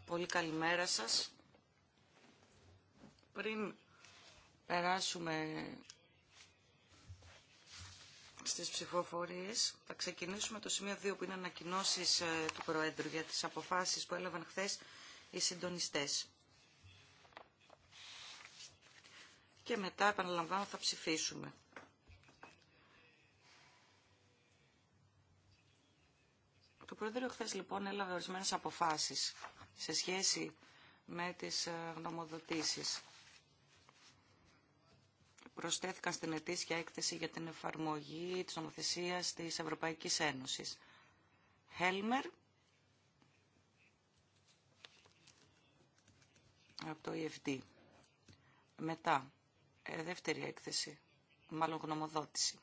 Πολύ καλημέρα σας. Πριν περάσουμε στις ψηφοφορίες, θα ξεκινήσουμε το σημείο 2 που είναι ανακοινώσεις ε, του Προέδρου για τις αποφάσεις που έλαβαν χθες οι συντονιστές. Και μετά, επαναλαμβάνω, θα ψηφίσουμε. Το Πρόεδρο χθε λοιπόν έλαβε ορισμένε αποφάσει σε σχέση με τι ε, γνωμοδοτήσει. Προσθέθηκαν στην ετήσια έκθεση για την εφαρμογή της νομοθεσίας της Ευρωπαϊκής Ένωσης. Χέλμερ, από το EFD. Μετά, ε, δεύτερη έκθεση, μάλλον γνωμοδότηση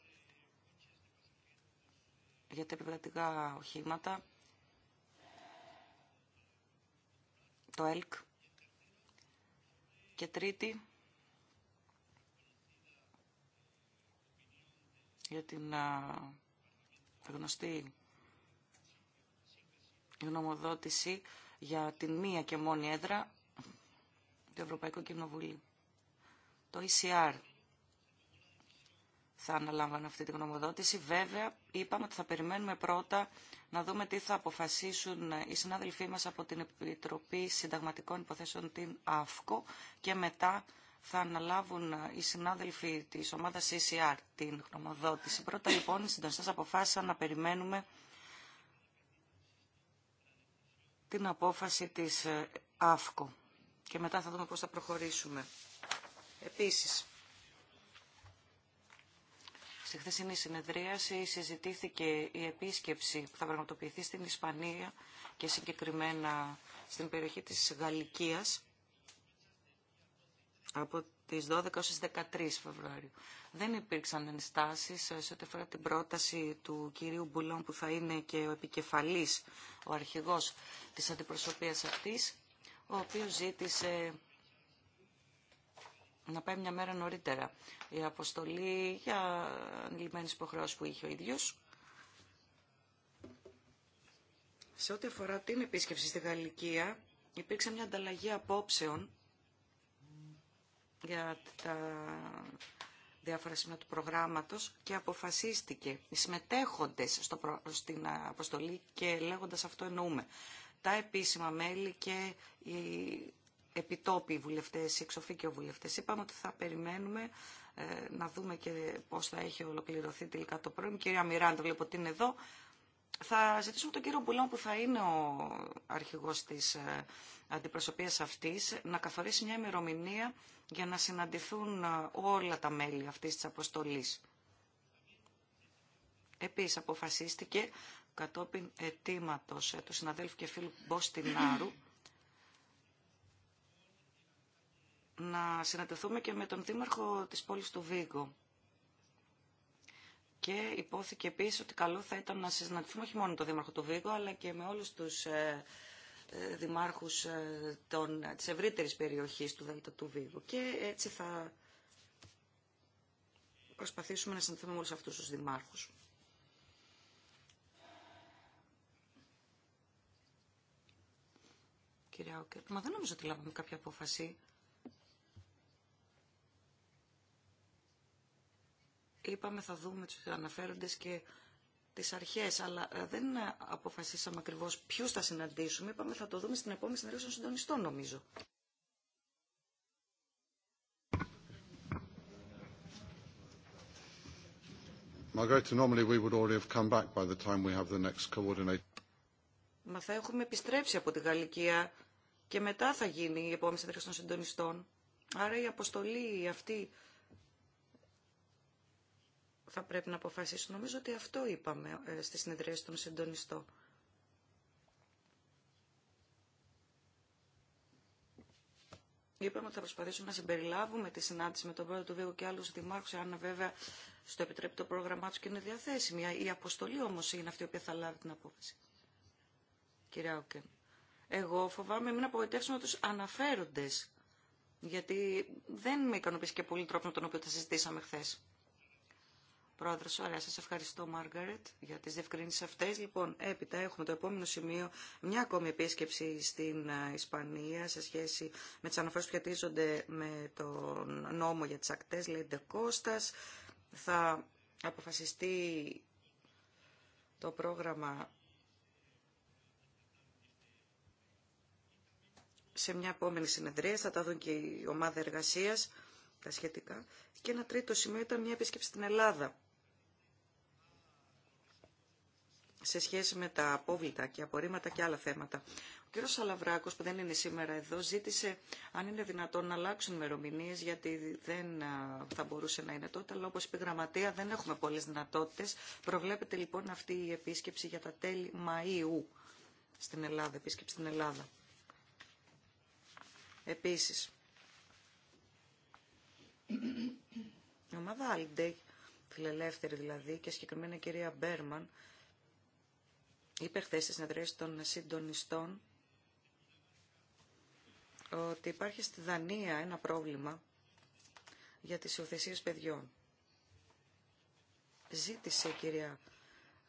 για τα επιβατικά οχήματα το ΕΛΚ. Και τρίτη, για την γνωστή γνωμοδότηση για την μία και μόνη έδρα του Ευρωπαϊκού Κοινοβουλίου. Το ECR θα αναλάμβανε αυτή τη γνωμοδότηση. Βέβαια, είπαμε ότι θα περιμένουμε πρώτα να δούμε τι θα αποφασίσουν οι συνάδελφοί μας από την Επιτροπή Συνταγματικών Υποθέσεων, την ΑΦΚΟ, και μετά θα αναλάβουν οι συνάδελφοι της ομάδας CCR την γνωμοδότηση. Πρώτα λοιπόν οι συντονιστές αποφάσισαν να περιμένουμε την απόφαση της ΑΦΚΟ και μετά θα δούμε πώς θα προχωρήσουμε. Επίσης, Στη χθεσινή συνεδρίαση συζητήθηκε η επίσκεψη που θα πραγματοποιηθεί στην Ισπανία και συγκεκριμένα στην περιοχή της Γαλλικίας από τις 12 έως 13 Φεβρουαρίου. Δεν υπήρξαν ενστάσεις σε ό,τι αφορά την πρόταση του κυρίου Μπουλόν που θα είναι και ο επικεφαλής, ο αρχηγός της αντιπροσωπείας αυτής, ο οποίος ζήτησε να πάει μια μέρα νωρίτερα η αποστολή για λιμένες υποχρεώσεις που είχε ο ίδιος. Σε ό,τι αφορά την επίσκεψη στη Γαλλικία, υπήρξε μια ανταλλαγή απόψεων για τα διάφορα σημεία του προγράμματος και αποφασίστηκε οι συμμετέχοντες στο στην αποστολή και λέγοντας αυτό εννοούμε τα επίσημα μέλη και επιτόπιοι βουλευτές, οι βουλευτές. Είπαμε ότι θα περιμένουμε ε, να δούμε και πώς θα έχει ολοκληρωθεί τελικά το πρόβλημα. Κυρία Μιράντα, βλέπω ότι είναι εδώ. Θα ζητήσουμε τον κύριο Μπουλόν που θα είναι ο αρχηγός της ε, αντιπροσωπείας αυτής να καθορίσει μια ημερομηνία για να συναντηθούν ε, όλα τα μέλη αυτής της αποστολής. Επίσης αποφασίστηκε κατόπιν αιτήματος του συναδέλφου και φίλου Μποστινάρου να συναντηθούμε και με τον δήμαρχο της πόλης του Βίγκο. Και υπόθηκε επίσης ότι καλό θα ήταν να συναντηθούμε όχι μόνο με τον δήμαρχο του Βίγκο, αλλά και με όλους τους ε, ε, δημάρχους ε, των, της ευρύτερης περιοχής του Δέλτα του Βίγκο. Και έτσι θα προσπαθήσουμε να συναντηθούμε με όλους αυτούς τους δημάρχους. Κυρία Όκερ, μα δεν νομίζω ότι λάβαμε κάποια απόφαση είπαμε θα δούμε τους αναφέροντες και τις αρχές, αλλά ε, δεν αποφασίσαμε ακριβώς ποιους θα συναντήσουμε. Είπαμε θα το δούμε στην επόμενη συνέντευξη των συντονιστών, νομίζω. Μα θα έχουμε επιστρέψει από τη Γαλλικία και μετά θα γίνει η επόμενη συνέντευξη των συντονιστών. Άρα η αποστολή αυτή θα πρέπει να αποφασίσουμε. Νομίζω ότι αυτό είπαμε ε, στη συνεδρία των συντονιστών. Είπαμε ότι θα προσπαθήσουμε να συμπεριλάβουμε τη συνάντηση με τον πρόεδρο του Βίγου και άλλου δημάρχου, αν βέβαια στο επιτρέπει το πρόγραμμά του και είναι διαθέσιμη. Η αποστολή όμω είναι αυτή η οποία θα λάβει την απόφαση. Κυρία Όκεν. Εγώ φοβάμαι μην απογοητεύσουμε του αναφέροντε. Γιατί δεν με ικανοποιήσει και πολύ τρόπο με τον οποίο τα συζητήσαμε χθε. Πρόεδρος, ωραία, σας ευχαριστώ Μάργαρετ για τις διευκρινήσεις αυτές. Λοιπόν, έπειτα έχουμε το επόμενο σημείο μια ακόμη επίσκεψη στην ε, Ισπανία σε σχέση με τις αναφορές που σχετίζονται με τον νόμο για τις ακτές, λέει Κώστας. Θα αποφασιστεί το πρόγραμμα σε μια επόμενη συνεδρία, θα τα δουν και η ομάδα εργασίας τα σχετικά. Και ένα τρίτο σημείο ήταν μια επίσκεψη στην Ελλάδα σε σχέση με τα απόβλητα και απορρίμματα και άλλα θέματα. Ο κ. Σαλαβράκος που δεν είναι σήμερα εδώ ζήτησε αν είναι δυνατόν να αλλάξουν ημερομηνίε γιατί δεν θα μπορούσε να είναι τότε, αλλά όπως είπε η Γραμματεία δεν έχουμε πολλές δυνατότητε. Προβλέπεται λοιπόν αυτή η επίσκεψη για τα τέλη Μαΐου στην Ελλάδα, επίσκεψη στην Ελλάδα. Επίσης, η ομάδα Άλντε, φιλελεύθερη δηλαδή, και συγκεκριμένα η κυρία Μπέρμαν, είπε χθε στι συνεδρίες των συντονιστών ότι υπάρχει στη Δανία ένα πρόβλημα για τις υιοθεσίες παιδιών. Ζήτησε η κυρία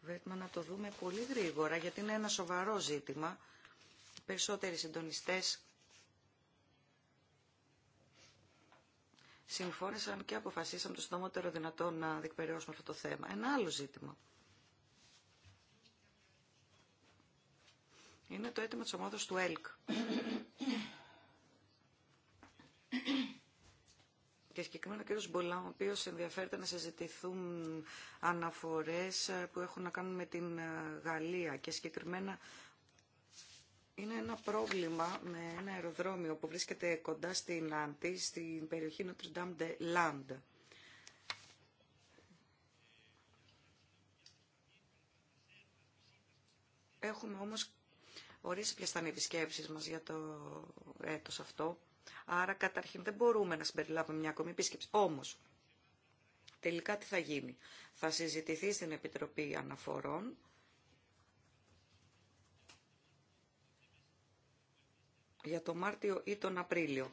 Βέρτμα να το δούμε πολύ γρήγορα, γιατί είναι ένα σοβαρό ζήτημα. περισσότεροι συντονιστές συμφώνησαν και αποφασίσαμε το συντομότερο δυνατό να διεκπαιρεώσουμε αυτό το θέμα. Ένα άλλο ζήτημα είναι το αίτημα της ομάδας του ΕΛΚ. Και συγκεκριμένα ο κύριος Μπολά, ο οποίος ενδιαφέρεται να συζητηθούν αναφορές που έχουν να κάνουν με την ε, Γαλλία και συγκεκριμένα είναι ένα πρόβλημα με ένα αεροδρόμιο που βρίσκεται κοντά στην Άντι, στην περιοχή Notre Dame de Έχουμε όμως ορίσει ποιε θα είναι οι μας για το έτος αυτό. Άρα καταρχήν δεν μπορούμε να συμπεριλάβουμε μια ακόμη επίσκεψη. Όμως, τελικά τι θα γίνει. Θα συζητηθεί στην Επιτροπή Αναφορών για το Μάρτιο ή τον Απρίλιο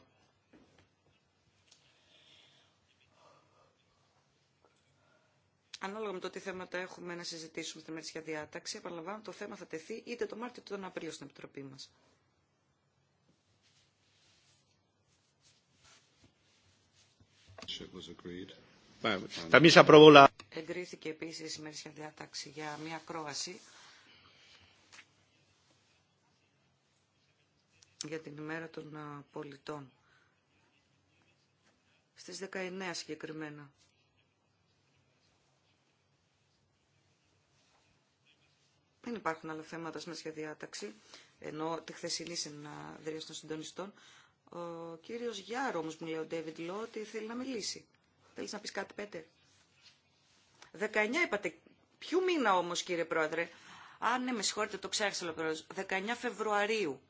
Ανάλογα με το τι θέματα έχουμε να συζητήσουμε στη μερική διάταξη, επαναλαμβάνω το θέμα θα τεθεί είτε το Μάρτιο είτε τον Απρίλιο στην Επιτροπή μας. Εγκρίθηκε επίση η μερική διάταξη για μια κρόαση για την ημέρα των πολιτών. Στις 19 συγκεκριμένα. Δεν υπάρχουν άλλα θέματα στην για διάταξη, ενώ τη χθεσινή συνεδρία των συντονιστών. Ο κύριο Γιάρο όμω μου λέει ο Ντέβιντ Λό ότι θέλει να μιλήσει. Θέλει να πει κάτι Πέτερ. 19 είπατε. Ποιο μήνα όμω, κύριε Πρόεδρε. Α, ναι, με συγχωρείτε, το ξέχασα ο Πρόεδρο. 19 Φεβρουαρίου.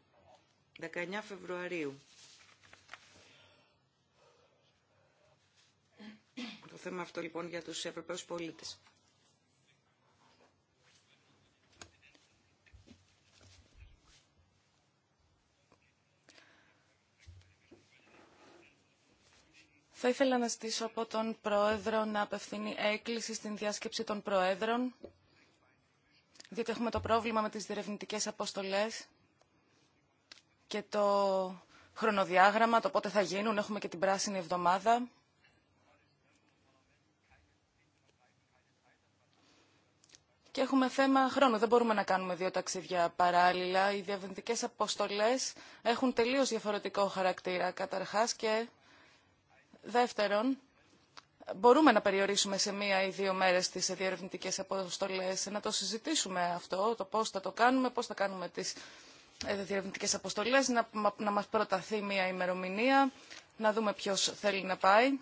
19 Φεβρουαρίου. Το θέμα αυτό λοιπόν για τους Ευρωπαίους πολίτες. Θα ήθελα να ζητήσω από τον Πρόεδρο να απευθύνει έκκληση στην διάσκεψη των Προέδρων, διότι έχουμε το πρόβλημα με τις διερευνητικές αποστολές και το χρονοδιάγραμμα, το πότε θα γίνουν. Έχουμε και την πράσινη εβδομάδα. Και έχουμε θέμα χρόνου. Δεν μπορούμε να κάνουμε δύο ταξίδια παράλληλα. Οι διαβεντικές αποστολές έχουν τελείως διαφορετικό χαρακτήρα καταρχάς και Δεύτερον, μπορούμε να περιορίσουμε σε μία ή δύο μέρες τις διερευνητικές αποστολές, να το συζητήσουμε αυτό, το πώς θα το κάνουμε, πώς θα κάνουμε τις ε, διερευνητικές αποστολές, να, να μας προταθεί μία ημερομηνία, να δούμε ποιος θέλει να πάει.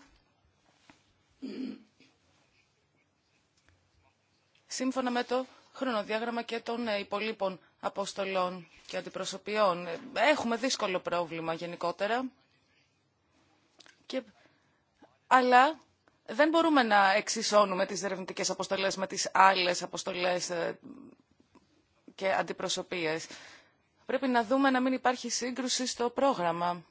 Σύμφωνα με το χρονοδιάγραμμα και των ε, υπολείπων αποστολών και αντιπροσωπιών. Ε, έχουμε δύσκολο πρόβλημα γενικότερα και αλλά δεν μπορούμε να εξισώνουμε τις ερευνητικέ αποστολές με τις άλλες αποστολές ε, και αντιπροσωπείες. Πρέπει να δούμε να μην υπάρχει σύγκρουση στο πρόγραμμα.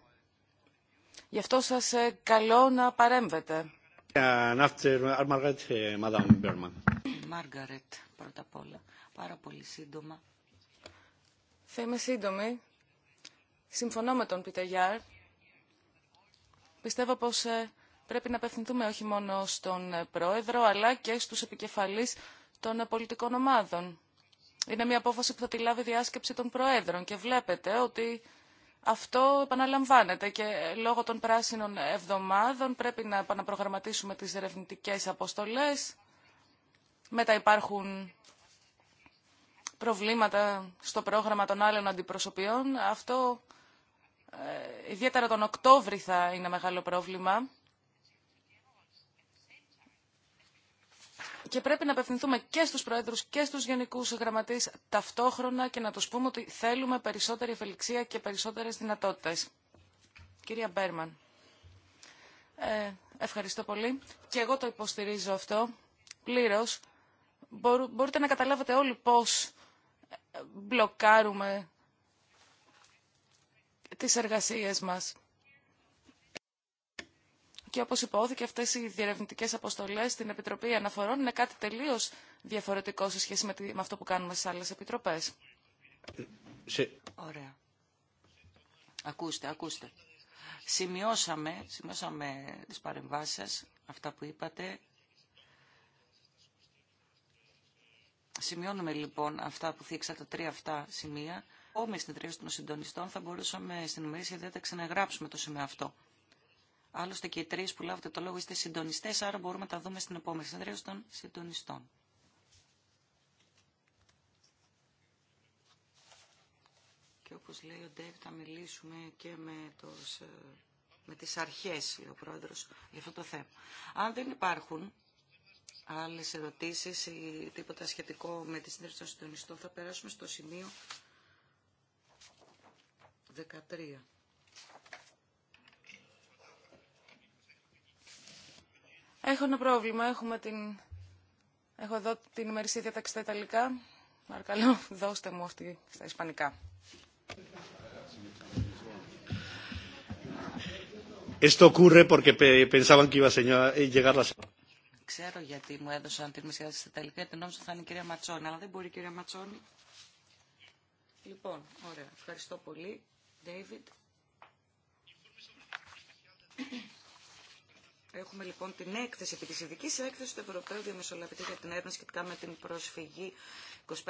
Γι' αυτό σας ε, καλώ να παρέμβετε. Uh, uh, Μάργαρετ, πρώτα απ' όλα. Πάρα πολύ σύντομα. Θα είμαι σύντομη. Συμφωνώ με τον Πιτεγιάρ. Πιστεύω πως ε, πρέπει να απευθυνθούμε όχι μόνο στον πρόεδρο, αλλά και στους επικεφαλείς των πολιτικών ομάδων. Είναι μια απόφαση που θα τη λάβει διάσκεψη των προέδρων και βλέπετε ότι αυτό επαναλαμβάνεται και λόγω των πράσινων εβδομάδων πρέπει να επαναπρογραμματίσουμε τις ερευνητικέ αποστολές. Μετά υπάρχουν προβλήματα στο πρόγραμμα των άλλων αντιπροσωπιών. Αυτό ε, ιδιαίτερα τον Οκτώβρη θα είναι μεγάλο πρόβλημα. και πρέπει να απευθυνθούμε και στους Προέδρους και στους Γενικούς Γραμματείς ταυτόχρονα και να τους πούμε ότι θέλουμε περισσότερη ευελιξία και περισσότερες δυνατότητες. Κυρία Μπέρμαν, ε, ευχαριστώ πολύ. Και εγώ το υποστηρίζω αυτό πλήρως. Μπορείτε να καταλάβετε όλοι πώς ε, μπλοκάρουμε τις εργασίες μας και όπως υπόθηκε αυτές οι διερευνητικές αποστολές στην Επιτροπή Αναφορών είναι κάτι τελείως διαφορετικό σε σχέση με, αυτό που κάνουμε στις άλλες επιτροπές. Ωραία. Ακούστε, ακούστε. Σημειώσαμε, σημειώσαμε τις παρεμβάσεις σας, αυτά που είπατε. Σημειώνουμε λοιπόν αυτά που θίξατε, τα τρία αυτά σημεία. Όμως στην τρία των συντονιστών θα μπορούσαμε στην ημερήσια διάταξη να γράψουμε το σημείο αυτό. Άλλωστε και οι τρει που λάβετε το λόγο είστε συντονιστέ, άρα μπορούμε να τα δούμε στην επόμενη συνεδρίαση των συντονιστών. Και όπως λέει ο Ντέβιτ, θα μιλήσουμε και με, τους, ε, με τις αρχές, ο πρόεδρος, για αυτό το θέμα. Αν δεν υπάρχουν άλλες ερωτήσεις ή τίποτα σχετικό με τη σύνδεση των συντονιστών, θα περάσουμε στο σημείο 13. Έχω ένα πρόβλημα. Έχουμε την... Έχω εδώ την ημερησία διάταξη στα Ιταλικά. Παρακαλώ, δώστε μου αυτή στα Ισπανικά. Ξέρω γιατί μου έδωσαν την ημερησία στα Ιταλικά, την νόμιζα θα είναι η κυρία Ματσόνη, αλλά δεν μπορεί η κυρία Ματσόνη. Λοιπόν, ωραία. Ευχαριστώ πολύ, David. Έχουμε λοιπόν την έκθεση επί της ειδικής έκθεση του Ευρωπαίου Διαμεσολαβητή για την έρευνα σχετικά με την προσφυγή 2591-2010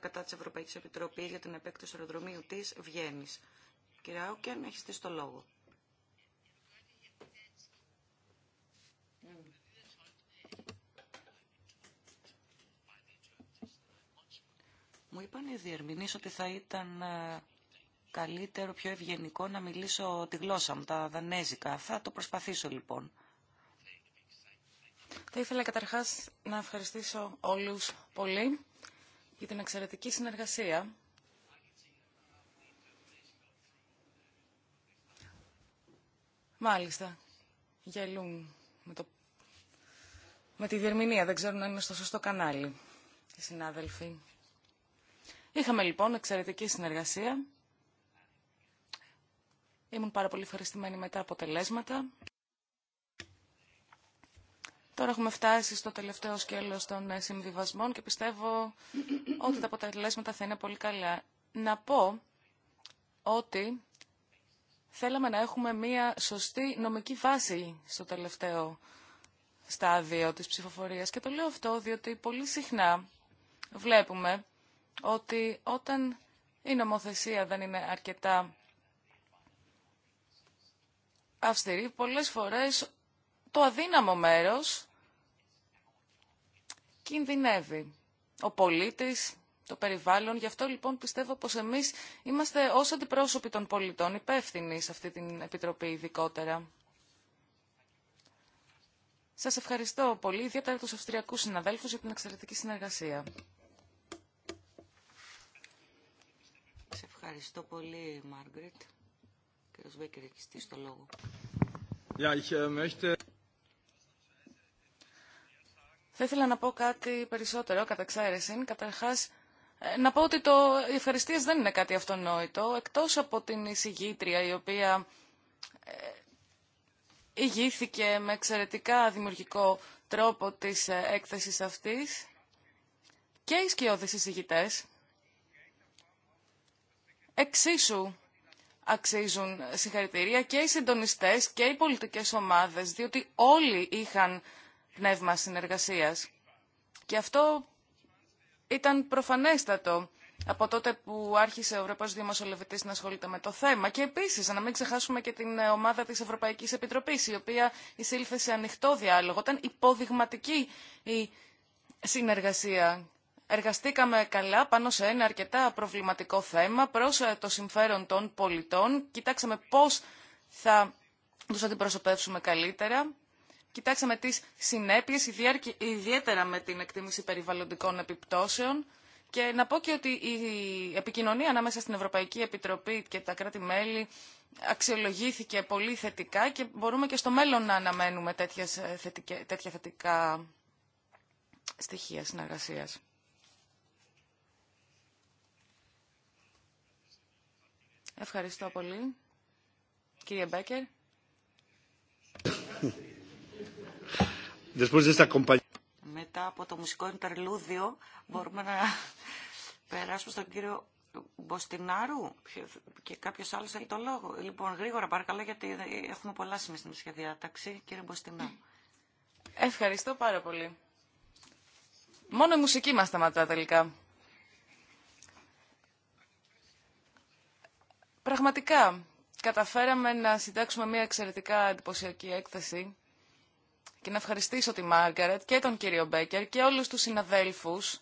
κατά της Ευρωπαϊκής Επιτροπής για την επέκταση αεροδρομίου της Βιέννης. Κυρία Όκεν, έχει στήσει το λόγο. Μου είπαν οι διερμηνείς ότι θα ήταν ε, καλύτερο, πιο ευγενικό να μιλήσω τη γλώσσα μου, τα δανέζικα. Θα το προσπαθήσω λοιπόν. Θα ήθελα καταρχάς να ευχαριστήσω όλους πολύ για την εξαιρετική συνεργασία. Μάλιστα, γελούν με, το... με τη διερμηνία, δεν ξέρουν αν είναι στο σωστό κανάλι οι συνάδελφοι. Είχαμε λοιπόν εξαιρετική συνεργασία. Ήμουν πάρα πολύ ευχαριστημένη με τα αποτελέσματα. Τώρα έχουμε φτάσει στο τελευταίο σκέλος των ε, συμβιβασμών και πιστεύω ότι τα αποτελέσματα θα είναι πολύ καλά. Να πω ότι θέλαμε να έχουμε μία σωστή νομική βάση στο τελευταίο στάδιο της ψηφοφορίας. Και το λέω αυτό διότι πολύ συχνά βλέπουμε ότι όταν η νομοθεσία δεν είναι αρκετά αυστηρή, πολλές φορές το αδύναμο μέρος κινδυνεύει. Ο πολίτης, το περιβάλλον. Γι' αυτό λοιπόν πιστεύω πως εμείς είμαστε ως αντιπρόσωποι των πολιτών υπεύθυνοι σε αυτή την Επιτροπή ειδικότερα. Σας ευχαριστώ πολύ, ιδιαίτερα τους Αυστριακούς συναδέλφους για την εξαιρετική συνεργασία. Σε ευχαριστώ πολύ, Μάργκριτ. Äh, Θα ήθελα να πω κάτι περισσότερο, κατά εξαίρεση. Καταρχάς, ε, να πω ότι το οι δεν είναι κάτι αυτονόητο, εκτός από την εισηγήτρια η οποία ε, ηγήθηκε με εξαιρετικά δημιουργικό τρόπο της ε, έκθεσης αυτής και οι σκιώδεις εισηγητές εξίσου αξίζουν συγχαρητήρια και οι συντονιστές και οι πολιτικές ομάδες, διότι όλοι είχαν πνεύμα συνεργασίας. Και αυτό ήταν προφανέστατο από τότε που άρχισε ο Ευρωπαίος Δημοσιολευτής να ασχολείται με το θέμα. Και επίσης, να μην ξεχάσουμε και την ομάδα της Ευρωπαϊκής Επιτροπής, η οποία εισήλθε σε ανοιχτό διάλογο. Ήταν υποδειγματική η συνεργασία Εργαστήκαμε καλά πάνω σε ένα αρκετά προβληματικό θέμα προς ε, το συμφέρον των πολιτών. Κοιτάξαμε πώς θα τους αντιπροσωπεύσουμε καλύτερα. Κοιτάξαμε τις συνέπειες, ιδιαίτερα με την εκτίμηση περιβαλλοντικών επιπτώσεων. Και να πω και ότι η επικοινωνία ανάμεσα στην Ευρωπαϊκή Επιτροπή και τα κράτη-μέλη αξιολογήθηκε πολύ θετικά και μπορούμε και στο μέλλον να αναμένουμε ε, τέτοια θετικά στοιχεία συνεργασίας. Ευχαριστώ πολύ. Κύριε Μπέκερ. Μετά από το μουσικό Ιντερλούδιο, μπορούμε να περάσουμε στον κύριο Μποστινάρου και κάποιο άλλο θέλει το λόγο. Λοιπόν, γρήγορα παρακαλώ γιατί έχουμε πολλά σημεία στην Ταξί, Κύριε Μποστινάρου. Ευχαριστώ πάρα πολύ. Μόνο η μουσική μας σταματά τελικά. Πραγματικά, καταφέραμε να συντάξουμε μια εξαιρετικά εντυπωσιακή έκθεση και να ευχαριστήσω τη Μάργαρετ και τον κύριο Μπέκερ και όλους τους συναδέλφους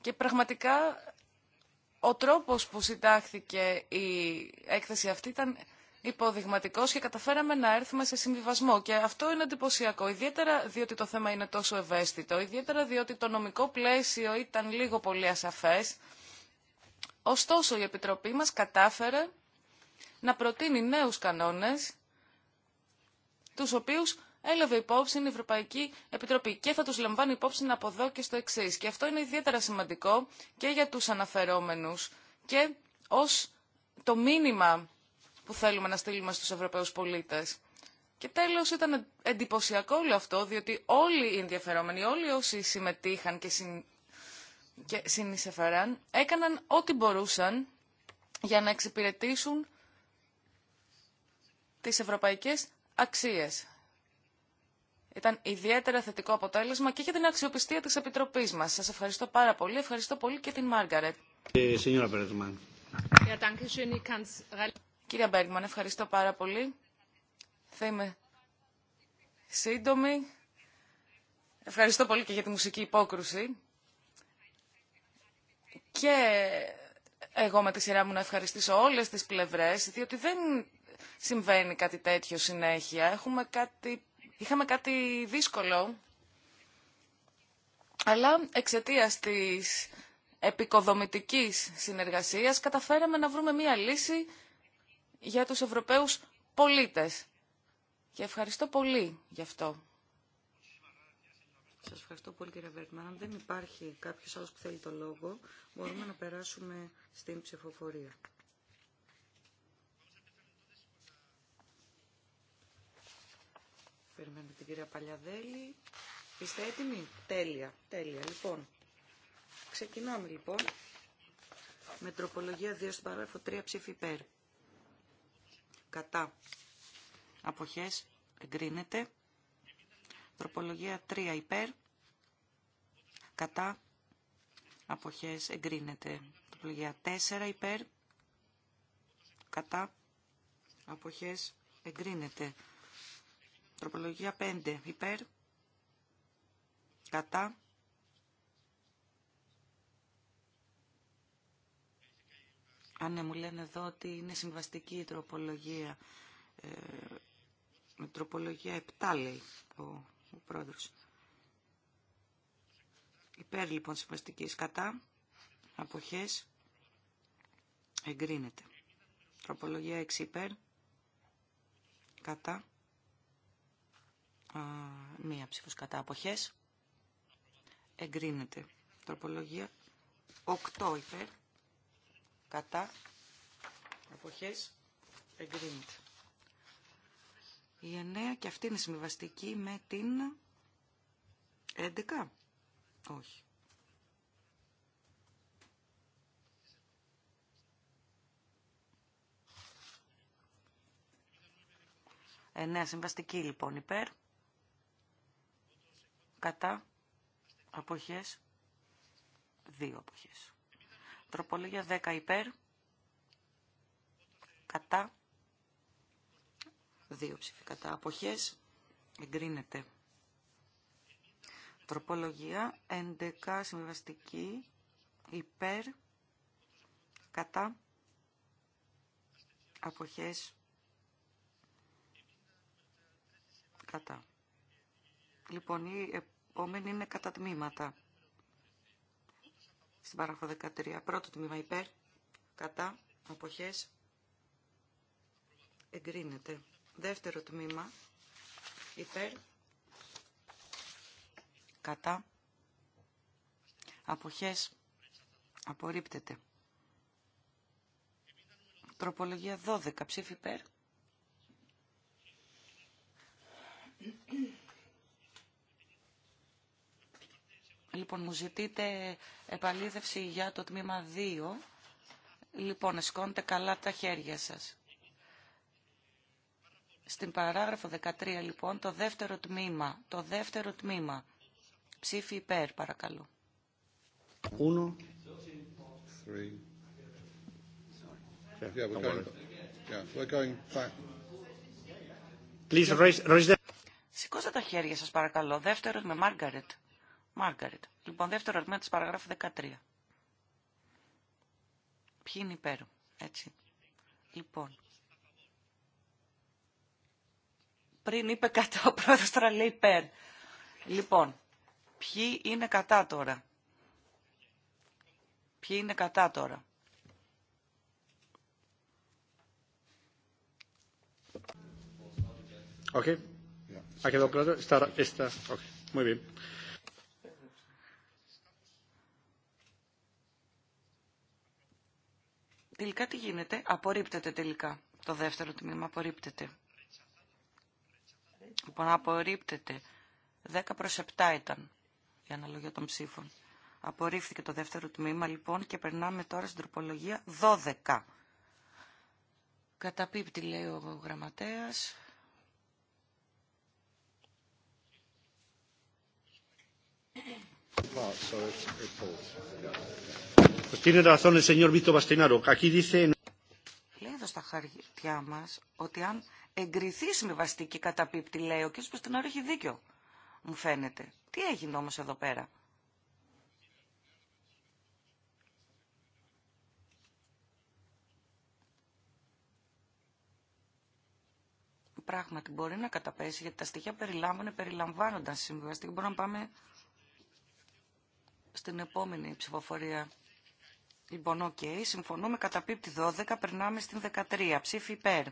και πραγματικά ο τρόπος που συντάχθηκε η έκθεση αυτή ήταν υποδειγματικός και καταφέραμε να έρθουμε σε συμβιβασμό και αυτό είναι εντυπωσιακό, ιδιαίτερα διότι το θέμα είναι τόσο ευαίσθητο, ιδιαίτερα διότι το νομικό πλαίσιο ήταν λίγο πολύ ασαφές Ωστόσο, η Επιτροπή μας κατάφερε να προτείνει νέους κανόνες, τους οποίους έλαβε υπόψη η Ευρωπαϊκή Επιτροπή και θα τους λαμβάνει υπόψη από εδώ και στο εξή. Και αυτό είναι ιδιαίτερα σημαντικό και για τους αναφερόμενους και ως το μήνυμα που θέλουμε να στείλουμε στους Ευρωπαίους πολίτες. Και τέλος ήταν εντυπωσιακό όλο αυτό, διότι όλοι οι ενδιαφερόμενοι, όλοι όσοι συμμετείχαν και και συνεισεφεράν έκαναν ό,τι μπορούσαν για να εξυπηρετήσουν τις ευρωπαϊκές αξίες. Ήταν ιδιαίτερα θετικό αποτέλεσμα και για την αξιοπιστία της Επιτροπής μας. Σας ευχαριστώ πάρα πολύ. Ευχαριστώ πολύ και την Μάργαρετ. Κύριε Μπέργμαν, ευχαριστώ πάρα πολύ. Θα είμαι σύντομη. Ευχαριστώ πολύ και για τη μουσική υπόκρουση και εγώ με τη σειρά μου να ευχαριστήσω όλες τις πλευρές, διότι δεν συμβαίνει κάτι τέτοιο συνέχεια. Έχουμε κάτι... Είχαμε κάτι δύσκολο, αλλά εξαιτία της επικοδομητικής συνεργασίας καταφέραμε να βρούμε μία λύση για τους Ευρωπαίους πολίτες. Και ευχαριστώ πολύ γι' αυτό. Σας ευχαριστώ πολύ κύριε Βέρτμαν. Αν δεν υπάρχει κάποιος άλλος που θέλει το λόγο, μπορούμε να περάσουμε στην ψηφοφορία. Περιμένουμε την κυρία Παλιαδέλη. Είστε έτοιμοι? Τέλεια, τέλεια. Λοιπόν, ξεκινάμε λοιπόν με τροπολογία 2 στην παράγραφο 3 ψήφι υπέρ. Κατά. Αποχές εγκρίνεται. Τροπολογία 3 υπέρ. Κατά. Αποχές εγκρίνεται. Τροπολογία 4 υπέρ. Κατά. Αποχές εγκρίνεται. Τροπολογία 5 υπέρ. Κατά. Αν ναι, μου λένε εδώ ότι είναι συμβαστική η τροπολογία. Ε, τροπολογία 7 λέει ο πρόεδρος. Υπέρ λοιπόν συμβαστικής κατά, αποχές, εγκρίνεται. Τροπολογία 6 υπέρ, κατά, α, μία ψήφος κατά, αποχές, εγκρίνεται. Τροπολογία 8 υπέρ, κατά, αποχές, εγκρίνεται. Η εννέα και αυτή είναι συμβιβαστική με την 11. Όχι. Εννέα συμβαστική λοιπόν υπέρ. Κατά. Αποχές. Δύο αποχές. Τροπολογία 10 υπέρ. Κατά δύο ψηφικατά. κατά αποχές εγκρίνεται. Τροπολογία 11 συμβιβαστική υπέρ κατά αποχές κατά. Λοιπόν, η επόμενη είναι κατά τμήματα. Στην παράγραφο 13. Πρώτο τμήμα υπέρ, κατά, αποχές, εγκρίνεται. Δεύτερο τμήμα. Υπέρ. Κατά. Αποχές. Απορρίπτεται. Τροπολογία 12. Ψήφι υπέρ. Λοιπόν, μου ζητείτε επαλήθευση για το τμήμα 2. Λοιπόν, εσκόντε καλά τα χέρια σας. Στην παράγραφο 13 λοιπόν το δεύτερο τμήμα, το δεύτερο τμήμα. Ψήφι υπέρ παρακαλώ. Σηκώστε τα χέρια σας παρακαλώ. Δεύτερο με Μάργαρετ. Μάργαρετ. Λοιπόν, δεύτερο τμήμα της παραγράφου 13. Ποιοι είναι υπέρ, έτσι. Λοιπόν, Πριν είπε κατά ο πρόεδρος, τώρα λέει υπέρ. Λοιπόν, ποιοι είναι κατά τώρα. Ποιοι είναι κατά τώρα. Okay. Τελικά τι γίνεται. Απορρίπτεται τελικά. Το δεύτερο τμήμα απορρίπτεται. Λοιπόν, απορρίπτεται. 10 προς 7 ήταν η αναλογία των ψήφων. Απορρίφθηκε το δεύτερο τμήμα, λοιπόν, και περνάμε τώρα στην τροπολογία 12. Καταπίπτει, λέει ο γραμματέας. Λέει εδώ στα χαρτιά μας ότι αν εγκριθεί συμβιβαστική καταπίπτη, λέει ο κ. Πουστινόρ έχει δίκιο, μου φαίνεται. Τι έγινε όμως εδώ πέρα. Πράγματι μπορεί να καταπέσει γιατί τα στοιχεία περιλάμβανε, περιλαμβάνονταν συμβιβαστική. Μπορούμε να πάμε στην επόμενη ψηφοφορία. Λοιπόν, οκ, συμφωνούμε κατά 12, περνάμε στην 13. Ψήφι υπέρ.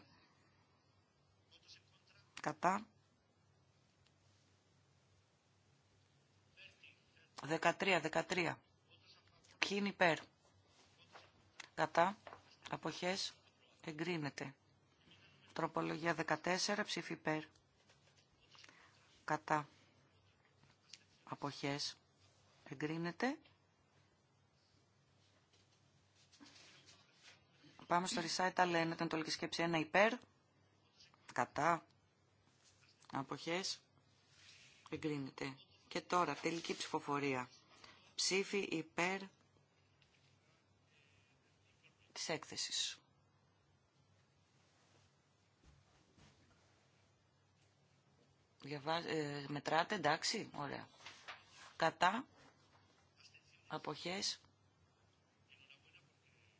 Κατά. 13, 13. Ποιοι είναι υπέρ. Κατά. Αποχές. Εγκρίνεται. Τροπολογία 14. Ψήφι υπέρ. Κατά. Αποχές. Εγκρίνεται. Πάμε στο recital 1. Την τολική σκέψη 1 υπέρ. Κατά αποχές εγκρίνεται. Και τώρα τελική ψηφοφορία. Ψήφι υπέρ της έκθεσης. Ε, μετράτε, εντάξει, ωραία. Κατά, αποχές,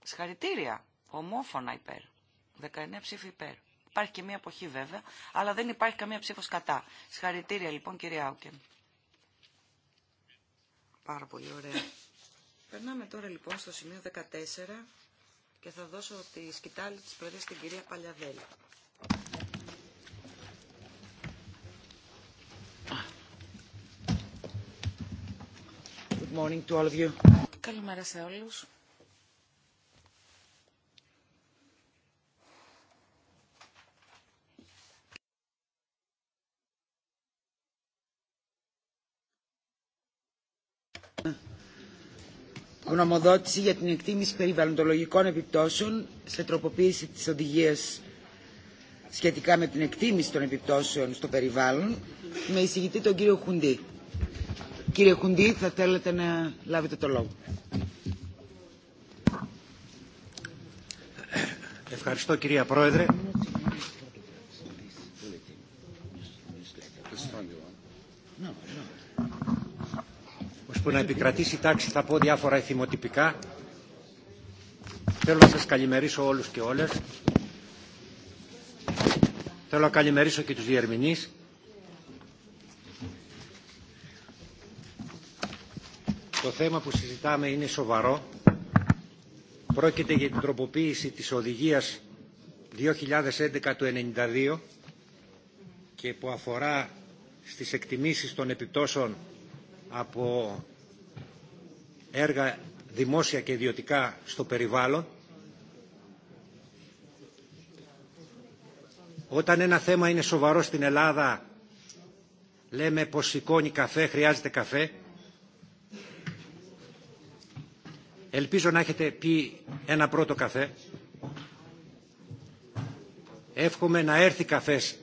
συγχαρητήρια, ομόφωνα υπέρ, 19 ψήφι υπέρ. Υπάρχει και μία αποχή βέβαια, αλλά δεν υπάρχει καμία ψήφος κατά. Συγχαρητήρια λοιπόν κυρία Άουκεν. Πάρα πολύ ωραία. Περνάμε τώρα λοιπόν στο σημείο 14 και θα δώσω τη σκητάλη της Προεδρίας στην κυρία Παλιαδέλη. Good morning to all of you. Καλημέρα σε όλους. γνωμοδότηση για την εκτίμηση περιβαλλοντολογικών επιπτώσεων σε τροποποίηση της οδηγίας σχετικά με την εκτίμηση των επιπτώσεων στο περιβάλλον με εισηγητή τον κύριο Χουντή. Κύριε Χουντή, θα θέλετε να λάβετε το λόγο. Ευχαριστώ κυρία Πρόεδρε. που να επικρατήσει τάξη θα πω διάφορα εθιμοτυπικά. Θέλω να σας καλημερίσω όλους και όλες. Θέλω να καλημερίσω και τους διερμηνείς. Το θέμα που συζητάμε είναι σοβαρό. Πρόκειται για την τροποποίηση της οδηγίας 2011 του 92 και που αφορά στις εκτιμήσεις των επιπτώσεων από έργα δημόσια και ιδιωτικά στο περιβάλλον. Όταν ένα θέμα είναι σοβαρό στην Ελλάδα, λέμε πως σηκώνει καφέ, χρειάζεται καφέ. Ελπίζω να έχετε πει ένα πρώτο καφέ. Εύχομαι να έρθει καφές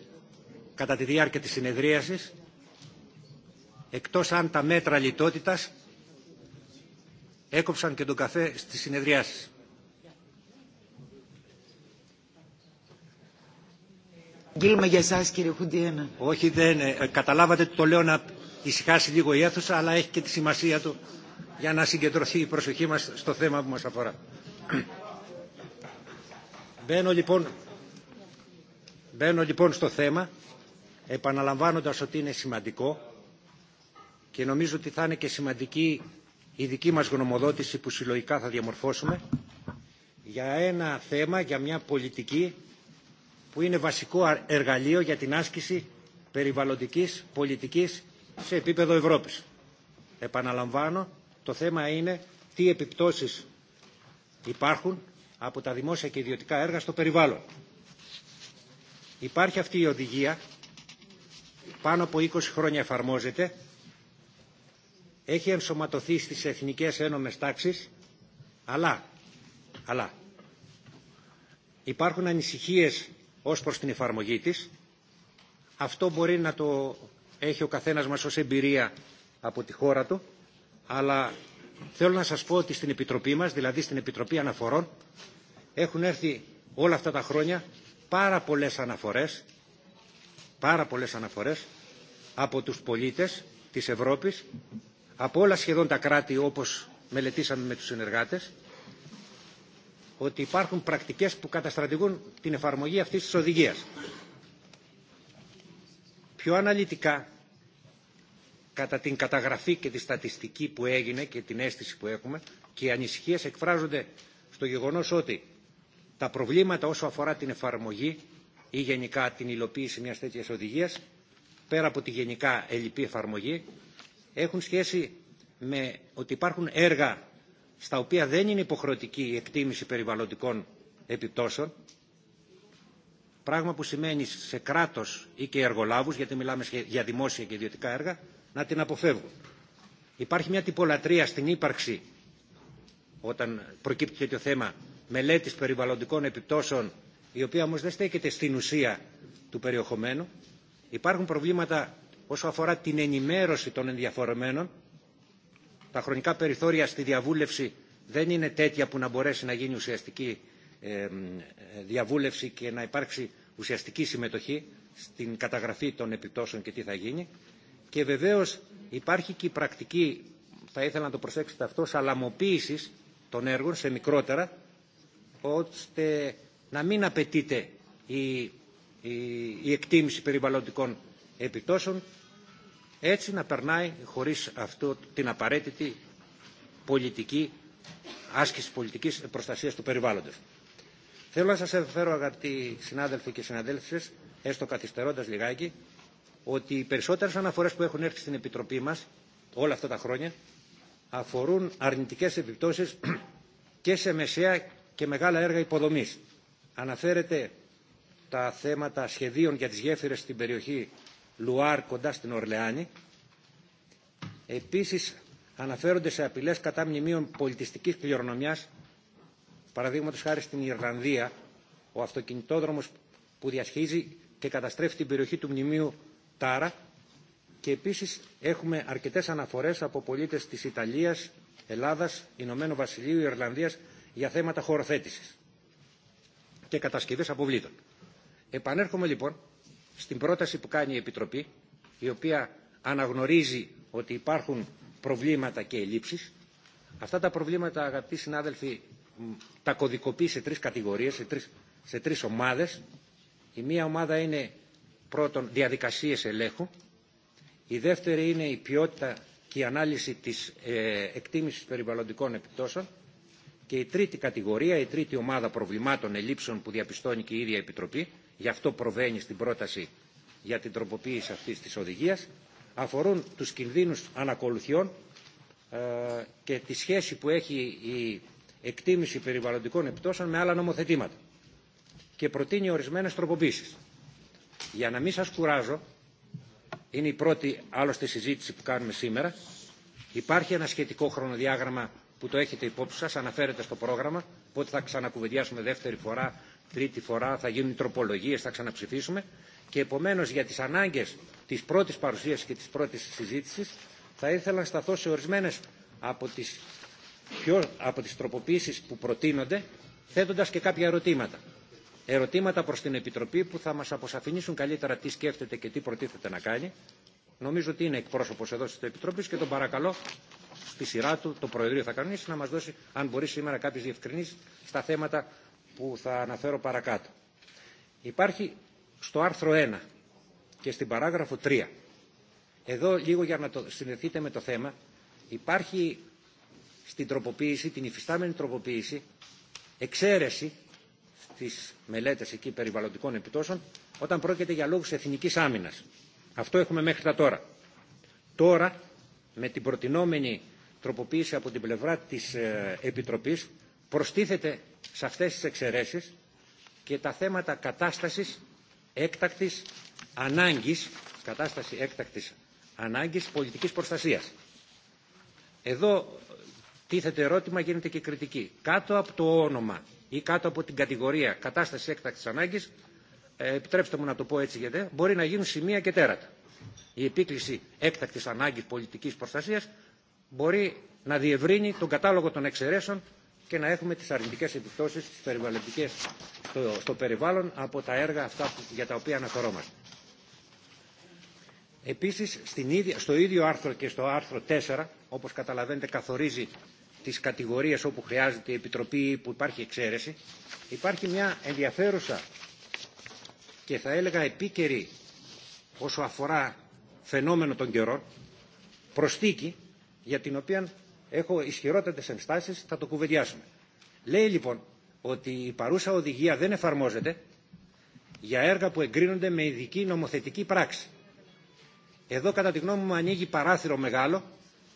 κατά τη διάρκεια της συνεδρίασης εκτός αν τα μέτρα λιτότητας έκοψαν και τον καφέ στις συνεδριάσεις. για εσάς κύριε Όχι δεν, ε, καταλάβατε το λέω να ησυχάσει λίγο η αίθουσα αλλά έχει και τη σημασία του για να συγκεντρωθεί η προσοχή μας στο θέμα που μας αφορά. Μπαίνω λοιπόν, μπαίνω λοιπόν στο θέμα επαναλαμβάνοντας ότι είναι σημαντικό και νομίζω ότι θα είναι και σημαντική η δική μας γνωμοδότηση που συλλογικά θα διαμορφώσουμε για ένα θέμα, για μια πολιτική που είναι βασικό εργαλείο για την άσκηση περιβαλλοντικής πολιτικής σε επίπεδο Ευρώπης. Επαναλαμβάνω, το θέμα είναι τι επιπτώσεις υπάρχουν από τα δημόσια και ιδιωτικά έργα στο περιβάλλον. Υπάρχει αυτή η οδηγία, πάνω από 20 χρόνια εφαρμόζεται έχει ενσωματωθεί στις εθνικές ένομες τάξεις, αλλά, αλλά υπάρχουν ανησυχίες ως προς την εφαρμογή της. Αυτό μπορεί να το έχει ο καθένας μας ως εμπειρία από τη χώρα του, αλλά θέλω να σας πω ότι στην Επιτροπή μας, δηλαδή στην Επιτροπή Αναφορών, έχουν έρθει όλα αυτά τα χρόνια πάρα πολλές αναφορές, πάρα πολλές αναφορές από τους πολίτες της Ευρώπης από όλα σχεδόν τα κράτη όπως μελετήσαμε με τους συνεργάτες ότι υπάρχουν πρακτικές που καταστρατηγούν την εφαρμογή αυτής της οδηγίας. Πιο αναλυτικά, κατά την καταγραφή και τη στατιστική που έγινε και την αίσθηση που έχουμε και οι ανησυχίες εκφράζονται στο γεγονός ότι τα προβλήματα όσο αφορά την εφαρμογή ή γενικά την υλοποίηση μιας τέτοιας οδηγίας, πέρα από τη γενικά ελλειπή εφαρμογή, έχουν σχέση με ότι υπάρχουν έργα στα οποία δεν είναι υποχρεωτική η εκτίμηση περιβαλλοντικών επιπτώσεων, πράγμα που σημαίνει σε κράτος ή και εργολάβους, γιατί μιλάμε για δημόσια και ιδιωτικά έργα, να την αποφεύγουν. Υπάρχει μια τυπολατρία στην ύπαρξη, όταν προκύπτει τέτοιο θέμα, μελέτης περιβαλλοντικών επιπτώσεων, η οποία όμως δεν στέκεται στην ουσία του περιεχομένου. Υπάρχουν προβλήματα όσο αφορά την ενημέρωση των ενδιαφορεμένων. Τα χρονικά περιθώρια στη διαβούλευση δεν είναι τέτοια που να μπορέσει να γίνει ουσιαστική ε, ε, διαβούλευση και να υπάρξει ουσιαστική συμμετοχή στην καταγραφή των επιπτώσεων και τι θα γίνει. Και βεβαίως υπάρχει και η πρακτική, θα ήθελα να το προσέξετε αυτό, σαλαμοποίησης των έργων σε μικρότερα, ώστε να μην απαιτείται η, εκτίμηση περιβαλλοντικών επιπτώσεων έτσι να περνάει χωρίς αυτό την απαραίτητη πολιτική άσκηση πολιτικής προστασίας του περιβάλλοντος. Θέλω να σας ενδιαφέρω αγαπητοί συνάδελφοι και συναδέλφες, έστω καθυστερώντας λιγάκι, ότι οι περισσότερες αναφορές που έχουν έρθει στην Επιτροπή μας όλα αυτά τα χρόνια αφορούν αρνητικές επιπτώσεις και σε μεσαία και μεγάλα έργα υποδομής. Αναφέρεται τα θέματα σχεδίων για τις γέφυρες στην περιοχή Λουάρ κοντά στην Ορλεάνη. Επίσης αναφέρονται σε απειλές κατά μνημείων πολιτιστικής κληρονομιάς, παραδείγματος χάρη στην Ιρλανδία, ο αυτοκινητόδρομος που διασχίζει και καταστρέφει την περιοχή του μνημείου Τάρα και επίσης έχουμε αρκετές αναφορές από πολίτες της Ιταλίας, Ελλάδας, Ηνωμένου Βασιλείου, Ιρλανδίας για θέματα χωροθέτησης και κατασκευής αποβλήτων. Επανέρχομαι λοιπόν στην πρόταση που κάνει η Επιτροπή, η οποία αναγνωρίζει ότι υπάρχουν προβλήματα και ελλείψεις. Αυτά τα προβλήματα, αγαπητοί συνάδελφοι, τα κωδικοποιεί σε τρεις κατηγορίες, σε τρεις, σε τρεις ομάδες. Η μία ομάδα είναι πρώτον διαδικασίες ελέγχου, η δεύτερη είναι η ποιότητα και η ανάλυση της ε, εκτίμησης περιβαλλοντικών επιπτώσεων και η τρίτη κατηγορία, η τρίτη ομάδα προβλημάτων ελλείψεων που διαπιστώνει και η ίδια Επιτροπή γι' αυτό προβαίνει στην πρόταση για την τροποποίηση αυτής της οδηγίας, αφορούν τους κινδύνους ανακολουθιών ε, και τη σχέση που έχει η εκτίμηση περιβαλλοντικών επιπτώσεων με άλλα νομοθετήματα και προτείνει ορισμένες τροποποίησεις. Για να μην σας κουράζω, είναι η πρώτη άλλωστε συζήτηση που κάνουμε σήμερα, υπάρχει ένα σχετικό χρονοδιάγραμμα που το έχετε υπόψη σας, αναφέρεται στο πρόγραμμα, πότε θα ξανακουβεντιάσουμε δεύτερη φορά τρίτη φορά, θα γίνουν τροπολογίες, θα ξαναψηφίσουμε και επομένως για τις ανάγκες της πρώτης παρουσίας και της πρώτης συζήτησης θα ήθελα να σταθώ σε ορισμένες από τις, τροποποίησει τροποποίησεις που προτείνονται θέτοντας και κάποια ερωτήματα. Ερωτήματα προς την Επιτροπή που θα μας αποσαφηνίσουν καλύτερα τι σκέφτεται και τι προτίθεται να κάνει. Νομίζω ότι είναι εκπρόσωπος εδώ της Επιτροπής και τον παρακαλώ στη σειρά του το Προεδρείο θα κανονίσει να μα δώσει αν μπορεί σήμερα κάποιε διευκρινήσεις στα θέματα που θα αναφέρω παρακάτω. Υπάρχει στο άρθρο 1 και στην παράγραφο 3. Εδώ λίγο για να το συνδεθείτε με το θέμα υπάρχει στην τροποποίηση, την υφιστάμενη τροποποίηση εξαίρεση στις μελέτες εκεί περιβαλλοντικών επιτόσων όταν πρόκειται για λόγους εθνικής άμυνας. Αυτό έχουμε μέχρι τα τώρα. Τώρα με την προτινόμενη τροποποίηση από την πλευρά της ε, Επιτροπής προστίθεται σε αυτές τις εξαιρέσεις και τα θέματα κατάστασης έκτακτης ανάγκης, κατάσταση έκτακτης ανάγκης πολιτικής προστασίας. Εδώ τίθεται ερώτημα, γίνεται και κριτική. Κάτω από το όνομα ή κάτω από την κατηγορία κατάσταση έκτακτης ανάγκης, ε, επιτρέψτε μου να το πω έτσι γιατί, μπορεί να γίνουν σημεία και τέρατα. Η επίκληση έκτακτης ανάγκης πολιτικής προστασίας μπορεί να διευρύνει τον κατάλογο των εξαιρέσεων και να έχουμε τις αρνητικές επιπτώσεις στις περιβαλλοντικές στο, περιβάλλον από τα έργα αυτά για τα οποία αναφερόμαστε. Επίσης, στην ίδια, στο ίδιο άρθρο και στο άρθρο 4, όπως καταλαβαίνετε καθορίζει τις κατηγορίες όπου χρειάζεται η Επιτροπή που υπάρχει εξαίρεση, υπάρχει μια ενδιαφέρουσα και θα έλεγα επίκαιρη όσο αφορά φαινόμενο των καιρών, προστίκη για την οποία έχω ισχυρότατε ενστάσει, θα το κουβεντιάσουμε. Λέει λοιπόν ότι η παρούσα οδηγία δεν εφαρμόζεται για έργα που εγκρίνονται με ειδική νομοθετική πράξη. Εδώ κατά τη γνώμη μου ανοίγει παράθυρο μεγάλο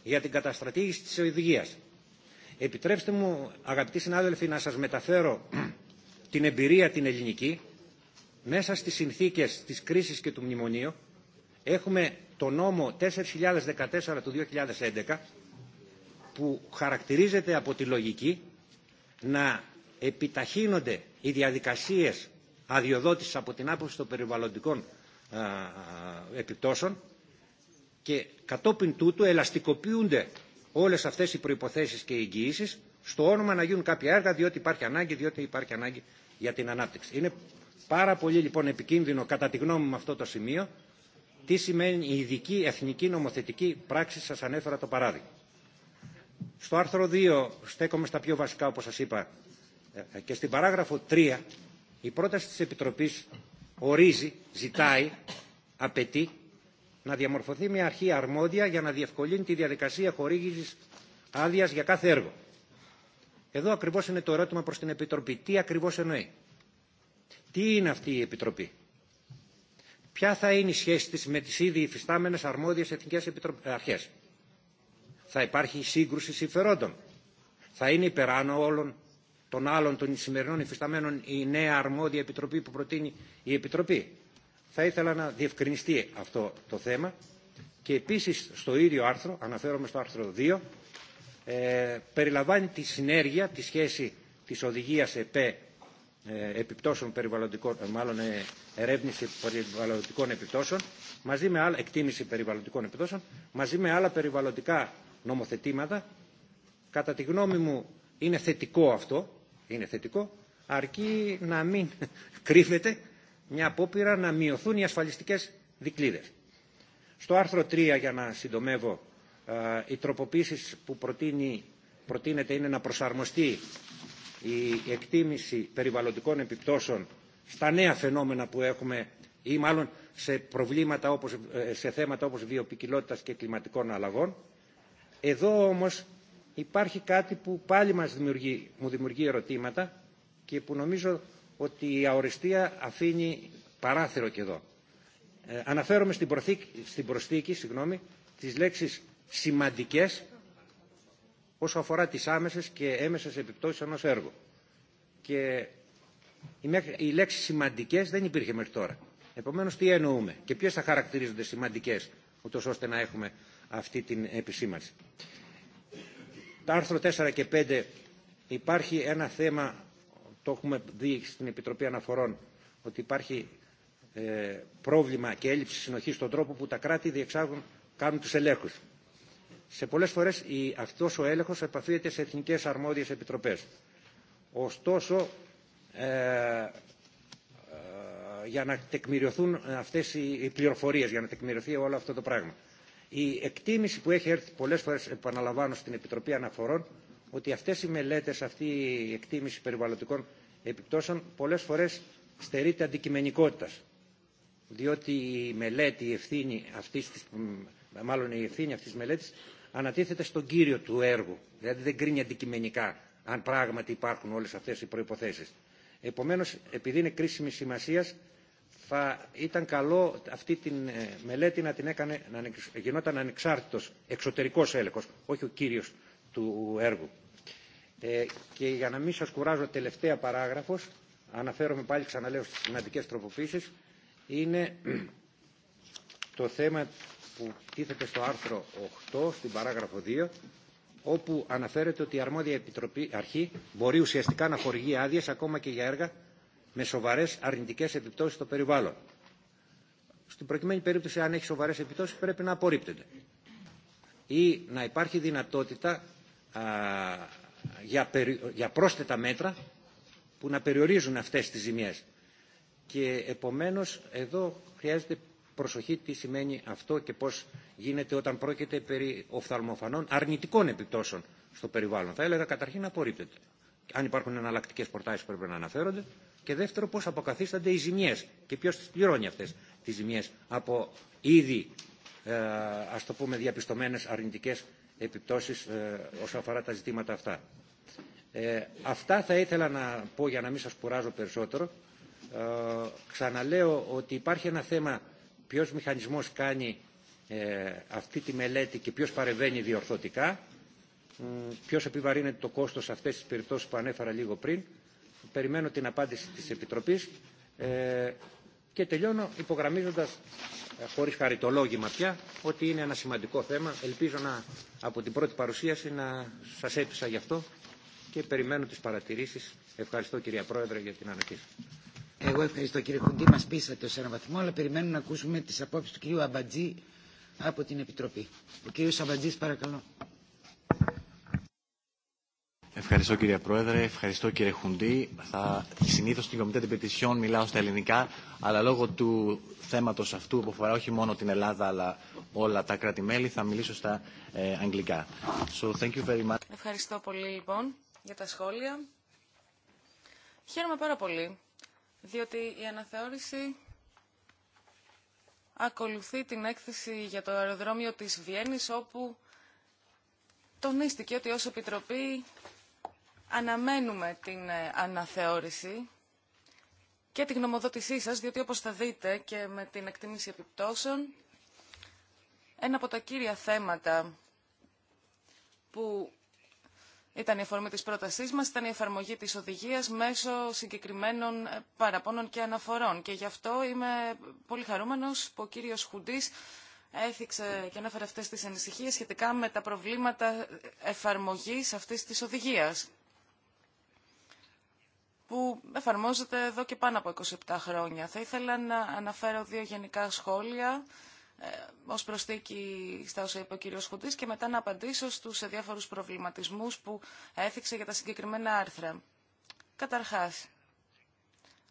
για την καταστρατήγηση της οδηγίας. Επιτρέψτε μου αγαπητοί συνάδελφοι να σας μεταφέρω την εμπειρία την ελληνική. Μέσα στις συνθήκες της κρίσης και του μνημονίου έχουμε το νόμο 4014 του 2011 που χαρακτηρίζεται από τη λογική να επιταχύνονται οι διαδικασίες αδειοδότησης από την άποψη των περιβαλλοντικών επιπτώσεων και κατόπιν τούτου ελαστικοποιούνται όλες αυτές οι προϋποθέσεις και οι εγγυήσεις στο όνομα να γίνουν κάποια έργα διότι υπάρχει ανάγκη, διότι υπάρχει ανάγκη για την ανάπτυξη. Είναι πάρα πολύ λοιπόν επικίνδυνο κατά τη γνώμη μου αυτό το σημείο τι σημαίνει η ειδική εθνική νομοθετική πράξη, σας ανέφερα το παράδειγμα. Στο άρθρο 2 στέκομαι στα πιο βασικά όπως σας είπα ε, και στην παράγραφο 3 η πρόταση της Επιτροπής ορίζει, ζητάει, απαιτεί να διαμορφωθεί μια αρχή αρμόδια για να διευκολύνει τη διαδικασία χορήγησης άδεια για κάθε έργο. Εδώ ακριβώς είναι το ερώτημα προς την Επιτροπή. Τι ακριβώς εννοεί. Τι είναι αυτή η Επιτροπή. Ποια θα είναι η σχέση της με τις ήδη υφιστάμενες αρμόδιες εθνικές αρχές θα υπάρχει σύγκρουση συμφερόντων. Θα είναι υπεράνω όλων των άλλων των σημερινών υφισταμένων η νέα αρμόδια επιτροπή που προτείνει η Επιτροπή. Θα ήθελα να διευκρινιστεί αυτό το θέμα και επίσης στο ίδιο άρθρο, αναφέρομαι στο άρθρο 2, ε, περιλαμβάνει τη συνέργεια, τη σχέση της οδηγίας ΕΠΕ ε, επιπτώσεων περιβαλλοντικών, ε, μάλλον ε, ερεύνηση περιβαλλοντικών επιπτώσεων, μαζί με άλλα, εκτίμηση περιβαλλοντικών επιπτώσεων, μαζί με άλλα περιβαλλοντικά νομοθετήματα. Κατά τη γνώμη μου είναι θετικό αυτό, είναι θετικό, αρκεί να μην κρύβεται μια απόπειρα να μειωθούν οι ασφαλιστικές δικλίδες. Στο άρθρο 3, για να συντομεύω, ε, οι τροποποίησεις που προτείνεται είναι να προσαρμοστεί η εκτίμηση περιβαλλοντικών επιπτώσεων στα νέα φαινόμενα που έχουμε ή μάλλον σε, προβλήματα όπως, ε, σε θέματα όπως βιοπικιλότητας και κλιματικών αλλαγών. Εδώ όμως υπάρχει κάτι που πάλι μας δημιουργεί, μου δημιουργεί ερωτήματα και που νομίζω ότι η αοριστία αφήνει παράθυρο και εδώ. Ε, αναφέρομαι στην, προσθήκη συγγνώμη, τις λέξεις σημαντικές όσο αφορά τις άμεσες και έμεσες επιπτώσεις ενός έργου. Και η λέξη σημαντικές δεν υπήρχε μέχρι τώρα. Επομένως τι εννοούμε και ποιες θα χαρακτηρίζονται σημαντικές ούτως ώστε να έχουμε αυτή την επισήμανση. Τα άρθρο 4 και 5 υπάρχει ένα θέμα, το έχουμε δει στην Επιτροπή Αναφορών, ότι υπάρχει ε, πρόβλημα και έλλειψη συνοχής στον τρόπο που τα κράτη διεξάγουν, κάνουν τους ελέγχους. Σε πολλές φορές η, αυτός ο έλεγχος επαφίεται σε εθνικές αρμόδιες επιτροπές. Ωστόσο, ε, ε για να τεκμηριωθούν αυτές οι πληροφορίες, για να τεκμηριωθεί όλο αυτό το πράγμα. Η εκτίμηση που έχει έρθει πολλές φορές, επαναλαμβάνω, στην Επιτροπή Αναφορών, ότι αυτές οι μελέτες, αυτή η εκτίμηση περιβαλλοντικών επιπτώσεων, πολλές φορές στερείται αντικειμενικότητας. Διότι η μελέτη, η ευθύνη αυτής της, μάλλον η ευθύνη αυτής της μελέτης ανατίθεται στον κύριο του έργου. Δηλαδή δεν κρίνει αντικειμενικά αν πράγματι υπάρχουν όλες αυτές οι προϋποθέσεις. Επομένως, επειδή είναι κρίσιμη σημασίας, θα ήταν καλό αυτή τη ε, μελέτη να την έκανε, να γινόταν ανεξάρτητος εξωτερικός έλεγχος, όχι ο κύριος του έργου. Ε, και για να μην σας κουράζω τελευταία παράγραφος, αναφέρομαι πάλι ξαναλέω στις σημαντικές τροποποίησεις, είναι το θέμα που τίθεται στο άρθρο 8, στην παράγραφο 2, όπου αναφέρεται ότι η αρμόδια επιτροπή, αρχή μπορεί ουσιαστικά να χορηγεί άδειες ακόμα και για έργα με σοβαρέ αρνητικέ επιπτώσει στο περιβάλλον. Στην προκειμένη περίπτωση, αν έχει σοβαρέ επιπτώσει, πρέπει να απορρίπτεται. Ή να υπάρχει δυνατότητα α, για, για πρόσθετα μέτρα που να περιορίζουν αυτές τις ζημιές. Και επομένως εδώ χρειάζεται προσοχή τι σημαίνει αυτό και πώς γίνεται όταν πρόκειται περί οφθαλμοφανών αρνητικών επιπτώσεων στο περιβάλλον. Θα έλεγα καταρχήν να απορρίπτεται. Αν υπάρχουν εναλλακτικέ προτάσει πρέπει να αναφέρονται και δεύτερο πώς αποκαθίστανται οι ζημιές και ποιος τις πληρώνει αυτές τις ζημιές από ήδη ε, ας το πούμε διαπιστωμένες αρνητικές επιπτώσεις ε, όσον αφορά τα ζητήματα αυτά. Ε, αυτά θα ήθελα να πω για να μην σας κουράζω περισσότερο. Ε, ξαναλέω ότι υπάρχει ένα θέμα ποιος μηχανισμός κάνει αυτή τη μελέτη και ποιος παρεβαίνει διορθωτικά, ποιος επιβαρύνεται το κόστος σε αυτές τις περιπτώσεις που ανέφερα λίγο πριν περιμένω την απάντηση της Επιτροπής ε, και τελειώνω υπογραμμίζοντας ε, χωρίς χαριτολόγημα πια ότι είναι ένα σημαντικό θέμα. Ελπίζω να, από την πρώτη παρουσίαση να σας έπεισα γι' αυτό και περιμένω τις παρατηρήσεις. Ευχαριστώ κυρία Πρόεδρε για την ανοχή Εγώ ευχαριστώ κύριε Κουντή. Μας πείσατε ως ένα βαθμό, αλλά περιμένω να ακούσουμε τις απόψεις του κυρίου Αμπατζή από την Επιτροπή. Ο κύριος Αμπατζής παρακαλώ. Ευχαριστώ κύριε Πρόεδρε, ευχαριστώ κύριε Χουντή. Θα, συνήθως στην Κομιτέτη Πετησιών μιλάω στα ελληνικά, αλλά λόγω του θέματος αυτού που αφορά όχι μόνο την Ελλάδα αλλά όλα τα κράτη-μέλη θα μιλήσω στα ε, αγγλικά. So, thank you very much. Ευχαριστώ πολύ λοιπόν για τα σχόλια. Χαίρομαι πάρα πολύ, διότι η αναθεώρηση ακολουθεί την έκθεση για το αεροδρόμιο της Βιέννης όπου τονίστηκε ότι ως Επιτροπή αναμένουμε την ε, αναθεώρηση και τη γνωμοδότησή σας, διότι όπως θα δείτε και με την εκτίμηση επιπτώσεων, ένα από τα κύρια θέματα που ήταν η αφορμή της πρότασής μας, ήταν η εφαρμογή της οδηγίας μέσω συγκεκριμένων ε, παραπώνων και αναφορών. Και γι' αυτό είμαι πολύ χαρούμενος που ο κύριος Χουντής έθιξε και ανέφερε αυτές τις ανησυχίες σχετικά με τα προβλήματα ε, εφαρμογής αυτής της οδηγίας που εφαρμόζεται εδώ και πάνω από 27 χρόνια. Θα ήθελα να αναφέρω δύο γενικά σχόλια ε, ως προστήκη στα όσα είπε ο κύριος Χουντής και μετά να απαντήσω στους διάφορους προβληματισμούς που έθιξε για τα συγκεκριμένα άρθρα. Καταρχάς,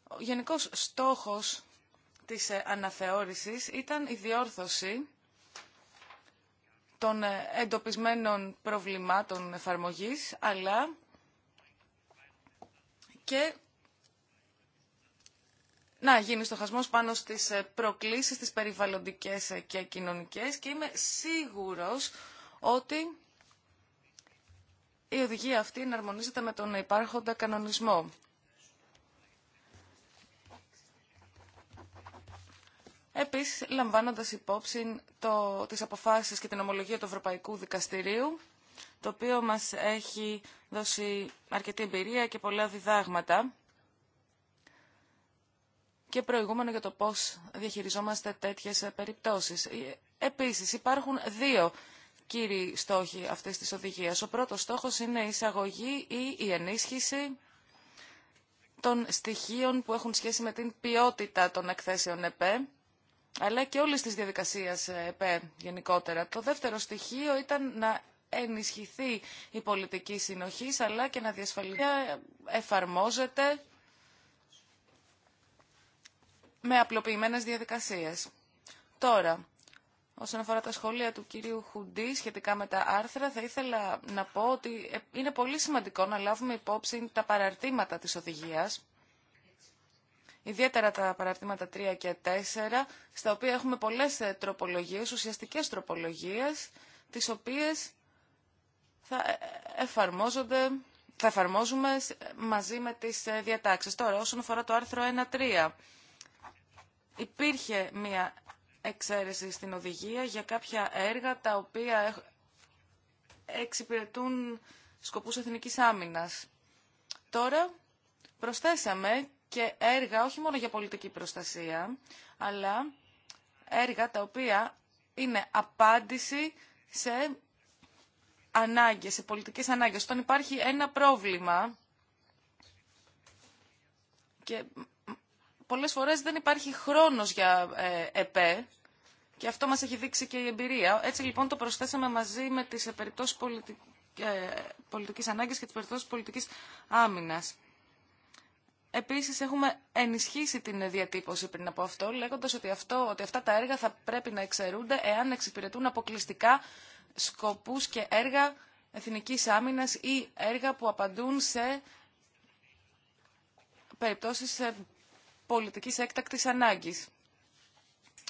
ο γενικός στόχος της ε, αναθεώρησης ήταν η διόρθωση των ε, εντοπισμένων προβλημάτων εφαρμογής, αλλά και να γίνει στοχασμός πάνω στις ε, προκλήσεις, τις περιβαλλοντικές ε, και κοινωνικές και είμαι σίγουρος ότι η οδηγία αυτή εναρμονίζεται με τον υπάρχοντα κανονισμό. Επίσης, λαμβάνοντας υπόψη το, τις αποφάσεις και την ομολογία του Ευρωπαϊκού Δικαστηρίου, το οποίο μας έχει δώσει αρκετή εμπειρία και πολλά διδάγματα και προηγούμενο για το πώς διαχειριζόμαστε τέτοιες περιπτώσεις. Ε, επίσης, υπάρχουν δύο κύριοι στόχοι αυτής της οδηγίας. Ο πρώτος στόχος είναι η εισαγωγή ή η ενίσχυση των στοιχείων που έχουν σχέση με την ποιότητα των εκθέσεων ΕΠΕ, αλλά και όλης της διαδικασίας ΕΠΕ γενικότερα. Το δεύτερο στοιχείο ήταν να ενισχυθεί η πολιτική συνοχή, αλλά και να διασφαλιστεί εφαρμόζεται με απλοποιημένες διαδικασίες. Τώρα, όσον αφορά τα σχόλια του κυρίου Χουντή σχετικά με τα άρθρα, θα ήθελα να πω ότι είναι πολύ σημαντικό να λάβουμε υπόψη τα παραρτήματα της οδηγίας, ιδιαίτερα τα παραρτήματα 3 και 4, στα οποία έχουμε πολλές τροπολογίες, ουσιαστικές τροπολογίες, τις οποίες θα θα εφαρμόζουμε μαζί με τις ε, διατάξεις. Τώρα, όσον αφορά το άρθρο 1.3, υπήρχε μία εξαίρεση στην οδηγία για κάποια έργα τα οποία εξυπηρετούν σκοπούς εθνικής άμυνας. Τώρα προσθέσαμε και έργα όχι μόνο για πολιτική προστασία, αλλά έργα τα οποία είναι απάντηση σε ανάγκες, σε πολιτικές ανάγκες. Όταν υπάρχει ένα πρόβλημα και πολλές φορές δεν υπάρχει χρόνος για ε, ΕΠΕ και αυτό μας έχει δείξει και η εμπειρία. Έτσι λοιπόν το προσθέσαμε μαζί με τις ε, περιπτώσεις πολιτικ... Ε, πολιτικής ανάγκης και τις περιπτώσεις πολιτικής άμυνας. Επίσης έχουμε ενισχύσει την διατύπωση πριν από αυτό, λέγοντας ότι, αυτό, ότι αυτά τα έργα θα πρέπει να εξαιρούνται εάν εξυπηρετούν αποκλειστικά σκοπούς και έργα εθνικής άμυνας ή έργα που απαντούν σε περιπτώσεις ε, πολιτικής έκτακτης ανάγκης.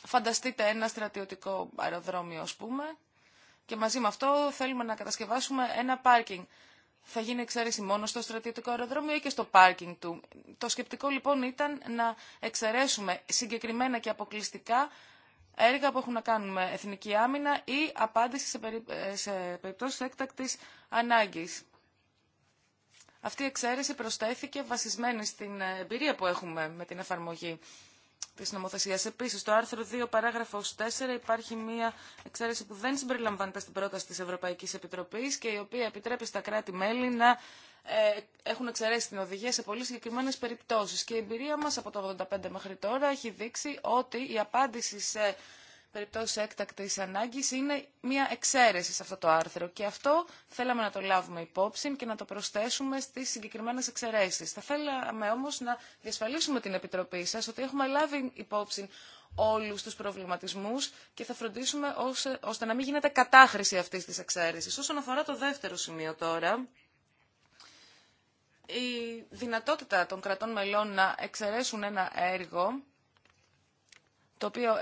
Φανταστείτε ένα στρατιωτικό αεροδρόμιο, ας πούμε, και μαζί με αυτό θέλουμε να κατασκευάσουμε ένα πάρκινγκ. Θα γίνει εξαίρεση μόνο στο στρατιωτικό αεροδρόμιο ή και στο πάρκινγκ του. Το σκεπτικό λοιπόν ήταν να εξαιρέσουμε συγκεκριμένα και αποκλειστικά έργα που έχουν να κάνουν με εθνική άμυνα ή απάντηση σε, περι... Ε, σε περιπτώσεις έκτακτης ανάγκης. Αυτή η εξαίρεση προσθέθηκε βασισμένη στην ε, εμπειρία που έχουμε με την εφαρμογή της νομοθεσίας. Επίση, στο άρθρο 2, παράγραφος 4, υπάρχει μία εξαίρεση που δεν συμπεριλαμβάνεται στην πρόταση της Ευρωπαϊκή Επιτροπής και η οποία επιτρέπει στα κράτη-μέλη να ε, έχουν εξαιρέσει την οδηγία σε πολύ συγκεκριμένε περιπτώσει. Και η εμπειρία μα από το 1985 μέχρι τώρα έχει δείξει ότι η απάντηση σε περιπτώσει έκτακτη ανάγκη είναι μια εξαίρεση σε αυτό το άρθρο. Και αυτό θέλαμε να το λάβουμε υπόψη και να το προσθέσουμε στι συγκεκριμένε εξαιρέσει. Θα θέλαμε όμω να διασφαλίσουμε την Επιτροπή σα ότι έχουμε λάβει υπόψη όλους τους προβληματισμούς και θα φροντίσουμε ώστε να μην γίνεται κατάχρηση αυτής της εξαίρεσης. Όσον αφορά το δεύτερο σημείο τώρα, η δυνατότητα των κρατών μελών να εξαιρέσουν ένα έργο το οποίο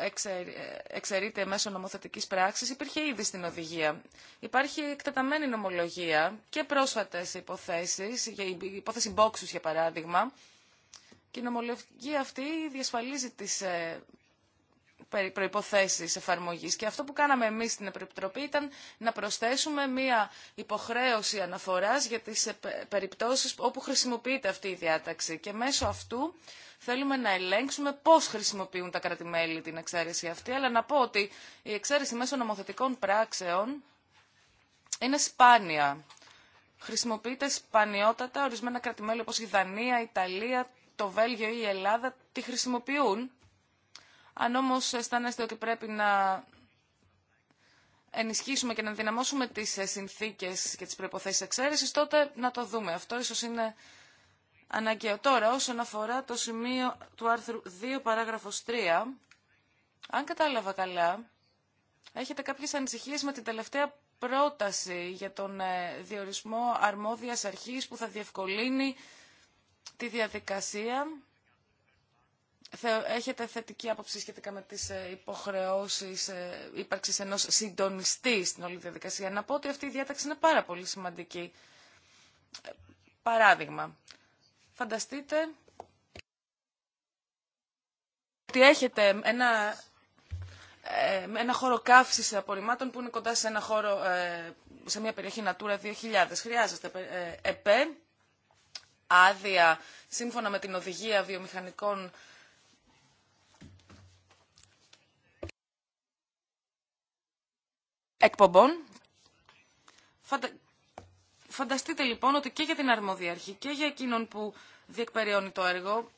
εξαιρείται μέσω νομοθετικής πράξης, υπήρχε ήδη στην οδηγία. Υπάρχει εκτεταμένη νομολογία και πρόσφατες υποθέσεις, για υπόθεση Μπόξους για παράδειγμα, και η νομολογία αυτή διασφαλίζει τις ε, προϋποθέσεις εφαρμογής. Και αυτό που κάναμε εμείς στην Επιτροπή ήταν να προσθέσουμε μία υποχρέωση αναφοράς για τις περιπτώσεις όπου χρησιμοποιείται αυτή η διάταξη. Και μέσω αυτού θέλουμε να ελέγξουμε πώς χρησιμοποιούν τα κρατημέλη την εξαίρεση αυτή, αλλά να πω ότι η εξαίρεση μέσω νομοθετικών πράξεων είναι σπάνια. Χρησιμοποιείται σπανιότατα ορισμένα κρατημέλη όπως η Δανία, η Ιταλία, το Βέλγιο ή η Ελλάδα τη χρησιμοποιούν αν όμως αισθάνεστε ότι πρέπει να ενισχύσουμε και να ενδυναμώσουμε τις συνθήκες και τις προϋποθέσεις εξαίρεσης, τότε να το δούμε. Αυτό ίσως είναι αναγκαίο. Τώρα, όσον αφορά το σημείο του άρθρου 2, παράγραφος 3, αν κατάλαβα καλά, έχετε κάποιες ανησυχίες με την τελευταία πρόταση για τον ε, διορισμό αρμόδιας αρχής που θα διευκολύνει τη διαδικασία έχετε θετική άποψη σχετικά με τις ε, υποχρεώσεις ε, ύπαρξης ενός συντονιστή στην όλη διαδικασία. Να πω ότι αυτή η διάταξη είναι πάρα πολύ σημαντική. Ε, παράδειγμα, φανταστείτε ότι έχετε ένα, ένα χώρο καύσης απορριμμάτων που είναι κοντά σε ένα χώρο, σε μια περιοχή Natura 2000. Χρειάζεστε ΕΠΕ, άδεια, σύμφωνα με την οδηγία βιομηχανικών εκπομπών. Φανταστείτε λοιπόν ότι και για την αρμοδιαρχή και για εκείνον που διεκπεραιώνει το έργο,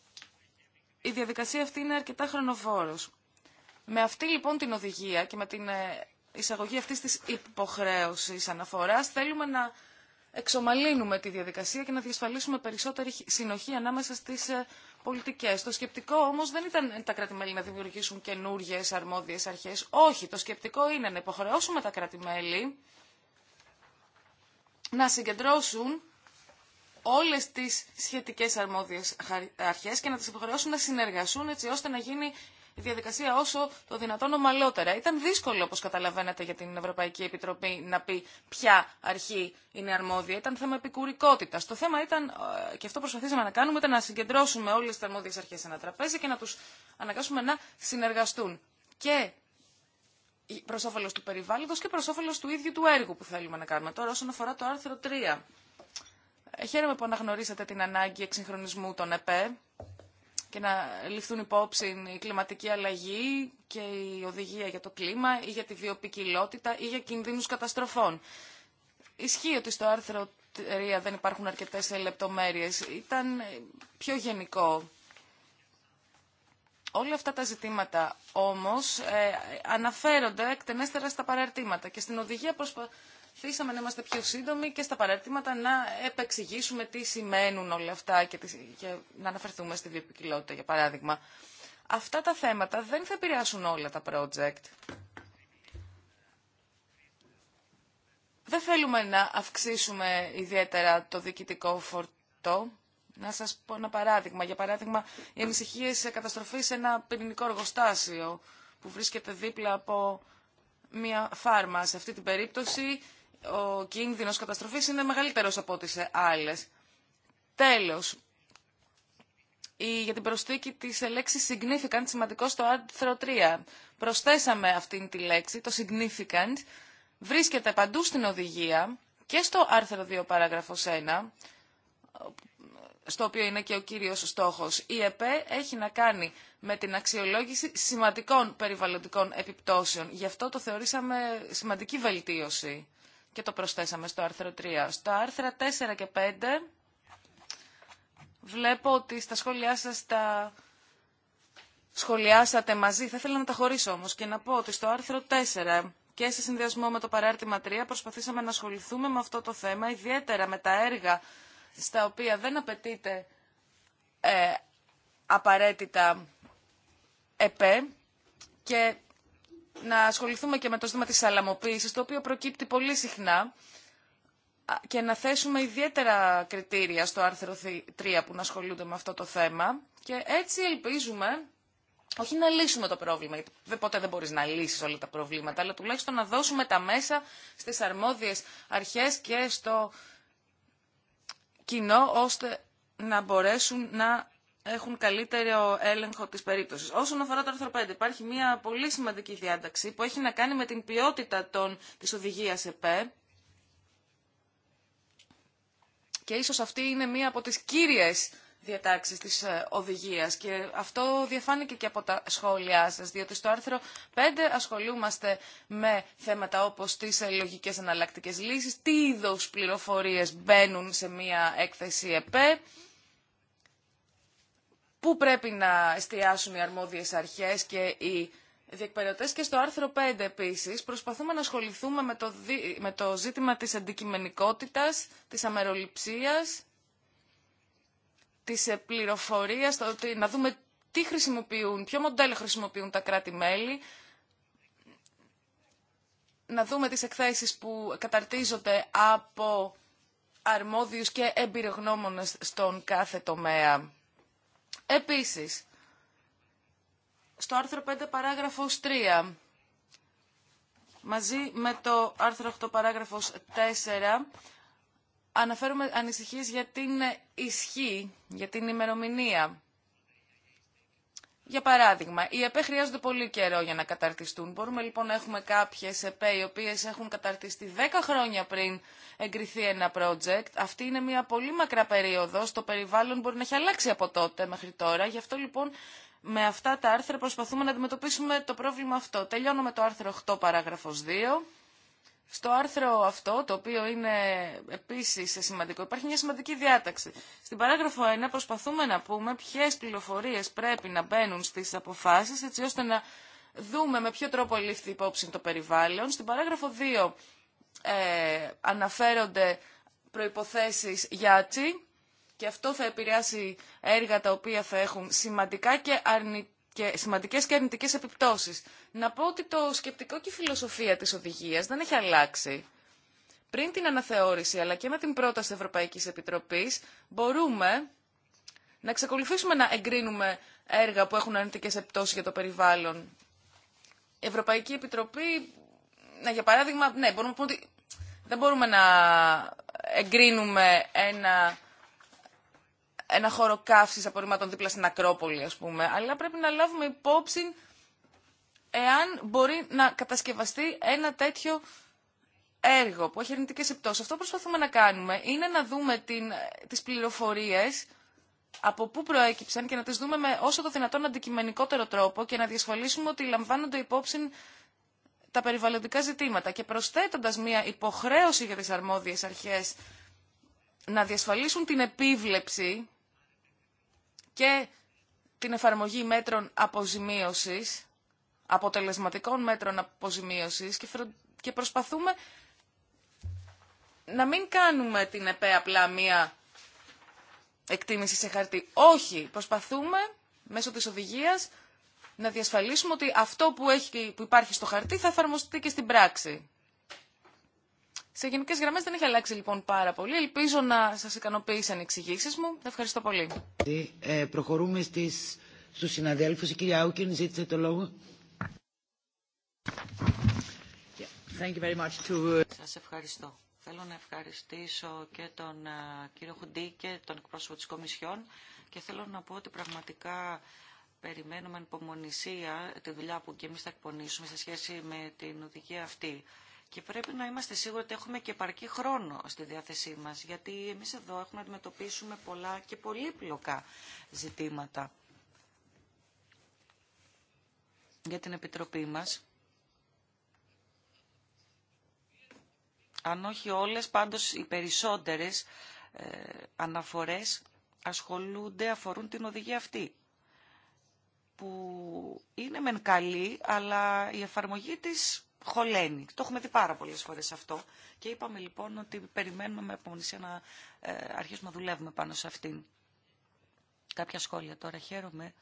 η διαδικασία αυτή είναι αρκετά χρονοφόρος. Με αυτή λοιπόν την οδηγία και με την ε, εισαγωγή αυτής της υποχρέωσης αναφοράς θέλουμε να εξομαλύνουμε τη διαδικασία και να διασφαλίσουμε περισσότερη συνοχή ανάμεσα στις ε, πολιτικές. Το σκεπτικό όμως δεν ήταν τα κράτη-μέλη να δημιουργήσουν καινούργιε αρμόδιες αρχές. Όχι, το σκεπτικό είναι να υποχρεώσουμε τα κράτη-μέλη να συγκεντρώσουν όλες τις σχετικές αρμόδιες αρχές και να τις υποχρεώσουν να συνεργασούν έτσι ώστε να γίνει η διαδικασία όσο το δυνατόν ομαλότερα. Ήταν δύσκολο, όπω καταλαβαίνετε, για την Ευρωπαϊκή Επιτροπή να πει ποια αρχή είναι αρμόδια. Ήταν θέμα επικουρικότητα. Το θέμα ήταν, ε, και αυτό προσπαθήσαμε να κάνουμε, ήταν να συγκεντρώσουμε όλε τι αρμόδιε αρχέ σε ένα τραπέζι και να του αναγκάσουμε να συνεργαστούν. Και προ όφελο του περιβάλλοντο και προ όφελο του ίδιου του έργου που θέλουμε να κάνουμε. Τώρα, όσον αφορά το άρθρο 3. Ε, χαίρομαι που αναγνωρίσατε την ανάγκη εξυγχρονισμού των ΕΠΕ και να ληφθούν υπόψη η κλιματική αλλαγή και η οδηγία για το κλίμα ή για τη βιοπικιλότητα ή για κινδύνους καταστροφών. Ισχύει ότι στο άρθρο 3 δεν υπάρχουν αρκετές λεπτομέρειες. Ήταν πιο γενικό. Όλα αυτά τα ζητήματα όμως ε, αναφέρονται εκτενέστερα στα παραρτήματα και στην οδηγία προσπα... Θύσαμε να είμαστε πιο σύντομοι και στα παράρτηματα να επεξηγήσουμε τι σημαίνουν όλα αυτά και, να αναφερθούμε στη βιοποικιλότητα, για παράδειγμα. Αυτά τα θέματα δεν θα επηρεάσουν όλα τα project. Δεν θέλουμε να αυξήσουμε ιδιαίτερα το διοικητικό φορτό. Να σας πω ένα παράδειγμα. Για παράδειγμα, οι ανησυχίε καταστροφή σε ένα πυρηνικό εργοστάσιο που βρίσκεται δίπλα από μια φάρμα. Σε αυτή την περίπτωση ο κίνδυνος καταστροφής είναι μεγαλύτερος από ό,τι σε άλλες. Τέλος, για την προσθήκη της λέξης significant, σημαντικό στο άρθρο 3. Προσθέσαμε αυτή τη λέξη, το significant, βρίσκεται παντού στην οδηγία και στο άρθρο 2 παράγραφος 1, στο οποίο είναι και ο κύριος στόχος. Η ΕΠΕ έχει να κάνει με την αξιολόγηση σημαντικών περιβαλλοντικών επιπτώσεων. Γι' αυτό το θεωρήσαμε σημαντική βελτίωση και το προσθέσαμε στο άρθρο 3. Στα άρθρα 4 και 5 βλέπω ότι στα σχόλιά σας τα σχολιάσατε μαζί. Θα ήθελα να τα χωρίσω όμως και να πω ότι στο άρθρο 4 και σε συνδυασμό με το παράρτημα 3 προσπαθήσαμε να ασχοληθούμε με αυτό το θέμα, ιδιαίτερα με τα έργα στα οποία δεν απαιτείται ε, απαραίτητα ΕΠΕ και να ασχοληθούμε και με το ζήτημα της σαλαμοποίησης, το οποίο προκύπτει πολύ συχνά, και να θέσουμε ιδιαίτερα κριτήρια στο άρθρο 3 που να ασχολούνται με αυτό το θέμα και έτσι ελπίζουμε όχι να λύσουμε το πρόβλημα, γιατί ποτέ δεν μπορείς να λύσεις όλα τα προβλήματα, αλλά τουλάχιστον να δώσουμε τα μέσα στις αρμόδιες αρχές και στο κοινό, ώστε να μπορέσουν να έχουν καλύτερο έλεγχο τη περίπτωση. Όσον αφορά το άρθρο 5, υπάρχει μια πολύ σημαντική διάταξη που έχει να κάνει με την ποιότητα τη οδηγία ΕΠΕ και ίσως αυτή είναι μία από τις κύριες διατάξεις της ε, οδηγίας και αυτό διαφάνηκε και από τα σχόλιά σας, διότι στο άρθρο 5 ασχολούμαστε με θέματα όπως τις ε, λογικές εναλλακτικές λύσεις, τι είδους πληροφορίες μπαίνουν σε μία έκθεση ΕΠΕ, πού πρέπει να εστιάσουν οι αρμόδιες αρχές και οι διεκπαιρεωτές. Και στο άρθρο 5 επίσης προσπαθούμε να ασχοληθούμε με το, με ζήτημα της αντικειμενικότητας, της αμεροληψίας, της ε, πληροφορίας, ότι να δούμε τι χρησιμοποιούν, ποιο μοντέλο χρησιμοποιούν τα κράτη-μέλη, να δούμε τις εκθέσεις που καταρτίζονται από αρμόδιους και εμπειρογνώμονες στον κάθε τομέα. Επίσης, στο άρθρο 5 παράγραφος 3, μαζί με το άρθρο 8 παράγραφος 4, αναφέρουμε ανησυχίες για την ισχύ, για την ημερομηνία. Για παράδειγμα, οι ΕΠΕ χρειάζονται πολύ καιρό για να καταρτιστούν. Μπορούμε λοιπόν να έχουμε κάποιε ΕΠΕ οι οποίε έχουν καταρτιστεί 10 χρόνια πριν εγκριθεί ένα project. Αυτή είναι μια πολύ μακρά περίοδο. Το περιβάλλον μπορεί να έχει αλλάξει από τότε μέχρι τώρα. Γι' αυτό λοιπόν με αυτά τα άρθρα προσπαθούμε να αντιμετωπίσουμε το πρόβλημα αυτό. Τελειώνω με το άρθρο 8 παράγραφος 2 στο άρθρο αυτό, το οποίο είναι επίσης σημαντικό, υπάρχει μια σημαντική διάταξη. Στην παράγραφο 1 προσπαθούμε να πούμε ποιες πληροφορίες πρέπει να μπαίνουν στις αποφάσεις, έτσι ώστε να δούμε με ποιο τρόπο λήφθη υπόψη το περιβάλλον. Στην παράγραφο 2 ε, αναφέρονται προϋποθέσεις γιάτσι και αυτό θα επηρεάσει έργα τα οποία θα έχουν σημαντικά και αρνητικά και σημαντικέ και αρνητικέ επιπτώσεις. Να πω ότι το σκεπτικό και η φιλοσοφία της οδηγία δεν έχει αλλάξει. Πριν την αναθεώρηση αλλά και με την πρόταση ευρωπαϊκή Επιτροπής μπορούμε να εξακολουθήσουμε να εγκρίνουμε έργα που έχουν αρνητικέ επιπτώσει για το περιβάλλον. Η Ευρωπαϊκή Επιτροπή, ναι, για παράδειγμα, ναι, μπορούμε να πούμε ότι δεν μπορούμε να εγκρίνουμε ένα ένα χώρο καύσης απορριμμάτων δίπλα στην Ακρόπολη, ας πούμε, αλλά πρέπει να λάβουμε υπόψη εάν μπορεί να κατασκευαστεί ένα τέτοιο έργο που έχει αρνητικέ επιπτώσεις. Αυτό που προσπαθούμε να κάνουμε είναι να δούμε την, τις πληροφορίες από πού προέκυψαν και να τις δούμε με όσο το δυνατόν αντικειμενικότερο τρόπο και να διασφαλίσουμε ότι λαμβάνονται υπόψη τα περιβαλλοντικά ζητήματα και προσθέτοντας μια υποχρέωση για τις αρμόδιες αρχές να διασφαλίσουν την επίβλεψη και την εφαρμογή μέτρων αποζημίωσης, αποτελεσματικών μέτρων αποζημίωσης και προσπαθούμε να μην κάνουμε την ΕΠΕ απλά μία εκτίμηση σε χαρτί. Όχι, προσπαθούμε μέσω της οδηγίας να διασφαλίσουμε ότι αυτό που, έχει, που υπάρχει στο χαρτί θα εφαρμοστεί και στην πράξη. Σε γενικέ γραμμέ δεν έχει αλλάξει λοιπόν πάρα πολύ. Ελπίζω να σα ικανοποίησαν οι εξηγήσει μου. Ευχαριστώ πολύ. Ε, ε προχωρούμε στις, Η κυρία Άουκιν ζήτησε το λόγο. Yeah, to... Uh, σας ευχαριστώ. Θέλω να ευχαριστήσω και τον uh, κύριο Χουντή και τον εκπρόσωπο της Κομισιόν και θέλω να πω ότι πραγματικά περιμένουμε ανυπομονησία τη δουλειά που και εμείς θα εκπονήσουμε σε σχέση με την οδηγία αυτή. Και πρέπει να είμαστε σίγουροι ότι έχουμε και επαρκή χρόνο στη διάθεσή μας, γιατί εμείς εδώ έχουμε να αντιμετωπίσουμε πολλά και πολύπλοκα ζητήματα. Για την Επιτροπή μας, αν όχι όλες, πάντως οι περισσότερες ε, αναφορές ασχολούνται, αφορούν την οδηγία αυτή που είναι μεν καλή, αλλά η εφαρμογή της το έχουμε δει πάρα πολλέ φορέ αυτό. Και είπαμε λοιπόν ότι περιμένουμε με απομονησία να ε, αρχίσουμε να δουλεύουμε πάνω σε αυτήν. Κάποια σχόλια τώρα. Χαίρομαι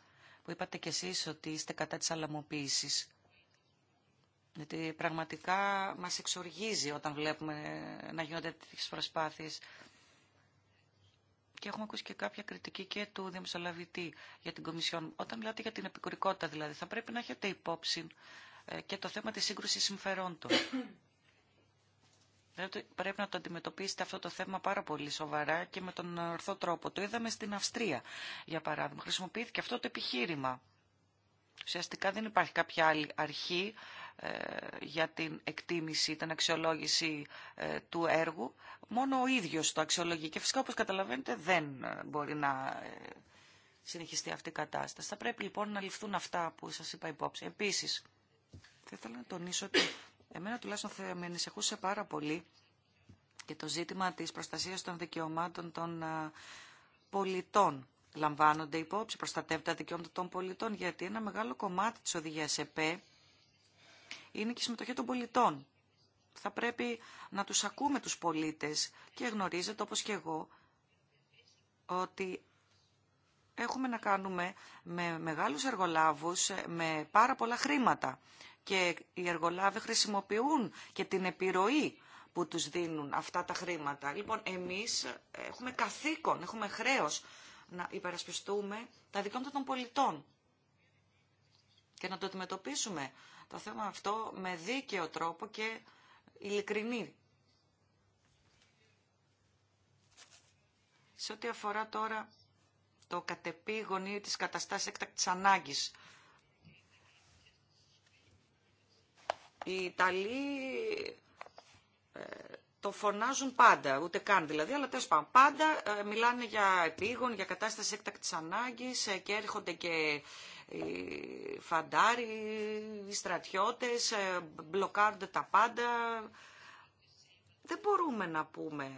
που είπατε κι εσείς ότι είστε κατά της αλαμοποίησης. Γιατί πραγματικά μας εξοργίζει όταν βλέπουμε να γίνονται τέτοιες προσπάθειες. Και έχουμε ακούσει και κάποια κριτική και του Δημοσιολαβητή για την Κομισιόν. Όταν μιλάτε για την επικουρικότητα δηλαδή, θα πρέπει να έχετε υπόψη ε, και το θέμα της σύγκρουσης συμφερόντων. Πρέπει να το αντιμετωπίσετε αυτό το θέμα πάρα πολύ σοβαρά και με τον ορθό τρόπο. Το είδαμε στην Αυστρία, για παράδειγμα. Χρησιμοποιήθηκε αυτό το επιχείρημα. Ουσιαστικά δεν υπάρχει κάποια άλλη αρχή ε, για την εκτίμηση, την αξιολόγηση ε, του έργου. Μόνο ο ίδιος το αξιολογεί. Και φυσικά, όπως καταλαβαίνετε, δεν μπορεί να συνεχιστεί αυτή η κατάσταση. Θα πρέπει λοιπόν να ληφθούν αυτά που σας είπα υπόψη. Επίσης, θα ήθελα να τονίσω ότι εμένα τουλάχιστον θα με ανησυχούσε πάρα πολύ και το ζήτημα της προστασίας των δικαιωμάτων των πολιτών. Λαμβάνονται υπόψη, προστατεύεται τα δικαιώματα των πολιτών, γιατί ένα μεγάλο κομμάτι της οδηγίας ΕΠΕ είναι και η συμμετοχή των πολιτών. Θα πρέπει να τους ακούμε τους πολίτες και γνωρίζετε όπως και εγώ ότι έχουμε να κάνουμε με μεγάλους εργολάβους, με πάρα πολλά χρήματα και οι εργολάβοι χρησιμοποιούν και την επιρροή που τους δίνουν αυτά τα χρήματα. Λοιπόν, εμείς ε, έχουμε καθήκον, έχουμε χρέος να υπερασπιστούμε τα δικαιώματα των πολιτών και να το αντιμετωπίσουμε το θέμα αυτό με δίκαιο τρόπο και ειλικρινή. Σε ό,τι αφορά τώρα το κατεπήγον ή τις καταστάσεις έκτακτης ανάγκης Οι Ιταλοί ε, το φωνάζουν πάντα, ούτε καν δηλαδή, αλλά τέλο πάντων. Πάντα ε, μιλάνε για επίγον, για κατάσταση έκτακτη ανάγκη ε, και έρχονται και οι φαντάροι, οι στρατιώτε, μπλοκάρονται τα πάντα. Δεν μπορούμε να πούμε.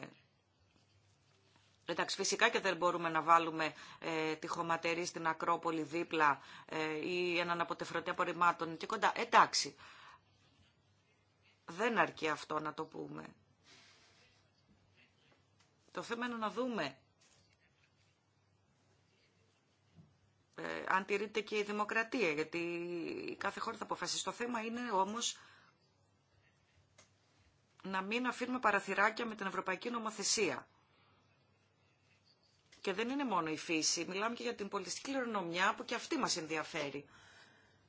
Εντάξει, φυσικά και δεν μπορούμε να βάλουμε τη χωματερή στην Ακρόπολη δίπλα ή έναν αποτεφρωτή απορριμμάτων και κοντά. Εντάξει δεν αρκεί αυτό να το πούμε. Το θέμα είναι να δούμε ε, αν τηρείται και η δημοκρατία, γιατί κάθε χώρα θα αποφασίσει. Το θέμα είναι όμως να μην αφήνουμε παραθυράκια με την Ευρωπαϊκή Νομοθεσία. Και δεν είναι μόνο η φύση, μιλάμε και για την πολιτιστική κληρονομιά που και αυτή μας ενδιαφέρει.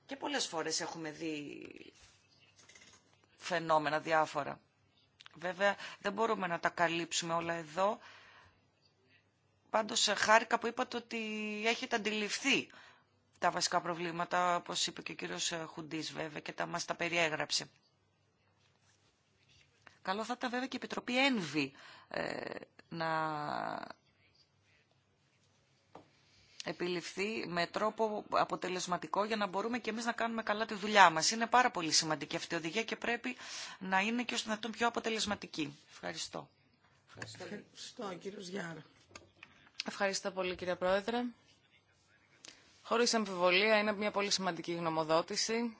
Και πολλές φορές έχουμε δει φαινόμενα διάφορα. Βέβαια δεν μπορούμε να τα καλύψουμε όλα εδώ. Πάντως ε, χάρηκα που είπατε ότι έχετε αντιληφθεί τα βασικά προβλήματα, όπως είπε και ο κύριος ε, Χουντής βέβαια και τα μας τα περιέγραψε. Καλό θα ήταν βέβαια και η Επιτροπή Ένβη ε, να επιληφθεί με τρόπο αποτελεσματικό για να μπορούμε και εμείς να κάνουμε καλά τη δουλειά μας. Είναι πάρα πολύ σημαντική αυτή η οδηγία και πρέπει να είναι και ως δυνατόν πιο αποτελεσματική. Ευχαριστώ. Ευχαριστώ, κύριος Ευχαριστώ πολύ κύριε Πρόεδρε. Χωρίς αμφιβολία είναι μια πολύ σημαντική γνωμοδότηση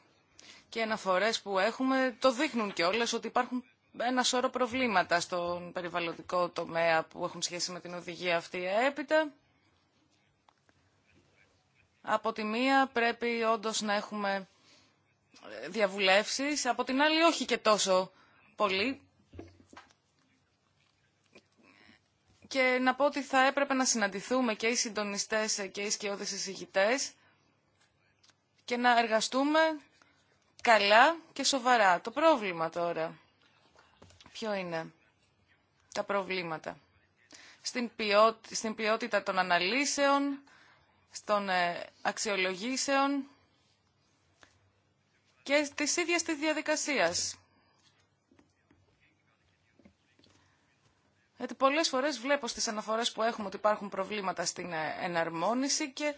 και οι αναφορές που έχουμε το δείχνουν και όλες ότι υπάρχουν ένα σώρο προβλήματα στον περιβαλλοντικό τομέα που έχουν σχέση με την οδηγία αυτή έπειτα. Από τη μία πρέπει όντως να έχουμε ε, διαβουλεύσεις, από την άλλη όχι και τόσο πολύ. Και να πω ότι θα έπρεπε να συναντηθούμε και οι συντονιστές ε, και οι σκιώδες εισηγητές και να εργαστούμε καλά και σοβαρά. Το πρόβλημα τώρα, ποιο είναι τα προβλήματα. Στην, ποιότητα των αναλύσεων, των ε, αξιολογήσεων και της ίδιας της διαδικασίας. Γιατί πολλές φορές βλέπω στις αναφορές που έχουμε ότι υπάρχουν προβλήματα στην ε, εναρμόνιση και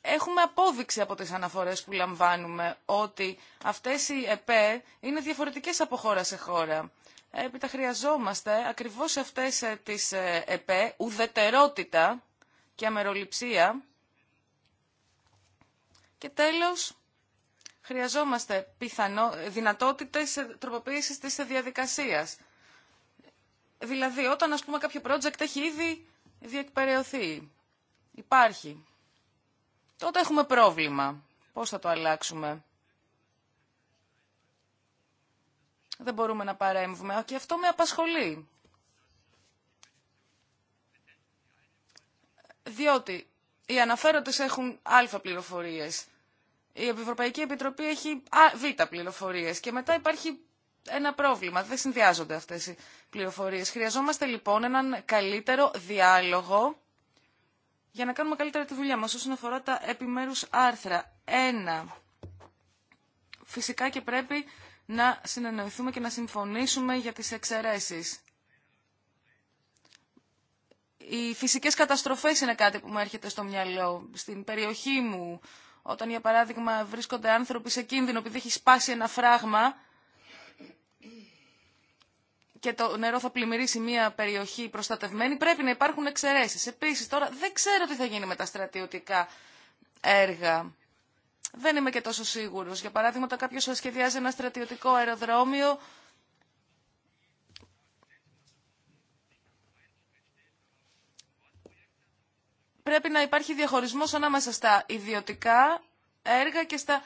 έχουμε απόδειξη από τις αναφορές που λαμβάνουμε ότι αυτές οι ΕΠΕ είναι διαφορετικές από χώρα σε χώρα. Έπειτα χρειαζόμαστε ακριβώς αυτές ε, τις ΕΠΕ ουδετερότητα και αμεροληψία. Και τέλος, χρειαζόμαστε πιθανό, δυνατότητες τροποποίησης της διαδικασίας. Δηλαδή, όταν ας πούμε κάποιο project έχει ήδη διεκπαιρεωθεί, υπάρχει, τότε έχουμε πρόβλημα. Πώς θα το αλλάξουμε. Δεν μπορούμε να παρέμβουμε. Και αυτό με απασχολεί. διότι οι αναφέροντες έχουν α πληροφορίες, η Ευρωπαϊκή Επιτροπή έχει β πληροφορίες και μετά υπάρχει ένα πρόβλημα, δεν συνδυάζονται αυτές οι πληροφορίες. Χρειαζόμαστε λοιπόν έναν καλύτερο διάλογο για να κάνουμε καλύτερα τη δουλειά μας όσον αφορά τα επιμέρους άρθρα. Ένα, φυσικά και πρέπει να συνεννοηθούμε και να συμφωνήσουμε για τις εξαιρέσεις. Οι φυσικές καταστροφές είναι κάτι που μου έρχεται στο μυαλό. Στην περιοχή μου, όταν για παράδειγμα βρίσκονται άνθρωποι σε κίνδυνο επειδή έχει σπάσει ένα φράγμα και το νερό θα πλημμυρίσει μια περιοχή προστατευμένη, πρέπει να υπάρχουν εξαιρέσεις. Επίσης, τώρα δεν ξέρω τι θα γίνει με τα στρατιωτικά έργα. Δεν είμαι και τόσο σίγουρος. Για παράδειγμα, όταν κάποιος σχεδιάζει ένα στρατιωτικό αεροδρόμιο, πρέπει να υπάρχει διαχωρισμός ανάμεσα στα ιδιωτικά έργα και στα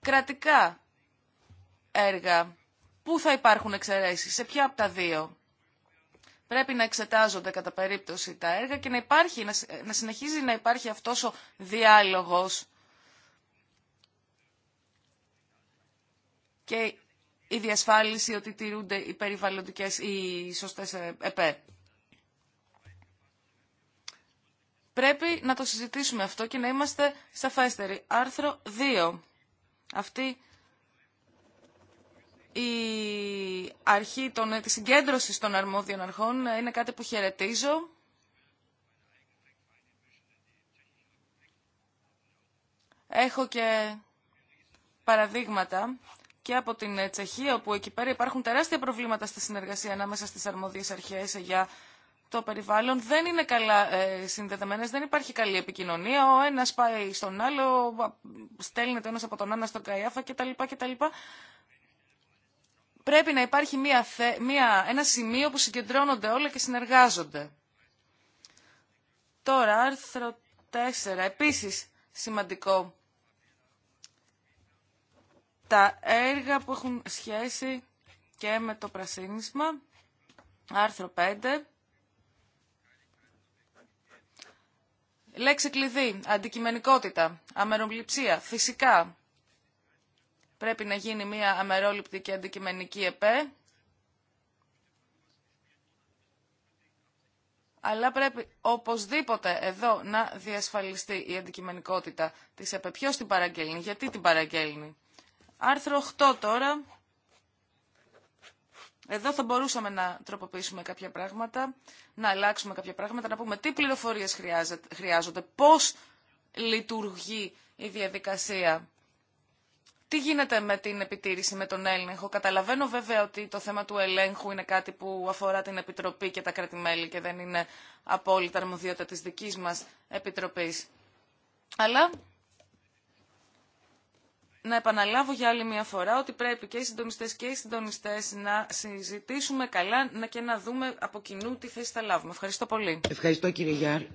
κρατικά έργα. Πού θα υπάρχουν εξαιρέσεις, σε ποια από τα δύο. Πρέπει να εξετάζονται κατά περίπτωση τα έργα και να, υπάρχει, να συνεχίζει να υπάρχει αυτός ο διάλογος. Και η διασφάλιση ότι τηρούνται οι περιβαλλοντικές, οι σωστές ε, ΕΠΕ. Πρέπει να το συζητήσουμε αυτό και να είμαστε σαφέστεροι. Άρθρο 2. Αυτή η αρχή των, ε, της συγκέντρωσης των αρμόδιων αρχών είναι κάτι που χαιρετίζω. Έχω και παραδείγματα και από την ε, Τσεχία, όπου εκεί πέρα υπάρχουν τεράστια προβλήματα στη συνεργασία ανάμεσα στις αρμόδιες αρχές ε, για το περιβάλλον δεν είναι καλά ε, συνδεδεμένες, δεν υπάρχει καλή επικοινωνία, ο ένας πάει στον άλλο, στέλνεται ο ένας από τον άλλο στον καϊάφα κτλ. κτλ. Πρέπει να υπάρχει μια, μια, ένα σημείο που συγκεντρώνονται όλα και συνεργάζονται. Τώρα, άρθρο 4, επίσης σημαντικό. Τα έργα που έχουν σχέση και με το πρασίνισμα, άρθρο 5, Λέξη κλειδί, αντικειμενικότητα, αμεροληψία, φυσικά. Πρέπει να γίνει μια αμερόληπτη και αντικειμενική ΕΠΕ. Αλλά πρέπει οπωσδήποτε εδώ να διασφαλιστεί η αντικειμενικότητα της ΕΠΕ. Ποιος την παραγγέλνει, γιατί την παραγγέλνει. Άρθρο 8 τώρα. Εδώ θα μπορούσαμε να τροποποιήσουμε κάποια πράγματα, να αλλάξουμε κάποια πράγματα, να πούμε τι πληροφορίες χρειάζονται, πώς λειτουργεί η διαδικασία. Τι γίνεται με την επιτήρηση, με τον έλεγχο. Καταλαβαίνω βέβαια ότι το θέμα του ελέγχου είναι κάτι που αφορά την Επιτροπή και τα κρατημέλη και δεν είναι απόλυτα αρμοδιότητα της δικής μας Επιτροπής. Αλλά να επαναλάβω για άλλη μια φορά ότι πρέπει και οι συντονιστέ και οι συντονιστέ να συζητήσουμε καλά και να δούμε από κοινού τι θέση θα λάβουμε. Ευχαριστώ πολύ. Ευχαριστώ κύριε Γιάρ. Ε,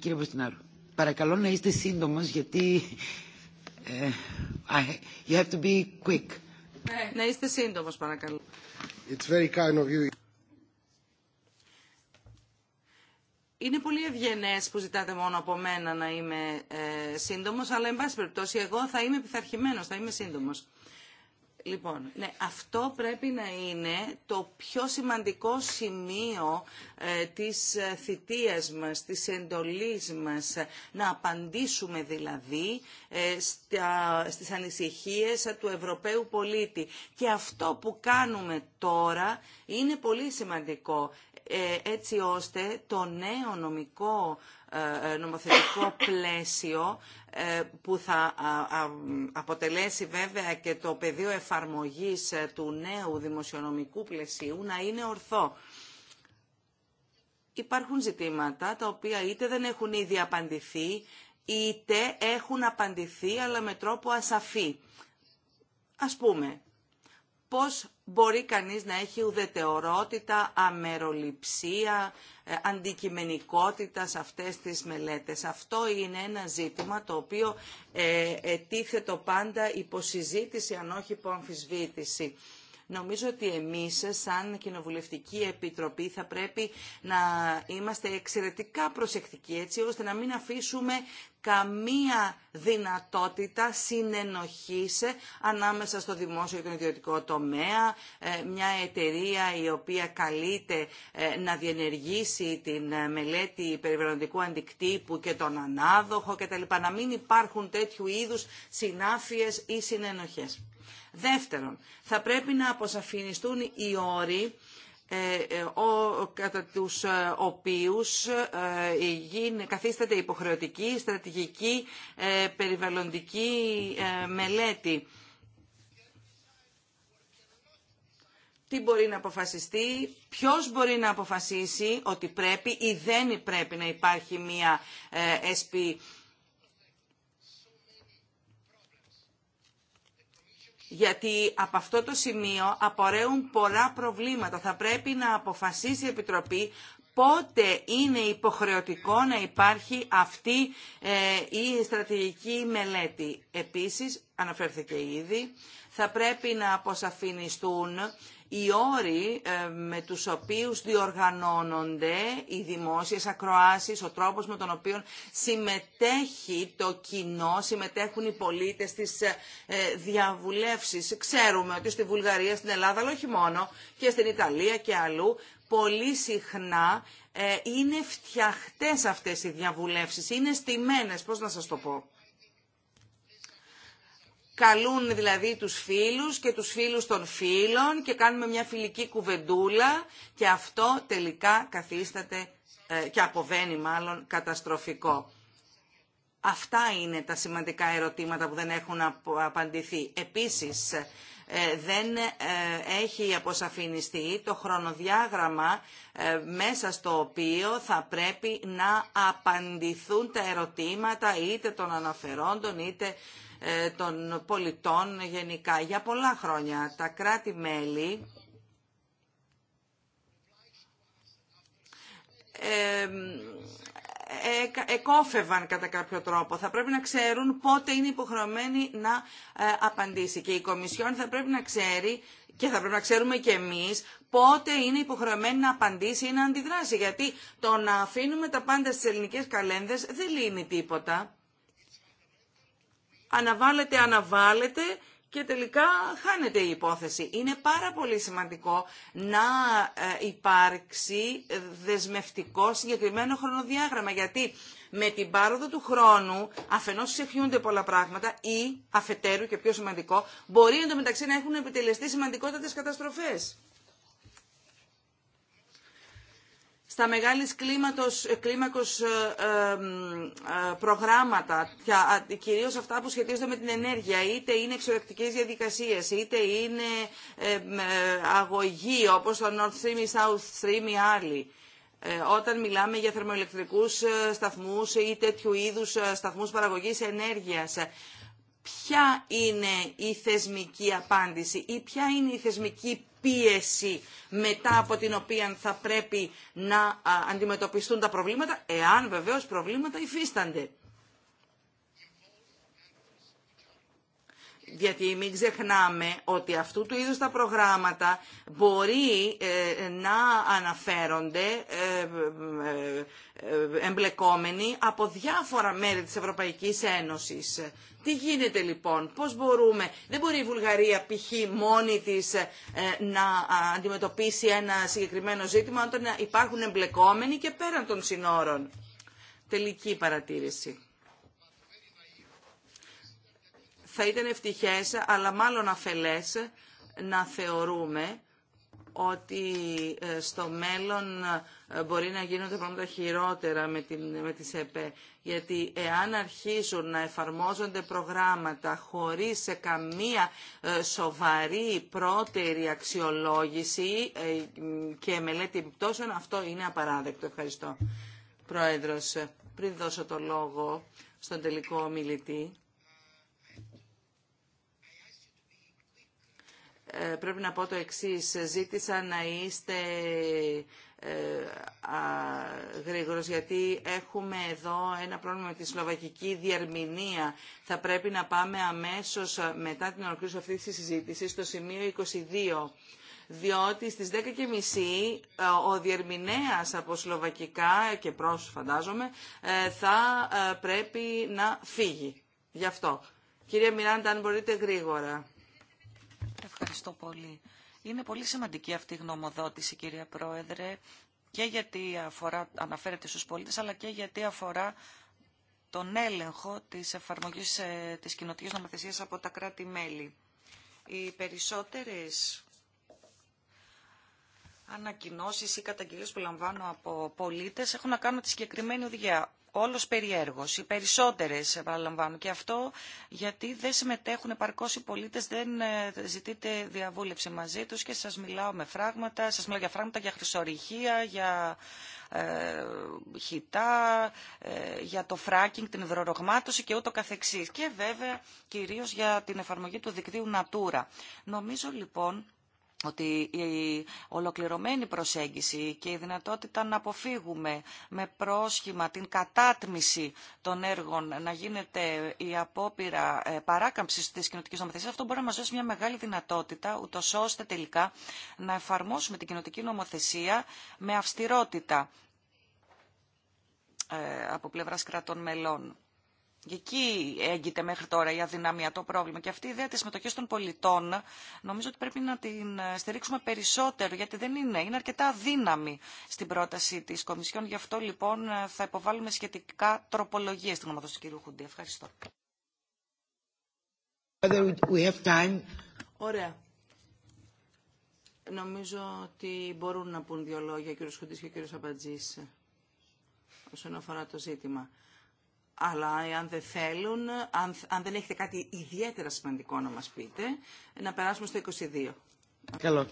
κύριε Μποστινάρου, παρακαλώ να είστε σύντομο γιατί. Ε, you have to be quick. Ναι, να είστε σύντομο παρακαλώ. It's very kind of you. Είναι πολύ ευγενέ που ζητάτε μόνο από μένα να είμαι ε, αλλά εν πάση περιπτώσει εγώ θα είμαι πειθαρχημένο, θα είμαι σύντομο. Λοιπόν, ναι, αυτό πρέπει να είναι το πιο σημαντικό σημείο ε, της ε, θητείας μας, της εντολής μας. Να απαντήσουμε δηλαδή ε, στα, στις ανησυχίες του Ευρωπαίου πολίτη. Και αυτό που κάνουμε τώρα είναι πολύ σημαντικό. Ε, έτσι ώστε το νέο νομικό ε, ε, νομοθετικό πλαίσιο που θα αποτελέσει βέβαια και το πεδίο εφαρμογής του νέου δημοσιονομικού πλαισίου να είναι ορθό. Υπάρχουν ζητήματα τα οποία είτε δεν έχουν ήδη απαντηθεί, είτε έχουν απαντηθεί αλλά με τρόπο ασαφή. Ας πούμε, πώς μπορεί κανείς να έχει ουδετεωρότητα, αμεροληψία, ε, αντικειμενικότητα σε αυτές τις μελέτες. Αυτό είναι ένα ζήτημα το οποίο ε, το πάντα υποσυζήτηση, αν όχι υποαμφισβήτηση. Νομίζω ότι εμείς σαν Κοινοβουλευτική Επιτροπή θα πρέπει να είμαστε εξαιρετικά προσεκτικοί έτσι ώστε να μην αφήσουμε καμία δυνατότητα συνενοχής ανάμεσα στο δημόσιο και τον ιδιωτικό τομέα, ε, μια εταιρεία η οποία καλείται ε, να διενεργήσει την ε, μελέτη περιβαλλοντικού αντικτύπου και τον ανάδοχο κτλ. Να μην υπάρχουν τέτοιου είδους συνάφειες ή συνενοχές. Δεύτερον, θα πρέπει να αποσαφινιστούν οι όροι ε, ε, ο, κατά τους ε, οποίους καθίσταται υποχρεωτική στρατηγική περιβαλλοντική μελέτη. Τι μπορεί να αποφασιστεί, ποιος μπορεί να αποφασίσει ότι πρέπει ή δεν πρέπει να υπάρχει μία SP γιατί από αυτό το σημείο απορρέουν πολλά προβλήματα. Θα πρέπει να αποφασίσει η Επιτροπή πότε είναι υποχρεωτικό να υπάρχει αυτή ε, η στρατηγική μελέτη. Επίσης, αναφέρθηκε ήδη, θα πρέπει να αποσαφινιστούν οι όροι ε, με τους οποίους διοργανώνονται οι δημόσιες ακροάσεις, ο τρόπος με τον οποίο συμμετέχει το κοινό, συμμετέχουν οι πολίτες στις ε, ε, διαβουλεύσεις. Ξέρουμε ότι στη Βουλγαρία, στην Ελλάδα, αλλά όχι μόνο, και στην Ιταλία και αλλού, πολύ συχνά είναι φτιαχτές αυτές οι διαβουλεύσεις, είναι στημένες, πώς να σας το πω. Καλούν δηλαδή τους φίλους και τους φίλους των φίλων και κάνουμε μια φιλική κουβεντούλα και αυτό τελικά καθίσταται ε, και αποβαίνει μάλλον καταστροφικό. Αυτά είναι τα σημαντικά ερωτήματα που δεν έχουν απαντηθεί. Επίσης, ε, δεν ε, έχει αποσαφινιστεί το χρονοδιάγραμμα μέσα στο οποίο θα πρέπει να απαντηθούν τα ερωτήματα είτε των αναφερόντων είτε ε, των πολιτών γενικά. Για πολλά χρόνια τα κράτη-μέλη εκόφευαν κατά κάποιο τρόπο. Θα πρέπει να ξέρουν πότε είναι υποχρεωμένοι να ε, απαντήσει. Και η Κομισιόν θα πρέπει να ξέρει και θα πρέπει να ξέρουμε και εμείς πότε είναι υποχρεωμένοι να απαντήσει ή να αντιδράσει. Γιατί το να αφήνουμε τα πάντα στις ελληνικές καλένδες δεν λύνει τίποτα αναβάλλεται, αναβάλλεται και τελικά χάνεται η υπόθεση. Είναι πάρα πολύ σημαντικό να ε, υπάρξει δεσμευτικό συγκεκριμένο χρονοδιάγραμμα, γιατί με την πάροδο του χρόνου, αφενός ξεχνιούνται πολλά πράγματα ή αφετέρου και πιο σημαντικό, μπορεί εντωμεταξύ να έχουν επιτελεστεί σημαντικότατες καταστροφές. στα μεγάλης κλίματος, κλίμακος ε, ε, ε, προγράμματα, πια, κυρίως αυτά που σχετίζονται με την ενέργεια, είτε είναι εξορρεκτικές διαδικασίες, είτε είναι ε, αγωγή, όπως το North Stream ή South Stream ή άλλοι. Όταν μιλάμε για θερμοελεκτρικούς σταθμούς ή τέτοιου είδους σταθμούς παραγωγής ενέργειας, ποια είναι η θεσμική απάντηση ή ποια είναι η θεσμική πίεση μετά από την οποία θα πρέπει να αντιμετωπιστούν τα προβλήματα, εάν βεβαίως προβλήματα υφίστανται. γιατί μην ξεχνάμε ότι αυτού του είδους τα προγράμματα μπορεί ε, να αναφέρονται ε, ε, εμπλεκόμενοι από διάφορα μέρη της Ευρωπαϊκής Ένωσης. Τι γίνεται λοιπόν, πώς μπορούμε, δεν μπορεί η Βουλγαρία π.χ. μόνη της να αντιμετωπίσει ένα συγκεκριμένο ζήτημα όταν υπάρχουν εμπλεκόμενοι και πέραν των συνόρων. Τελική παρατήρηση θα ήταν ευτυχές, αλλά μάλλον αφελές, να θεωρούμε ότι ε, στο μέλλον ε, μπορεί να γίνονται πράγματα χειρότερα με, την, με τις ΕΠΕ. Γιατί εάν αρχίσουν να εφαρμόζονται προγράμματα χωρίς σε καμία ε, σοβαρή πρώτερη αξιολόγηση και μελέτη επιπτώσεων, αυτό είναι απαράδεκτο. Ευχαριστώ. Πρόεδρος, πριν δώσω το λόγο στον τελικό μιλητή. Ε, πρέπει να πω το εξής. Ζήτησα να είστε ε, γρήγορος γιατί έχουμε εδώ ένα πρόβλημα με τη σλοβακική διαρμηνία. Θα πρέπει να πάμε αμέσως ε, μετά την ολοκλήρωση αυτή τη συζήτηση στο σημείο 22 διότι στις 10.30 ο Διερμηνέας από Σλοβακικά και προς φαντάζομαι θα πρέπει να φύγει. Γι' αυτό. Κύριε Μιράντα, αν μπορείτε γρήγορα. Ευχαριστώ πολύ. Είναι πολύ σημαντική αυτή η γνωμοδότηση, κυρία Πρόεδρε, και γιατί αφορά, αναφέρεται στους πολίτες, αλλά και γιατί αφορά τον έλεγχο της εφαρμογής ε, της κοινοτικής νομοθεσίας από τα κράτη-μέλη. Οι περισσότερες ανακοινώσεις ή καταγγελίες που λαμβάνω από πολίτες έχουν να κάνουν τη συγκεκριμένη οδηγία όλος περιέργος. Οι περισσότερες επαναλαμβάνω και αυτό γιατί δεν συμμετέχουν επαρκώς οι πολίτες, δεν ε, ζητείτε διαβούλευση μαζί τους και σας μιλάω με φράγματα, σας μιλάω για φράγματα, για χρυσορυχία, για ε, χιτά, ε, για το φράκινγκ, την υδρορογμάτωση και ούτω καθεξής. Και βέβαια κυρίως για την εφαρμογή του δικτύου Natura. Νομίζω λοιπόν ότι η ολοκληρωμένη προσέγγιση και η δυνατότητα να αποφύγουμε με πρόσχημα την κατάτμιση των έργων, να γίνεται η απόπειρα ε, παράκαμψης της κοινωτικής νομοθεσίας, αυτό μπορεί να μας δώσει μια μεγάλη δυνατότητα, ούτω ώστε τελικά να εφαρμόσουμε την κοινωτική νομοθεσία με αυστηρότητα ε, από πλευράς κρατών μελών. Και εκεί έγκυται μέχρι τώρα η αδυναμία, το πρόβλημα. Και αυτή η ιδέα τη συμμετοχή των πολιτών νομίζω ότι πρέπει να την ε, στηρίξουμε περισσότερο, γιατί δεν είναι. Είναι αρκετά αδύναμη στην πρόταση τη Κομισιόν. Γι' αυτό λοιπόν ε, θα υποβάλουμε σχετικά τροπολογίε στην ομάδα του κ. Χουντή. Ευχαριστώ. Ωραία. Νομίζω ότι μπορούν να πούν δύο λόγια ο κ. Χουντή και ο κ. Αμπατζή ε, όσον αφορά το ζήτημα. Αλλά αν δεν θέλουν, αν, δεν έχετε κάτι ιδιαίτερα σημαντικό να μας πείτε, να περάσουμε στο 22. Καλό.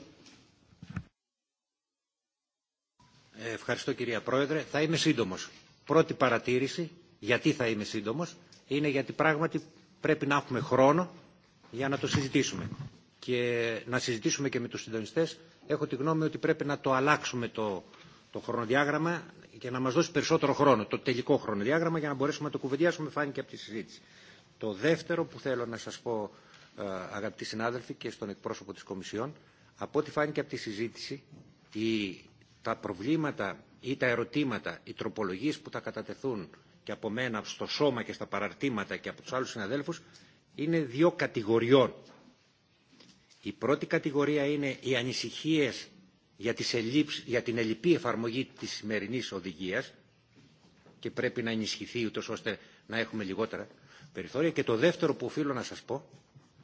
Ε, ευχαριστώ κυρία Πρόεδρε. Θα είμαι σύντομος. Πρώτη παρατήρηση, γιατί θα είμαι σύντομος, είναι γιατί πράγματι πρέπει να έχουμε χρόνο για να το συζητήσουμε. Και να συζητήσουμε και με τους συντονιστές. Έχω τη γνώμη ότι πρέπει να το αλλάξουμε το, το χρονοδιάγραμμα, και να μας δώσει περισσότερο χρόνο, το τελικό χρονοδιάγραμμα για να μπορέσουμε να το κουβεντιάσουμε φάνηκε από τη συζήτηση. Το δεύτερο που θέλω να σας πω ε, αγαπητοί συνάδελφοι και στον εκπρόσωπο της Κομισιόν, από ό,τι φάνηκε από τη συζήτηση, η, τα προβλήματα ή τα ερωτήματα, οι τροπολογίες που θα κατατεθούν και από μένα στο σώμα και στα παραρτήματα και από τους άλλους συναδέλφους, είναι δύο κατηγοριών. Η πρώτη κατηγορία είναι οι ανησυχίες για την ελλειπή εφαρμογή της σημερινής οδηγίας και πρέπει να ενισχυθεί ούτως ώστε να έχουμε λιγότερα περιθώρια. Και το δεύτερο που οφείλω να σας πω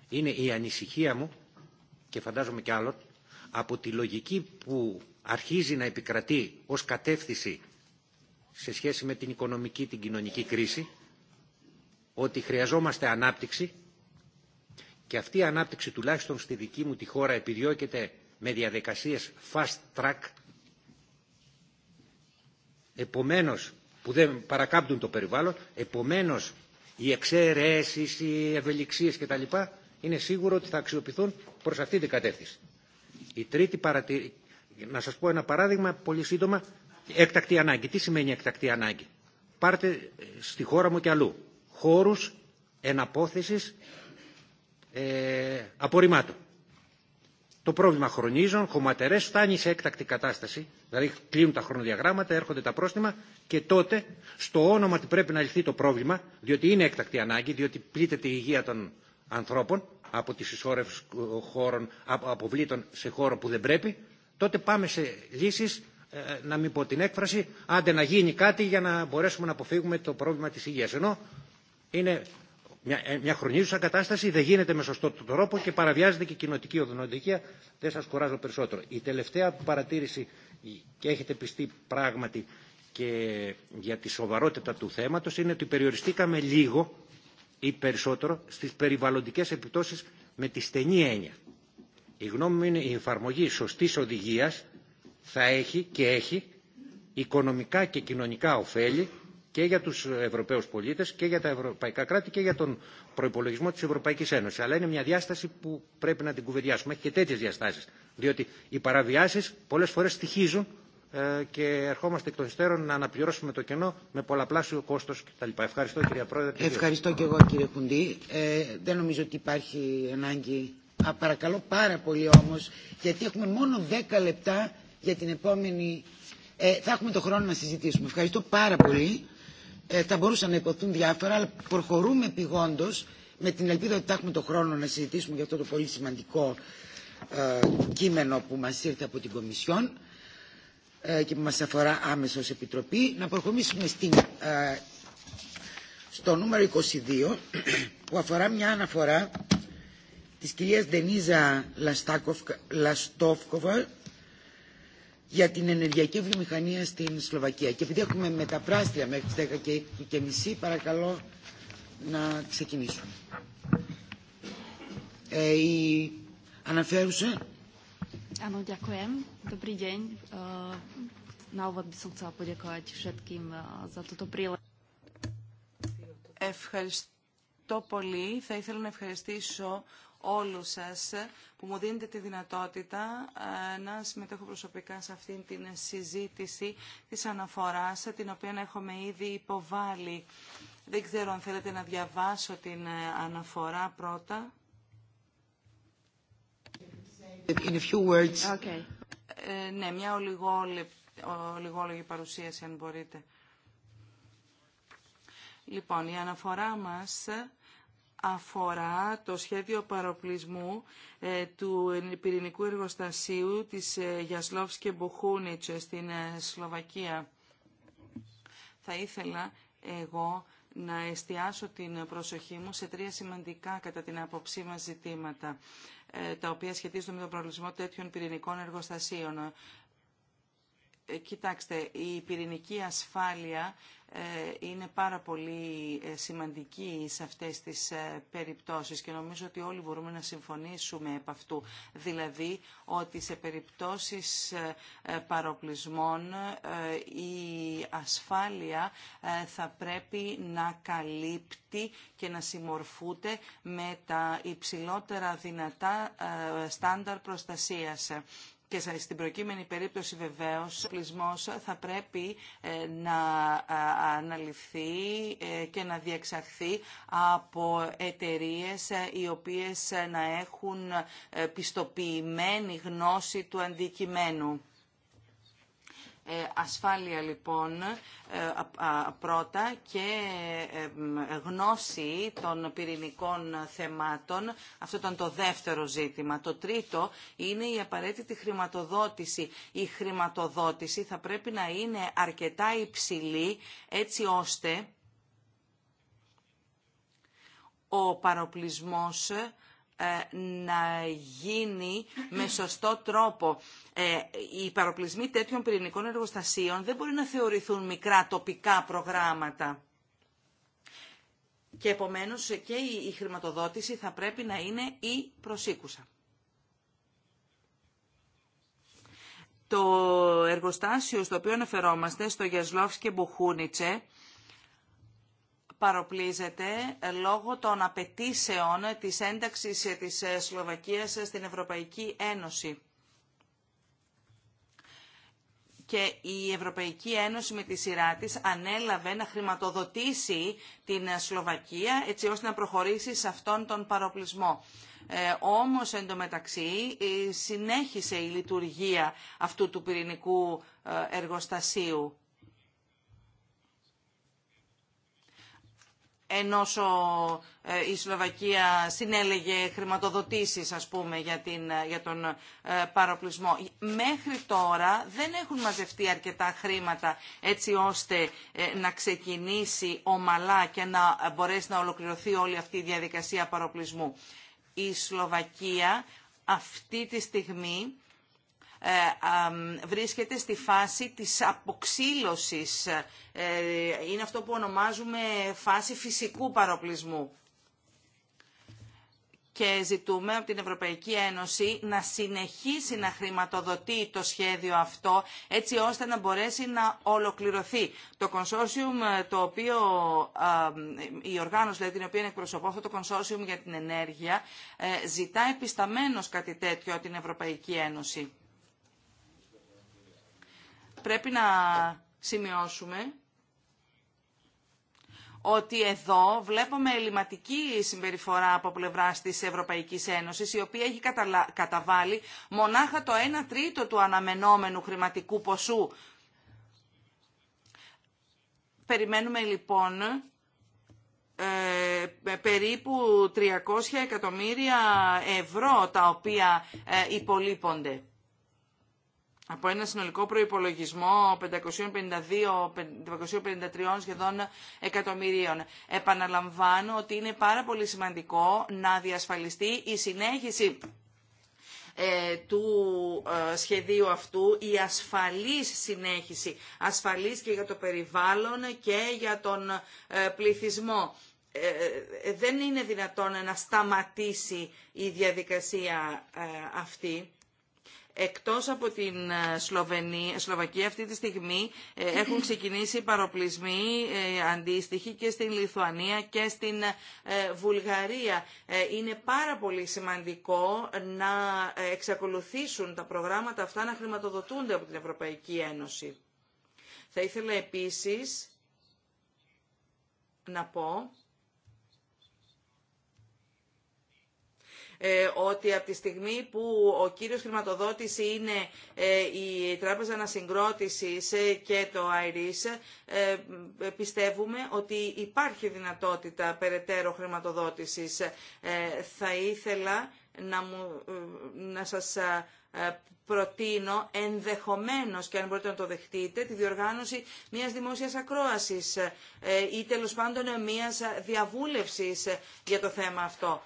είναι η ανησυχία μου και φαντάζομαι και άλλων από τη λογική που αρχίζει να επικρατεί ως κατεύθυνση σε σχέση με την οικονομική, την κοινωνική κρίση ότι χρειαζόμαστε ανάπτυξη και αυτή η ανάπτυξη τουλάχιστον στη δική μου τη χώρα επιδιώκεται με διαδικασίες fast track επομένως που δεν παρακάμπτουν το περιβάλλον επομένως οι εξαιρέσεις, οι ευελιξίες κτλ είναι σίγουρο ότι θα αξιοποιηθούν προς αυτή την κατεύθυνση. Η τρίτη Να σας πω ένα παράδειγμα πολύ σύντομα. Έκτακτη ανάγκη. Τι σημαίνει έκτακτη ανάγκη. Πάρτε ε, στη χώρα μου και αλλού. Χώρους εναπόθεσης ε, απορριμμάτων το πρόβλημα χρονίζων, χωματερές, φτάνει σε έκτακτη κατάσταση, δηλαδή κλείνουν τα χρονοδιαγράμματα, έρχονται τα πρόστιμα και τότε στο όνομα ότι πρέπει να λυθεί το πρόβλημα, διότι είναι έκτακτη ανάγκη, διότι πλήττεται η υγεία των ανθρώπων από τις εισόρευσεις χώρων, από αποβλήτων σε χώρο που δεν πρέπει, τότε πάμε σε λύσεις, ε, να μην πω την έκφραση, άντε να γίνει κάτι για να μπορέσουμε να αποφύγουμε το πρόβλημα της υγείας. Ενώ είναι μια, ε, μια χρονίζουσα κατάσταση δεν γίνεται με σωστό τρόπο και παραβιάζεται και κοινοτική οδονοδικία. Δεν σας κουράζω περισσότερο. Η τελευταία παρατήρηση και έχετε πιστεί πράγματι και για τη σοβαρότητα του θέματος είναι ότι περιοριστήκαμε λίγο ή περισσότερο στις περιβαλλοντικές επιπτώσεις με τη στενή έννοια. Η γνώμη μου είναι η εφαρμογή σωστής οδηγίας θα έχει και έχει οικονομικά και κοινωνικά ωφέλη και για τους Ευρωπαίους πολίτες και για τα ευρωπαϊκά κράτη και για τον προϋπολογισμό της Ευρωπαϊκής Ένωσης. Αλλά είναι μια διάσταση που πρέπει να την κουβεντιάσουμε. Έχει και τέτοιες διαστάσεις. Διότι οι παραβιάσεις πολλές φορές στοιχίζουν ε, και ερχόμαστε εκ των υστέρων να αναπληρώσουμε το κενό με πολλαπλάσιο κόστο κτλ. Ευχαριστώ κυρία Πρόεδρε. Ευχαριστώ και εγώ κύριε Κουντή. Ε, δεν νομίζω ότι υπάρχει ανάγκη. Α, παρακαλώ πάρα πολύ όμω, γιατί έχουμε μόνο 10 λεπτά για την επόμενη. Ε, θα έχουμε το χρόνο να συζητήσουμε. Ευχαριστώ πάρα πολύ. Ε, θα μπορούσαν να υποθούν διάφορα, αλλά προχωρούμε πηγόντω με την ελπίδα ότι θα έχουμε τον χρόνο να συζητήσουμε για αυτό το πολύ σημαντικό ε, κείμενο που μας ήρθε από την Κομισιόν ε, και που μας αφορά άμεσα ως Επιτροπή να προχωρήσουμε στην, στο νούμερο 22 που αφορά μια αναφορά της κυρίας Ντενίζα Λαστόφκοβα για την ενεργειακή βιομηχανία στην Σλοβακία. Και επειδή έχουμε μεταπράστια μέχρι τις 10 και, και μισή, παρακαλώ να ξεκινήσουμε. Ε, η αναφέρουσα. Áno, ďakujem. Dobrý deň. Ε, na úvod by som chcela poďakovať všetkým e, za túto príležitosť. Ευχαριστώ πολύ. Θα ήθελα να ευχαριστήσω όλους σας που μου δίνετε τη δυνατότητα ε, να συμμετέχω προσωπικά σε αυτήν την συζήτηση της αναφοράς, την οποία έχουμε ήδη υποβάλει. Δεν ξέρω αν θέλετε να διαβάσω την ε, αναφορά πρώτα. In a few words. Ε, ναι, μια ολιγόλογη παρουσίαση, αν μπορείτε. Λοιπόν, η αναφορά μας αφορά το σχέδιο παροπλισμού ε, του πυρηνικού εργοστασίου της ε, Γιασλόφς και Μπουχούνιτς ε, στην Σλοβακία. Θα ήθελα εγώ να εστιάσω την προσοχή μου σε τρία σημαντικά κατά την άποψή μας ζητήματα τα οποία σχετίζονται με τον προβλησμό τέτοιων πυρηνικών εργοστασίων. Ε, κοιτάξτε, η πυρηνική ασφάλεια ε, είναι πάρα πολύ ε, σημαντική σε αυτές τις περιπτώσεις και νομίζω ότι όλοι μπορούμε να συμφωνήσουμε επ' αυτού. Δηλαδή ότι σε περιπτώσεις παροπλισμών η ασφάλεια θα πρέπει να καλύπτει και να συμμορφούνται με τα υψηλότερα δυνατά στάνταρ προστασίας. Και στην προκείμενη περίπτωση βεβαίως ο πλεισμός θα πρέπει ε, να ε, αναλυθεί ε, και να διεξαχθεί από εταιρείες οι οποίες να έχουν πιστοποιημένη γνώση του αντικειμένου. Ε, ασφάλεια λοιπόν ε, πρώτα και ε, γνώση των πυρηνικών θεμάτων. Αυτό ήταν το δεύτερο ζήτημα. Το τρίτο είναι η απαραίτητη χρηματοδότηση. Η χρηματοδότηση θα πρέπει να είναι αρκετά υψηλή έτσι ώστε ο παροπλισμός ε, να γίνει με σωστό τρόπο. Ε, οι παροπλισμοί τέτοιων πυρηνικών εργοστασίων δεν μπορεί να θεωρηθούν μικρά τοπικά προγράμματα. Και επομένως και η χρηματοδότηση θα πρέπει να είναι η προσήκουσα. Το εργοστάσιο στο οποίο αναφερόμαστε, στο Γιασλόφς και Μπουχούνιτσε, παροπλίζεται λόγω των απαιτήσεων της ένταξης της Σλοβακίας στην Ευρωπαϊκή Ένωση. Και η Ευρωπαϊκή Ένωση με τη σειρά της ανέλαβε να χρηματοδοτήσει την Σλοβακία έτσι ώστε να προχωρήσει σε αυτόν τον παροπλισμό. Ε, όμως εντωμεταξύ ε, συνέχισε η λειτουργία αυτού του πυρηνικού ε, εργοστασίου. ενώ ε, η Σλοβακία συνέλεγε χρηματοδοτήσεις ας πούμε για, την, ε, για τον ε, παροπλισμό. Μέχρι τώρα δεν έχουν μαζευτεί αρκετά χρήματα έτσι ώστε να ξεκινήσει ομαλά και να μπορέσει να ολοκληρωθεί όλη αυτή η διαδικασία παροπλισμού. Η Σλοβακία αυτή τη στιγμή ε, βρίσκεται στη φάση της αποξύλωσης. Ε, είναι αυτό που ονομάζουμε φάση φυσικού παροπλισμού. Και ζητούμε από την Ευρωπαϊκή Ένωση να συνεχίσει να χρηματοδοτεί το σχέδιο αυτό έτσι ώστε να μπορέσει να ολοκληρωθεί. Το κονσόσιουμ, ε, το οποίο, η οργάνωση δηλαδή, την οποία εκπροσωπώ, αυτό το κονσόσιουμ για την ενέργεια, ζητά επισταμένως κάτι τέτοιο από την Ευρωπαϊκή Ένωση πρέπει να σημειώσουμε ότι εδώ βλέπουμε ελληματική συμπεριφορά από πλευρά τη Ευρωπαϊκή Ένωση, η οποία έχει καταβάλει μονάχα το 1 τρίτο του αναμενόμενου χρηματικού ποσού. Περιμένουμε λοιπόν ε, περίπου 300 εκατομμύρια ευρώ τα οποία ε, υπολείπονται από ένα συνολικό προϋπολογισμό 552, 553 σχεδόν εκατομμυρίων. Επαναλαμβάνω ότι είναι πάρα πολύ σημαντικό να διασφαλιστεί η συνέχιση ε, του ε, σχεδίου αυτού, η ασφαλής συνέχιση, ασφαλής και για το περιβάλλον και για τον ε, πληθυσμό. Δεν είναι δυνατόν να σταματήσει η διαδικασία αυτή Εκτός από την ε, Σλοβενία, ε, Σλοβακία αυτή τη στιγμή ε, έχουν ξεκινήσει παροπλισμοί αντίστοιχοι και στην Λιθουανία και στην Βουλγαρία. Είναι πάρα πολύ σημαντικό να εξακολουθήσουν τα προγράμματα αυτά να χρηματοδοτούνται από την Ευρωπαϊκή Ένωση. Θα ήθελα επίσης να πω Ε, ότι από τη στιγμή που ο κύριος χρηματοδότης είναι ε, η Τράπεζα Ανασυγκρότησης ε, και το ΑΕΡΙΣ... πιστεύουμε ότι υπάρχει δυνατότητα περαιτέρω χρηματοδότησης. Θα ήθελα να, μου, να σας προτείνω ενδεχομένως και αν μπορείτε να το δεχτείτε τη διοργάνωση μιας δημόσιας ακρόασης ή τέλος πάντων μιας διαβούλευσης για το θέμα αυτό.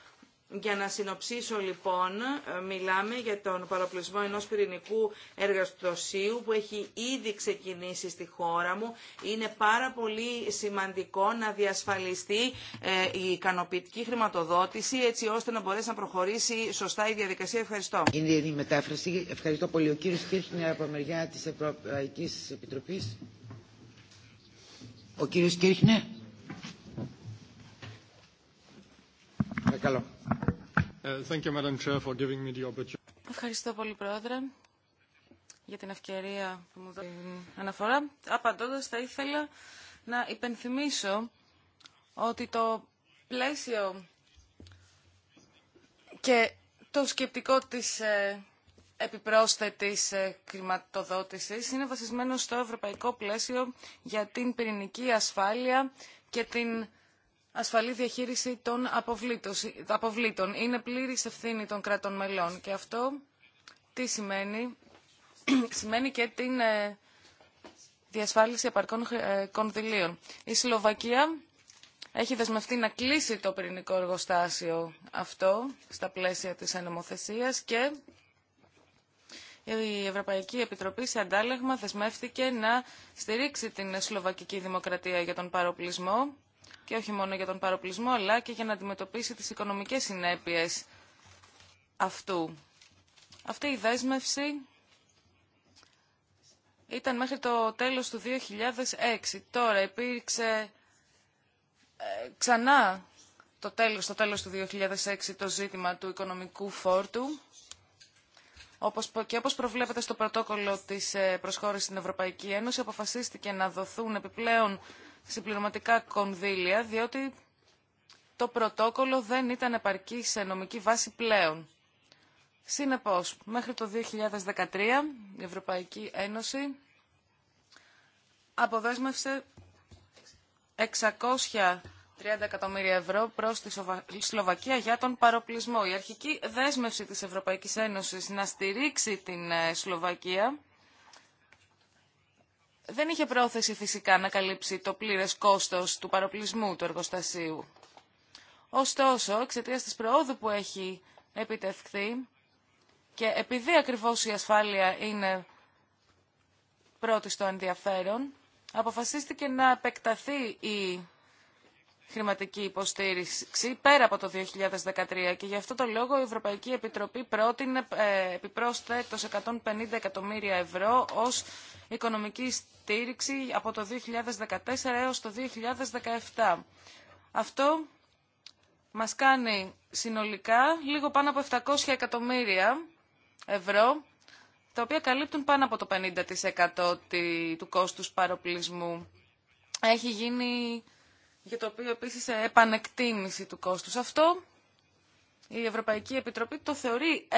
Για να συνοψίσω λοιπόν, ε, μιλάμε για τον παροπλισμό ενός πυρηνικού εργαστοσίου που έχει ήδη ξεκινήσει στη χώρα μου. Είναι πάρα πολύ σημαντικό να διασφαλιστεί ε, η ικανοποιητική χρηματοδότηση έτσι ώστε να μπορέσει να προχωρήσει σωστά η διαδικασία. Ευχαριστώ. Είναι η μετάφραση. Ευχαριστώ πολύ. Ο κύριος Κίρχνερ από μεριά της Ευρωπαϊκής Επιτροπής. Ο κύριος Κίρχνερ. Ευχαριστώ πολύ, Πρόεδρε, για την ευκαιρία που μου την αναφορά. Απαντώντας, θα ήθελα να υπενθυμίσω ότι το πλαίσιο και το σκεπτικό της ε, επιπρόσθετης κρηματοδότησης ε, είναι βασισμένο στο ευρωπαϊκό πλαίσιο για την πυρηνική ασφάλεια και την ασφαλή διαχείριση των αποβλήτων. Είναι πλήρης ευθύνη των κρατών μελών και αυτό τι σημαίνει. σημαίνει και την ε, διασφάλιση επαρκών ε, κονδυλίων. Η Σλοβακία έχει δεσμευτεί να κλείσει το πυρηνικό εργοστάσιο αυτό στα πλαίσια της ανεμοθεσίας και η Ευρωπαϊκή Επιτροπή σε αντάλλαγμα δεσμεύτηκε να στηρίξει την Σλοβακική Δημοκρατία για τον παροπλισμό και όχι μόνο για τον παροπλισμό αλλά και για να αντιμετωπίσει τις οικονομικές συνέπειες αυτού. Αυτή η δέσμευση ήταν μέχρι το τέλος του 2006. Τώρα υπήρξε ε, ξανά το τέλος, το τέλος του 2006 το ζήτημα του οικονομικού φόρτου όπως, και όπως προβλέπεται στο πρωτόκολλο της ε, προσχώρησης στην Ευρωπαϊκή Ένωση αποφασίστηκε να δοθούν επιπλέον συμπληρωματικά κονδύλια, διότι το πρωτόκολλο δεν ήταν επαρκή σε νομική βάση πλέον. Συνεπώς, μέχρι το 2013 η Ευρωπαϊκή Ένωση αποδέσμευσε 630 εκατομμύρια ευρώ προς τη Σλοβακία για τον παροπλισμό. Η αρχική δέσμευση της Ευρωπαϊκής Ένωσης να στηρίξει την ε, Σλοβακία δεν είχε πρόθεση φυσικά να καλύψει το πλήρες κόστος του παροπλισμού του εργοστασίου. Ωστόσο, εξαιτία της προόδου που έχει επιτευχθεί και επειδή ακριβώς η ασφάλεια είναι πρώτη στο ενδιαφέρον, αποφασίστηκε να επεκταθεί η χρηματική υποστήριξη πέρα από το 2013 και γι' αυτό το λόγο η Ευρωπαϊκή Επιτροπή πρότεινε ε, επιπρόσθετος 150 εκατομμύρια ευρώ ως οικονομική στήριξη από το 2014 έως το 2017. Αυτό μας κάνει συνολικά λίγο πάνω από 700 εκατομμύρια ευρώ, τα οποία καλύπτουν πάνω από το 50% του κόστους παροπλισμού. Έχει γίνει για το οποίο επίσης επανεκτίμηση του κόστους αυτό. Η Ευρωπαϊκή Επιτροπή το θεωρεί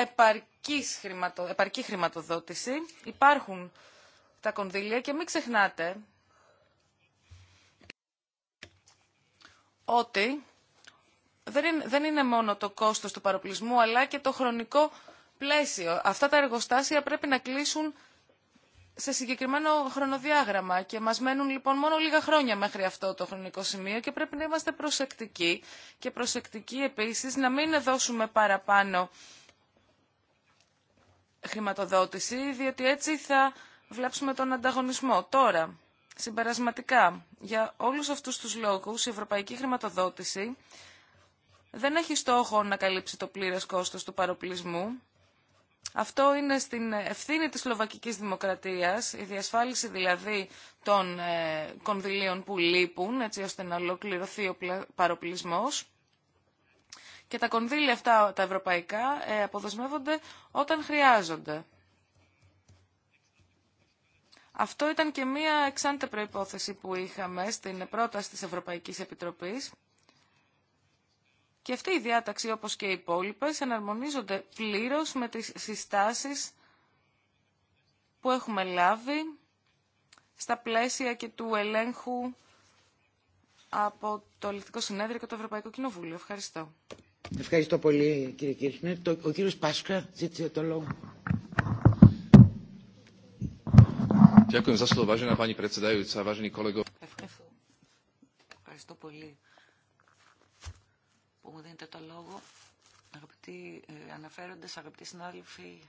χρηματο, επαρκή χρηματοδότηση. Υπάρχουν τα κονδύλια και μην ξεχνάτε ότι δεν είναι, δεν είναι μόνο το κόστος του παροπλισμού αλλά και το χρονικό πλαίσιο. Αυτά τα εργοστάσια πρέπει να κλείσουν σε συγκεκριμένο χρονοδιάγραμμα και μας μένουν λοιπόν μόνο λίγα χρόνια μέχρι αυτό το χρονικό σημείο και πρέπει να είμαστε προσεκτικοί και προσεκτικοί επίσης να μην δώσουμε παραπάνω χρηματοδότηση διότι έτσι θα βλάψουμε τον ανταγωνισμό. Τώρα, συμπερασματικά, για όλους αυτούς τους λόγους η ευρωπαϊκή χρηματοδότηση δεν έχει στόχο να καλύψει το πλήρες κόστος του παροπλισμού αυτό είναι στην ευθύνη της Σλοβακικής Δημοκρατίας, η διασφάλιση δηλαδή των ε, κονδυλίων που λείπουν, έτσι ώστε να ολοκληρωθεί ο παροπλισμός. Και τα κονδύλια αυτά, τα ευρωπαϊκά, ε, αποδοσμεύονται όταν χρειάζονται. Αυτό ήταν και μία εξάντε προϋπόθεση που είχαμε στην πρόταση της Ευρωπαϊκής Επιτροπής και αυτή η διάταξη, όπως και οι υπόλοιπε, εναρμονίζονται πλήρως με τις συστάσεις που έχουμε λάβει στα πλαίσια και του ελέγχου από το Ελληνικό Συνέδριο και το Ευρωπαϊκό Κοινοβούλιο. Ευχαριστώ. Ευχαριστώ πολύ κύριε Κίρχνερ. Ο κύριος Πάσκα ζήτησε το λόγο. Ευχαριστώ πολύ που μου δίνετε το λόγο. Αγαπητοί ε, αναφέροντες, αγαπητοί συνάδελφοι,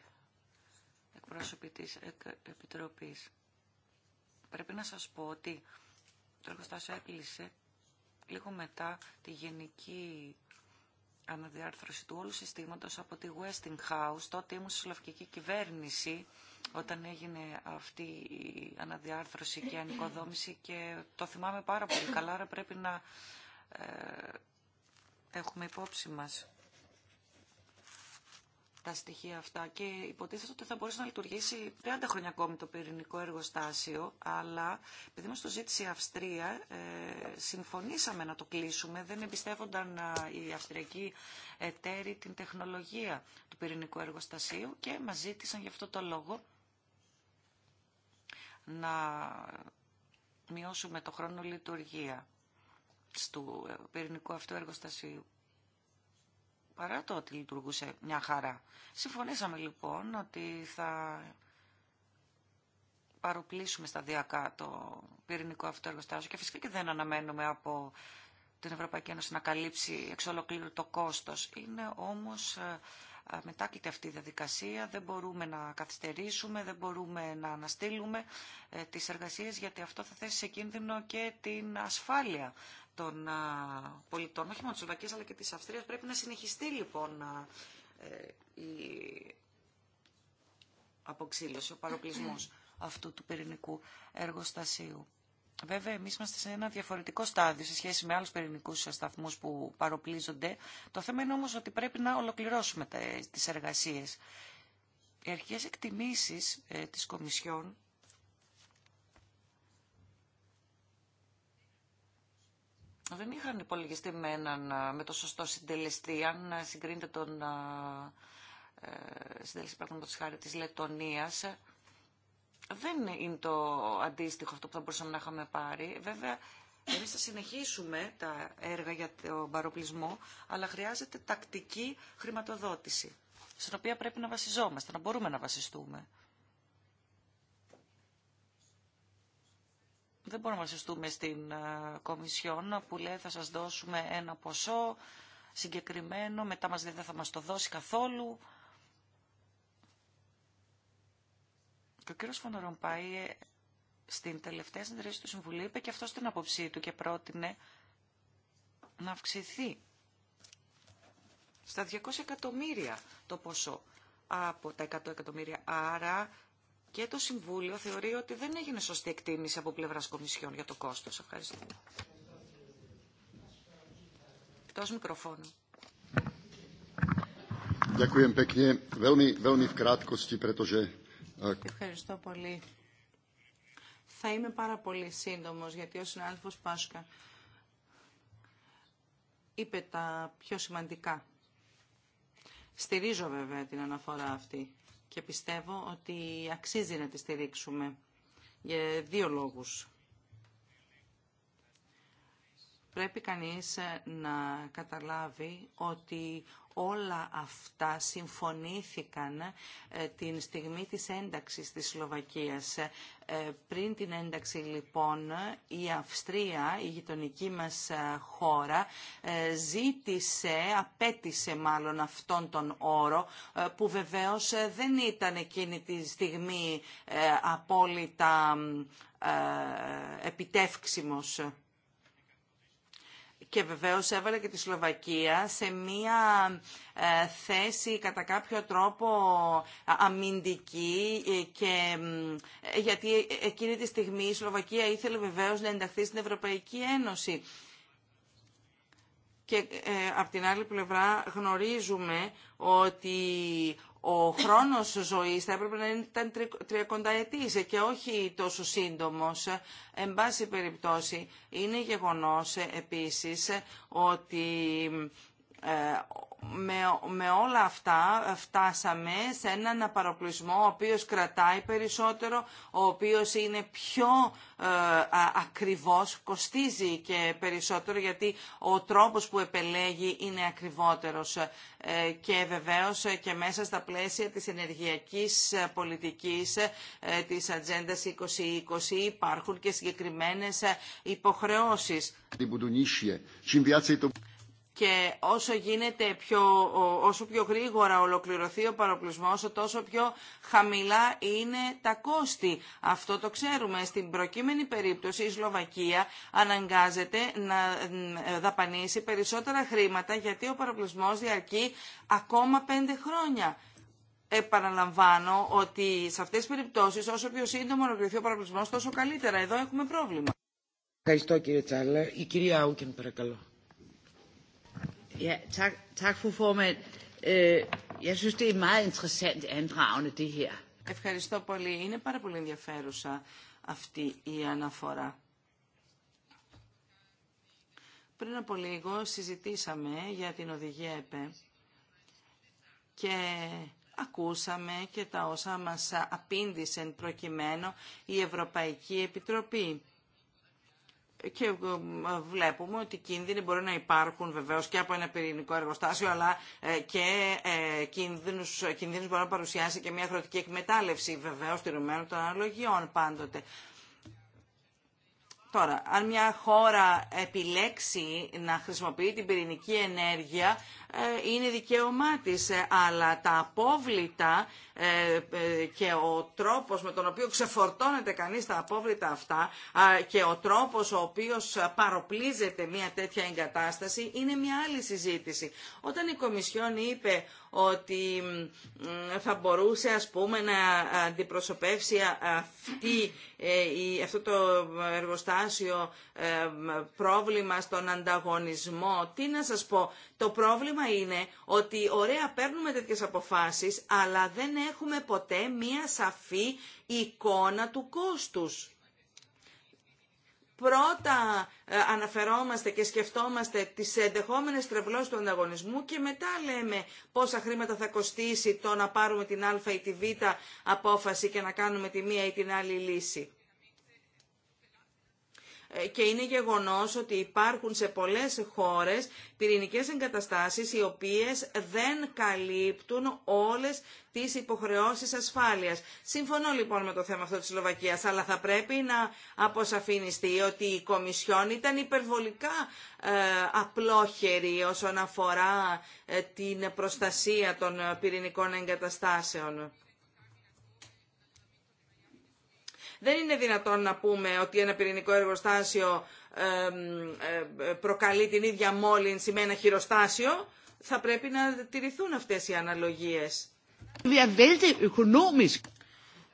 εκπρόσωποι της Επιτροπής. Πρέπει να σας πω ότι το εργοστάσιο έκλεισε λίγο μετά τη γενική αναδιάρθρωση του όλου συστήματος από τη Westinghouse. Τότε ήμουν στη Σλαυκική κυβέρνηση όταν έγινε αυτή η αναδιάρθρωση και η ανοικοδόμηση και το θυμάμαι πάρα πολύ καλά, άρα πρέπει να ε, έχουμε υπόψη μας τα στοιχεία αυτά και υποτίθεται ότι θα μπορούσε να λειτουργήσει 30 χρόνια ακόμη το πυρηνικό εργοστάσιο, αλλά επειδή μας το ζήτησε η Αυστρία, ε, συμφωνήσαμε να το κλείσουμε, δεν εμπιστεύονταν ε, οι αυστριακοί εταίροι την τεχνολογία του πυρηνικού εργοστασίου και μας ζήτησαν γι' αυτό το λόγο να μειώσουμε το χρόνο λειτουργία του πυρηνικού αυτού εργοστασίου. Παρά το ότι λειτουργούσε μια χαρά. Συμφωνήσαμε λοιπόν ότι θα παροπλήσουμε σταδιακά το πυρηνικό αυτό εργοστάσιο και φυσικά και δεν αναμένουμε από την Ευρωπαϊκή Ένωση να καλύψει εξ ολοκλήρου το κόστος. Είναι όμως ε, αμετάκλητη αυτή η διαδικασία, δεν μπορούμε να καθυστερήσουμε, δεν μπορούμε να αναστείλουμε ε, τις εργασίες γιατί αυτό θα θέσει σε κίνδυνο και την ασφάλεια των πολιτών, όχι μόνο της Σλοβακίας αλλά και της Αυστρίας. Πρέπει να συνεχιστεί λοιπόν ε, η αποξύλωση, ο παροπλισμός αυτού του πυρηνικού εργοστασίου. Βέβαια, εμεί είμαστε σε ένα διαφορετικό στάδιο σε σχέση με άλλου πυρηνικού σταθμού που παροπλίζονται. Το θέμα είναι όμω ότι πρέπει να ολοκληρώσουμε ε, τι εργασίε. Οι αρχικέ εκτιμήσει ε, τη Κομισιόν δεν είχαν υπολογιστεί με, έναν, ε, με το σωστό συντελεστή. Αν ε, συγκρίνεται τον ε, συντελεστή, παραδείγματο χάρη τη Λετωνία, δεν είναι το αντίστοιχο αυτό που θα μπορούσαμε να είχαμε πάρει. Βέβαια, εμεί θα συνεχίσουμε τα έργα για τον παροπλισμό, αλλά χρειάζεται τακτική χρηματοδότηση, στην οποία πρέπει να βασιζόμαστε, να μπορούμε να βασιστούμε. Δεν μπορούμε να βασιστούμε στην ε, Κομισιόν που λέει θα σας δώσουμε ένα ποσό συγκεκριμένο, μετά μας δεν θα μας το δώσει καθόλου. Και ο κύριος Φωνορομπάη ε, στην τελευταία συνεδρίαση του Συμβουλίου είπε και αυτό στην απόψή του και πρότεινε να αυξηθεί στα 200 εκατομμύρια το ποσό από τα 100 εκατομμύρια. Άρα και το Συμβούλιο θεωρεί ότι δεν έγινε σωστή εκτίμηση από πλευράς Κομισιόν για το κόστος. Ευχαριστώ. Εκτός μικροφώνου. Ďakujem pekne. Veľmi, Ευχαριστώ πολύ. Θα είμαι πάρα πολύ σύντομος, γιατί ο συνάδελφος Πάσκα είπε τα πιο σημαντικά. Στηρίζω βέβαια την αναφορά αυτή και πιστεύω ότι αξίζει να τη στηρίξουμε για δύο λόγους πρέπει κανείς ε, να καταλάβει ότι όλα αυτά συμφωνήθηκαν ε, την στιγμή της ένταξης της Σλοβακίας. Ε, πριν την ένταξη λοιπόν η Αυστρία, η γειτονική μας χώρα, ζήτησε, απέτησε μάλλον αυτόν τον όρο που βεβαίως δεν ήταν εκείνη τη στιγμή απόλυτα επιτεύξιμος και βεβαίως έβαλε και τη Σλοβακία σε μία ε, θέση κατά κάποιο τρόπο αμυντική ε, και ε, γιατί εκείνη τη στιγμή η Σλοβακία ήθελε βεβαίως να ενταχθεί στην Ευρωπαϊκή Ένωση. Και από την άλλη πλευρά γνωρίζουμε ότι ο χρόνος ζωής θα έπρεπε να ήταν τριακονταετής και όχι τόσο σύντομος. Εν πάση περιπτώσει, είναι γεγονός επίσης ότι με, όλα αυτά φτάσαμε σε έναν απαροπλισμό ο οποίος κρατάει περισσότερο, ο οποίος είναι πιο ε, ακριβώς, κοστίζει και περισσότερο γιατί ο τρόπος που επελέγει είναι ακριβότερος ε, και βεβαίως ε, και μέσα στα πλαίσια της ενεργειακής ε, πολιτικής ε, της Ατζέντα 2020 υπάρχουν και συγκεκριμένες υποχρεώσεις και όσο γίνεται πιο, όσο πιο γρήγορα ολοκληρωθεί ο παροπλισμός, τόσο πιο χαμηλά είναι τα κόστη. Αυτό το ξέρουμε. Στην προκείμενη περίπτωση η Σλοβακία αναγκάζεται να ε, δαπανίσει περισσότερα χρήματα γιατί ο παροπλισμός διαρκεί ακόμα πέντε χρόνια. Επαναλαμβάνω ότι σε αυτές τις περιπτώσεις όσο πιο σύντομα ολοκληρωθεί ο παροπλισμός τόσο καλύτερα. Εδώ έχουμε πρόβλημα. Ευχαριστώ κύριε Τσάλα. Η κυρία Άουκεν παρακαλώ. Ευχαριστώ πολύ. Είναι πάρα πολύ ενδιαφέρουσα αυτή η αναφορά. Πριν από λίγο συζητήσαμε για την οδηγία ΕΠΕ και ακούσαμε και τα όσα μας απήντησαν προκειμένου η Ευρωπαϊκή Επιτροπή και ε, βλέπουμε ότι κίνδυνοι μπορεί να υπάρχουν βεβαίως και από ένα πυρηνικό εργοστάσιο αλλά ε, και ε, κίνδυνους, κίνδυνους μπορεί να παρουσιάσει και μια αγροτική εκμετάλλευση βεβαίως του των αναλογιών πάντοτε. Τώρα, αν μια χώρα επιλέξει να χρησιμοποιεί την πυρηνική ενέργεια, ε, είναι δικαίωμά της, ε, αλλά τα απόβλητα ε, και ο τρόπος με τον οποίο ξεφορτώνεται κανείς τα απόβλητα αυτά και ο τρόπος ο οποίος παροπλίζεται μια τέτοια εγκατάσταση είναι μια άλλη συζήτηση. Όταν η Κομισιόν είπε ότι θα μπορούσε ας πούμε να αντιπροσωπεύσει αυτή, ε, αυτό το εργοστάσιο ε, πρόβλημα στον ανταγωνισμό. Τι να σας πω, το πρόβλημα είναι ότι ωραία παίρνουμε τέτοιες αποφάσεις αλλά δεν έχουμε ποτέ μία σαφή εικόνα του κόστους πρώτα ε, αναφερόμαστε και σκεφτόμαστε τις ενδεχόμενες τρευλώσεις του ανταγωνισμού και μετά λέμε πόσα χρήματα θα κοστίσει το να πάρουμε την α ή τη β απόφαση και να κάνουμε τη μία ή την άλλη λύση. Ε, και είναι γεγονός ότι υπάρχουν σε πολλές χώρες πυρηνικές εγκαταστάσεις οι οποίες δεν καλύπτουν όλες τις υποχρεώσεις ασφάλειας. Συμφωνώ λοιπόν με το θέμα αυτό της Σλοβακίας, αλλά θα πρέπει να αποσαφινιστεί ότι η Κομισιόν ήταν υπερβολικά ε, απλόχερη όσον αφορά ε, την προστασία των πυρηνικών εγκαταστάσεων. Δεν είναι δυνατόν να πούμε ότι ένα πυρηνικό εργοστάσιο ε, προκαλεί την ίδια μόλυνση με ένα χειροστάσιο. Θα πρέπει να τηρηθούν αυτές οι αναλογίες. Er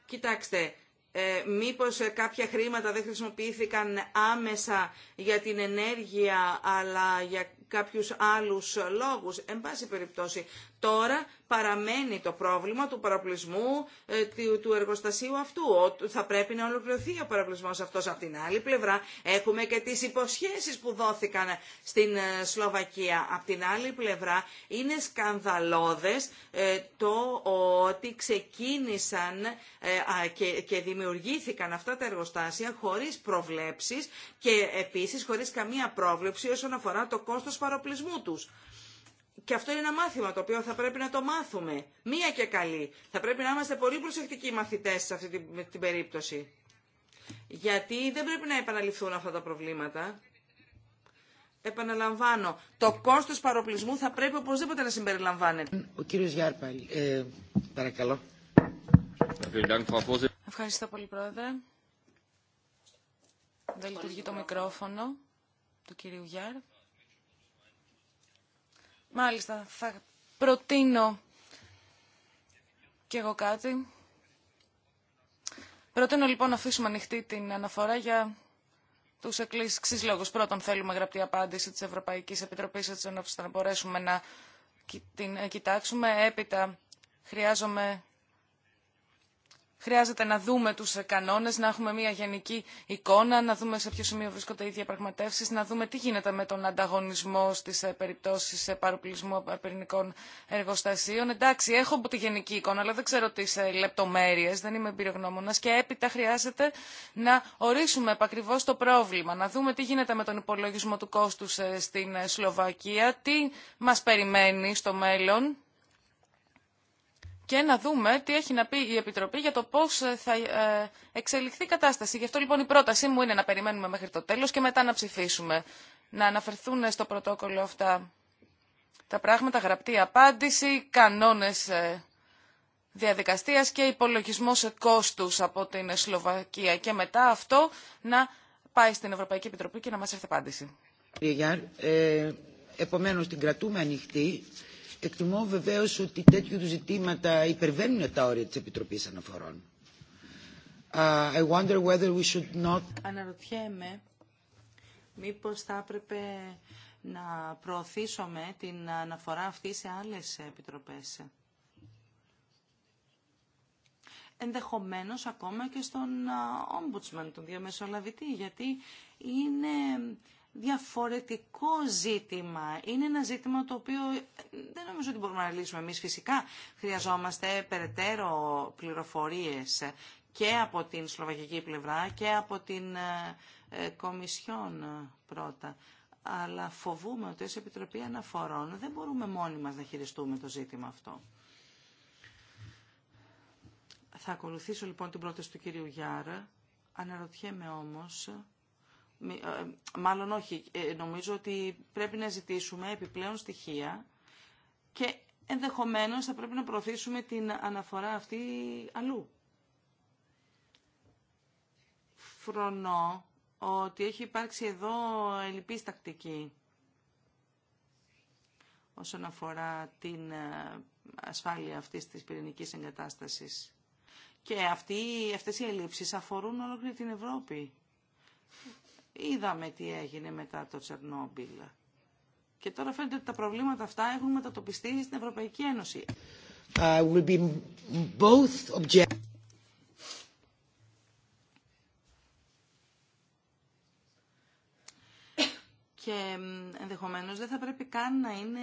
Κοιτάξτε, ε, μήπως ε, κάποια χρήματα δεν χρησιμοποιήθηκαν άμεσα για την ενέργεια αλλά για κάποιους άλλους λόγους. Εν πάση περιπτώσει Τώρα παραμένει το πρόβλημα του παραπλησμού ε, του εργοστασίου αυτού. Θα πρέπει να ολοκληρωθεί ο παραπλησμός αυτός. Από την άλλη πλευρά έχουμε και τις υποσχέσεις που δόθηκαν στην ε, Σλοβακία. Από την άλλη πλευρά είναι σκανδαλώδες ε, το ότι ξεκίνησαν και δημιουργήθηκαν αυτά τα εργοστάσια χωρίς προβλέψεις και επίσης χωρίς καμία πρόβλεψη όσον αφορά το κόστος παροπλισμού τους και αυτό είναι ένα μάθημα το οποίο θα πρέπει να το μάθουμε. Μία και καλή. Θα πρέπει να είμαστε πολύ προσεκτικοί μαθητές σε αυτή την περίπτωση. Γιατί δεν πρέπει να επαναληφθούν αυτά τα προβλήματα. Επαναλαμβάνω, το κόστος παροπλισμού θα πρέπει οπωσδήποτε να συμπεριλαμβάνεται. Ο κύριος Γιάρ ε, παρακαλώ. Ευχαριστώ πολύ, Πρόεδρε. Δεν λειτουργεί το μικρόφωνο του κύριου Γιάρ. Μάλιστα, θα προτείνω κι εγώ κάτι. Προτείνω λοιπόν να αφήσουμε ανοιχτή την αναφορά για τους εξής λόγους. Πρώτον, θέλουμε γραπτή απάντηση της Ευρωπαϊκής Επιτροπής, έτσι ώστε να μπορέσουμε να την ε, κοιτάξουμε. Έπειτα, χρειάζομαι Χρειάζεται να δούμε τους κανόνες, να έχουμε μια γενική εικόνα, να δούμε σε ποιο σημείο βρίσκονται οι διαπραγματεύσει, να δούμε τι γίνεται με τον ανταγωνισμό στις ε, περιπτώσεις ε, παροπλισμού ε, πυρηνικών εργοστασίων. Εντάξει, έχω τη γενική εικόνα, αλλά δεν ξέρω τις λεπτομέρειες, δεν είμαι εμπειρογνώμονας και έπειτα χρειάζεται να ορίσουμε επακριβώ το πρόβλημα, να δούμε τι γίνεται με τον υπολογισμό του κόστου στην Σλοβακία, τι μας περιμένει στο μέλλον και να δούμε τι έχει να πει η Επιτροπή για το πώς ε, θα ε, εξελιχθεί η κατάσταση. Γι' αυτό λοιπόν η πρότασή μου είναι να περιμένουμε μέχρι το τέλος και μετά να ψηφίσουμε. Να αναφερθούν στο πρωτόκολλο αυτά τα πράγματα, γραπτή απάντηση, κανόνες ε, διαδικαστίας και σε κόστους από την Σλοβακία. Και μετά αυτό να πάει στην Ευρωπαϊκή Επιτροπή και να μας έρθει απάντηση. Επομένως την κρατούμε ανοιχτή εκτιμώ βεβαίω ότι τέτοιου του ζητήματα υπερβαίνουν τα όρια τη επιτροπή Αναφορών. Uh, I not... Αναρωτιέμαι μήπως θα έπρεπε να προωθήσουμε την αναφορά αυτή σε άλλες επιτροπές. Ενδεχομένως ακόμα και στον Ombudsman, τον διαμεσολαβητή, γιατί είναι διαφορετικό ζήτημα. Είναι ένα ζήτημα το οποίο δεν νομίζω ότι μπορούμε να λύσουμε εμείς φυσικά. Χρειαζόμαστε περαιτέρω πληροφορίες και από την Σλοβακική πλευρά και από την ε, ε, Κομισιόν ε, πρώτα. Αλλά φοβούμε ότι ως Επιτροπή Αναφορών δεν μπορούμε μόνοι μας να χειριστούμε το ζήτημα αυτό. Θα ακολουθήσω λοιπόν την πρόταση του κυρίου Γιάρα. Αναρωτιέμαι όμως ε, μάλλον όχι. Ε, νομίζω ότι πρέπει να ζητήσουμε επιπλέον στοιχεία και ενδεχομένως θα πρέπει να προωθήσουμε την αναφορά αυτή αλλού. Φρονώ ότι έχει υπάρξει εδώ ελλειπής τακτική όσον αφορά την ε, ασφάλεια αυτής της πυρηνικής εγκατάστασης. Και αυτοί, αυτές οι ελλείψεις αφορούν ολόκληρη την Ευρώπη. Είδαμε τι έγινε μετά το Τσερνόμπιλ. Και τώρα φαίνεται ότι τα προβλήματα αυτά έχουν μετατοπιστεί στην Ευρωπαϊκή Ένωση. Uh, και ενδεχομένως δεν θα πρέπει καν να είναι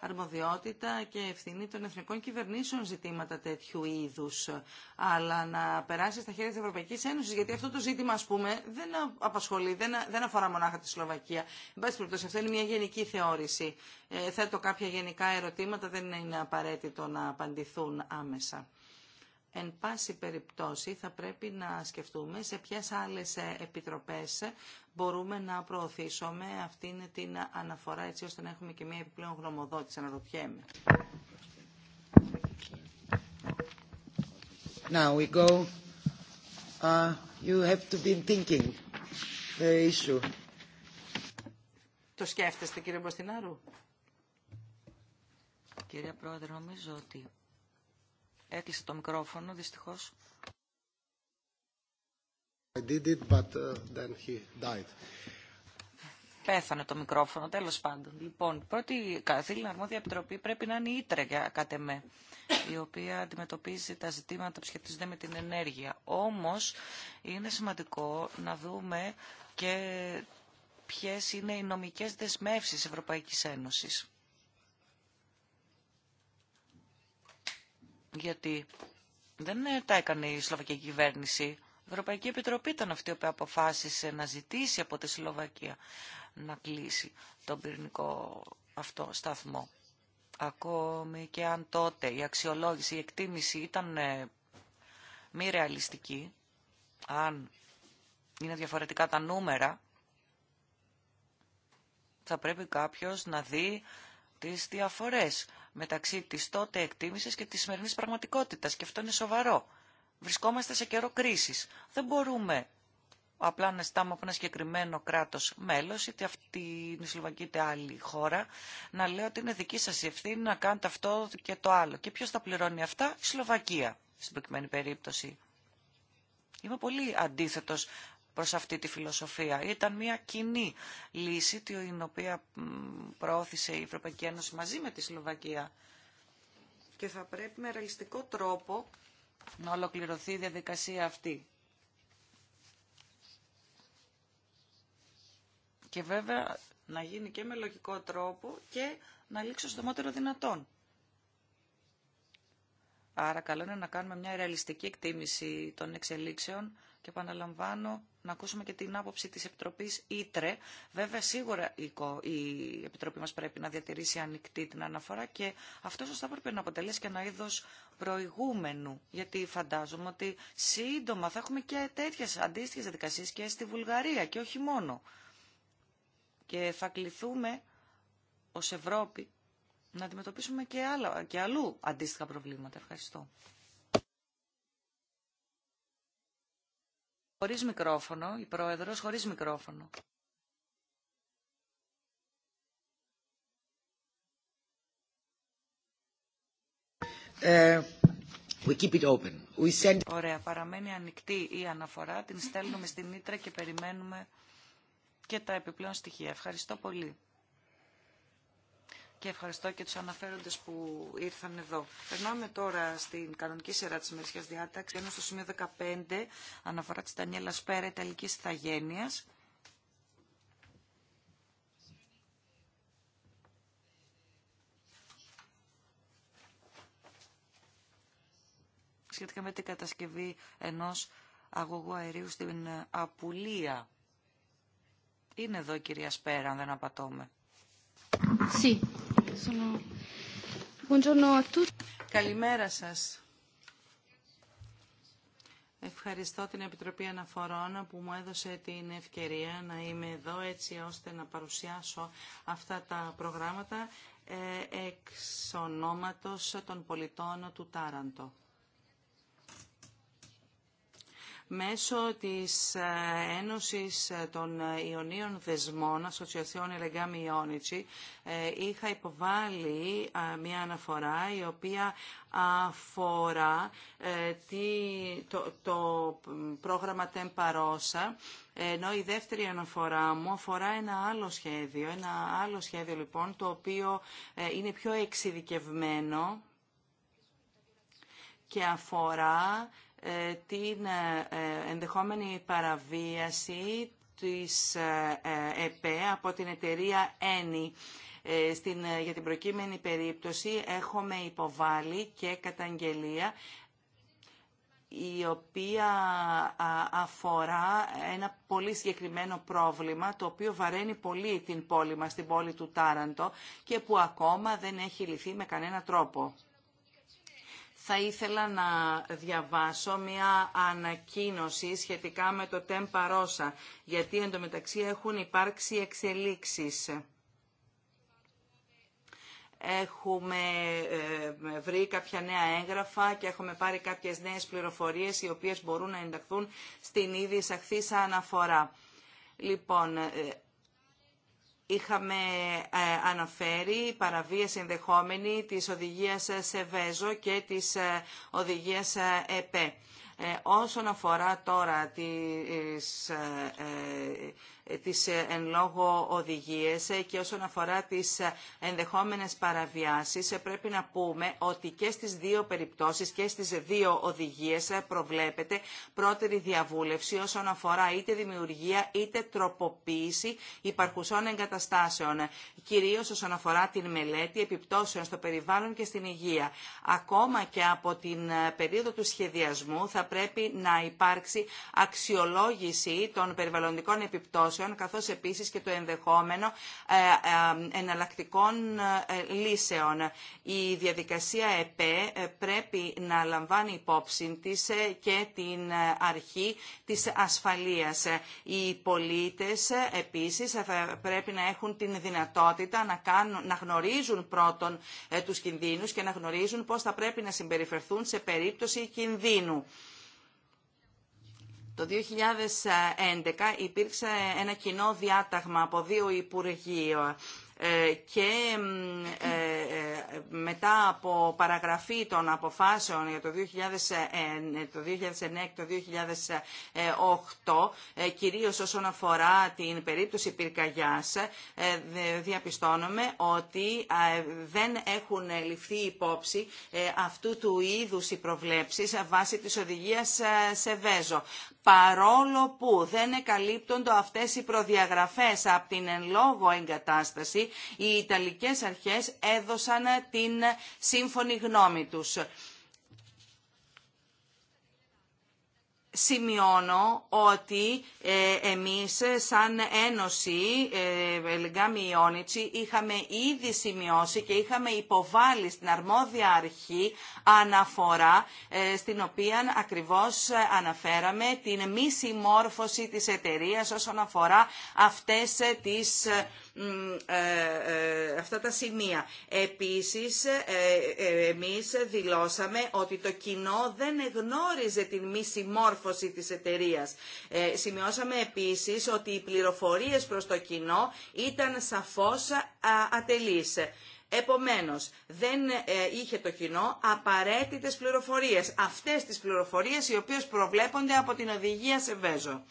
αρμοδιότητα και ευθύνη των εθνικών κυβερνήσεων ζητήματα τέτοιου είδους, αλλά να περάσει στα χέρια της Ευρωπαϊκής Ένωσης, γιατί αυτό το ζήτημα, ας πούμε, δεν απασχολεί, δεν, δεν αφορά μονάχα τη Σλοβακία. Εν πάση περιπτώσει, αυτό είναι μια γενική θεώρηση. Ε, θέτω κάποια γενικά ερωτήματα, δεν είναι απαραίτητο να απαντηθούν άμεσα. Εν πάση περιπτώσει θα πρέπει να σκεφτούμε σε ποιες άλλες ε, επιτροπές μπορούμε να προωθήσουμε αυτήν την αναφορά έτσι ώστε να έχουμε και μια επιπλέον γνωμοδότηση. Αναρωτιέμαι. Now we go. Uh, you have to be thinking the issue. Το σκέφτεστε κύριε Μποστινάρου. Κύριε Πρόεδρε, νομίζω ότι Έκλεισε το μικρόφωνο, δυστυχώς. I did it, but uh, then he died. Πέθανε το μικρόφωνο, τέλος πάντων. Λοιπόν, πρώτη καθήλυνα αρμόδια επιτροπή πρέπει να είναι η Ήτρε, κατ' με, η οποία αντιμετωπίζει τα ζητήματα που σχετίζονται με την ενέργεια. Όμως, είναι σημαντικό να δούμε και ποιες είναι οι νομικές δεσμεύσεις Ευρωπαϊκής Ένωσης γιατί δεν τα έκανε η Σλοβακική κυβέρνηση. Η Ευρωπαϊκή Επιτροπή ήταν αυτή που αποφάσισε να ζητήσει από τη Σλοβακία να κλείσει τον πυρηνικό αυτό σταθμό. Ακόμη και αν τότε η αξιολόγηση, η εκτίμηση ήταν ε, μη ρεαλιστική, αν είναι διαφορετικά τα νούμερα, θα πρέπει κάποιος να δει τις διαφορές μεταξύ της τότε εκτίμησης και της σημερινής πραγματικότητας και αυτό είναι σοβαρό. Βρισκόμαστε σε καιρό κρίση. Δεν μπορούμε απλά να ζητάμε από ένα συγκεκριμένο κράτος μέλος, είτε αυτή είναι η Σλοβακία είτε άλλη χώρα, να λέω ότι είναι δική σας η ευθύνη να κάνετε αυτό και το άλλο. Και ποιος θα πληρώνει αυτά, η Σλοβακία, στην προκειμένη περίπτωση. Είμαι πολύ αντίθετος προς αυτή τη φιλοσοφία. Ήταν μια κοινή λύση την οποία προώθησε η Ευρωπαϊκή Ένωση μαζί με τη Σλοβακία και θα πρέπει με ρεαλιστικό τρόπο να ολοκληρωθεί η διαδικασία αυτή. Και βέβαια να γίνει και με λογικό τρόπο και να λήξει στο μότερο δυνατόν. Άρα καλό είναι να κάνουμε μια ρεαλιστική εκτίμηση των εξελίξεων και επαναλαμβάνω να ακούσουμε και την άποψη της Επιτροπής Ήτρε. Βέβαια, σίγουρα η Επιτροπή μας πρέπει να διατηρήσει ανοιχτή την αναφορά και αυτό θα πρέπει να αποτελέσει και ένα είδος προηγούμενου, γιατί φαντάζομαι ότι σύντομα θα έχουμε και τέτοιες αντίστοιχες διαδικασίες και στη Βουλγαρία και όχι μόνο. Και θα κληθούμε ως Ευρώπη να αντιμετωπίσουμε και, άλλα, και αλλού αντίστοιχα προβλήματα. Ευχαριστώ. Χωρίς μικρόφωνο, η πρόεδρος χωρίς μικρόφωνο. Ε, we keep it open. We send... Ωραία, παραμένει ανοιχτή η αναφορά, την στέλνουμε στην Ήτρα και περιμένουμε και τα επιπλέον στοιχεία. Ευχαριστώ πολύ και ευχαριστώ και τους αναφέροντες που ήρθαν εδώ. Περνάμε τώρα στην κανονική σειρά της ημερησίας διάταξης. ενώ στο σημείο 15 αναφορά της Τανιέλα Σπέρα Ιταλικής Ιθαγένειας. σχετικά με την κατασκευή ενός αγωγού αερίου στην Απουλία. Είναι εδώ η κυρία Σπέρα, αν δεν απατώμε. Sí. Καλημέρα σας. Ευχαριστώ την Επιτροπή Αναφορών που μου έδωσε την ευκαιρία να είμαι εδώ έτσι ώστε να παρουσιάσω αυτά τα προγράμματα ε, εξ ονόματος των πολιτών του Τάραντο μέσω της ε, Ένωσης ε, των ε, Ιωνίων Δεσμών, Ασοσιαστιών Ελεγκάμι Ιόνιτσι, είχα υποβάλει μια αναφορά η οποία αφορά το, το πρόγραμμα Τεμπαρόσα, ενώ η δεύτερη αναφορά μου αφορά ένα άλλο σχέδιο, ένα άλλο σχέδιο λοιπόν το οποίο είναι πιο εξειδικευμένο και αφορά ε, την ε, ε, ενδεχόμενη παραβίαση της ΕΠΕ από την εταιρεία ΕΝΗ. Στην, για την προκείμενη περίπτωση έχουμε υποβάλει και καταγγελία η οποία αφορά ένα πολύ συγκεκριμένο πρόβλημα το οποίο βαραίνει πολύ την πόλη μας, την πόλη του Τάραντο και που ακόμα δεν έχει λυθεί με κανένα τρόπο θα ήθελα να διαβάσω μια ανακοίνωση σχετικά με το Παρόσα. γιατί εντωμεταξύ έχουν υπάρξει εξελίξεις. Έχουμε ε, βρει κάποια νέα έγγραφα και έχουμε πάρει κάποιες νέες πληροφορίες οι οποίες μπορούν να ενταχθούν στην ίδια εισαχθήσα αναφορά. Λοιπόν, ε, είχαμε ε, αναφέρει παραβίαση ενδεχόμενη της οδηγίας ε, ΣΕΒΕΖΟ και της ε, οδηγίας ΕΠΕ. Όσον αφορά τώρα τις ε, τις ε, εν λόγω οδηγίες ε, και όσον αφορά τις ενδεχόμενες παραβιάσεις πρέπει να πούμε ότι και στις δύο περιπτώσεις και στις δύο οδηγίες προβλέπεται πρώτερη διαβούλευση όσον αφορά είτε δημιουργία είτε τροποποίηση υπαρχουσών εγκαταστάσεων κυρίως όσον αφορά την μελέτη επιπτώσεων στο περιβάλλον και στην υγεία. Ακόμα και από την περίοδο του σχεδιασμού θα πρέπει να υπάρξει αξιολόγηση των περιβαλλοντικών επιπτώσεων επιπτώσεων, καθώς επίσης και το ενδεχόμενο ε, ε, εναλλακτικών ε, λύσεων. Η διαδικασία ΕΠΕ πρέπει να λαμβάνει υπόψη της και την αρχή της ασφαλείας. Οι πολίτες επίσης θα πρέπει να έχουν την δυνατότητα να, κάνουν, να γνωρίζουν πρώτον τους κινδύνους και να γνωρίζουν πώς θα πρέπει να συμπεριφερθούν σε περίπτωση κινδύνου. Το 2011 υπήρξε ένα κοινό διάταγμα από δύο Υπουργείο ε, και ε, μετά από παραγραφή των αποφάσεων για το 2009 και το 2008, ε, κυρίως όσον αφορά την περίπτωση πυρκαγιάς, ε, διαπιστώνουμε ότι ε, δεν έχουν ληφθεί υπόψη αυτού του είδους οι προβλέψεις βάσει της οδηγίας σε βέζο. Παρόλο που δεν εκαλύπτονται αυτές οι προδιαγραφές από την εν λόγω εγκατάσταση, οι Ιταλικές αρχές έδωσαν έδωσαν την σύμφωνη γνώμη τους. Σημειώνω ότι ε, εμείς σαν Ένωση ε, Λιγκάμι Ιόνιτσι είχαμε ήδη σημειώσει και είχαμε υποβάλει στην αρμόδια αρχή αναφορά ε, στην οποία ακριβώς αναφέραμε την μη συμμόρφωση της εταιρείας όσον αφορά αυτές τις ε, ε, αυτά τα σημεία. Επίσης, ε, εμείς δηλώσαμε ότι το κοινό δεν εγνώριζε την μη συμμόρφωση της εταιρείας. Σημειώσαμε επίσης ότι οι πληροφορίες προς το κοινό ήταν σαφώς ατελείς. Επομένως, δεν είχε το κοινό απαραίτητες πληροφορίες. Αυτές τις πληροφορίες οι οποίες προβλέπονται από την οδηγία σε Βέζο.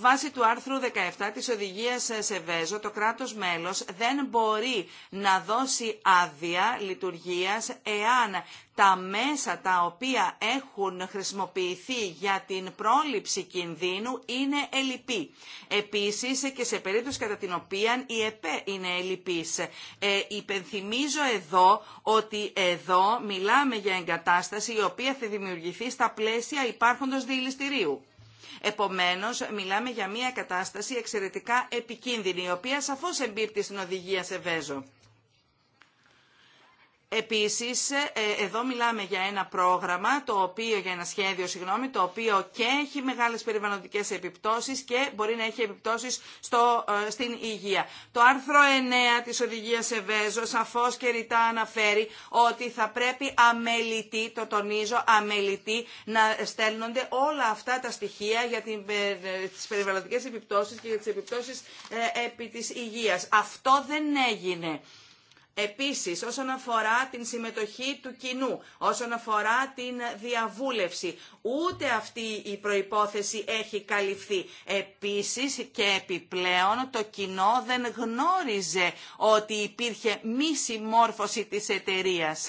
Βάσει του άρθρου 17 της οδηγίας σε Βέζο, το κράτος μέλος δεν μπορεί να δώσει άδεια λειτουργίας εάν τα μέσα τα οποία έχουν χρησιμοποιηθεί για την πρόληψη κινδύνου είναι ελλειπή. Επίσης και σε περίπτωση κατά την οποία η ΕΠΕ είναι ελλειπής. Ε, υπενθυμίζω εδώ ότι εδώ μιλάμε για εγκατάσταση η οποία θα δημιουργηθεί στα πλαίσια υπάρχοντος διηληστηρίου. Επομένως, μιλάμε για μια κατάσταση εξαιρετικά επικίνδυνη, η οποία σαφώς εμπίπτει στην οδηγία σε Βέζο. Επίσης, ε, ε, εδώ μιλάμε για ένα πρόγραμμα, το οποίο, για ένα σχέδιο, συγγνώμη, το οποίο και έχει μεγάλες περιβαλλοντικές επιπτώσεις και μπορεί να έχει επιπτώσεις στο, ε, στην υγεία. Το άρθρο 9 της Οδηγίας Εβέζο σαφώς και ρητά αναφέρει ότι θα πρέπει αμελητή, το τονίζω, αμελητή να στέλνονται όλα αυτά τα στοιχεία για την, τις περιβαλλοντικές επιπτώσεις και για τις επιπτώσεις επί της υγείας. Αυτό δεν έγινε. Επίσης, όσον αφορά την συμμετοχή του κοινού, όσον αφορά την διαβούλευση, ούτε αυτή η προϋπόθεση έχει καλυφθεί. Επίσης και επιπλέον το κοινό δεν γνώριζε ότι υπήρχε μη συμμόρφωση της εταιρείας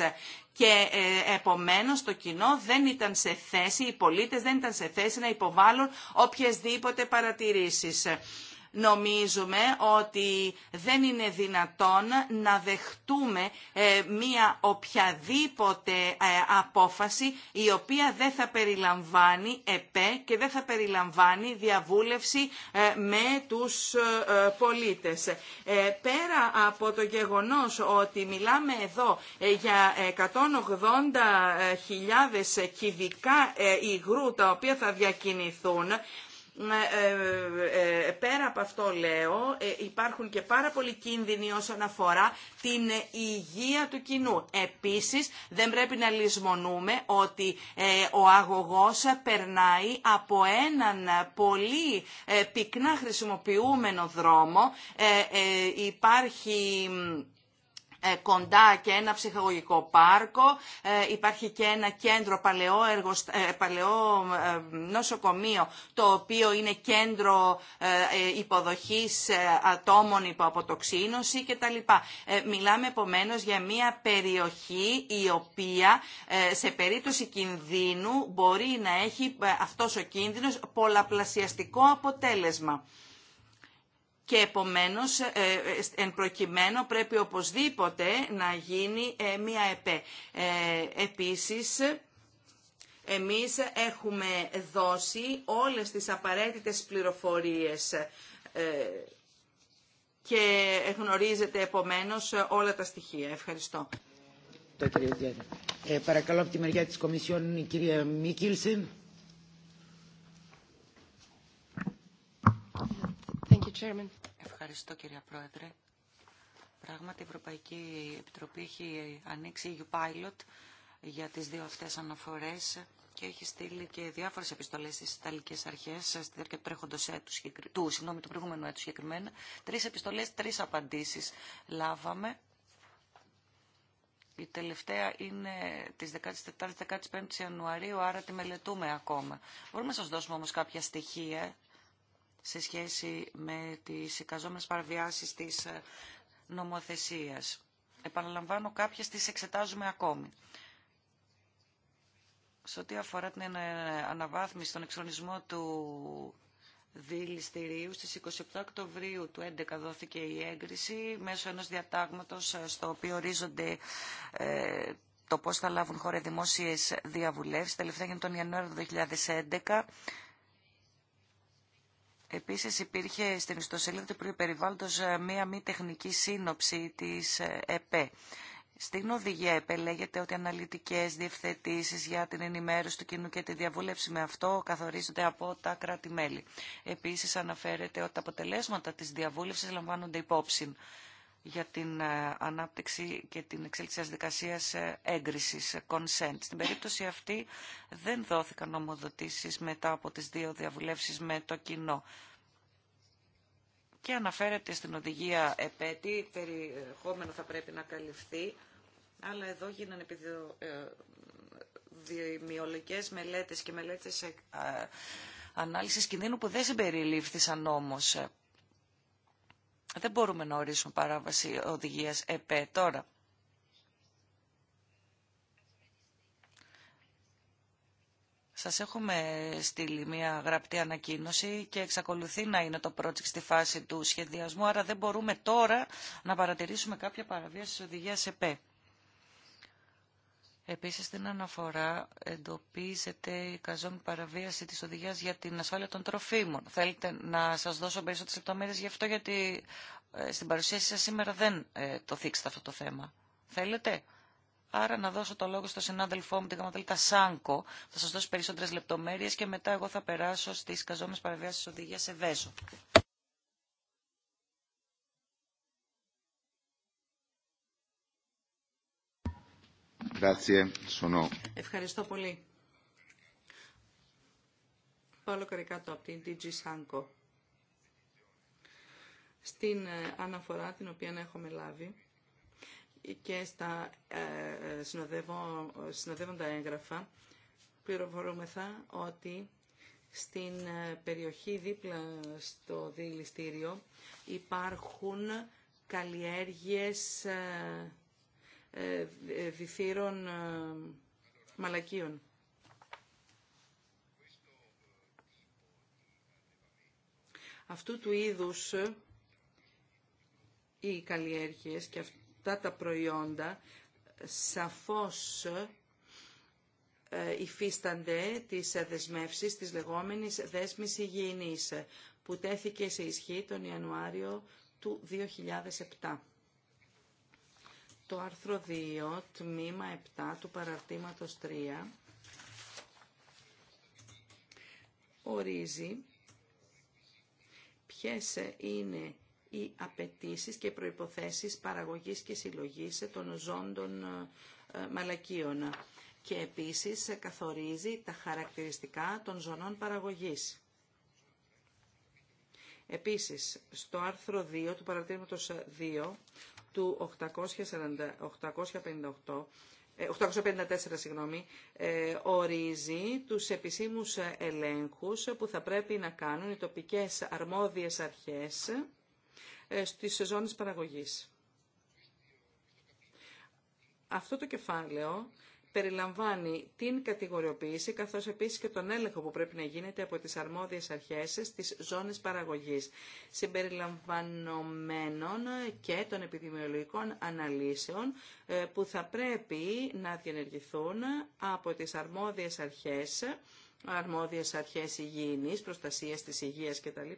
και ε, επομένως το κοινό δεν ήταν σε θέση, οι πολίτες δεν ήταν σε θέση να υποβάλουν οποιασδήποτε παρατηρήσεις νομίζουμε ότι δεν είναι δυνατόν να δεχτούμε ε, μία οποιαδήποτε ε, απόφαση η οποία δεν θα περιλαμβάνει ΕΠΕ και δεν θα περιλαμβάνει διαβούλευση ε, με τους πολίτες. Πέρα από το γεγονός ότι μιλάμε εδώ για 180.000 κυβικά υγρού τα οποία θα διακινηθούν, ναι, ε, ε, ε, πέρα από αυτό λέω υπάρχουν και πάρα πολλοί κίνδυνοι όσον αφορά την υγεία του κοινού. Επίσης δεν πρέπει να λησμονούμε ότι ο αγωγός περνάει από έναν πολύ πυκνά χρησιμοποιούμενο δρόμο. Υπάρχει ε, κοντά και ένα ψυχαγωγικό πάρκο, ε, υπάρχει και ένα κέντρο παλαιό, ε, παλαιό νοσοκομείο, το οποίο είναι κέντρο υποδοχής ατόμων υπό αποτοξίνωση κτλ. Μιλάμε επομένω για μια περιοχή η οποία σε περίπτωση κινδύνου μπορεί να έχει αυτός ο κίνδυνος πολλαπλασιαστικό αποτέλεσμα και επομένως ε, ε, εν προκειμένου πρέπει οπωσδήποτε να γίνει ε, μια ΕΠΕ. Επίσης, εμείς έχουμε δώσει όλες τις απαραίτητες πληροφορίες και γνωρίζετε επομένως όλα τα στοιχεία. Ευχαριστώ. παρακαλώ από τη μεριά της Κομισιόν η κυρία Μίκυλσεν. Ευχαριστώ κύριε Πρόεδρε. Πράγματι η Ευρωπαϊκή Επιτροπή έχει ανοίξει EU Pilot για τις δύο αυτές αναφορές και έχει στείλει και διάφορε επιστολέ στι Ιταλικές Αρχέ στη διάρκεια του του, συγγνώμη, του προηγούμενου έτους συγκεκριμένα. Τρει επιστολέ, τρει απαντήσει λάβαμε. Η τελευταία είναι τη 14η-15η Ιανουαρίου, άρα τη μελετούμε ακόμα. Μπορούμε να σα δώσουμε όμω κάποια στοιχεία σε σχέση με τις εικαζόμενες παραβιάσεις της ε, νομοθεσίας. Επαναλαμβάνω, κάποιες τις εξετάζουμε ακόμη. Σε ό,τι αφορά την ε, αναβάθμιση, στον εξονισμό του δηληστηρίου, στις 27 Οκτωβρίου του 2011 δόθηκε η έγκριση μέσω ενός διατάγματος ε, στο οποίο ορίζονται το πώς θα λάβουν χώρα δημόσιες διαβουλεύσεις. Τελευταία γίνεται τον Ιανουάριο του 2011 Επίσης υπήρχε στην ιστοσελίδα του Υπουργείου Περιβάλλοντος ε, μία μη τεχνική σύνοψη της ε, ΕΠΕ. Στην οδηγία ΕΠΕ λέγεται ότι αναλυτικές διευθετήσεις για την ενημέρωση του κοινού και τη διαβούλευση με αυτό καθορίζονται από τα κράτη-μέλη. Επίσης αναφέρεται ότι τα αποτελέσματα της διαβούλευσης λαμβάνονται υπόψη για την ε, ανάπτυξη και την εξέλιξη της δικασίας ε, έγκρισης, ε, consent. Στην περίπτωση αυτή δεν δόθηκαν νομοδοτήσεις μετά από τις δύο διαβουλεύσεις με το κοινό. Και αναφέρεται στην οδηγία επέτη, περιεχόμενο θα πρέπει να καλυφθεί, αλλά εδώ γίνανε επιδημιολογικές μελέτες και μελέτες ανάλυσης κινδύνου που δεν συμπεριλήφθησαν όμως δεν μπορούμε να ορίσουμε παράβαση οδηγίας ΕΠΕ τώρα. Σας έχουμε στείλει μια γραπτή ανακοίνωση και εξακολουθεί να είναι το project στη φάση του σχεδιασμού, άρα δεν μπορούμε τώρα να παρατηρήσουμε κάποια παραβίαση της οδηγίας ΕΠΕ. Επίσης, στην αναφορά εντοπίζεται η καζόμη παραβίαση της οδηγίας για την ασφάλεια των τροφίμων. Θέλετε να σας δώσω περισσότερες λεπτομέρειες γι' αυτό, γιατί ε, στην παρουσίαση σας σήμερα δεν ε, το θίξετε αυτό το θέμα. Θέλετε? Άρα να δώσω το λόγο στον συνάδελφό μου, την Καματαλήτα Σάνκο. Θα σας δώσω περισσότερες λεπτομέρειες και μετά εγώ θα περάσω στις καζόμενες παραβιάσεις της οδηγίας σε Βέζο. Ευχαριστώ πολύ. Πάλο Καρικάτο από την DG Sanko. Στην ε, αναφορά την οποία έχουμε λάβει και στα ε, ε, συνοδεύοντα έγγραφα πληροφορούμεθα ότι στην περιοχή δίπλα στο δηληστήριο υπάρχουν καλλιέργειες ε, ε, διθύρων ε, μαλακίων. Αυτού του είδους οι καλλιέργειες και αυτά τα προϊόντα σαφώς υφίστανται τις δεσμεύσεις της λεγόμενης δέσμης υγιεινής που τέθηκε σε ισχύ τον Ιανουάριο του 2007 το άρθρο 2, τμήμα 7 του παραρτήματος 3, ορίζει ποιες είναι οι απαιτήσει και προϋποθέσεις παραγωγής και συλλογής των των ε, μαλακίων και επίσης καθορίζει τα χαρακτηριστικά των ζωνών παραγωγής. Επίσης, στο άρθρο 2 του παρατήρηματος 2 του 854 ε, συγγνώμη, ε, ορίζει τους επισήμους ελέγχους που θα πρέπει να κάνουν οι τοπικές αρμόδιες αρχές ε, στις ζώνες παραγωγής. Αυτό το κεφάλαιο περιλαμβάνει την κατηγοριοποίηση καθώς επίσης και τον έλεγχο που πρέπει να γίνεται από τις αρμόδιες αρχές στις ζώνες παραγωγής, συμπεριλαμβανομένων και των επιδημιολογικών αναλύσεων ε, που θα πρέπει να διενεργηθούν από τις αρμόδιες αρχές αρμόδιες αρχές υγιεινής, προστασίας της υγείας κτλ.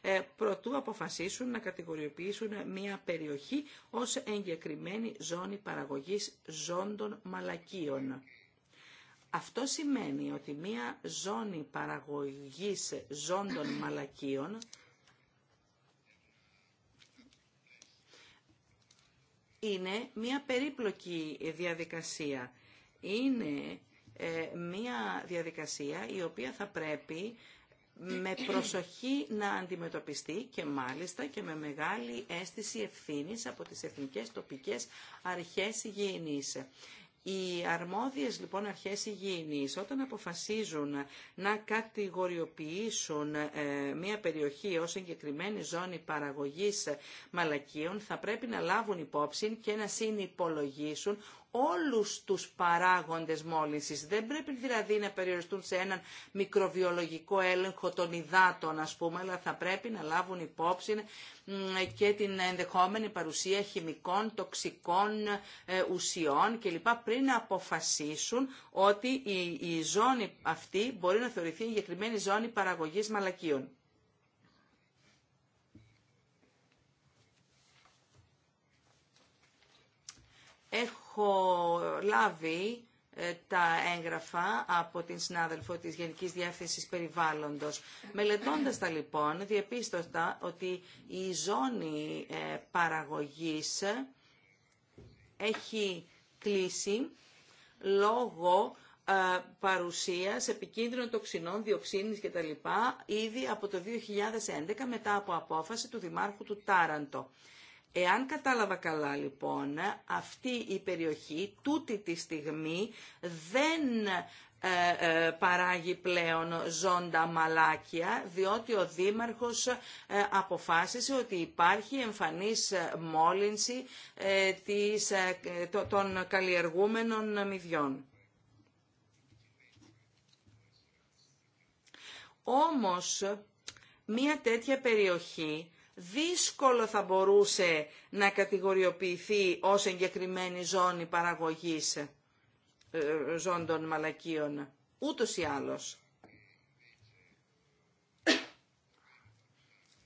Ε, προτού αποφασίσουν να κατηγοριοποιήσουν μια περιοχή ως εγκεκριμένη ζώνη παραγωγής ζώντων μαλακίων. Αυτό σημαίνει ότι μια ζώνη παραγωγής ζώντων μαλακίων είναι μια περίπλοκη διαδικασία. Είναι ε, μία διαδικασία η οποία θα πρέπει με προσοχή να αντιμετωπιστεί και μάλιστα και με μεγάλη αίσθηση ευθύνης από τις εθνικές τοπικές αρχές υγιεινής. Οι αρμόδιες λοιπόν αρχές υγιεινής όταν αποφασίζουν να κατηγοριοποιήσουν ε, μια περιοχή ως συγκεκριμένη ζώνη παραγωγής μαλακίων θα πρέπει να λάβουν υπόψη και να συνυπολογίσουν όλους τους παράγοντες μόλυνσης. Δεν πρέπει δηλαδή να περιοριστούν σε έναν μικροβιολογικό έλεγχο των υδάτων, ας πούμε, αλλά θα πρέπει να λάβουν υπόψη και την ενδεχόμενη παρουσία χημικών, τοξικών ε, ουσιών κλπ. πριν αποφασίσουν ότι η ζώνη αυτή μπορεί να θεωρηθεί η εγκεκριμένη ζώνη παραγωγής μαλακίων. Έχω έχω λάβει ε, τα έγγραφα από την συνάδελφο της Γενικής Διεύθυνσης Περιβάλλοντος. Μελετώντας τα λοιπόν, διεπίστωσα ότι η ζώνη ε, παραγωγής έχει κλείσει λόγω ε, παρουσίας επικίνδυνων τοξινών, διοξίνης κτλ. ήδη από το 2011 μετά από απόφαση του Δημάρχου του Τάραντο. Εάν κατάλαβα καλά λοιπόν, αυτή η περιοχή τούτη τη στιγμή δεν ε, ε, παράγει πλέον ζώντα μαλάκια, διότι ο Δήμαρχος ε, αποφάσισε ότι υπάρχει εμφανής μόλυνση της, των καλλιεργούμενων μηδιών. Όμως, μία τέτοια περιοχή δύσκολο θα μπορούσε να κατηγοριοποιηθεί ως εγκεκριμένη ζώνη παραγωγής ε, των μαλακίων, ούτως ή άλλως.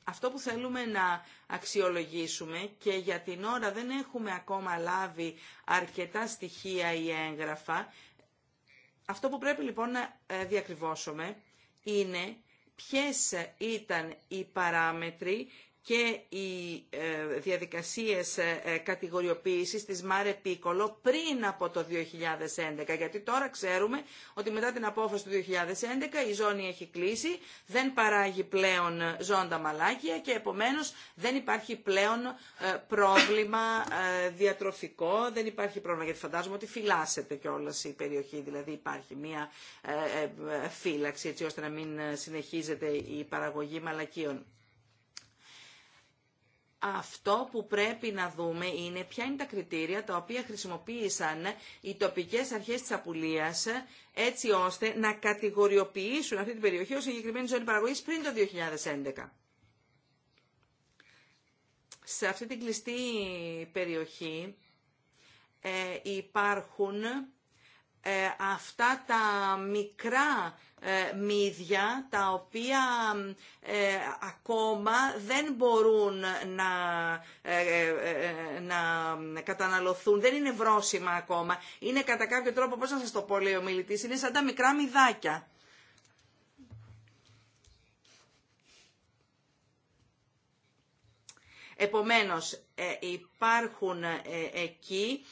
Αυτό που θέλουμε να αξιολογήσουμε και για την ώρα δεν έχουμε ακόμα λάβει αρκετά στοιχεία ή έγγραφα, αυτό που πρέπει λοιπόν να ε, διακριβώσουμε είναι ποιες ήταν οι παράμετροι και οι ε, διαδικασίες ε, ε, κατηγοριοποίησης της Μάρε Πίκολο πριν από το 2011. Γιατί τώρα ξέρουμε ότι μετά την απόφαση του 2011 η ζώνη έχει κλείσει, δεν παράγει πλέον ζώντα μαλάκια και επομένως δεν υπάρχει πλέον πρόβλημα διατροφικό, δεν υπάρχει πρόβλημα γιατί φαντάζομαι ότι φυλάσσεται κιόλας η περιοχή, δηλαδή υπάρχει μια φύλαξη έτσι ώστε να μην συνεχίζεται η παραγωγή μαλακίων αυτό που πρέπει να δούμε είναι ποια είναι τα κριτήρια τα οποία χρησιμοποίησαν οι τοπικές αρχές της Απουλίας έτσι ώστε να κατηγοριοποιήσουν αυτή την περιοχή ως συγκεκριμένη ζώνη παραγωγής πριν το 2011. Σε αυτή την κλειστή περιοχή ε, υπάρχουν ε, αυτά τα μικρά ε, μύδια τα οποία ε, ακόμα δεν μπορούν να, να καταναλωθούν, δεν είναι βρόσιμα ακόμα. Είναι κατά κάποιο τρόπο, πώς να σας το πω λέει ο μιλητής, είναι σαν τα μικρά μυδάκια. Επομένως, υπάρχουν εκεί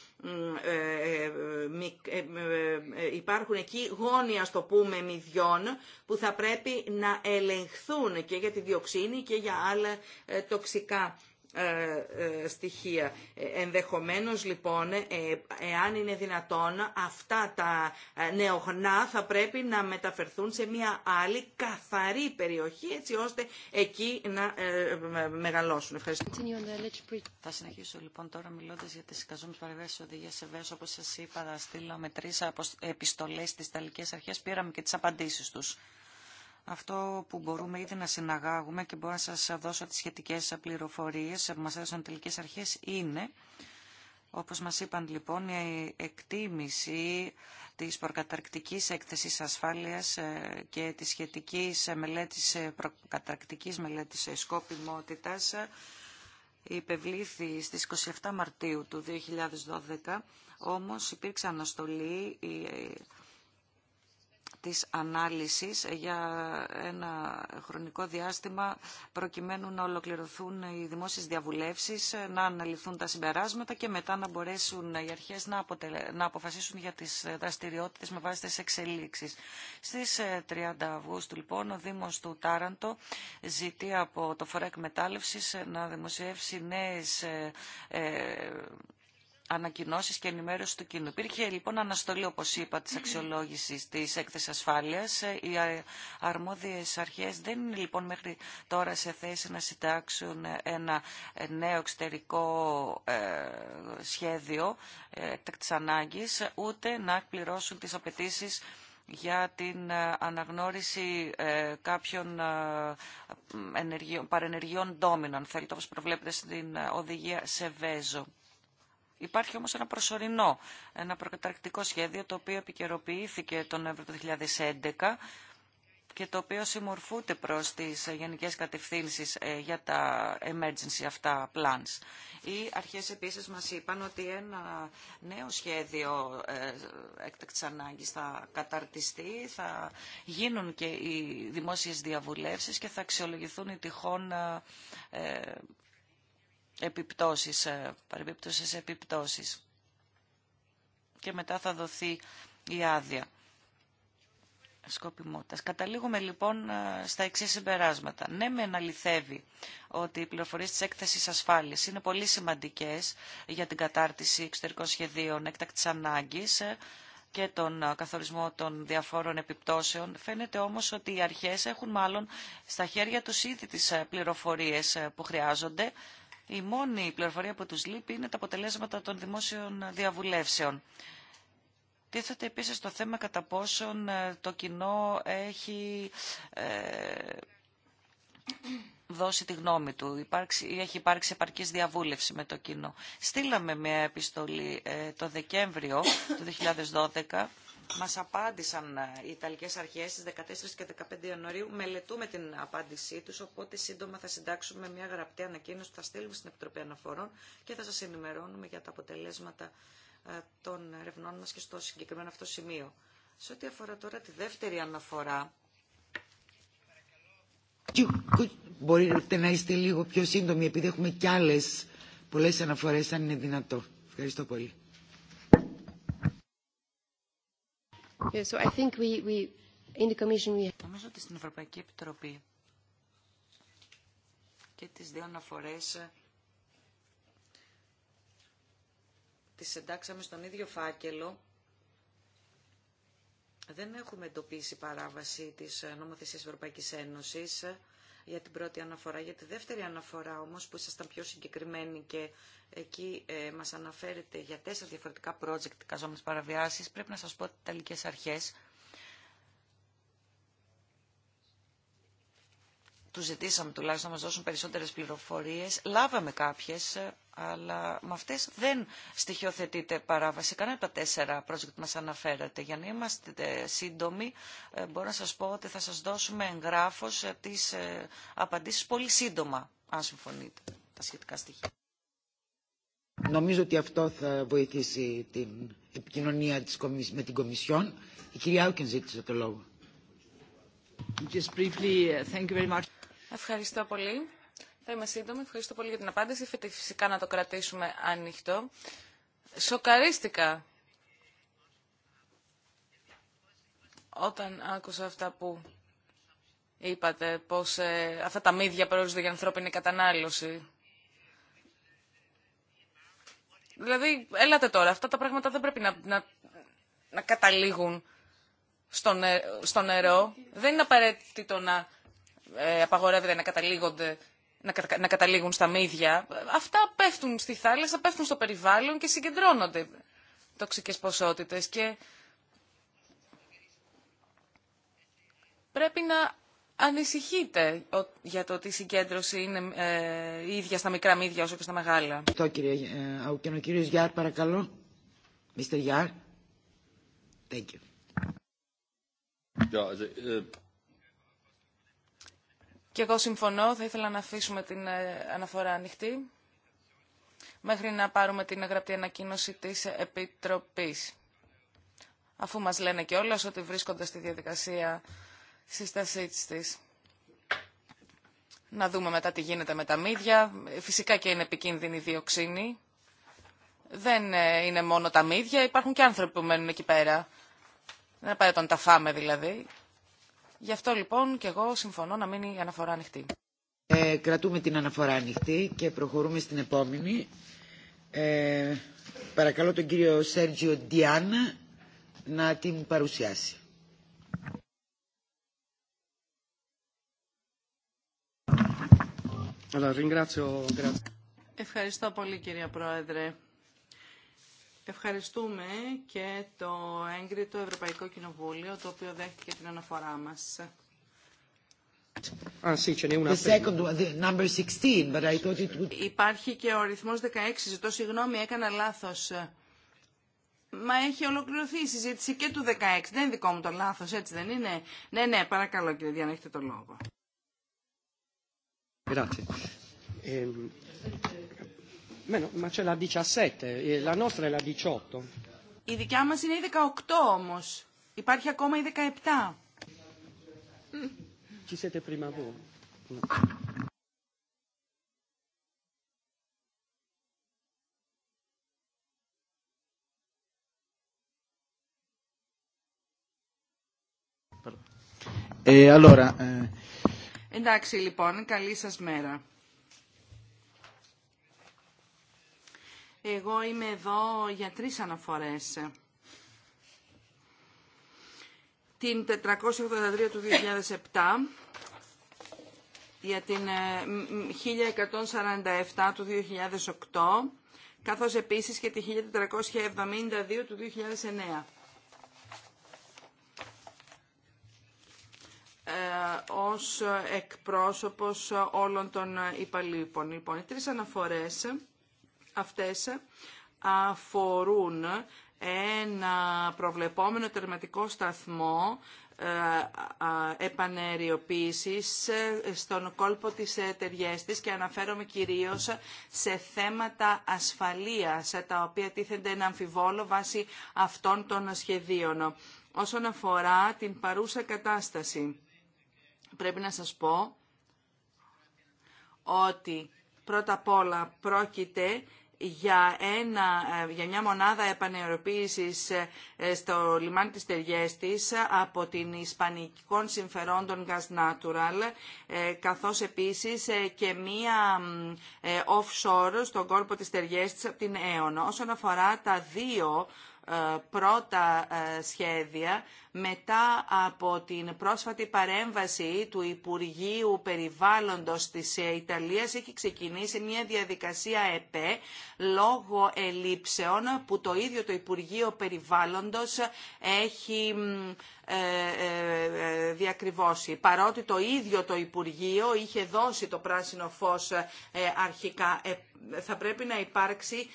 υπάρχουν εκεί γόνια, στο πούμε, μηδιών που θα πρέπει να ελεγχθούν και για τη διοξίνη και για άλλα ε, τοξικά ε, ε, στοιχεία. Ε, ενδεχομένως λοιπόν, εάν είναι δυνατόν, αυτά τα νεογνά θα πρέπει να μεταφερθούν σε μια άλλη καθαρή περιοχή, έτσι ώστε εκεί να μεγαλώσουν. Ευχαριστώ. Θα συνεχίσω λοιπόν τώρα μιλώντας για τι εικαζόμενε παρεμβάσει Οδηγίας ΕΒΕΣ. Όπω σα είπα, στείλαμε τρει επιστολές στις ταλικές αρχές πήραμε και τις απαντήσεις τους αυτό που μπορούμε ήδη να συναγάγουμε και μπορώ να σας δώσω τις σχετικές πληροφορίες που μας έδωσαν τελικές αρχές είναι, όπως μας είπαν λοιπόν, η εκτίμηση της προκαταρκτικής έκθεσης ασφάλειας ε, και της σχετικής μελέτης, ε, προκαταρκτικής μελέτης ε, σκόπιμότητας υπευλήθη στις 27 Μαρτίου του 2012, όμως υπήρξε αναστολή της ανάλυσης για ένα χρονικό διάστημα προκειμένου να ολοκληρωθούν οι δημόσιες διαβουλεύσεις, να αναλυθούν τα συμπεράσματα και μετά να μπορέσουν οι αρχές να, αποφασίσουν για τις δραστηριότητες με βάση τις εξελίξεις. Στις 30 ε, Αυγούστου λοιπόν ο Δήμος του Τάραντο ζητεί από το Φορέα Εκμετάλλευσης να δημοσιεύσει νέες ε, ε, ανακοινώσεις και ενημέρωση του κοινού. Υπήρχε λοιπόν αναστολή, όπως είπα, της αξιολόγησης της έκθεσης ασφάλειας. Οι αρμόδιες αρχές δεν είναι λοιπόν μέχρι τώρα σε θέση να συντάξουν ένα νέο εξωτερικό ε, σχέδιο ε, της ανάγκης, ούτε να εκπληρώσουν τις απαιτήσει για την ε, αναγνώριση κάποιων παρενεργειών ντόμινων, θέλετε όπως προβλέπετε στην οδηγία σε Βέζο. Υπάρχει όμως ένα προσωρινό, ένα προκαταρκτικό σχέδιο το οποίο επικαιροποιήθηκε τον Νοέμβριο του 2011 και το οποίο συμμορφούνται προς τις γενικές κατευθύνσεις ε, για τα emergency αυτά plans. Οι αρχές επίσης μας είπαν ότι ένα νέο σχέδιο ε, έκτακτης ανάγκης θα καταρτιστεί, θα γίνουν και οι δημόσιες διαβουλεύσεις και θα αξιολογηθούν οι τυχόν ε, επιπτώσεις, ε, παρεμπιπτώσεις επιπτώσεις. Και μετά θα δοθεί η άδεια σκοπιμότητας. Καταλήγουμε λοιπόν ε, στα εξή συμπεράσματα. Ναι, με αναληθεύει ότι οι πληροφορίε τη έκθεση ασφάλεια είναι πολύ σημαντικέ για την κατάρτιση εξωτερικών σχεδίων έκτακτη ανάγκη ε, και τον καθορισμό των διαφόρων επιπτώσεων. Φαίνεται όμως ότι οι αρχές έχουν μάλλον στα χέρια τους ήδη τις πληροφορίες που χρειάζονται η μόνη πληροφορία που τους λείπει είναι τα αποτελέσματα των δημόσιων διαβουλεύσεων. Τίθεται επίσης το θέμα κατά πόσον ε, το κοινό έχει ε, δώσει τη γνώμη του ή έχει υπάρξει επαρκής διαβούλευση με το κοινό. Στείλαμε μια επιστολή ε, το Δεκέμβριο του 2012 Μα απάντησαν ε, οι Ιταλικέ αρχέ στι 14 και 15 Ιανουαρίου. Μελετούμε την απάντησή τους, οπότε σύντομα θα συντάξουμε μια γραπτή ανακοίνωση που θα στείλουμε στην Επιτροπή Αναφορών και θα σας ενημερώνουμε για τα αποτελέσματα ε, των ερευνών μας και στο συγκεκριμένο αυτό σημείο. Σε ό,τι αφορά τώρα τη δεύτερη αναφορά... Μπορείτε να είστε λίγο πιο σύντομοι, επειδή έχουμε κι άλλε πολλέ αναφορέ αν είναι δυνατό. Ευχαριστώ πολύ. Νομίζω ότι στην Ευρωπαϊκή Επιτροπή και τις δύο αναφορές ε, τις εντάξαμε στον ίδιο φάκελο. Δεν έχουμε εντοπίσει παράβαση της ε, νομοθεσίας Ευρωπαϊκής Ένωσης. Ε, για την πρώτη αναφορά. Για τη δεύτερη αναφορά όμως που ήσασταν πιο συγκεκριμένοι και εκεί ε, μας αναφέρετε για τέσσερα διαφορετικά project καζόμενες παραβιάσεις, πρέπει να σας πω ότι οι αρχές τους ζητήσαμε τουλάχιστον να μας δώσουν περισσότερες πληροφορίες. Λάβαμε κάποιες, ε, αλλά με αυτές δεν στοιχειοθετείται παράβαση. Κανένα από τα τέσσερα project μας αναφέρατε. Για να είμαστε σύντομοι, ε, μπορώ να σας πω ότι θα σας δώσουμε εγγράφος ε, τις απαντήσεις πολύ σύντομα, αν συμφωνείτε, τα σχετικά στοιχεία. Νομίζω ότι αυτό θα βοηθήσει την επικοινωνία της με την Κομισιόν. Η κυρία Άουκεν ζήτησε το λόγο. Just briefly, uh, thank you very much. Ευχαριστώ πολύ. Θα είμαι σύντομη. Ευχαριστώ πολύ για την απάντηση. Φυσικά να το κρατήσουμε ανοιχτό. Σοκαρίστηκα όταν άκουσα αυτά που είπατε, πως ε, αυτά τα μύδια προορίζονται για ανθρώπινη κατανάλωση. Δηλαδή, έλατε τώρα, αυτά τα πράγματα δεν πρέπει να, να, να καταλήγουν στο, στο νερό. Δεν είναι απαραίτητο να ε, απαγορεύεται να, να, να καταλήγουν στα μύδια. Αυτά πέφτουν στη θάλασσα, πέφτουν στο περιβάλλον και συγκεντρώνονται τοξικές ποσότητες και πρέπει να ανησυχείτε για το ότι η συγκέντρωση είναι ε, ίδια στα μικρά μύδια όσο και στα μεγάλα. Ευχαριστώ κύριε ε, Αουκένο. Κύριος Γιάρ παρακαλώ. Μίστερ Γιάρ. Thank you. Και εγώ συμφωνώ, θα ήθελα να αφήσουμε την ε, αναφορά ανοιχτή μέχρι να πάρουμε την γραπτή ανακοίνωση της Επιτροπής. Αφού μας λένε και όλες ότι βρίσκονται στη διαδικασία σύστασή της. Να δούμε μετά τι γίνεται με τα μύδια. Φυσικά και είναι επικίνδυνη η διοξίνη. Δεν ε, είναι μόνο τα μύδια, υπάρχουν και άνθρωποι που μένουν εκεί πέρα. Δεν απαραίτητο τα φάμε δηλαδή. Γι' αυτό λοιπόν και εγώ συμφωνώ να μείνει η αναφορά ανοιχτή. Ε, κρατούμε την αναφορά ανοιχτή και προχωρούμε στην επόμενη. Ε, παρακαλώ τον κύριο Σέργιο Ντιάννα να την παρουσιάσει. Ευχαριστώ πολύ κύριε Πρόεδρε. Ευχαριστούμε και το έγκριτο Ευρωπαϊκό Κοινοβούλιο, το οποίο δέχτηκε την αναφορά μας. Ah, Υπάρχει και ο αριθμός 16. Ζητώ συγγνώμη, έκανα λάθος. Μα έχει ολοκληρωθεί η συζήτηση και του 16. Δεν είναι δικό μου το λάθος, έτσι δεν είναι. Ναι, ναι, παρακαλώ κύριε Διάννα, έχετε το λόγο. Ehm, ma c'è la 17, e la nostra è la 18. Η δικιά μα είναι η 18 όμω. Υπάρχει ακόμα η 17. Ci siete prima voi. Ε, allora, ε... Εντάξει λοιπόν, καλή σας μέρα. Εγώ είμαι εδώ για τρεις αναφορές. Την 483 του 2007, για την 1147 ε, του 2008, καθώς επίσης και τη 1472 του 2009. Ε, ως εκπρόσωπος όλων των υπαλλήλων. Λοιπόν, οι τρεις αναφορές αυτές αφορούν ένα προβλεπόμενο τερματικό σταθμό ε, ε, επανεριοποίησης ε, στον κόλπο της εταιρείας της και αναφέρομαι κυρίως σε θέματα ασφαλείας τα οποία τίθενται ένα αμφιβόλο βάσει αυτών των σχεδίων. Όσον αφορά την παρούσα κατάσταση, πρέπει να σας πω ότι πρώτα απ' όλα πρόκειται για, ένα, ε, για μια μονάδα επανεωροποίησης ε, στο λιμάνι της Τεριέστης από την Ισπανικών Συμφερόντων Gas Natural, ε, καθώς επίσης και μια offshore στον κόρπο της Τεριέστης από την Αίωνα. Όσον αφορά τα δύο πρώτα σχέδια μετά από την πρόσφατη παρέμβαση του Υπουργείου Περιβάλλοντος της Ιταλίας έχει ξεκινήσει μια διαδικασία ΕΠΕ λόγω ελήψεων που το ίδιο το Υπουργείο Περιβάλλοντος έχει ε, ε, ε, διακριβώσει. Παρότι το ίδιο το Υπουργείο είχε δώσει το πράσινο φως αρχικά θα πρέπει να υπάρξει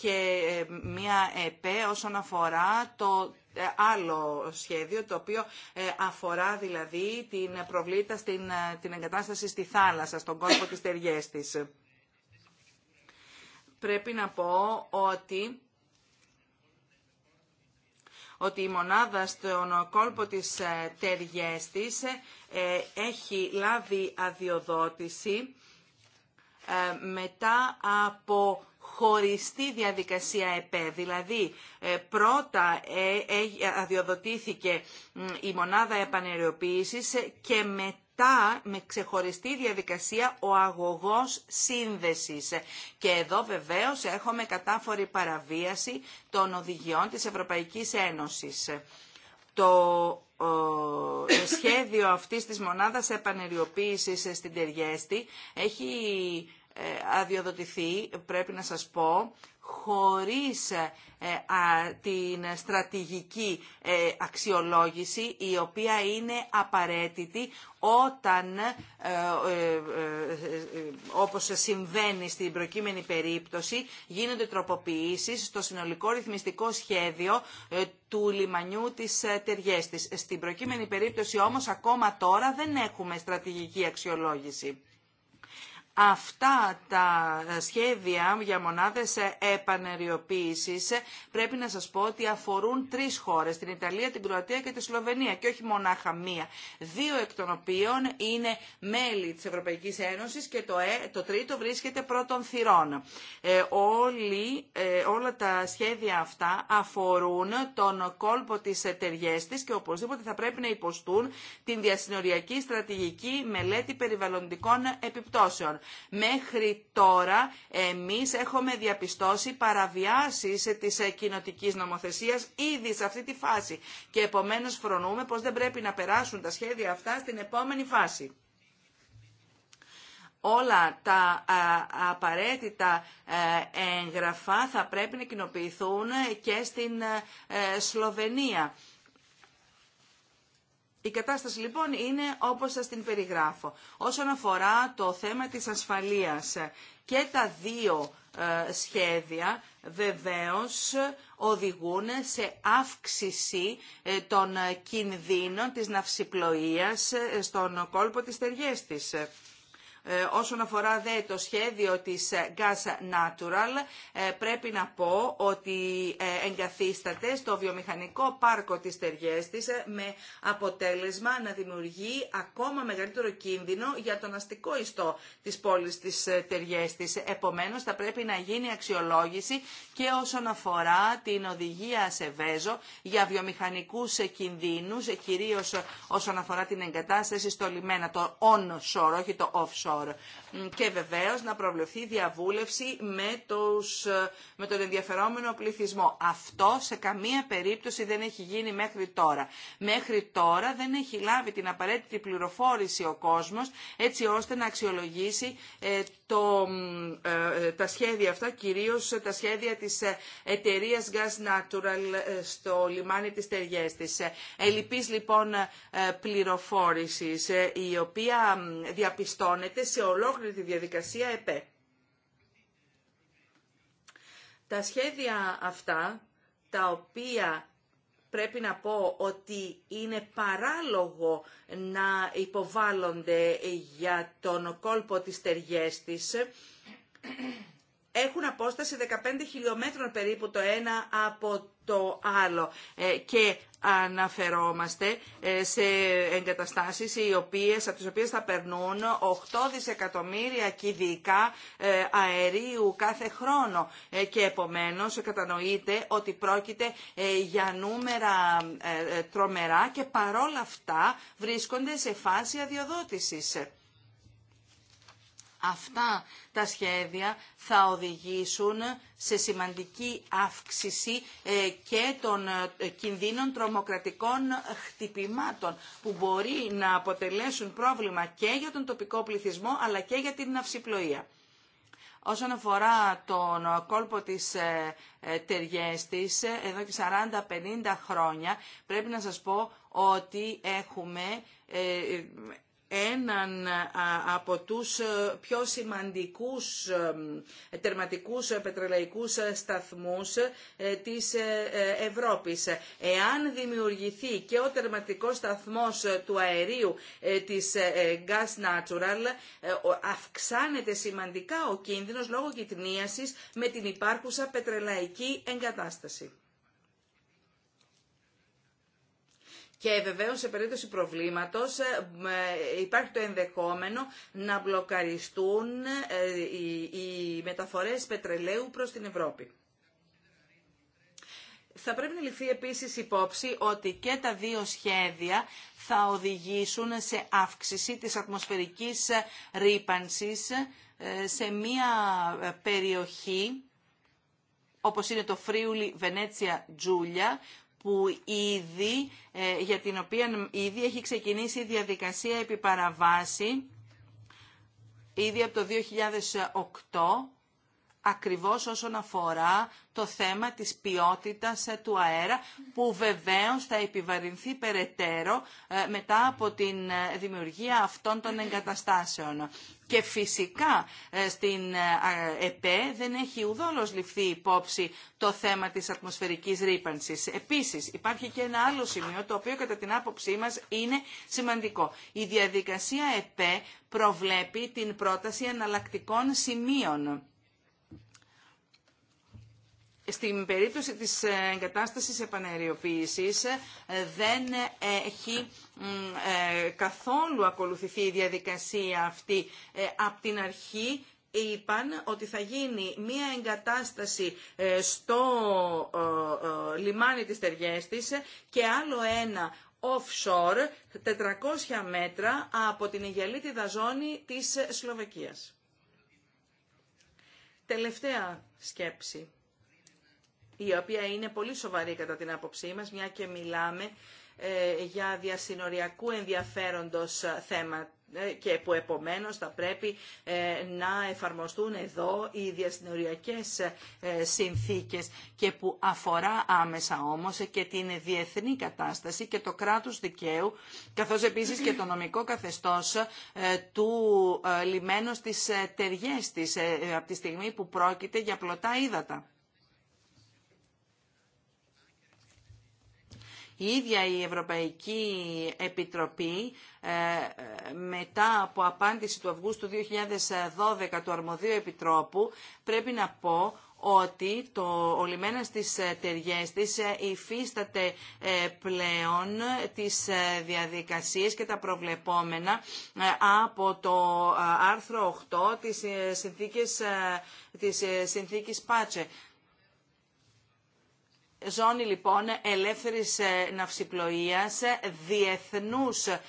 και μια ΕΠΕ όσον αφορά το ε, άλλο σχέδιο το οποίο ε, αφορά δηλαδή την προβλήτα στην ε, την εγκατάσταση στη θάλασσα, στον κόλπο της ταιριές της. Πρέπει να πω ότι ότι η μονάδα στον κόλπο της Τεριέστης έχει λάβει αδειοδότηση μετά από χωριστή διαδικασία ΕΠΕ. Δηλαδή ε, πρώτα ε, ε, αδειοδοτήθηκε η μονάδα επανεριοποίησης και μετά με ξεχωριστή διαδικασία ο αγωγός σύνδεσης. Και εδώ βεβαίως έχουμε κατάφορη παραβίαση των οδηγιών της Ευρωπαϊκής Ένωσης. Το σχέδιο αυτής της μονάδας επανεριοποίησης στην Τεριέστη έχει ε, αδειοδοτηθεί, πρέπει να σας πω, χωρίς ε, την στρατηγική ε, αξιολόγηση η οποία είναι απαραίτητη όταν, όπως συμβαίνει στην προκείμενη περίπτωση, γίνονται τροποποιήσεις στο συνολικό ρυθμιστικό σχέδιο του λιμανιού της Τεριέστης. Στην προκείμενη περίπτωση όμως ακόμα τώρα δεν έχουμε στρατηγική αξιολόγηση. Αυτά τα ε, σχέδια για μονάδες ε, επανεριοποίησης ε, πρέπει να σας πω ότι αφορούν τρεις χώρες, την Ιταλία, την Κροατία και τη Σλοβενία και όχι μονάχα μία. Δύο εκ των οποίων είναι μέλη της Ευρωπαϊκής Ένωσης και το, το τρίτο βρίσκεται πρώτων θυρών. Ε, όλοι, όλα τα σχέδια αυτά αφορούν τον κόλπο της εταιριές της και οπωσδήποτε θα πρέπει να υποστούν την διασυνοριακή στρατηγική μελέτη περιβαλλοντικών επιπτώσεων. Μέχρι τώρα εμείς έχουμε διαπιστώσει παραβιάσεις της ε, κοινοτικής νομοθεσίας ήδη σε αυτή τη φάση και επομένως φρονούμε πως δεν πρέπει να περάσουν τα σχέδια αυτά στην επόμενη φάση όλα τα απαραίτητα ε, έγγραφα θα πρέπει να κοινοποιηθούν ε, και στην Σλοβενία. Η κατάσταση λοιπόν είναι όπως σας την περιγράφω. Όσον αφορά το θέμα της ασφαλείας και τα δύο ε, σχέδια βεβαίως οδηγούν σε αύξηση ε, των ε, κινδύνων της ναυσιπλοείας στον κόλπο της της. Ε, όσον αφορά δε το σχέδιο της ε, Gas Natural, ε, πρέπει να πω ότι εγκαθίσταται στο βιομηχανικό πάρκο της Τεριέστης με αποτέλεσμα να δημιουργεί ακόμα μεγαλύτερο κίνδυνο για τον αστικό ιστό της πόλης της Τεριέστης. Επομένως, θα πρέπει να γίνει αξιολόγηση και όσον αφορά την οδηγία σε Βέζο για βιομηχανικούς κινδύνους, κυρίως όσον αφορά την εγκατάσταση στο λιμένα, το on-shore, όχι το off και βεβαίω να προβλεφθεί διαβούλευση με, ε, με τον ενδιαφερόμενο πληθυσμό. Αυτό σε καμία περίπτωση δεν έχει γίνει μέχρι τώρα. Μέχρι τώρα δεν έχει λάβει την απαραίτητη πληροφόρηση ο κόσμο έτσι ώστε να αξιολογήσει ε, το, ε, ε, τα σχέδια αυτά, κυρίως τα σχέδια της ε, εταιρείας Gas Natural στο λιμάνι της Τεριές της. λοιπόν πληροφόρησης, η οποία διαπιστώνεται σε ολόκληρη τη διαδικασία ΕΠΕ. Τα σχέδια αυτά, τα οποία πρέπει να πω ότι είναι παράλογο να υποβάλλονται για τον κόλπο της ταιριές της έχουν απόσταση 15 χιλιόμετρων περίπου το ένα από το άλλο ε, και αναφερόμαστε ε, σε εγκαταστάσεις οι οποίες, από τις οποίες θα περνούν 8 δισεκατομμύρια κυβικά ε, αερίου κάθε χρόνο και επομένως κατανοείται ότι πρόκειται για νούμερα τρομερά και παρόλα αυτά βρίσκονται σε φάση αδειοδότησης αυτά τα σχέδια θα οδηγήσουν σε σημαντική αύξηση ε, και των ε, κινδύνων τρομοκρατικών χτυπημάτων που μπορεί να αποτελέσουν πρόβλημα και για τον τοπικό πληθυσμό αλλά και για την αυσιπλοεία. Όσον αφορά τον κόλπο της ε, Τεριέστης, εδώ και 40-50 χρόνια, πρέπει να σας πω ότι έχουμε έναν από τους ε, πιο σημαντικούς ε, τερματικούς ε, πετρελαϊκούς σταθμούς της Ευρώπης. Εάν δημιουργηθεί και ο τερματικός σταθμός του αερίου της Gas Natural, αυξάνεται σημαντικά ο κίνδυνος λόγω κυτνίασης με την υπάρχουσα πετρελαϊκή εγκατάσταση. Και βεβαίω σε περίπτωση προβλήματο ε, υπάρχει το ενδεχόμενο να μπλοκαριστούν ε, οι μεταφορές πετρελαίου προς την Ευρώπη. Θα πρέπει να ληφθεί επίσης υπόψη ότι και τα δύο σχέδια θα οδηγήσουν σε αύξηση της ατμοσφαιρικής ε, ρήπανσης σε μία περιοχή όπως είναι το Φρίουλι Βενέτσια Τζούλια, που ήδη, ε, για την οποία ήδη έχει ξεκινήσει η διαδικασία επιπαραβάση ήδη από το 2008 ακριβώς όσον αφορά το θέμα της ποιότητας ε, του αέρα που βεβαίως θα επιβαρυνθεί περαιτέρω ε, μετά από την ε, δημιουργία αυτών των εγκαταστάσεων. Και φυσικά στην ΕΠΕ δεν έχει ουδόλως ληφθεί υπόψη το θέμα της ατμοσφαιρικής ρήπανσης. Επίσης υπάρχει και ένα άλλο σημείο το οποίο κατά την άποψή μας είναι σημαντικό. Η διαδικασία ΕΠΕ προβλέπει την πρόταση εναλλακτικών σημείων στην περίπτωση της εγκατάστασης επαναεριοποίησης ε, δεν έχει ε, καθόλου ακολουθηθεί η διαδικασία αυτή. Ε, από την αρχή είπαν ότι θα γίνει μία εγκατάσταση στο λιμάνι της Τεργέστης και άλλο ένα offshore 400 μέτρα από την Αιγελίτιδα ζώνη της Σλοβακίας. Τελευταία σκέψη η οποία είναι πολύ σοβαρή κατά την άποψή μας, μια και μιλάμε ε, για διασυνοριακού ενδιαφέροντος ε, θέμα ε, και που επομένως θα πρέπει να εφαρμοστούν εδώ οι διασυνοριακές συνθήκες και που αφορά άμεσα όμως και την διεθνή κατάσταση και το κράτος δικαίου καθώς επίσης και το νομικό καθεστώς του λιμένος της τεριές της από τη στιγμή που πρόκειται για πλωτά ύδατα. Η ίδια η Ευρωπαϊκή Επιτροπή ε, μετά από απάντηση του Αυγούστου 2012 του Αρμοδίου Επιτρόπου πρέπει να πω ότι το ολιμένα της ε, ταιριές της ε, υφίσταται πλέον τις διαδικασίες και τα προβλεπόμενα από το άρθρο 8 της συνθήκης, της συνθήκης Πάτσε. Ζώνη λοιπόν ελεύθερης ε, ναυσιπλοείας ε, διεθνούς ε,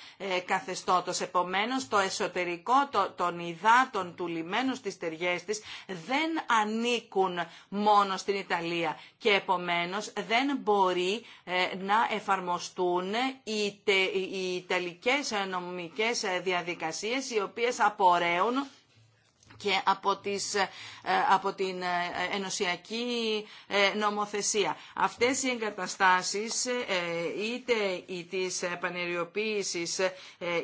καθεστώτος. Επομένως το εσωτερικό των υδάτων του λιμένου στις τεριές της δεν ανήκουν μόνο στην Ιταλία και επομένως δεν μπορεί να εφαρμοστούν οι, τε, οι ιταλικές νομικές διαδικασίες οι οποίες απορρέουν και από, τις, ε, από την ε, ενωσιακή ε, νομοθεσία. Αυτές οι εγκαταστάσεις είτε οι της πανεριοποίησης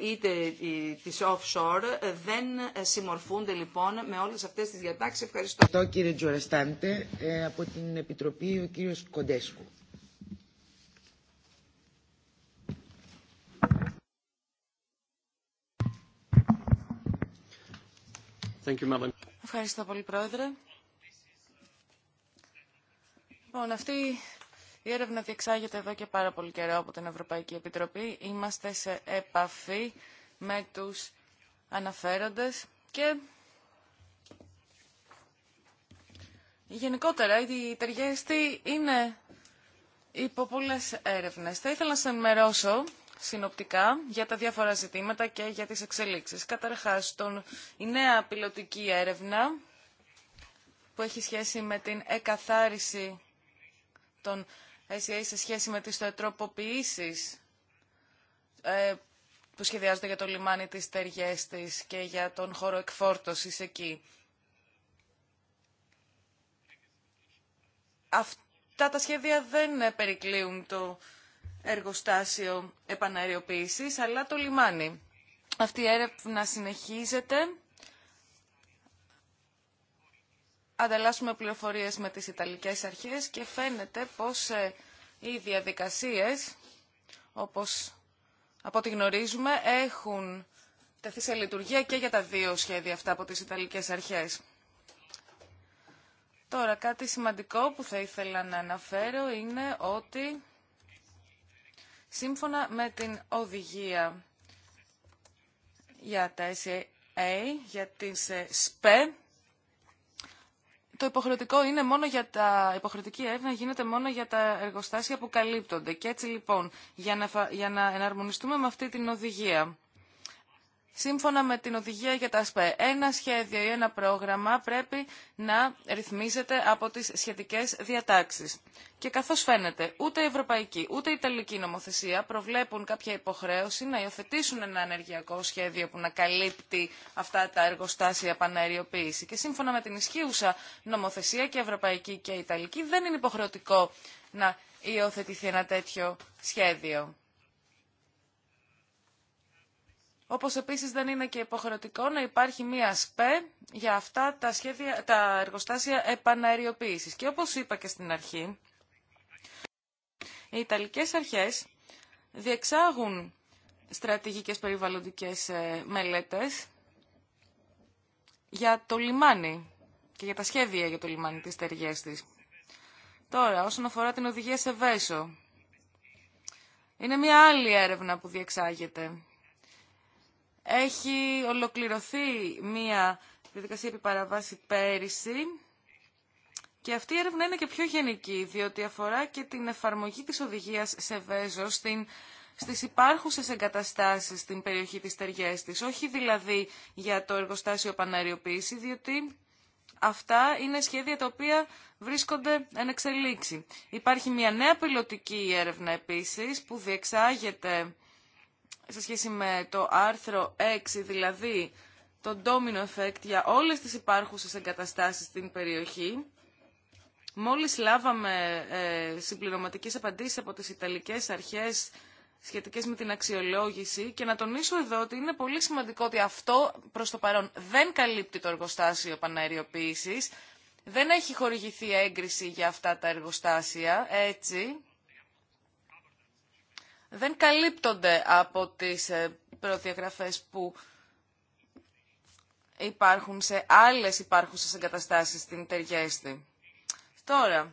είτε οι της offshore δεν συμμορφούνται λοιπόν με όλες αυτές τις διατάξεις. Ευχαριστώ. Ευχαριστώ κύριε Τζοραστάντε. από την Επιτροπή ο κύριος Κοντέσκου. Ευχαριστώ πολύ, Πρόεδρε. Λοιπόν, αυτή η έρευνα διεξάγεται εδώ και πάρα πολύ καιρό από την Ευρωπαϊκή Επιτροπή. Είμαστε σε επαφή με τους αναφέροντες και γενικότερα οι ταιριέστοι είναι υπό πολλές έρευνες. Θα ήθελα να σας ενημερώσω συνοπτικά για τα διάφορα ζητήματα και για τις εξελίξεις. Καταρχάς, τον, η νέα πιλωτική έρευνα που έχει σχέση με την εκαθάριση των SEA σε σχέση με τις τροποποιήσεις ε, που σχεδιάζονται για το λιμάνι της Τεργέστης και για τον χώρο εκφόρτωσης εκεί. Αυτά τα σχέδια δεν περικλείουν το εργοστάσιο επαναεριοποίησης, αλλά το λιμάνι. Αυτή η έρευνα συνεχίζεται. Ανταλλάσσουμε πληροφορίες με τις Ιταλικές αρχές και φαίνεται πως ε, οι διαδικασίες, όπως από ό,τι γνωρίζουμε, έχουν τεθεί σε λειτουργία και για τα δύο σχέδια αυτά από τις Ιταλικές αρχές. Τώρα, κάτι σημαντικό που θα ήθελα να αναφέρω είναι ότι Σύμφωνα με την οδηγία για τα SAA, για τις ΣΠΕ, το υποχρεωτικό είναι μόνο για τα υποχρεωτική έρευνα γίνεται μόνο για τα εργοστάσια που καλύπτονται. Και έτσι λοιπόν, για να, για να εναρμονιστούμε με αυτή την οδηγία, Σύμφωνα με την οδηγία για τα ΣΠΕ, ένα σχέδιο ή ένα πρόγραμμα πρέπει να ρυθμίζεται από τις σχετικές διατάξεις. Και καθώς φαίνεται, ούτε η Ευρωπαϊκή ούτε η Ιταλική νομοθεσία προβλέπουν κάποια υποχρέωση να υιοθετήσουν ένα ενεργειακό σχέδιο που να καλύπτει αυτά τα εργοστάσια επαναεριοποίηση. Και σύμφωνα με την ισχύουσα νομοθεσία και η Ευρωπαϊκή και η Ιταλική δεν είναι υποχρεωτικό να υιοθετηθεί ένα τέτοιο σχέδιο. Όπως επίσης δεν είναι και υποχρεωτικό να υπάρχει μία ΣΠΕ για αυτά τα, σχέδια, τα εργοστάσια επαναεριοποίησης. Και όπως είπα και στην αρχή, οι Ιταλικές αρχές διεξάγουν στρατηγικές περιβαλλοντικές ε, μελέτες για το λιμάνι και για τα σχέδια για το λιμάνι της ταιριές της. Τώρα, όσον αφορά την οδηγία σε Βέσο, είναι μια άλλη έρευνα που διεξάγεται έχει ολοκληρωθεί μία διαδικασία επιπαραβάση πέρυσι και αυτή η έρευνα είναι και πιο γενική, διότι αφορά και την εφαρμογή της οδηγίας σε Βέζο στην, στις υπάρχουσες εγκαταστάσεις στην περιοχή της Τεριέστη, Όχι δηλαδή για το εργοστάσιο παναριοποίηση, διότι αυτά είναι σχέδια τα οποία βρίσκονται εν εξελίξη. Υπάρχει μια νέα πιλωτική έρευνα επίσης που διεξάγεται σε σχέση με το άρθρο 6, δηλαδή το domino effect για όλες τις υπάρχουσες εγκαταστάσεις στην περιοχή. Μόλις λάβαμε ε, συμπληρωματικές απαντήσεις από τις Ιταλικές αρχές σχετικές με την αξιολόγηση και να τονίσω εδώ ότι είναι πολύ σημαντικό ότι αυτό προς το παρόν δεν καλύπτει το εργοστάσιο παναεριοποίησης, δεν έχει χορηγηθεί έγκριση για αυτά τα εργοστάσια, έτσι, δεν καλύπτονται από τις ε, προδιαγραφές που υπάρχουν σε άλλες υπάρχουσες εγκαταστάσεις στην Τεργέστη. Τώρα,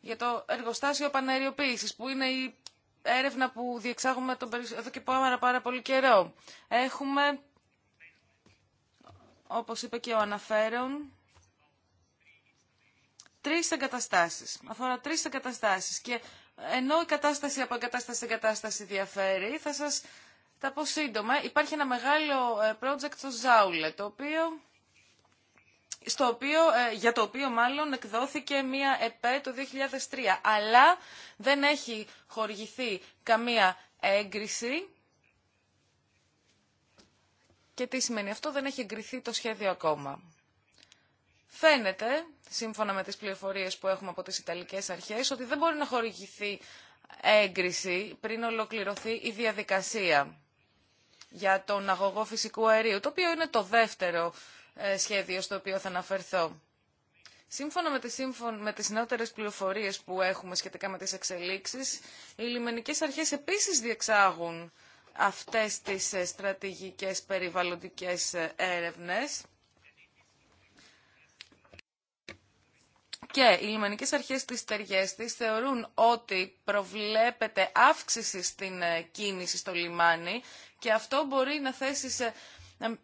για το εργοστάσιο πανεριοποίησης, που είναι η έρευνα που διεξάγουμε τον εδώ και πάρα, πάρα πολύ καιρό. Έχουμε, όπως είπε και ο αναφέρον, τρεις εγκαταστάσεις. Αφορά τρεις εγκαταστάσεις και ενώ η κατάσταση από εγκατάσταση σε εγκατάσταση διαφέρει, θα σας τα πω σύντομα. Υπάρχει ένα μεγάλο ε, project στο Ζάουλε, το οποίο, στο οποίο, ε, για το οποίο μάλλον εκδόθηκε μία ΕΠΕ το 2003, αλλά δεν έχει χορηγηθεί καμία έγκριση. Και τι σημαίνει αυτό, δεν έχει εγκριθεί το σχέδιο ακόμα. Φαίνεται, σύμφωνα με τις πληροφορίες που έχουμε από τις Ιταλικές αρχές, ότι δεν μπορεί να χορηγηθεί έγκριση πριν ολοκληρωθεί η διαδικασία για τον αγωγό φυσικού αερίου, το οποίο είναι το δεύτερο ε, σχέδιο στο οποίο θα αναφερθώ. Σύμφωνα με τις, σύμφων, με τις νεότερες πληροφορίες που έχουμε σχετικά με τις εξελίξεις, οι λιμενικές αρχές επίσης διεξάγουν αυτές τις ε, στρατηγικές περιβαλλοντικές ε, έρευνες και οι λιμανικές αρχές της Τεργέστης θεωρούν ότι προβλέπεται αύξηση στην ε, κίνηση στο λιμάνι και αυτό μπορεί να θέσει σε, να,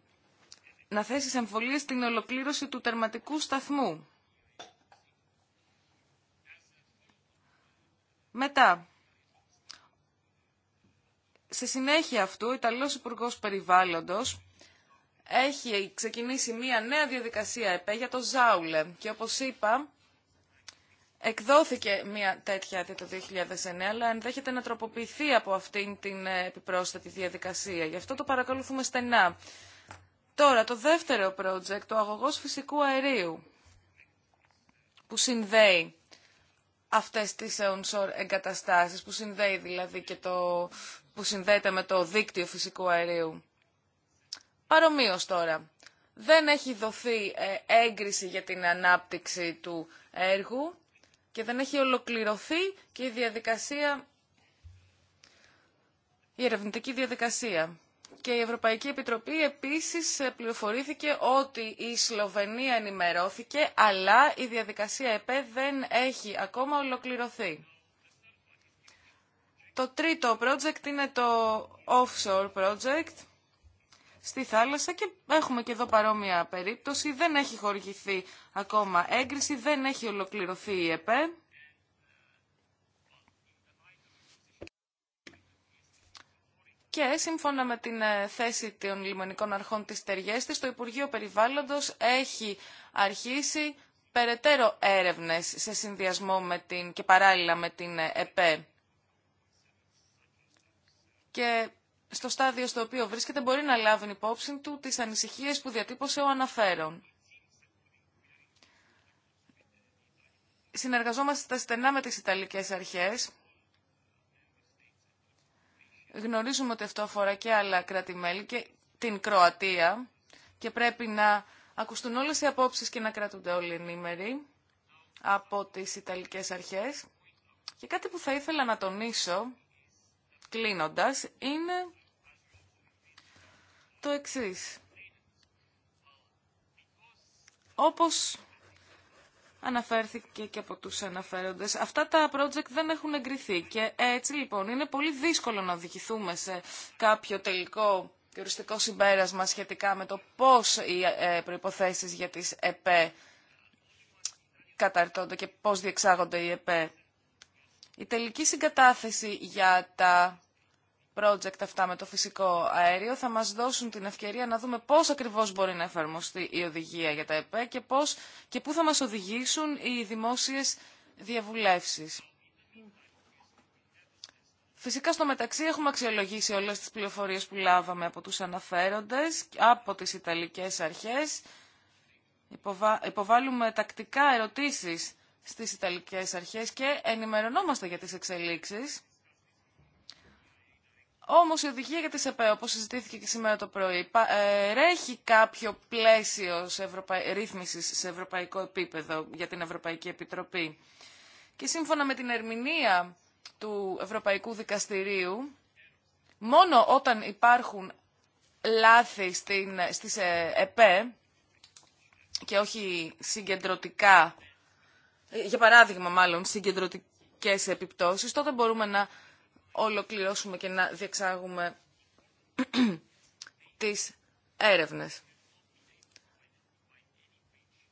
να θέσει σε εμβολία στην ολοκλήρωση του τερματικού σταθμού. Μετά, σε συνέχεια αυτού, ο Ιταλός Υπουργός Περιβάλλοντος έχει ξεκινήσει μία νέα διαδικασία ΕΠΕ για το Ζάουλε και όπως είπα εκδόθηκε μια τέτοια αιτία το 2009, αλλά ενδέχεται να τροποποιηθεί από αυτήν την ε, επιπρόσθετη διαδικασία. Γι' αυτό το παρακολουθούμε στενά. Τώρα, το δεύτερο project, ο αγωγός φυσικού αερίου, που συνδέει αυτές τις onshore εγκαταστάσεις, που συνδέει δηλαδή και το, που συνδέεται με το δίκτυο φυσικού αερίου. Παρομοίως τώρα, δεν έχει δοθεί ε, έγκριση για την ανάπτυξη του έργου, και δεν έχει ολοκληρωθεί και η διαδικασία, η ερευνητική διαδικασία. Και η Ευρωπαϊκή Επιτροπή επίσης πληροφορήθηκε ότι η Σλοβενία ενημερώθηκε, αλλά η διαδικασία ΕΠΕ δεν έχει ακόμα ολοκληρωθεί. Το τρίτο project είναι το offshore project στη θάλασσα και έχουμε και εδώ παρόμοια περίπτωση. Δεν έχει χορηγηθεί ακόμα έγκριση, δεν έχει ολοκληρωθεί η ΕΠΕ. Και σύμφωνα με την ε, θέση των λιμενικών αρχών της Τεριέστης, το Υπουργείο Περιβάλλοντος έχει αρχίσει περαιτέρω έρευνες σε συνδυασμό με την, και παράλληλα με την ε, ΕΠΕ. Και στο στάδιο στο οποίο βρίσκεται μπορεί να λάβουν υπόψη του τις ανησυχίες που διατύπωσε ο αναφέρον. Συνεργαζόμαστε στενά με τις Ιταλικές αρχές. Γνωρίζουμε ότι αυτό αφορά και άλλα κράτη-μέλη και την Κροατία και πρέπει να ακουστούν όλες οι απόψεις και να κρατούνται όλοι ενήμεροι από τις Ιταλικές αρχές. Και κάτι που θα ήθελα να τονίσω κλείνοντας, είναι το εξής. Όπως αναφέρθηκε και από τους αναφέροντες, αυτά τα project δεν έχουν εγκριθεί και έτσι λοιπόν είναι πολύ δύσκολο να οδηγηθούμε σε κάποιο τελικό και οριστικό συμπέρασμα σχετικά με το πώς οι ε, προϋποθέσεις για τις ΕΠΕ καταρτώνται και πώς διεξάγονται οι ΕΠΕ. Η τελική συγκατάθεση για τα project αυτά με το φυσικό αέριο θα μας δώσουν την ευκαιρία να δούμε πώς ακριβώς μπορεί να εφαρμοστεί η οδηγία για τα ΕΠΕ και, πώς, και πού θα μας οδηγήσουν οι δημόσιες διαβουλεύσεις. Φυσικά στο μεταξύ έχουμε αξιολογήσει όλες τις πληροφορίες που λάβαμε από τους αναφέροντες, από τις Ιταλικές αρχές. Υποβα... Υποβάλλουμε τακτικά ερωτήσεις στις Ιταλικές αρχές και ενημερωνόμαστε για τις εξελίξεις. Όμως η οδηγία για τις ΕΠΕ, όπως συζητήθηκε και σήμερα το πρωί, ε, ρέχει κάποιο πλαίσιο σε ρύθμισης σε ευρωπαϊκό επίπεδο για την Ευρωπαϊκή Επιτροπή. Και σύμφωνα με την ερμηνεία του Ευρωπαϊκού Δικαστηρίου, μόνο όταν υπάρχουν λάθη στην... στις ε, ΕΠΕ και όχι συγκεντρωτικά, ε, για παράδειγμα μάλλον συγκεντρωτικές επιπτώσεις, τότε μπορούμε να ολοκληρώσουμε και να διεξάγουμε τις έρευνες.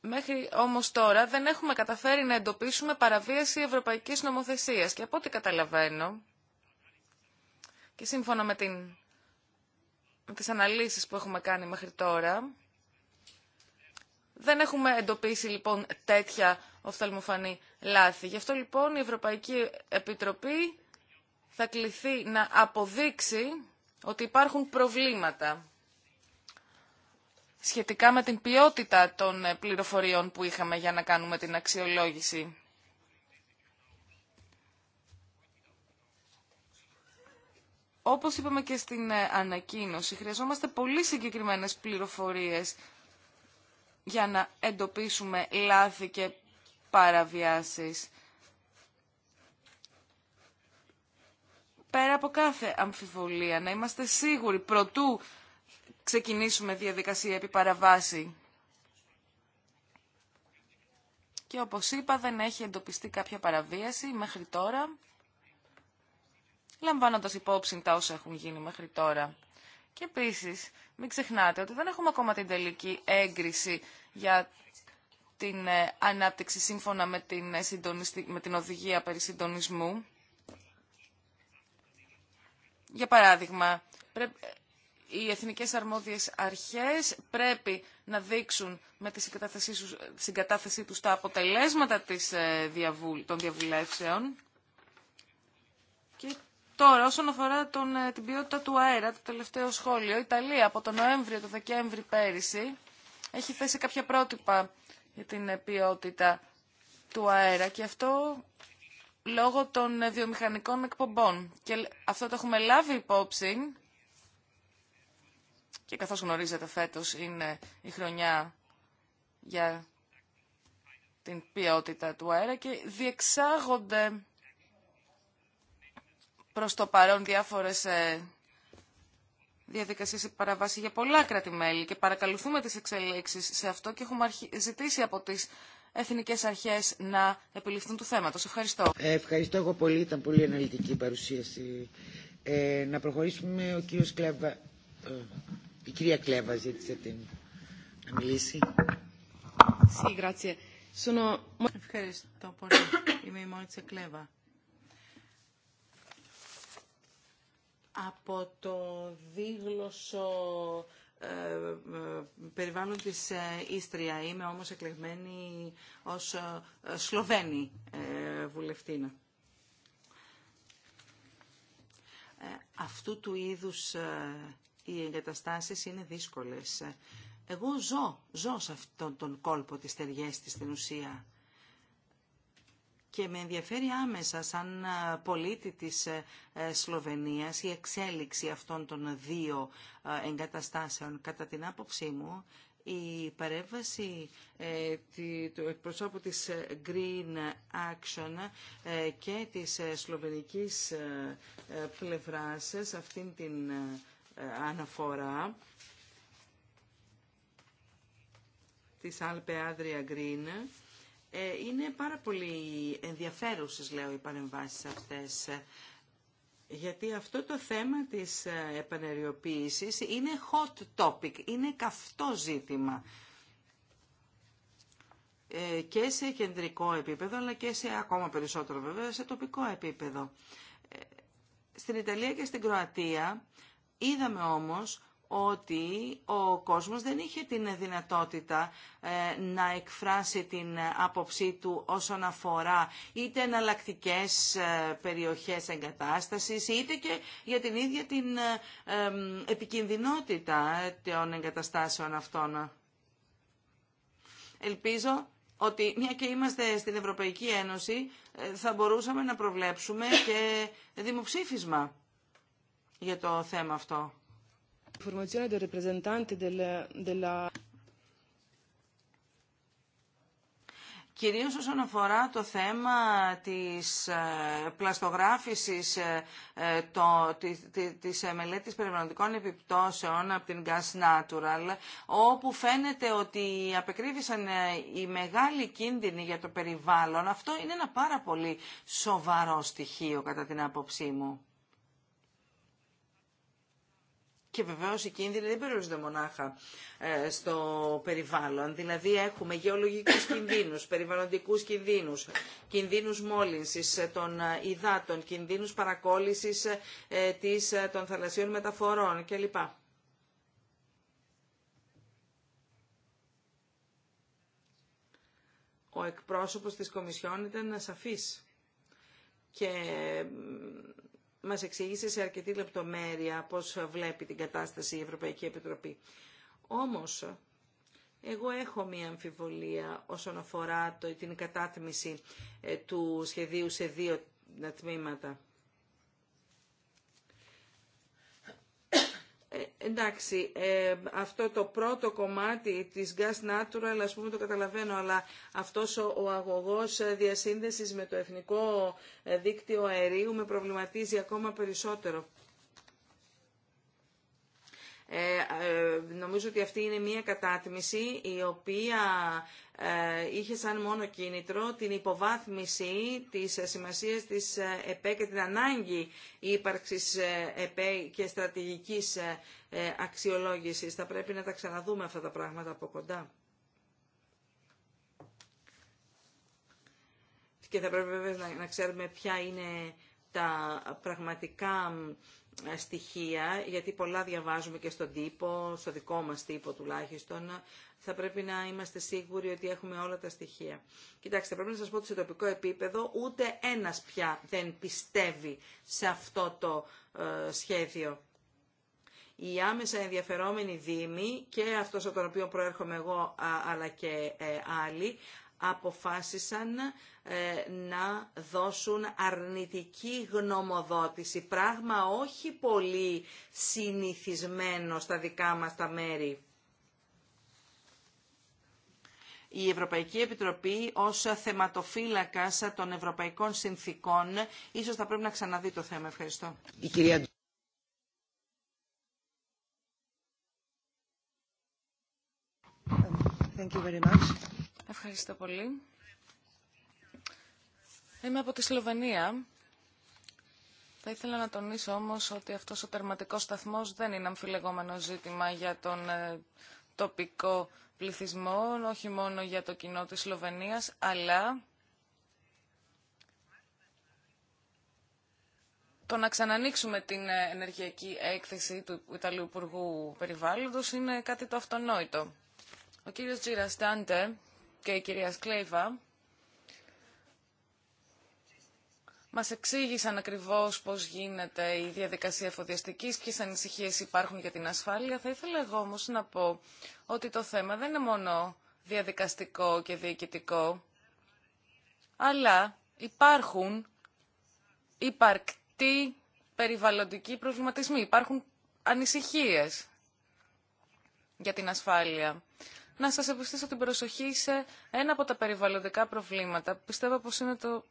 Μέχρι όμως τώρα δεν έχουμε καταφέρει να εντοπίσουμε παραβίαση ευρωπαϊκής νομοθεσίας και από ό,τι καταλαβαίνω και σύμφωνα με, την, με τις αναλύσεις που έχουμε κάνει μέχρι τώρα δεν έχουμε εντοπίσει λοιπόν τέτοια οφθαλμοφανή λάθη. Γι' αυτό λοιπόν η Ευρωπαϊκή Επιτροπή θα κληθεί να αποδείξει ότι υπάρχουν προβλήματα σχετικά με την ποιότητα των ε, πληροφοριών που είχαμε για να κάνουμε την αξιολόγηση. Όπως είπαμε και στην ε, ανακοίνωση, χρειαζόμαστε πολύ συγκεκριμένες πληροφορίες για να εντοπίσουμε λάθη και παραβιάσεις. πέρα από κάθε αμφιβολία, να είμαστε σίγουροι προτού ξεκινήσουμε διαδικασία επί παραβάση. Και όπως είπα δεν έχει εντοπιστεί κάποια παραβίαση μέχρι τώρα, λαμβάνοντας υπόψη τα όσα έχουν γίνει μέχρι τώρα. Και επίσης μην ξεχνάτε ότι δεν έχουμε ακόμα την τελική έγκριση για την ε, ανάπτυξη σύμφωνα με την, ε, με την οδηγία περί συντονισμού. Για παράδειγμα, ε, οι εθνικές αρμόδιες αρχές πρέπει να δείξουν με τη συγκατάθεσή τους τα αποτελέσματα της, ε, των διαβουλεύσεων. Και τώρα, όσον αφορά τον, ε, την ποιότητα του αέρα, το τελευταίο σχόλιο, η Ιταλία από τον Νοέμβριο, το Δεκέμβρη πέρυσι, έχει θέσει κάποια πρότυπα για την ποιότητα του αέρα και αυτό λόγω των ε, βιομηχανικών εκπομπών. Και αυτό το έχουμε λάβει υπόψη και καθώς γνωρίζετε φέτος είναι η χρονιά για την ποιότητα του αέρα και διεξάγονται προς το παρόν διάφορες ε, διαδικασίες παραβάση για πολλά κράτη-μέλη και παρακαλουθούμε τις εξελίξεις σε αυτό και έχουμε ζητήσει από τις εθνικές αρχές να επιληφθούν του θέματος. Ευχαριστώ. Ε, ευχαριστώ εγώ πολύ. Ήταν πολύ αναλυτική η παρουσίαση. Ε, να προχωρήσουμε. Ο κύριος Κλέβα, ε, η κυρία Κλέβα ζήτησε την, να μιλήσει. Ευχαριστώ πολύ. Είμαι η Μόνιτσα Κλέβα. Από το δίγλωσο... Ε, ε, περιβάλλον της ε, Ίστρια. Είμαι όμως εκλεγμένη ως Σλοβαίνη βουλευτήνα. Αυτού του είδους οι εγκαταστάσεις είναι δύσκολες. Εγώ ζω, ζω σε αυτόν τον κόλπο της ταιριές της στην ουσία και με ενδιαφέρει άμεσα σαν ε, πολίτη της ε, ε, Σλοβενίας η εξέλιξη αυτών των δύο εγκαταστάσεων. Κατά την άποψή μου, η παρέμβαση του εκπροσώπου της Green Action και της σλοβενικής πλευράς σε αυτήν την αναφορά της Alpe Adria Green ε, είναι πάρα πολύ ενδιαφέρουσες, λέω, οι παρεμβάσεις αυτές. Ε, γιατί αυτό το θέμα της ε, επανεριοποίησης είναι hot topic, είναι καυτό ζήτημα. Και σε κεντρικό επίπεδο, αλλά και σε ακόμα περισσότερο βέβαια, σε τοπικό επίπεδο. Στην Ιταλία και στην Κροατία είδαμε όμως ότι ο κόσμος δεν είχε την δυνατότητα ε, να εκφράσει την άποψή του όσον αφορά είτε εναλλακτικέ ε, περιοχές εγκατάστασης, είτε και για την ίδια την ε, επικινδυνότητα των εγκαταστάσεων αυτών. Ελπίζω ότι μια και είμαστε στην Ευρωπαϊκή Ένωση θα μπορούσαμε να προβλέψουμε και δημοψήφισμα για το θέμα αυτό. Κυρίω Κυρίως όσον αφορά το θέμα της ε, πλαστογράφησης ε, ε, τη της, περιβαλλοντικών επιπτώσεων από την Gas Natural, όπου φαίνεται ότι απεκρίβησαν οι μεγάλοι κίνδυνοι για το περιβάλλον, αυτό είναι ένα πάρα πολύ σοβαρό στοιχείο κατά την άποψή μου. Και βεβαίω οι κίνδυνοι δεν περιορίζονται μονάχα ε, στο περιβάλλον. Δηλαδή έχουμε γεωλογικού κινδύνους, περιβαλλοντικού κινδύνους, κινδύνους μόλυνσης των ε, υδάτων, κινδύνους παρακόλλησης ε, των θαλασσίων μεταφορών κλπ. ο εκπρόσωπος της Κομισιόν ήταν σαφής και μας εξήγησε σε αρκετή λεπτομέρεια πώς βλέπει την κατάσταση η Ευρωπαϊκή Επιτροπή. Όμως, εγώ έχω μία αμφιβολία όσον αφορά το, την κατάθμιση ε, του σχεδίου σε δύο τμήματα. Ε, εντάξει, ε, αυτό το πρώτο κομμάτι της Gas Natural, ας πούμε το καταλαβαίνω, αλλά αυτός ο, ο αγωγός ε, διασύνδεσης με το Εθνικό Δίκτυο Αερίου με προβληματίζει ακόμα περισσότερο. Ε, ε, νομίζω ότι αυτή είναι μια κατάτμιση η οποία ε, είχε σαν μόνο κίνητρο την υποβάθμιση της σημασίας της ΕΠΕ και την ανάγκη ύπαρξης ΕΠΕ και στρατηγικής αξιολόγησης. Θα πρέπει να τα ξαναδούμε αυτά τα πράγματα από κοντά. Και θα πρέπει βέβαια να ξέρουμε ποια είναι τα πραγματικά ε, στοιχεία, γιατί πολλά διαβάζουμε και στον τύπο, στο δικό μας τύπο τουλάχιστον, θα πρέπει να είμαστε σίγουροι ότι έχουμε όλα τα στοιχεία. Κοιτάξτε, πρέπει να σας πω ότι σε τοπικό επίπεδο ούτε ένας πια δεν πιστεύει σε αυτό το ε, σχέδιο. Οι άμεσα ενδιαφερόμενοι δήμοι και αυτός από τον οποίο προέρχομαι εγώ αλλά και ε, άλλοι αποφάσισαν ε, να δώσουν αρνητική γνωμοδότηση, πράγμα όχι πολύ συνηθισμένο στα δικά μας τα μέρη. Η Ευρωπαϊκή Επιτροπή ως θεματοφύλακας των ευρωπαϊκών συνθήκων ίσως θα πρέπει να ξαναδεί το θέμα. Ευχαριστώ. Ευχαριστώ πολύ. Είμαι από τη Σλοβενία. Θα ήθελα να τονίσω όμως ότι αυτός ο τερματικός σταθμός δεν είναι αμφιλεγόμενο ζήτημα για τον ε, τοπικό πληθυσμό, όχι μόνο για το κοινό της Σλοβενίας, αλλά το να ξανανοίξουμε την ε, ενεργειακή έκθεση του Ιταλού Υπουργού Περιβάλλοντος είναι κάτι το αυτονόητο. Ο κύριος Τζιραστάντε και η κυρία Σκλέιβα μας εξήγησαν ακριβώς πώς γίνεται η διαδικασία εφοδιαστικής, ποιες ανησυχίες υπάρχουν για την ασφάλεια. Θα ήθελα εγώ όμως να πω ότι το θέμα δεν είναι μόνο διαδικαστικό και διοικητικό, αλλά υπάρχουν υπαρκτοί περιβαλλοντικοί προβληματισμοί, υπάρχουν ανησυχίες για την ασφάλεια να σας επιστήσω την προσοχή σε ένα από τα περιβαλλοντικά προβλήματα. Πιστεύω πως είναι το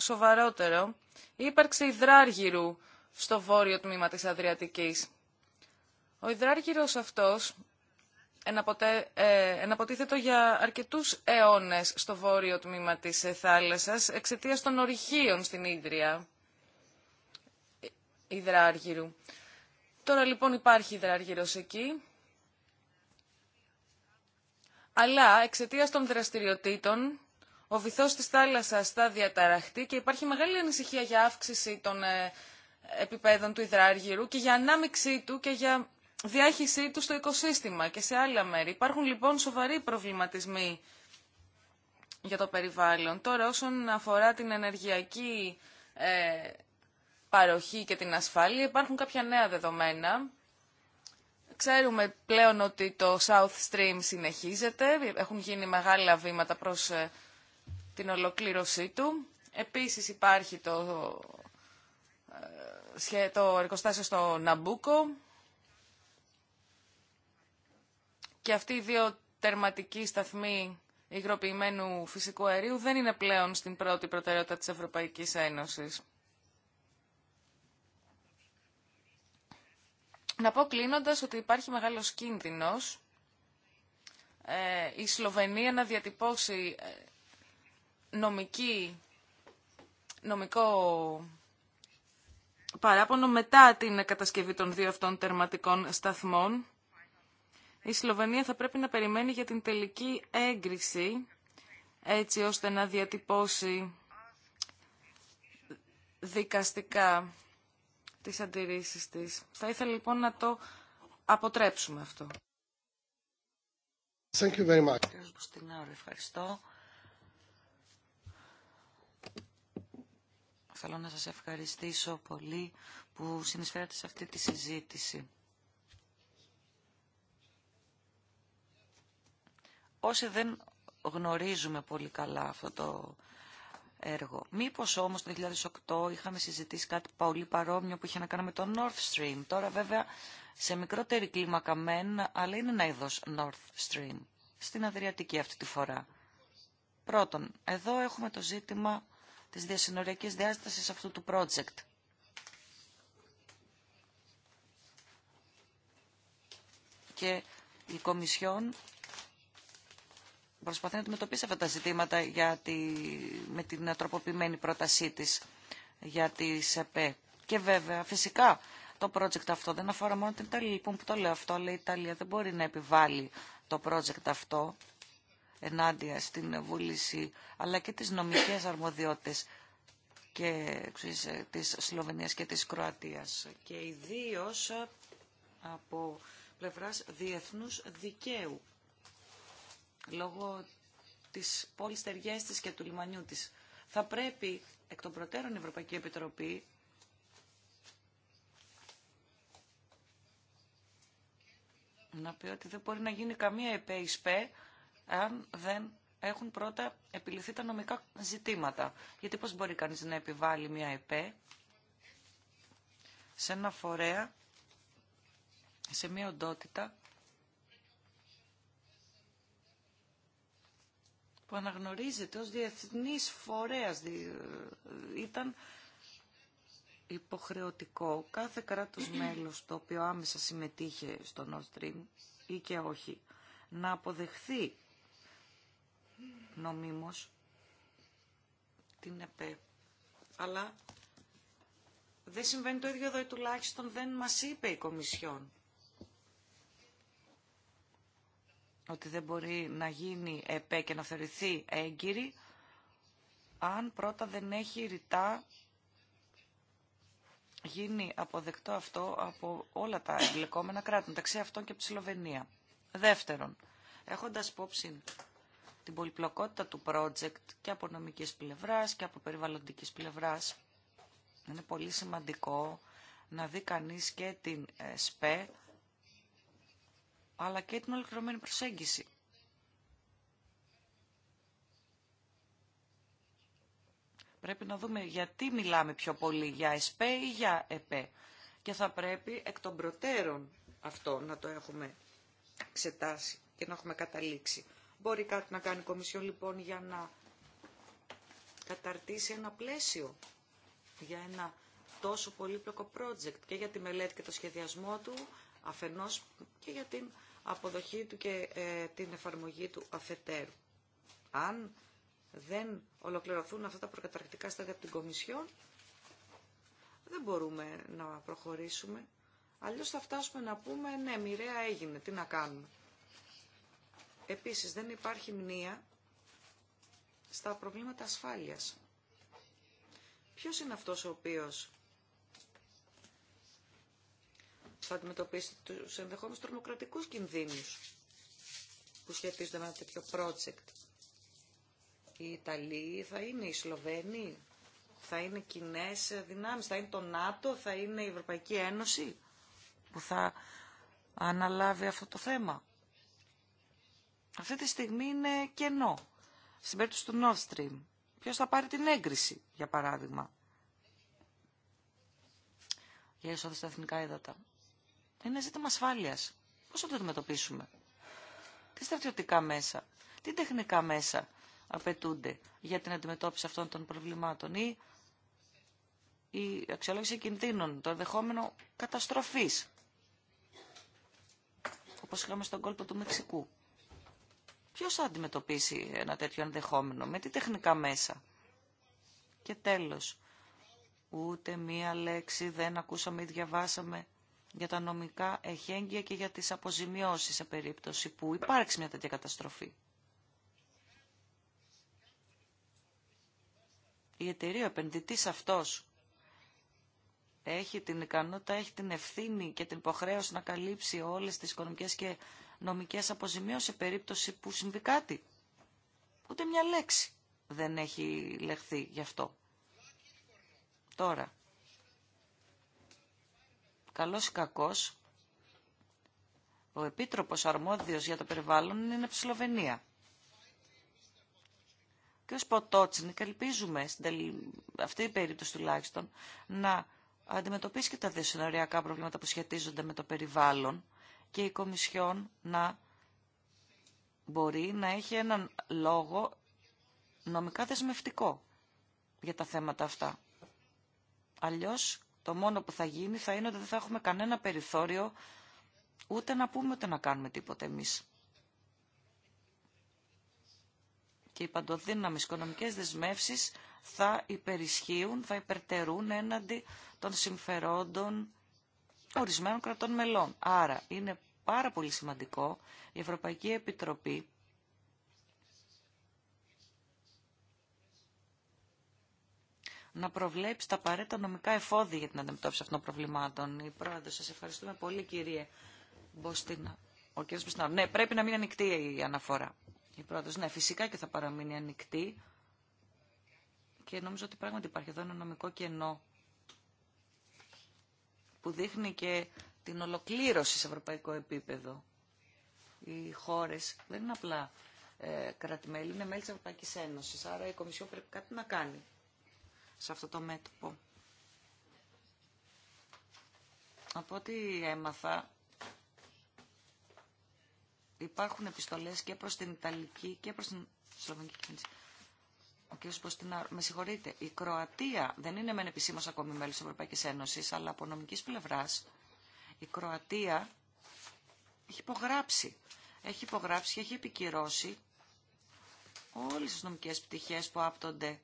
σοβαρότερο. Η ύπαρξη υδράργυρου στο βόρειο τμήμα της Αδριατικής. Ο υδράργυρος αυτός ε, εναποτίθεται για αρκετούς αιώνες στο βόρειο τμήμα της ε, θάλασσας εξαιτίας των ορυχείων στην ίδρια υδράργυρου. Τώρα λοιπόν υπάρχει υδράργυρος εκεί αλλά εξαιτία των δραστηριοτήτων ο βυθό τη θάλασσα θα διαταραχτεί και υπάρχει μεγάλη ανησυχία για αύξηση των ε, επιπέδων του υδράργυρου και για ανάμειξή του και για διάχυσή του στο οικοσύστημα και σε άλλα μέρη. Υπάρχουν λοιπόν σοβαροί προβληματισμοί για το περιβάλλον. Τώρα όσον αφορά την ενεργειακή ε, παροχή και την ασφάλεια υπάρχουν κάποια νέα δεδομένα Ξέρουμε πλέον ότι το South Stream συνεχίζεται, έχουν γίνει μεγάλα βήματα προς ε, την ολοκλήρωσή του. Επίσης υπάρχει το, ε, το εργοστάσιο στο Ναμπούκο και αυτοί οι δύο τερματικοί σταθμοί υγροποιημένου φυσικού αερίου δεν είναι πλέον στην πρώτη προτεραιότητα της Ευρωπαϊκής Ένωσης. Να πω κλείνοντας ότι υπάρχει μεγάλος κίνδυνος ε, η Σλοβενία να διατυπώσει ε, νομική, νομικό παράπονο μετά την κατασκευή των δύο αυτών τερματικών σταθμών. Η Σλοβενία θα πρέπει να περιμένει για την τελική έγκριση έτσι ώστε να διατυπώσει δικαστικά τις αντιρρήσεις της. Θα ήθελα λοιπόν να το αποτρέψουμε αυτό. Thank you very much. Ευχαριστώ. Θέλω να σας ευχαριστήσω πολύ που συνεισφέρατε σε αυτή τη συζήτηση. Όσοι δεν γνωρίζουμε πολύ καλά αυτό το έργο. Μήπως όμως το 2008 είχαμε συζητήσει κάτι πολύ παρόμοιο που είχε να κάνει με το North Stream. Τώρα βέβαια σε μικρότερη κλίμακα μεν, αλλά είναι ένα είδος North Stream. Στην Αδριατική αυτή τη φορά. Πρώτον, εδώ έχουμε το ζήτημα της διασυνοριακής διάστασης αυτού του project. Και η Κομισιόν προσπαθεί να αντιμετωπίσει αυτά τα ζητήματα για τη, με την τροποποιημένη πρότασή της για τη ΣΕΠΕ. Και βέβαια, φυσικά, το project αυτό δεν αφορά μόνο την Ιταλία. Λοιπόν, που το λέω αυτό, αλλά η Ιταλία δεν μπορεί να επιβάλλει το project αυτό ενάντια στην βούληση, αλλά και τις νομικές αρμοδιότητες και ξέρεις, της Σλοβενίας και της Κροατίας. Και ιδίως από πλευράς διεθνούς δικαίου λόγω της πόλης ταιριές της και του λιμανιού της. Θα πρέπει εκ των προτέρων η Ευρωπαϊκή Επιτροπή να πει ότι δεν μπορεί να γίνει καμία ΕΠΕΙΣΠΕ αν δεν έχουν πρώτα επιληθεί τα νομικά ζητήματα. Γιατί πώς μπορεί κανείς να επιβάλλει μια ΕΠΕ σε ένα φορέα, σε μια οντότητα που αναγνωρίζεται ως διεθνής φορέας. Ήταν υποχρεωτικό κάθε κράτος μέλος το οποίο άμεσα συμμετείχε στο Nord Stream ή και όχι να αποδεχθεί νομίμως την ΕΠΕ. Αλλά δεν συμβαίνει το ίδιο εδώ, τουλάχιστον δεν μας είπε η Κομισιόν ότι δεν μπορεί να γίνει ΕΠΕ και να θεωρηθεί έγκυρη αν πρώτα δεν έχει ρητά γίνει αποδεκτό αυτό από όλα τα εμπλεκόμενα κράτη, μεταξύ αυτών και από τη Σλοβενία. Δεύτερον, έχοντας υπόψη την πολυπλοκότητα του project και από νομικής πλευράς και από περιβαλλοντικής πλευράς, είναι πολύ σημαντικό να δει κανείς και την ε, ΣΠΕ αλλά και την ολοκληρωμένη προσέγγιση. Πρέπει να δούμε γιατί μιλάμε πιο πολύ για ΕΣΠΕ ή για ΕΠΕ. Και θα πρέπει εκ των προτέρων αυτό να το έχουμε εξετάσει και να έχουμε καταλήξει. Μπορεί κάτι να κάνει η Κομισιόν λοιπόν για να καταρτήσει ένα πλαίσιο για ένα τόσο πολύπλοκο project και για τη μελέτη και το σχεδιασμό του αφενός και για την αποδοχή του και ε, την εφαρμογή του αφετέρου. Αν δεν ολοκληρωθούν αυτά τα προκαταρκτικά στάδια από την Κομισιόν, δεν μπορούμε να προχωρήσουμε. Αλλιώς θα φτάσουμε να πούμε, ναι, μοιραία έγινε, τι να κάνουμε. Επίσης, δεν υπάρχει μνήα στα προβλήματα ασφάλειας. Ποιος είναι αυτός ο οποίος θα αντιμετωπίσει τους ενδεχόμενους τρομοκρατικούς κινδύνους που σχετίζονται με ένα τέτοιο project. Οι Ιταλοί θα είναι οι Σλοβαίνοι, θα είναι κοινέ δυνάμεις, θα είναι το ΝΑΤΟ, θα είναι η Ευρωπαϊκή Ένωση που θα αναλάβει αυτό το θέμα. Αυτή τη στιγμή είναι κενό. Στην περίπτωση του Nord Stream, ποιος θα πάρει την έγκριση, για παράδειγμα, για εισόδηση στα εθνικά έδατα. Είναι ζήτημα ασφάλεια. Πώς θα το αντιμετωπίσουμε. Τι στρατιωτικά μέσα, τι τεχνικά μέσα απαιτούνται για την αντιμετώπιση αυτών των προβλημάτων ή η αξιολόγηση κινδύνων, το ενδεχόμενο καταστροφής, όπως είχαμε στον κόλπο του Μεξικού. Ποιο θα αντιμετωπίσει ένα τέτοιο ενδεχόμενο, με τι τεχνικά μέσα. Και τέλος, ούτε μία λέξη δεν ακούσαμε ή διαβάσαμε για τα νομικά εχέγγυα και για τις αποζημιώσεις σε περίπτωση που υπάρξει μια τέτοια καταστροφή. Η εταιρεία, ο επενδυτής αυτός, έχει την ικανότητα, έχει την ευθύνη και την υποχρέωση να καλύψει όλες τις οικονομικές και νομικές αποζημιώσεις σε περίπτωση που συμβεί κάτι. Ούτε μια λέξη δεν έχει λεχθεί γι' αυτό. Τώρα, Καλός ή κακός, ο Επίτροπος Αρμόδιος για το Περιβάλλον είναι από τη Σλοβενία. Και ως Ποτότσινικ ελπίζουμε, στην αυτή η περίπτωση τουλάχιστον, να αντιμετωπίσει και τα δυσυνοριακά προβλήματα που σχετίζονται με το περιβάλλον και η Κομισιόν να μπορεί να έχει έναν λόγο νομικά δεσμευτικό για τα θέματα αυτά. Αλλιώς το μόνο που θα γίνει θα είναι ότι δεν θα έχουμε κανένα περιθώριο ούτε να πούμε ούτε να κάνουμε τίποτα εμείς. Και οι παντοδύναμες οικονομικές δεσμεύσεις θα υπερισχύουν, θα υπερτερούν έναντι των συμφερόντων ορισμένων κρατών μελών. Άρα είναι πάρα πολύ σημαντικό η Ευρωπαϊκή Επιτροπή να προβλέψει τα απαραίτητα νομικά εφόδια για την αντιμετώπιση αυτών των προβλημάτων. Η πρόεδρο, σα ευχαριστούμε πολύ, κύριε Μποστίνα. Ο Μποστίνα. Ναι, πρέπει να μείνει ανοιχτή η αναφορά. Η πρόεδρο, ναι, φυσικά και θα παραμείνει ανοιχτή. Και νομίζω ότι πράγματι υπάρχει εδώ ένα νομικό κενό που δείχνει και την ολοκλήρωση σε ευρωπαϊκό επίπεδο. Οι χώρε δεν είναι απλά ε, κρατημέλη, είναι μέλη της Ευρωπαϊκής Ένωσης, άρα η Κομισιόν πρέπει κάτι να κάνει σε αυτό το μέτωπο. Από ό,τι έμαθα, υπάρχουν επιστολές και προς την Ιταλική και προς την Σλοβενική κυβέρνηση. Ο κ. Ποστινάρ, με συγχωρείτε, η Κροατία δεν είναι μεν επισήμως ακόμη μέλος της Ευρωπαϊκής Ένωσης, αλλά από νομικής πλευράς η Κροατία έχει υπογράψει. Έχει υπογράψει και έχει επικυρώσει όλες τις νομικές πτυχές που άπτονται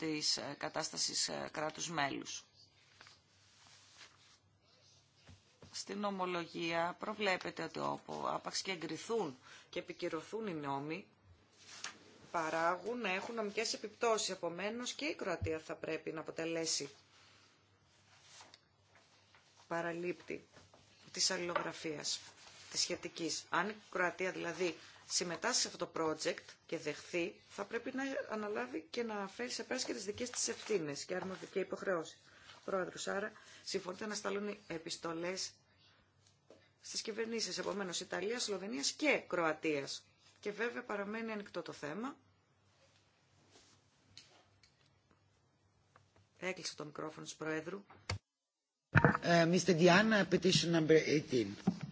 της ε, κατάστασης ε, κράτους μέλους. Στην ομολογία προβλέπεται ότι όπου άπαξ και εγκριθούν και επικυρωθούν οι νόμοι, παράγουν να έχουν νομικές επιπτώσεις. Επομένως και η Κροατία θα πρέπει να αποτελέσει παραλήπτη της αλληλογραφίας, της σχετικής. Αν η Κροατία δηλαδή συμμετάσχει σε αυτό το project και δεχθεί, θα πρέπει να αναλάβει και να φέρει σε πέρας και τις δικές της ευθύνες και υποχρεώσει. υποχρεώσεις. Πρόεδρος, άρα συμφωνείτε να σταλούν επιστολές στι κυβερνήσει, επομένω, Ιταλίας, Σλοβενία και Κροατίας. Και βέβαια παραμένει ανοιχτό το θέμα. Έκλεισε το μικρόφωνο του Προέδρου. Uh, petition number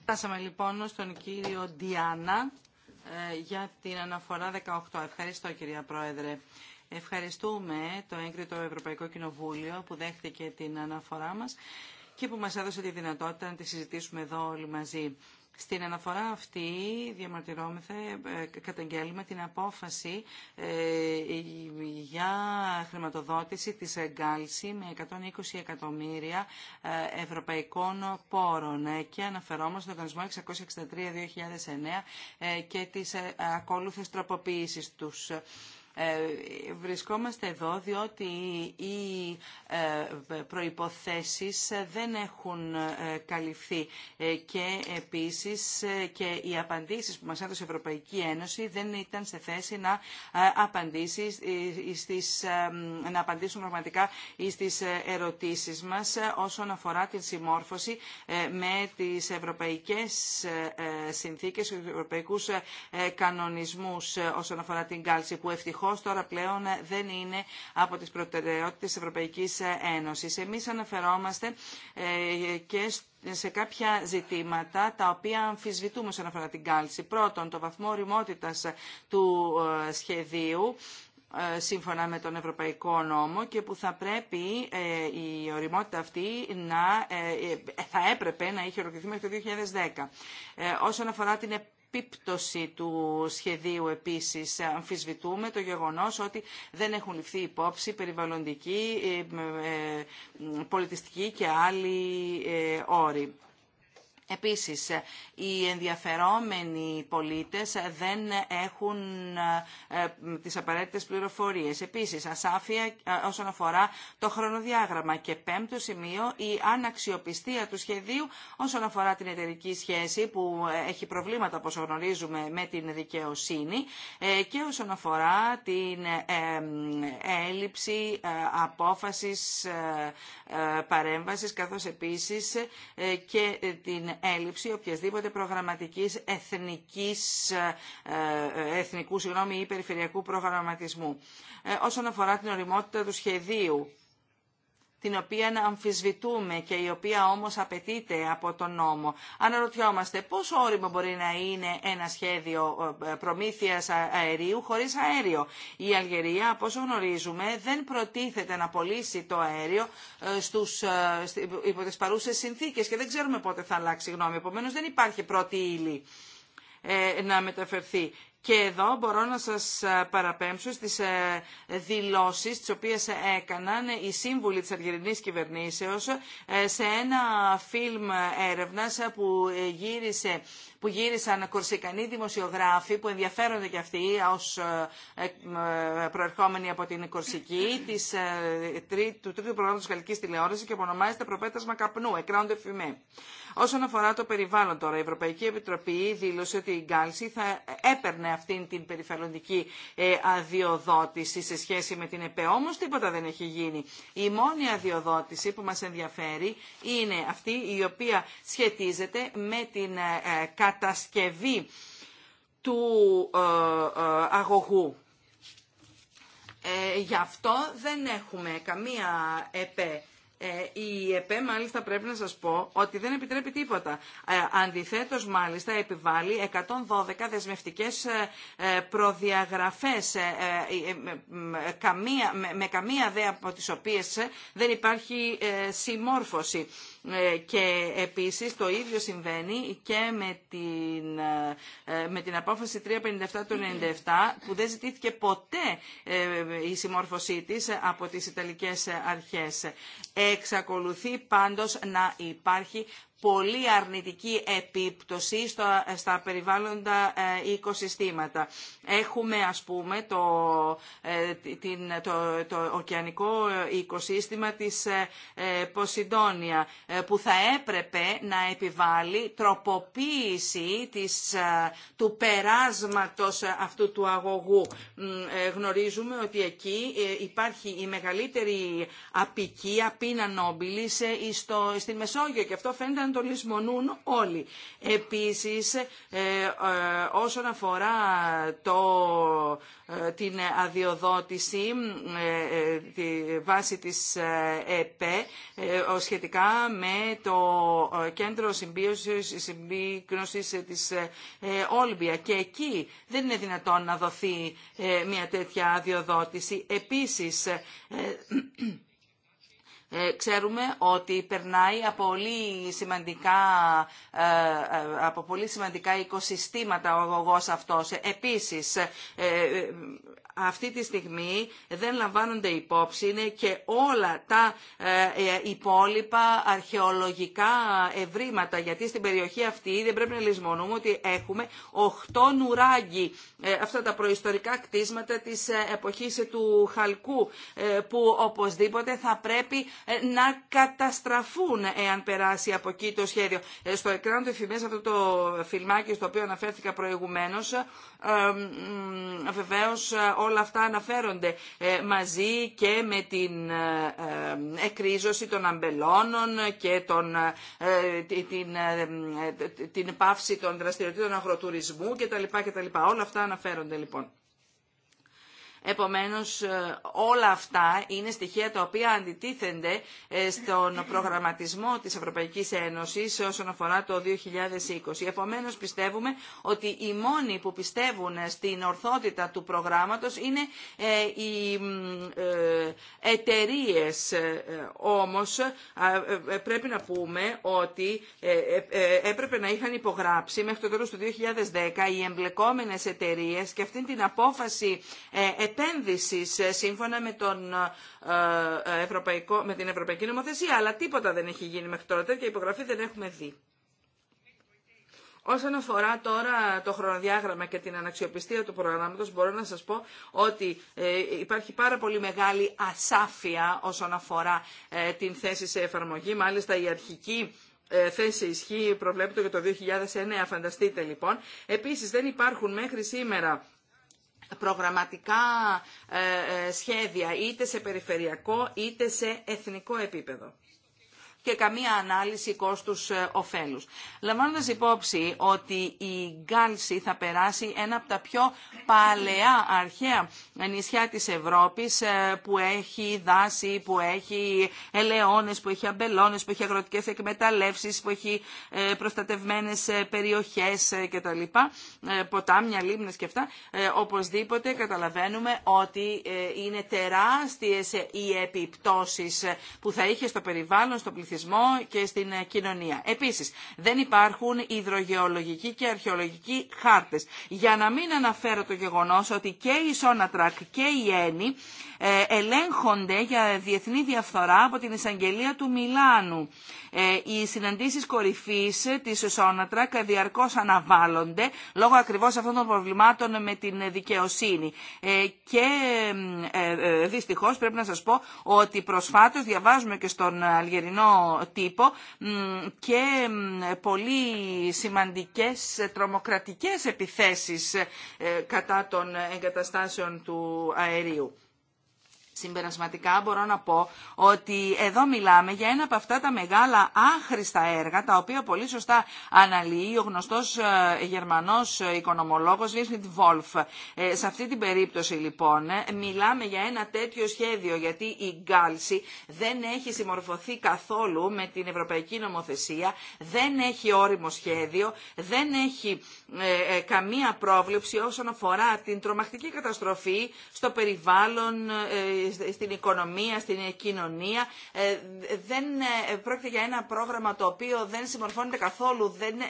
18. λοιπόν στον κύριο Διάννα. Ε, για την αναφορά 18. Ευχαριστώ κυρία Πρόεδρε. Ευχαριστούμε το έγκριτο Ευρωπαϊκό Κοινοβούλιο που δέχτηκε την αναφορά μας και που μας έδωσε τη δυνατότητα να τη συζητήσουμε εδώ όλοι μαζί. Στην αναφορά αυτή διαμαρτυρόμεθα, ε, καταγγέλουμε την απόφαση ε, για χρηματοδότηση της εγκάλση με 120 εκατομμύρια ε, ευρωπαϊκών πόρων και αναφερόμαστε στον οργανισμό 663-2009 και τις ακόλουθες τροποποιήσεις τους. Ε, βρισκόμαστε εδώ διότι οι ε, προϋποθέσεις δεν έχουν ε, καλυφθεί και επίσης και οι απαντήσεις που μας έδωσε η Ευρωπαϊκή Ένωση δεν ήταν σε θέση να να απαντήσουν πραγματικά στις ερωτήσεις μας όσον αφορά την συμμόρφωση με τις ευρωπαϊκές συνθήκες, τους ευρωπαϊκούς κανονισμούς όσον αφορά την κάλυψη που ευτυχώς σαφώς τώρα πλέον δεν είναι από τις προτεραιότητες της Ευρωπαϊκής Ένωσης. Εμείς αναφερόμαστε ε, και σε κάποια ζητήματα τα οποία αμφισβητούμε όσον αφορά την κάλυψη. Πρώτον, το βαθμό οριμότητας του ε, σχεδίου ε, σύμφωνα με τον Ευρωπαϊκό Νόμο και που θα πρέπει η οριμότητα αυτή να θα έπρεπε να είχε ολοκληρωθεί μέχρι το 2010. Όσον αφορά την επίπτωση του σχεδίου επίσης αμφισβητούμε το γεγονός ότι δεν έχουν ληφθεί υπόψη περιβαλλοντική, ε, ε, ε, πολιτιστική και άλλοι όροι. Επίσης, οι ενδιαφερόμενοι πολίτες δεν έχουν ε, τις απαραίτητες πληροφορίες. Επίσης, ασάφεια ε, όσον αφορά το χρονοδιάγραμμα. Και πέμπτο σημείο, η αναξιοπιστία του σχεδίου όσον αφορά την εταιρική σχέση που ε, έχει προβλήματα, όπως γνωρίζουμε, με την δικαιοσύνη και όσον αφορά την έλλειψη απόφασης παρέμβασης, καθώς επίσης και την έλλειψη οποιασδήποτε προγραμματικής εθνικής, ε, ε, εθνικού συγγνώμη, ή περιφερειακού προγραμματισμού. Ε, όσον αφορά την οριμότητα του σχεδίου, την οποία να αμφισβητούμε και η οποία όμως απαιτείται από τον νόμο. Αναρωτιόμαστε πόσο όριμο μπορεί να είναι ένα σχέδιο ε, προμήθειας αερίου χωρίς αέριο. Η Αλγερία, από όσο γνωρίζουμε, δεν προτίθεται να πωλήσει το αέριο ε, στους, ε, υπό τις παρούσες συνθήκες και δεν ξέρουμε πότε θα αλλάξει γνώμη. Επομένως δεν υπάρχει πρώτη ύλη να μεταφερθεί. Και εδώ μπορώ να σας ε, παραπέμψω στις ε, δηλώσεις τις οποίες έκαναν οι σύμβουλοι της Αργυρινής Κυβερνήσεως ε, σε ένα φιλμ έρευνας που, γύρισε, που γύρισαν κορσικανοί δημοσιογράφοι που ενδιαφέρονται και αυτοί ως προερχόμενοι από την Κορσική της, του τρίτου προγράμματος γαλλικής τηλεόρασης και που ονομάζεται «Προπέτασμα καπνού», εκράνονται Εφημέ. Όσον αφορά το περιβάλλον τώρα, η Ευρωπαϊκή Επιτροπή δήλωσε ότι η Γκάλση θα έπαιρνε αυτήν την περιφερλοντική ε, αδειοδότηση σε σχέση με την ΕΠΕ. Όμως τίποτα δεν έχει γίνει. Η μόνη αδειοδότηση που μας ενδιαφέρει είναι αυτή η οποία σχετίζεται με την ε, ε, κατασκευή του αγωγού. Γι' αυτό δεν έχουμε καμία ΕΠΕ. Ε, η ΕΠΕ μάλιστα πρέπει να σας πω ότι δεν επιτρέπει τίποτα. Ε, αντιθέτως μάλιστα επιβάλλει 112 δεσμευτικές προδιαγραφές με καμία δε από τις οποίες ε, δεν υπάρχει συμμόρφωση. Ε, και επίσης το ίδιο συμβαίνει και με την, ε, με την απόφαση 357 του 97 που δεν ζητήθηκε ποτέ ε, η συμμόρφωσή της από τις Ιταλικές αρχές. Εξακολουθεί πάντως να υπάρχει πολύ αρνητική επίπτωση στα περιβάλλοντα ε, οικοσυστήματα. Έχουμε, ας πούμε, το, ε, την, το, το ωκεανικό ε, οικοσύστημα της Ποσειδόνια, που θα έπρεπε να επιβάλλει τροποποίηση της, του περάσματος αυτού του αγωγού. Γνωρίζουμε ότι εκεί υπάρχει η μεγαλύτερη απικία πίνα νόμπιλης στην Μεσόγειο και αυτό φαίνεται αν το όλοι. Επίσης, ε, ε, όσον αφορά το, ε, την αδειοδότηση τη βάση της ΕΠΕ σχετικά με το κέντρο συμπίωσης, συμπίκνωσης της Όλμπια και εκεί δεν είναι δυνατόν να δοθεί μια τέτοια αδειοδότηση. Επίσης, ε, ξέρουμε ότι περνάει από πολύ σημαντικά, ε, ε, από πολύ σημαντικά οικοσυστήματα ο αγωγός αυτός. Επίσης, αυτή τη στιγμή δεν λαμβάνονται υπόψη είναι και όλα τα υπόλοιπα αρχαιολογικά ευρήματα γιατί στην περιοχή αυτή δεν πρέπει να λησμονούμε ότι έχουμε 8 νουράγγι αυτά τα προϊστορικά κτίσματα της εποχής του Χαλκού που οπωσδήποτε θα πρέπει ε, να καταστραφούν εάν περάσει από εκεί το σχέδιο. Ε, στο εκράνο του αυτό το φιλμάκι στο οποίο αναφέρθηκα προηγουμένως, ε, βεβαίως όλα αυτά αναφέρονται μαζί και με την εκρίζωση των αμπελώνων και τον, την, την πάυση των δραστηριοτήτων αγροτουρισμού κτλ. Όλα αυτά αναφέρονται λοιπόν. Επομένως ε, όλα αυτά είναι στοιχεία τα οποία αντιτίθενται ε, στον προγραμματισμό της Ευρωπαϊκής Ένωσης όσον αφορά το 2020. Επομένως πιστεύουμε ότι οι μόνοι που πιστεύουν στην ορθότητα του προγράμματος είναι ε, οι εταιρείε. Όμως πρέπει να πούμε ότι έπρεπε να είχαν υπογράψει μέχρι το τέλος του 2010 οι εμπλεκόμενες εταιρείε και αυτή την απόφαση επένδυσης ε, σύμφωνα με, τον, ε, ε, Ευρωπαϊκό, με την Ευρωπαϊκή Νομοθεσία, αλλά τίποτα δεν έχει γίνει μέχρι τώρα τέτοια υπογραφή δεν έχουμε δει. Όσον αφορά τώρα το χρονοδιάγραμμα και την αναξιοπιστία του προγράμματος, μπορώ να σας πω ότι υπάρχει πάρα πολύ μεγάλη ασάφεια όσον αφορά την θέση σε εφαρμογή. Μάλιστα η αρχική θέση ισχύει προβλέπεται για το 2009, φανταστείτε λοιπόν. Επίσης δεν υπάρχουν μέχρι σήμερα προγραμματικά ε, ε, σχέδια είτε σε περιφερειακό είτε σε εθνικό επίπεδο και καμία ανάλυση κόστους οφέλους. Ε, Λαμβάνοντας υπόψη ότι η Γκάλση θα περάσει ένα από τα πιο παλαιά αρχαία νησιά της Ευρώπης ε, που έχει δάση, που έχει ελαιώνες, που έχει αμπελώνες, που έχει αγροτικές εκμεταλλεύσεις, που έχει ε, προστατευμένες περιοχές κτλ. Ποτάμια, λίμνες και αυτά. Οπωσδήποτε καταλαβαίνουμε ότι είναι τεράστιες οι επιπτώσεις που θα είχε στο περιβάλλον, στο πληθυσμό και στην ε, κοινωνία. Επίσης, δεν υπάρχουν υδρογεολογικοί και αρχαιολογικοί χάρτες. Για να μην αναφέρω το γεγονός ότι και η Σόνατρακ και η Ένη ε, ελέγχονται για διεθνή διαφθορά από την εισαγγελία του Μιλάνου. Ε, οι συναντήσεις κορυφής της Σόνατρακ διαρκώς αναβάλλονται λόγω ακριβώς αυτών των προβλημάτων με την δικαιοσύνη. Ε, και ε, δυστυχώς πρέπει να σας πω ότι προσφάτως διαβάζουμε και στον αλγερινό τύπο και πολύ σημαντικές τρομοκρατικές επιθέσεις κατά των εγκαταστάσεων του αερίου. Συμπερασματικά μπορώ να πω ότι εδώ μιλάμε για ένα από αυτά τα μεγάλα άχρηστα έργα, τα οποία πολύ σωστά αναλύει ο γνωστός ε, γερμανός ε, οικονομολόγος Βίλφιντ Βόλφ. Ε, σε αυτή την περίπτωση λοιπόν μιλάμε για ένα τέτοιο σχέδιο, γιατί η γκάλση δεν έχει συμμορφωθεί καθόλου με την Ευρωπαϊκή Νομοθεσία, δεν έχει όριμο σχέδιο, δεν έχει καμία πρόβλεψη όσον αφορά την τρομακτική καταστροφή στο περιβάλλον στην οικονομία, στην κοινωνία. Ε, δεν ε, πρόκειται για ένα πρόγραμμα το οποίο δεν συμμορφώνεται καθόλου, δεν,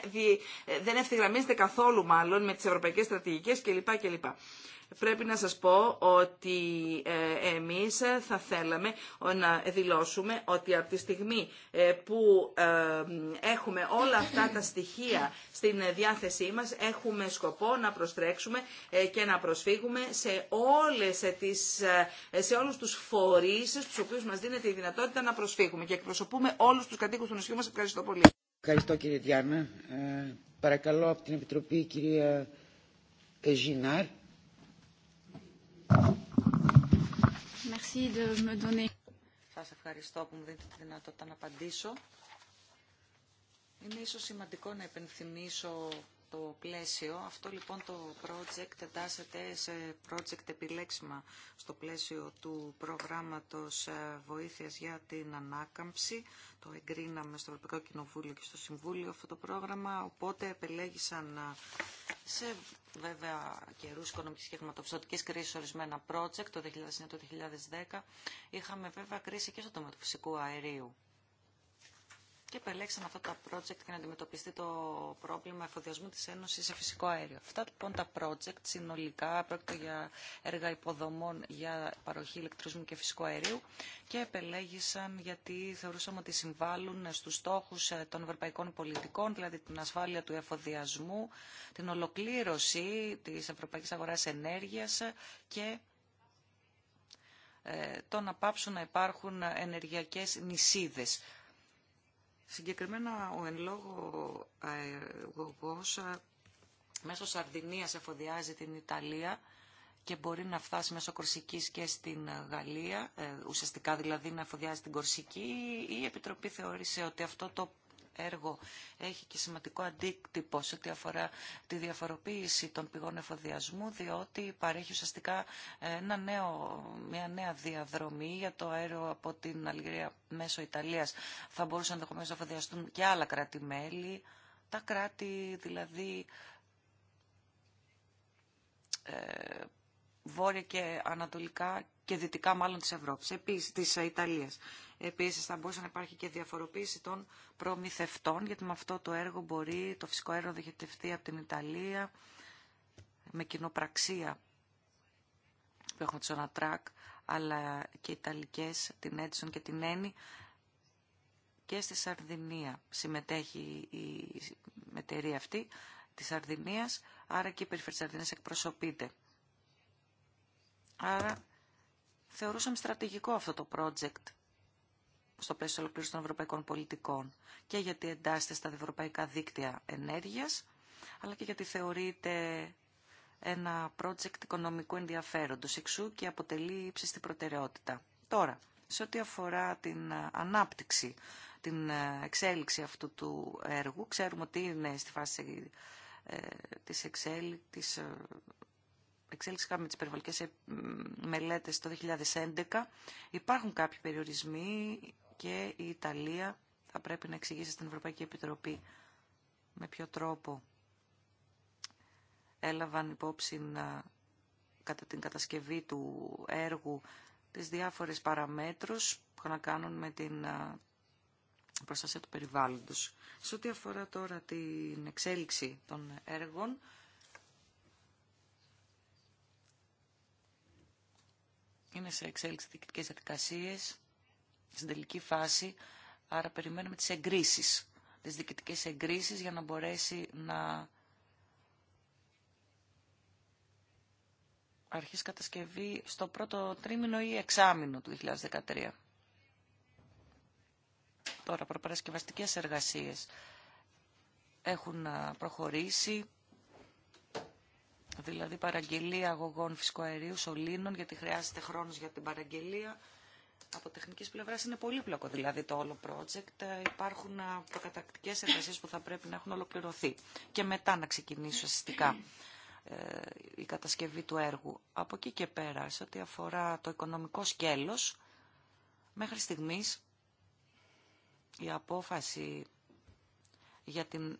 ε, ευθυγραμμίζεται καθόλου μάλλον με τις ευρωπαϊκές στρατηγικές κλπ πρέπει να σας πω ότι ε, εμείς θα θέλαμε να δηλώσουμε ότι από τη στιγμή ε, που ε, έχουμε όλα αυτά τα στοιχεία στην διάθεσή μας, έχουμε σκοπό να προστρέξουμε και να προσφύγουμε σε, όλες τις, σε όλους τους φορείς στους οποίους μας δίνεται η δυνατότητα να προσφύγουμε και εκπροσωπούμε όλους τους κατοίκους του νησιού μας. Ευχαριστώ πολύ. Ευχαριστώ κύριε Διάννα. παρακαλώ από την Επιτροπή κυρία Εζινάρ. Merci Σας ευχαριστώ που μου δίνετε τη δυνατότητα να απαντήσω. Είναι ίσως σημαντικό να υπενθυμίσω το πλαίσιο. Αυτό λοιπόν το project εντάσσεται σε project επιλέξιμα στο πλαίσιο του προγράμματος ε, βοήθειας για την ανάκαμψη. Το εγκρίναμε στο Ευρωπαϊκό Κοινοβούλιο και στο Συμβούλιο αυτό το πρόγραμμα, οπότε επελέγησαν ε, σε βέβαια καιρού οικονομική και χρηματοπιστωτική κρίση ορισμένα project το 2009-2010. Είχαμε βέβαια κρίση και στο τομέα του φυσικού αερίου και επελέξαν αυτά τα project για να αντιμετωπιστεί το πρόβλημα εφοδιασμού της Ένωσης σε φυσικό αέριο. Αυτά λοιπόν τα project συνολικά πρόκειται για έργα υποδομών για παροχή ηλεκτρισμού και φυσικού αερίου και επελέγησαν γιατί θεωρούσαμε ότι συμβάλλουν στους στόχους ε, των ευρωπαϊκών πολιτικών, δηλαδή την ασφάλεια του εφοδιασμού, την ολοκλήρωση της ευρωπαϊκής αγοράς ενέργειας και ε, το να πάψουν να υπάρχουν ενεργειακές νησίδες Συγκεκριμένα ο εν λόγω αερογός μέσω Σαρδινίας εφοδιάζει την Ιταλία και μπορεί να φτάσει μέσω Κορσικής και στην Γαλλία, ε, ουσιαστικά δηλαδή να εφοδιάζει την Κορσική. Η Επιτροπή θεώρησε ότι αυτό το έργο έχει και σημαντικό αντίκτυπο σε ό,τι αφορά τη διαφοροποίηση των πηγών εφοδιασμού, διότι παρέχει ουσιαστικά ένα νέο, μια νέα διαδρομή για το αέριο από την Αλγερία μέσω Ιταλίας. Θα μπορούσαν ενδεχομένω να εφοδιαστούν και άλλα κράτη-μέλη, τα κράτη δηλαδή ε, βόρεια και ανατολικά και δυτικά μάλλον της Ευρώπης, επίσης, της Ιταλίας. Επίσης θα μπορούσε να υπάρχει και διαφοροποίηση των προμηθευτών, γιατί με αυτό το έργο μπορεί το φυσικό έργο να από την Ιταλία με κοινοπραξία που έχουμε τη Ωνατρακ, αλλά και οι Ιταλικές, την Edison και την Eni, και στη Σαρδινία συμμετέχει η εταιρεία αυτή της Σαρδινίας, άρα και η περιφέρεια της Σαρδινίας εκπροσωπείται. Άρα θεωρούσαμε στρατηγικό αυτό το project στο πλαίσιο ολοκλήρωση των ευρωπαϊκών πολιτικών και γιατί εντάσσεται στα ευρωπαϊκά δίκτυα ενέργειας, αλλά και γιατί θεωρείται ένα project οικονομικού ενδιαφέροντος εξού και αποτελεί ύψιστη προτεραιότητα. Τώρα, σε ό,τι αφορά την ε, ανάπτυξη, την ε, εξέλιξη αυτού του έργου, ξέρουμε ότι είναι στη φάση ε, της, εξέλιξης εξέλιξη είχαμε τις περιβαλλικές ε, μελέτες το 2011. Υπάρχουν κάποιοι περιορισμοί και η Ιταλία θα πρέπει να εξηγήσει στην Ευρωπαϊκή Επιτροπή με ποιο τρόπο έλαβαν υπόψη ε, κατά την κατασκευή του έργου τις διάφορες παραμέτρους που να κάνουν με την ε, προστασία του περιβάλλοντος. Σε ό,τι αφορά τώρα την εξέλιξη των έργων, είναι σε εξέλιξη διοικητικές διαδικασίες, στην τελική φάση, άρα περιμένουμε τις εγκρίσεις, τις διοικητικές εγκρίσεις για να μπορέσει να αρχίσει κατασκευή στο πρώτο τρίμηνο ή εξάμηνο του 2013. Τώρα προπαρασκευαστικές εργασίες έχουν προχωρήσει δηλαδή παραγγελία αγωγών φυσικοαερίου, σωλήνων, γιατί χρειάζεται χρόνος για την παραγγελία. Από τεχνική πλευρά είναι πολύπλοκο δηλαδή το όλο project. Ε, υπάρχουν ε, προκατακτικέ εργασίε που θα πρέπει να έχουν ολοκληρωθεί και μετά να ξεκινήσει ουσιαστικά ε, η κατασκευή του έργου. Από εκεί και πέρα, σε ό,τι αφορά το οικονομικό σκέλος, μέχρι στιγμής η απόφαση για την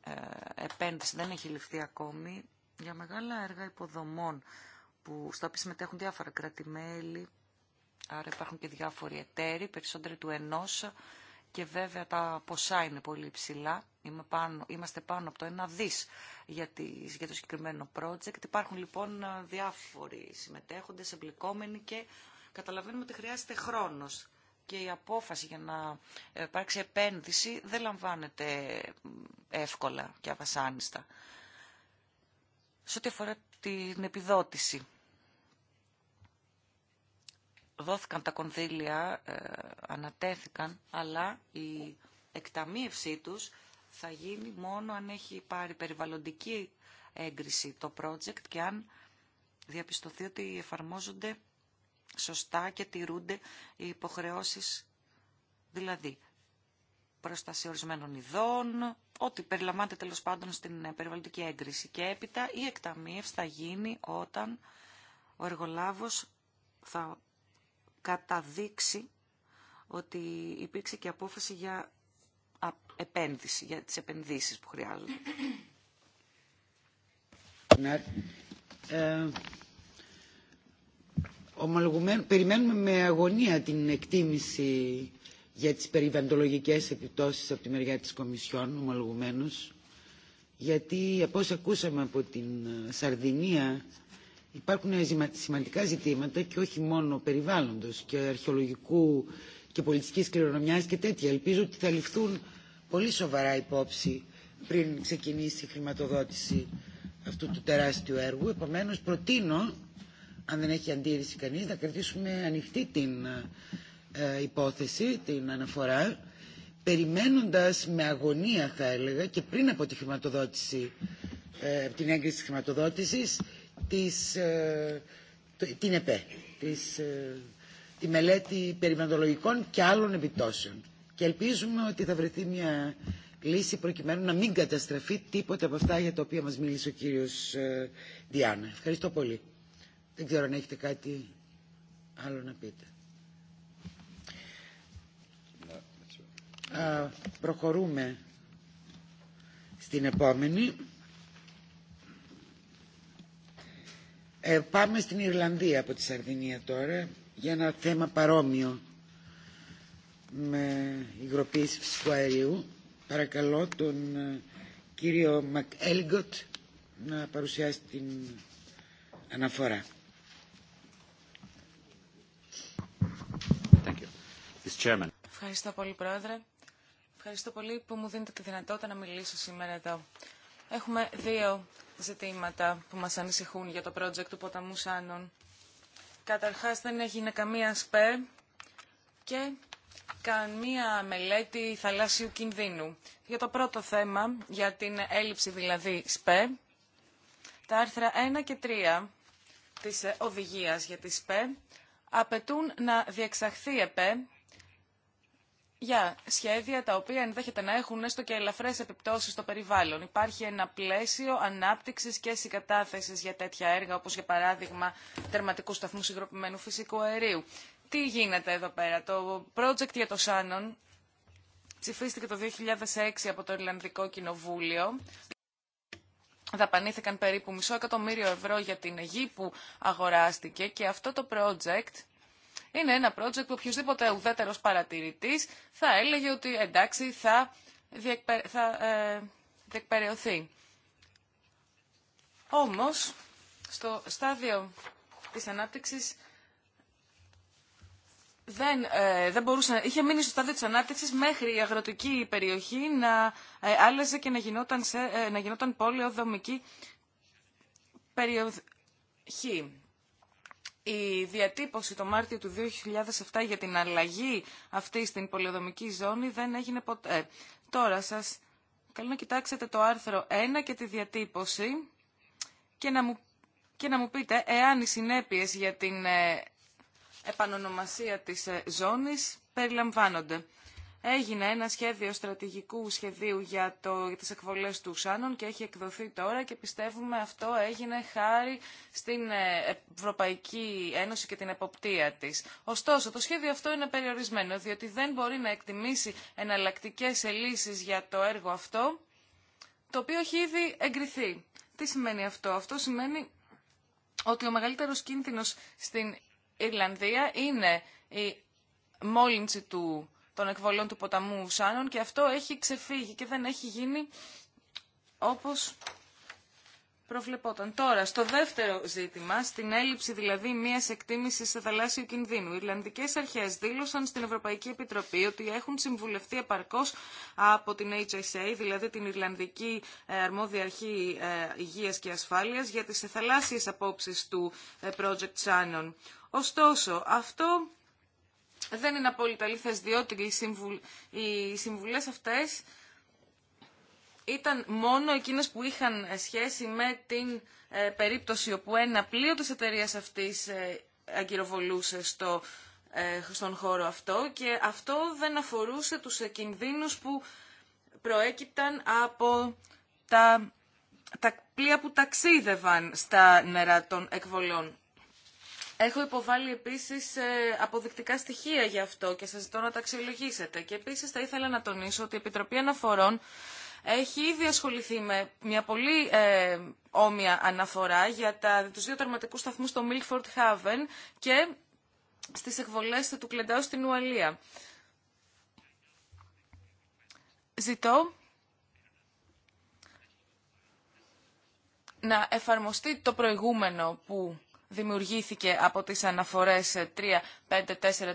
επένδυση δεν έχει ληφθεί ακόμη για μεγάλα έργα υποδομών που, στα οποία συμμετέχουν διάφορα άρα υπάρχουν και διάφοροι εταίροι, περισσότεροι του ενός και βέβαια τα ποσά είναι πολύ ψηλά. πάνω, είμαστε πάνω από το ένα δις για, για το συγκεκριμένο project. Υπάρχουν λοιπόν διάφοροι συμμετέχοντες, εμπλεκόμενοι και καταλαβαίνουμε ότι χρειάζεται χρόνος και η απόφαση για να ε, υπάρξει επένδυση δεν λαμβάνεται εύκολα και αβασάνιστα. Σε ό,τι αφορά την επιδότηση, δόθηκαν τα κονδύλια, ε, ανατέθηκαν, αλλά η εκταμείευσή τους θα γίνει μόνο αν έχει πάρει περιβαλλοντική έγκριση το project και αν διαπιστωθεί ότι εφαρμόζονται σωστά και τηρούνται οι υποχρεώσεις. Δηλαδή, Πρόσταση ορισμένων ειδών, ό,τι περιλαμβάνεται τέλο πάντων στην ε, περιβαλλοντική έγκριση. Και έπειτα η εκταμείευση θα γίνει όταν ο εργολάβος θα καταδείξει ότι υπήρξε και απόφαση για επένδυση, για τις επενδύσεις που χρειάζονται. Ναι. Ε, περιμένουμε με αγωνία την εκτίμηση για τις περιβαντολογικές επιπτώσεις από τη μεριά της Κομισιόν, ομολογουμένως, γιατί από όσα ακούσαμε από την ε, Σαρδινία υπάρχουν σημαντικά ζητήματα και όχι μόνο περιβάλλοντος και αρχαιολογικού και πολιτικής κληρονομιάς και τέτοια. Ελπίζω ότι θα ληφθούν πολύ σοβαρά υπόψη πριν ξεκινήσει η χρηματοδότηση αυτού του τεράστιου έργου. Επομένως προτείνω, αν δεν έχει αντίρρηση κανείς, να κρατήσουμε ανοιχτή την ε, ε, υπόθεση, την αναφορά, περιμένοντας με αγωνία θα έλεγα και πριν από τη χρηματοδότηση, ε, την έγκριση της χρηματοδότησης, της, ε, την ΕΠΕ, της, τη μελέτη περιβαλλοντολογικών και άλλων επιπτώσεων. Και ελπίζουμε ότι θα βρεθεί μια λύση προκειμένου να μην καταστραφεί τίποτα από αυτά για τα οποία μας μίλησε ο κύριος Διάννα. Ευχαριστώ πολύ. Δεν ξέρω αν έχετε κάτι άλλο να πείτε. προχωρούμε στην επόμενη. Ε, πάμε στην Ιρλανδία από τη Σαρδινία τώρα για ένα θέμα παρόμοιο με υγροποίηση φυσικού αερίου. Παρακαλώ τον ε, κύριο Έλγκοτ να παρουσιάσει την αναφορά. Ευχαριστώ πολύ, Πρόεδρε. Ευχαριστώ πολύ που μου δίνετε τη δυνατότητα να μιλήσω σήμερα εδώ. Έχουμε δύο ζητήματα που μας ανησυχούν για το project του ποταμού Σάνων. Καταρχάς δεν έγινε καμία ΣΠΕ και καμία μελέτη θαλάσσιου κινδύνου. Για το πρώτο θέμα, για την έλλειψη δηλαδή ΣΠΕ, τα άρθρα 1 και 3 της οδηγίας για τη ΣΠΕ απαιτούν να διεξαχθεί ΕΠΕ για σχέδια τα οποία ενδέχεται να έχουν έστω και ελαφρές επιπτώσεις στο περιβάλλον. Υπάρχει ένα πλαίσιο ανάπτυξης και συγκατάθεσης για τέτοια έργα, όπως για παράδειγμα τερματικού σταθμού συγκροπημένου φυσικού αερίου. Τι γίνεται εδώ πέρα. Το project για το Σάνον ψηφίστηκε το 2006 από το Ιρλανδικό Κοινοβούλιο. Δαπανήθηκαν περίπου μισό εκατομμύριο ευρώ για την γη που αγοράστηκε και αυτό το project είναι ένα project που οποιοδήποτε ουδέτερος παρατηρητής θα έλεγε ότι εντάξει θα, διεκπε... θα ε, διεκπεραιωθεί. Όμως, στο στάδιο της ανάπτυξης δεν, ε, δεν μπορούσε, είχε μείνει στο στάδιο της ανάπτυξης μέχρι η αγροτική περιοχή να ε, άλλαζε και να γινόταν, σε, ε, να γινόταν πόλεο δομική περιοχή η διατύπωση το Μάρτιο του 2007 για την αλλαγή αυτή στην πολυοδομική ζώνη δεν έγινε ποτέ. Ε, τώρα σας καλώ να κοιτάξετε το άρθρο 1 και τη διατύπωση και να μου, και να μου πείτε εάν οι συνέπειες για την ε, επανονομασία της ε, ζώνης περιλαμβάνονται. Έγινε ένα σχέδιο στρατηγικού σχεδίου για, το, για τις εκβολές του Σάνων και έχει εκδοθεί τώρα και πιστεύουμε αυτό έγινε χάρη στην ε, Ευρωπαϊκή Ένωση και την εποπτεία της. Ωστόσο, το σχέδιο αυτό είναι περιορισμένο, διότι δεν μπορεί να εκτιμήσει εναλλακτικέ λύσεις για το έργο αυτό, το οποίο έχει ήδη εγκριθεί. Τι σημαίνει αυτό. Αυτό σημαίνει ότι ο μεγαλύτερος κίνδυνος στην Ιρλανδία είναι η μόλυνση του των εκβολών του ποταμού Σάνων και αυτό έχει ξεφύγει και δεν έχει γίνει όπως προβλεπόταν. Τώρα, στο δεύτερο ζήτημα, στην έλλειψη δηλαδή μιας εκτίμησης σε θαλάσσιο κινδύνου, οι Ιρλανδικές αρχές δήλωσαν στην Ευρωπαϊκή Επιτροπή ότι έχουν συμβουλευτεί επαρκώς από την HSA, δηλαδή την Ιρλανδική ε, Αρμόδια Αρχή ε, Υγείας και Ασφάλειας, για τις θαλάσσιες απόψεις του ε, Project Shannon. Ωστόσο, αυτό δεν είναι απόλυτα διότι οι συμβουλές αυτές ήταν μόνο εκείνες που είχαν σχέση με την ε, περίπτωση όπου ένα πλοίο της εταιρείας αυτής ε, αγκυροβολούσε στο, ε, στον χώρο αυτό και αυτό δεν αφορούσε τους κινδύνους που προέκυπταν από τα, τα πλοία που ταξίδευαν στα νερά των εκβολών. Έχω υποβάλει επίσης ε, αποδεικτικά στοιχεία για αυτό και σας ζητώ να τα αξιολογήσετε. Και επίσης θα ήθελα να τονίσω ότι η Επιτροπή Αναφορών έχει ήδη ασχοληθεί με μια πολύ ε, όμοια αναφορά για του δύο τερματικού σταθμού στο Milford Haven και στις εκβολές του Κλεντάου στην Ουαλία. Ζητώ να εφαρμοστεί το προηγούμενο που δημιουργήθηκε από τις αναφορές 4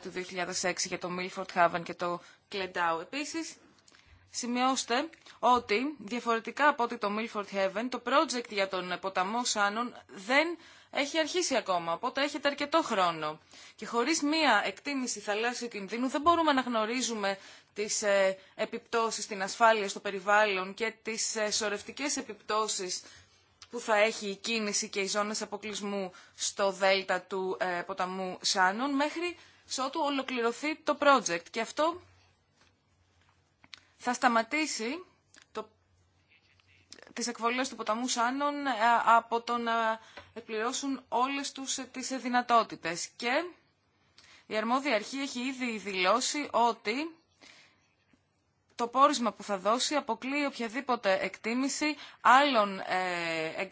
του 2006 για το Milford Haven και το Κλεντάου. Επίσης, σημειώστε ότι διαφορετικά από ότι το Milford Haven, το project για τον ποταμό Σάνων δεν έχει αρχίσει ακόμα, οπότε έχετε αρκετό χρόνο. Και χωρίς μία εκτίμηση θαλάσσιου κινδύνου δεν μπορούμε να γνωρίζουμε τις ε, επιπτώσεις στην ασφάλεια, στο περιβάλλον και τις ε, σορευτικές επιπτώσεις που θα έχει η κίνηση και οι ζώνες αποκλεισμού στο δέλτα του ε, ποταμού Σάνων μέχρι ότου ολοκληρωθεί το project. Και αυτό θα σταματήσει το, τις εκβολές του ποταμού Σάνων ε, από το να εκπληρώσουν όλες τους ε, τις δυνατότητες. Και η αρμόδια αρχή έχει ήδη δηλώσει ότι το πόρισμα που θα δώσει αποκλείει οποιαδήποτε εκτίμηση άλλων ε,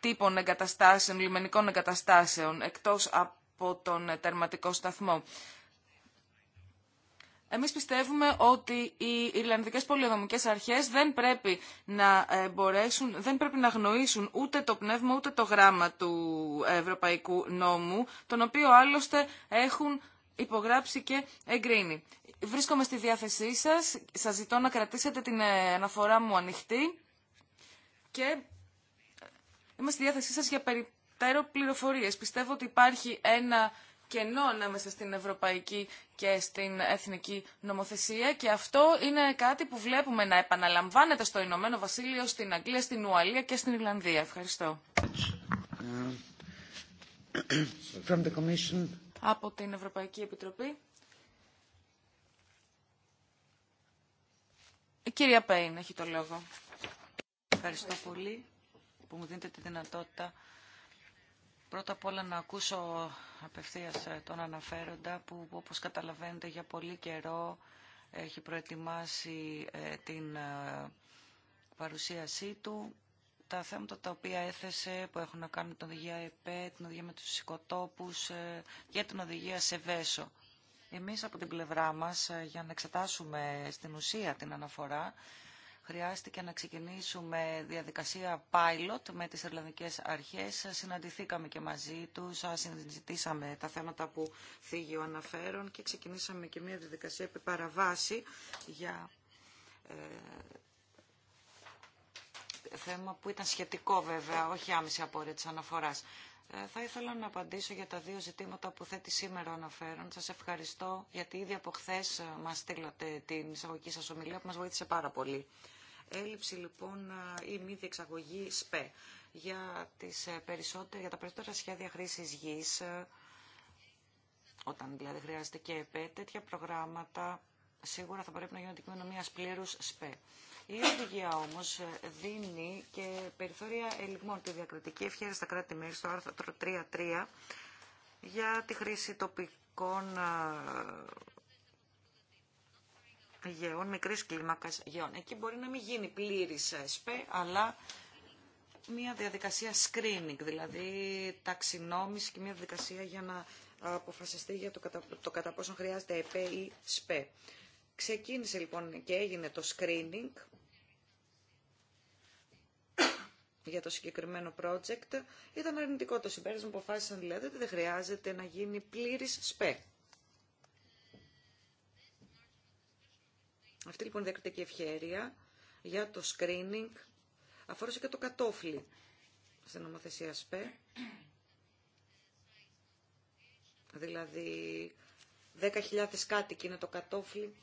τύπων εγκαταστάσεων, λιμενικών εγκαταστάσεων, εκτός από τον τερματικό σταθμό. Εμείς πιστεύουμε ότι οι Ιρλανδικές πολιοδομικές αρχές δεν πρέπει να ε, μπορέσουν, δεν πρέπει να γνωρίσουν ούτε το πνεύμα ούτε το γράμμα του Ευρωπαϊκού Νόμου, τον οποίο άλλωστε έχουν υπογράψει και εγκρίνει. Βρίσκομαι στη διάθεσή σας, σας ζητώ να κρατήσετε την ε, αναφορά μου ανοιχτή και ε, είμαι στη διάθεσή σας για περιττέρω πληροφορίες. Πιστεύω ότι υπάρχει ένα κενό ανάμεσα στην ευρωπαϊκή και στην εθνική νομοθεσία και αυτό είναι κάτι που βλέπουμε να επαναλαμβάνεται στο Ηνωμένο Βασίλειο, στην Αγγλία, στην Ουαλία και στην Ιρλανδία. Ευχαριστώ. From the commission από την Ευρωπαϊκή Επιτροπή. Η κυρία Πέιν έχει το λόγο. Ευχαριστώ πολύ που μου δίνετε τη δυνατότητα πρώτα απ' όλα να ακούσω απευθείας ε, τον αναφέροντα που όπως καταλαβαίνετε για πολύ καιρό έχει προετοιμάσει ε, την ε, παρουσίασή του τα θέματα τα οποία έθεσε που έχουν να κάνουν με την οδηγία ΕΠΕ, την οδηγία με τους οικοτόπους ε, και την οδηγία σε βέσο. Εμείς από την πλευρά μας ε, για να εξετάσουμε στην ουσία την αναφορά χρειάστηκε να ξεκινήσουμε διαδικασία pilot με τις ελληνικές Αρχές. Συναντηθήκαμε και μαζί τους, συζητήσαμε τα θέματα που θίγει ο αναφέρον και ξεκινήσαμε και μια διαδικασία επί παραβάση για ε, θέμα που ήταν σχετικό βέβαια, όχι άμεση απόρρια της αναφοράς. Ε, θα ήθελα να απαντήσω για τα δύο ζητήματα που θέτει σήμερα ο αναφέρον. Σας ευχαριστώ γιατί ήδη από χθε ε, μας στείλατε την εισαγωγική σας ομιλία που μας βοήθησε πάρα πολύ. Έλλειψη λοιπόν ε, ή μη διεξαγωγή ΣΠΕ για, τις για τα περισσότερα σχέδια χρήσης γης, όταν δηλαδή χρειάζεται και ΕΠΕ, τέτοια προγράμματα σίγουρα θα πρέπει να γίνουν αντικείμενο μιας πλήρους ΣΠΕ. Η οδηγία όμως δίνει και περιθώρια ελιγμών τη διακριτική ευχαίρεια στα κράτη-μέλη στο άρθρο 3.3 για τη χρήση τοπικών γεών, μικρής κλίμακας γεών. Εκεί μπορεί να μην γίνει πλήρης ΣΠΕ, αλλά μια διαδικασία screening, δηλαδή ταξινόμηση και μια διαδικασία για να αποφασιστεί για το κατά, το πόσο χρειάζεται ΕΠΕ ή ΣΠΕ. Ξεκίνησε λοιπόν και έγινε το screening για το συγκεκριμένο project. Ήταν αρνητικό το συμπέρασμα που αποφάσισαν δηλαδή ότι δεν χρειάζεται να γίνει πλήρης ΣΠΕ. Αυτή λοιπόν η διακριτική ευχέρεια για το screening αφορούσε και το κατόφλι στην νομοθεσία ΣΠΕ. Δηλαδή 10.000 κάτοικοι είναι το κατόφλι.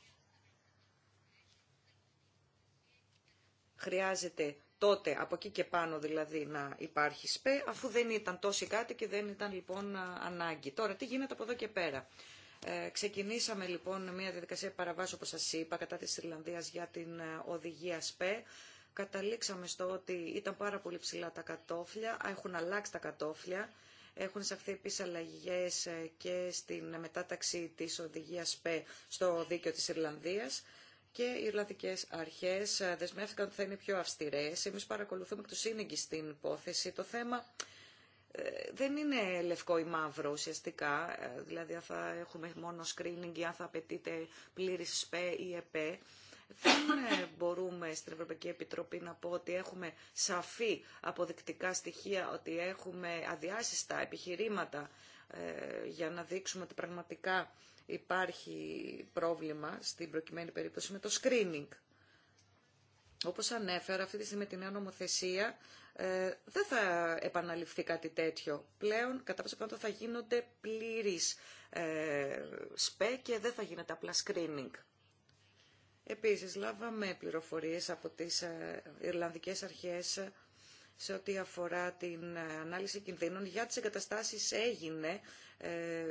Χρειάζεται τότε από εκεί και πάνω δηλαδή να υπάρχει ΣΠΕ, αφού δεν ήταν τόσοι κάτι και δεν ήταν λοιπόν ανάγκη. Τώρα τι γίνεται από εδώ και πέρα. Ε, ξεκινήσαμε λοιπόν μια διαδικασία παραβάσεων όπως σας είπα κατά της Ιρλανδίας για την ε, οδηγία ΣΠΕ. Καταλήξαμε στο ότι ήταν πάρα πολύ ψηλά τα κατόφλια, έχουν αλλάξει τα κατόφλια. Έχουν εισαχθεί επίση αλλαγέ ε, και στην μετάταξη τη οδηγία ΣΠΕ στο δίκαιο της Ιρλανδίας και οι Ιρλανδικέ αρχές ε, δεσμεύτηκαν ότι θα είναι πιο αυστηρές. Εμεί παρακολουθούμε του σύνεγγυ στην υπόθεση. Το θέμα ε, δεν είναι λευκό ή μαύρο ουσιαστικά, ε, δηλαδή αν θα έχουμε μόνο screening ή αν θα απαιτείται πλήρης ΣΠΕ ή ΕΠΕ. Δεν μπορούμε στην Ευρωπαϊκή Επιτροπή να πω ότι έχουμε σαφή αποδεικτικά στοιχεία, ότι έχουμε αδιάσυστα επιχειρήματα για να δείξουμε ότι πραγματικά υπάρχει πρόβλημα στην προκειμένη περίπτωση με το screening. Όπως ανέφερα, αυτή τη στιγμή με νέα νομοθεσία ε, δεν θα επαναληφθεί κάτι τέτοιο. Πλέον, κατά πάσα το θα γίνονται πλήρης ε, σπέ και δεν θα γίνεται απλά screening. Επίσης, λάβαμε πληροφορίες από τις ε, Ιρλανδικές αρχές σε ό,τι αφορά την ανάλυση κινδύνων. Για τις εγκαταστάσεις έγινε ε,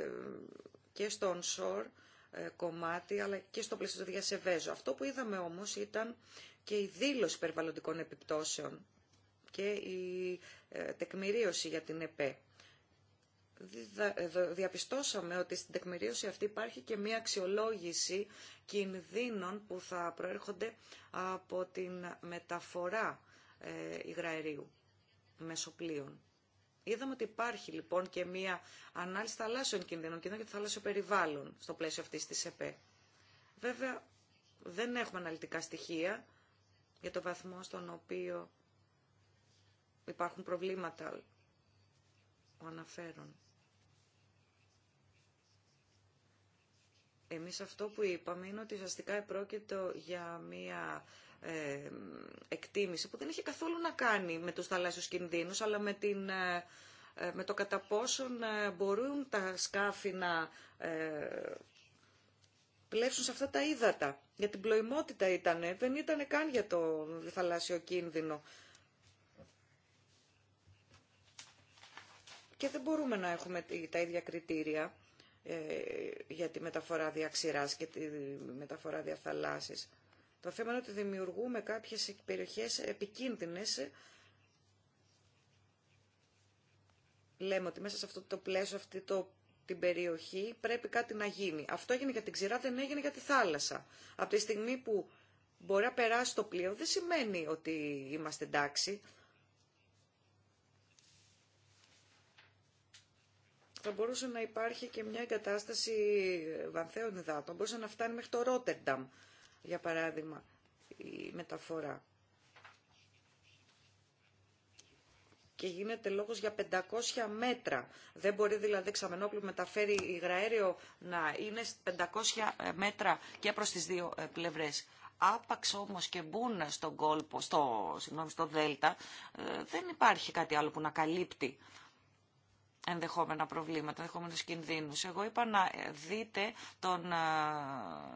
και στο onshore ε, κομμάτι, αλλά και στο πλαίσιο του διασεβέζου. Αυτό που είδαμε όμως ήταν και η δήλωση περιβαλλοντικών επιπτώσεων και η ε, τεκμηρίωση για την ΕΠΕ. Ε, διαπιστώσαμε ότι στην τεκμηρίωση αυτή υπάρχει και μία αξιολόγηση κινδύνων που θα προέρχονται από την μεταφορά υγραερίου μεσοπλίων. Είδαμε ότι υπάρχει λοιπόν και μία ανάλυση θαλάσσιων κινδύνων, κινδύνων και το θαλάσσιο περιβάλλον στο πλαίσιο αυτή τη ΕΠΕ. Βέβαια, δεν έχουμε αναλυτικά στοιχεία για το βαθμό στον οποίο υπάρχουν προβλήματα που αναφέρουν. Εμείς αυτό που είπαμε είναι ότι ουσιαστικά επρόκειτο για μία ε, εκτίμηση που δεν είχε καθόλου να κάνει με τους θαλάσσιους κινδύνους, αλλά με, την, ε, ε, με το κατά πόσον μπορούν τα σκάφη να πλέψουν σε αυτά τα ύδατα. Για την πλοημότητα ήταν, δεν ήταν καν για το θαλάσσιο κίνδυνο. Και δεν μπορούμε να έχουμε τα ίδια κριτήρια για τη μεταφορά διαξηράς και τη μεταφορά διαθαλάσσης. Το θέμα είναι ότι δημιουργούμε κάποιες περιοχές επικίνδυνες. Λέμε ότι μέσα σε αυτό το πλαίσιο, αυτή το, την περιοχή, πρέπει κάτι να γίνει. Αυτό έγινε για την ξηρά, δεν έγινε για τη θάλασσα. Από τη στιγμή που μπορεί να περάσει το πλοίο, δεν σημαίνει ότι είμαστε εντάξει. θα μπορούσε να υπάρχει και μια εγκατάσταση βανθέων υδάτων. Μπορούσε να φτάνει μέχρι το Ρότερνταμ για παράδειγμα, η μεταφορά. και γίνεται λόγος για 500 μέτρα. Δεν μπορεί δηλαδή ξαμενόπλου που μεταφέρει υγραέριο να είναι 500 ε, μέτρα και προς τις δύο ε, πλευρές. Άπαξ όμως και μπουν στον κόλπο, στο, στο δέλτα, ε, δεν υπάρχει κάτι άλλο που να καλύπτει ενδεχόμενα προβλήματα, ενδεχόμενους κινδύνους. Εγώ είπα να δείτε τον, ε,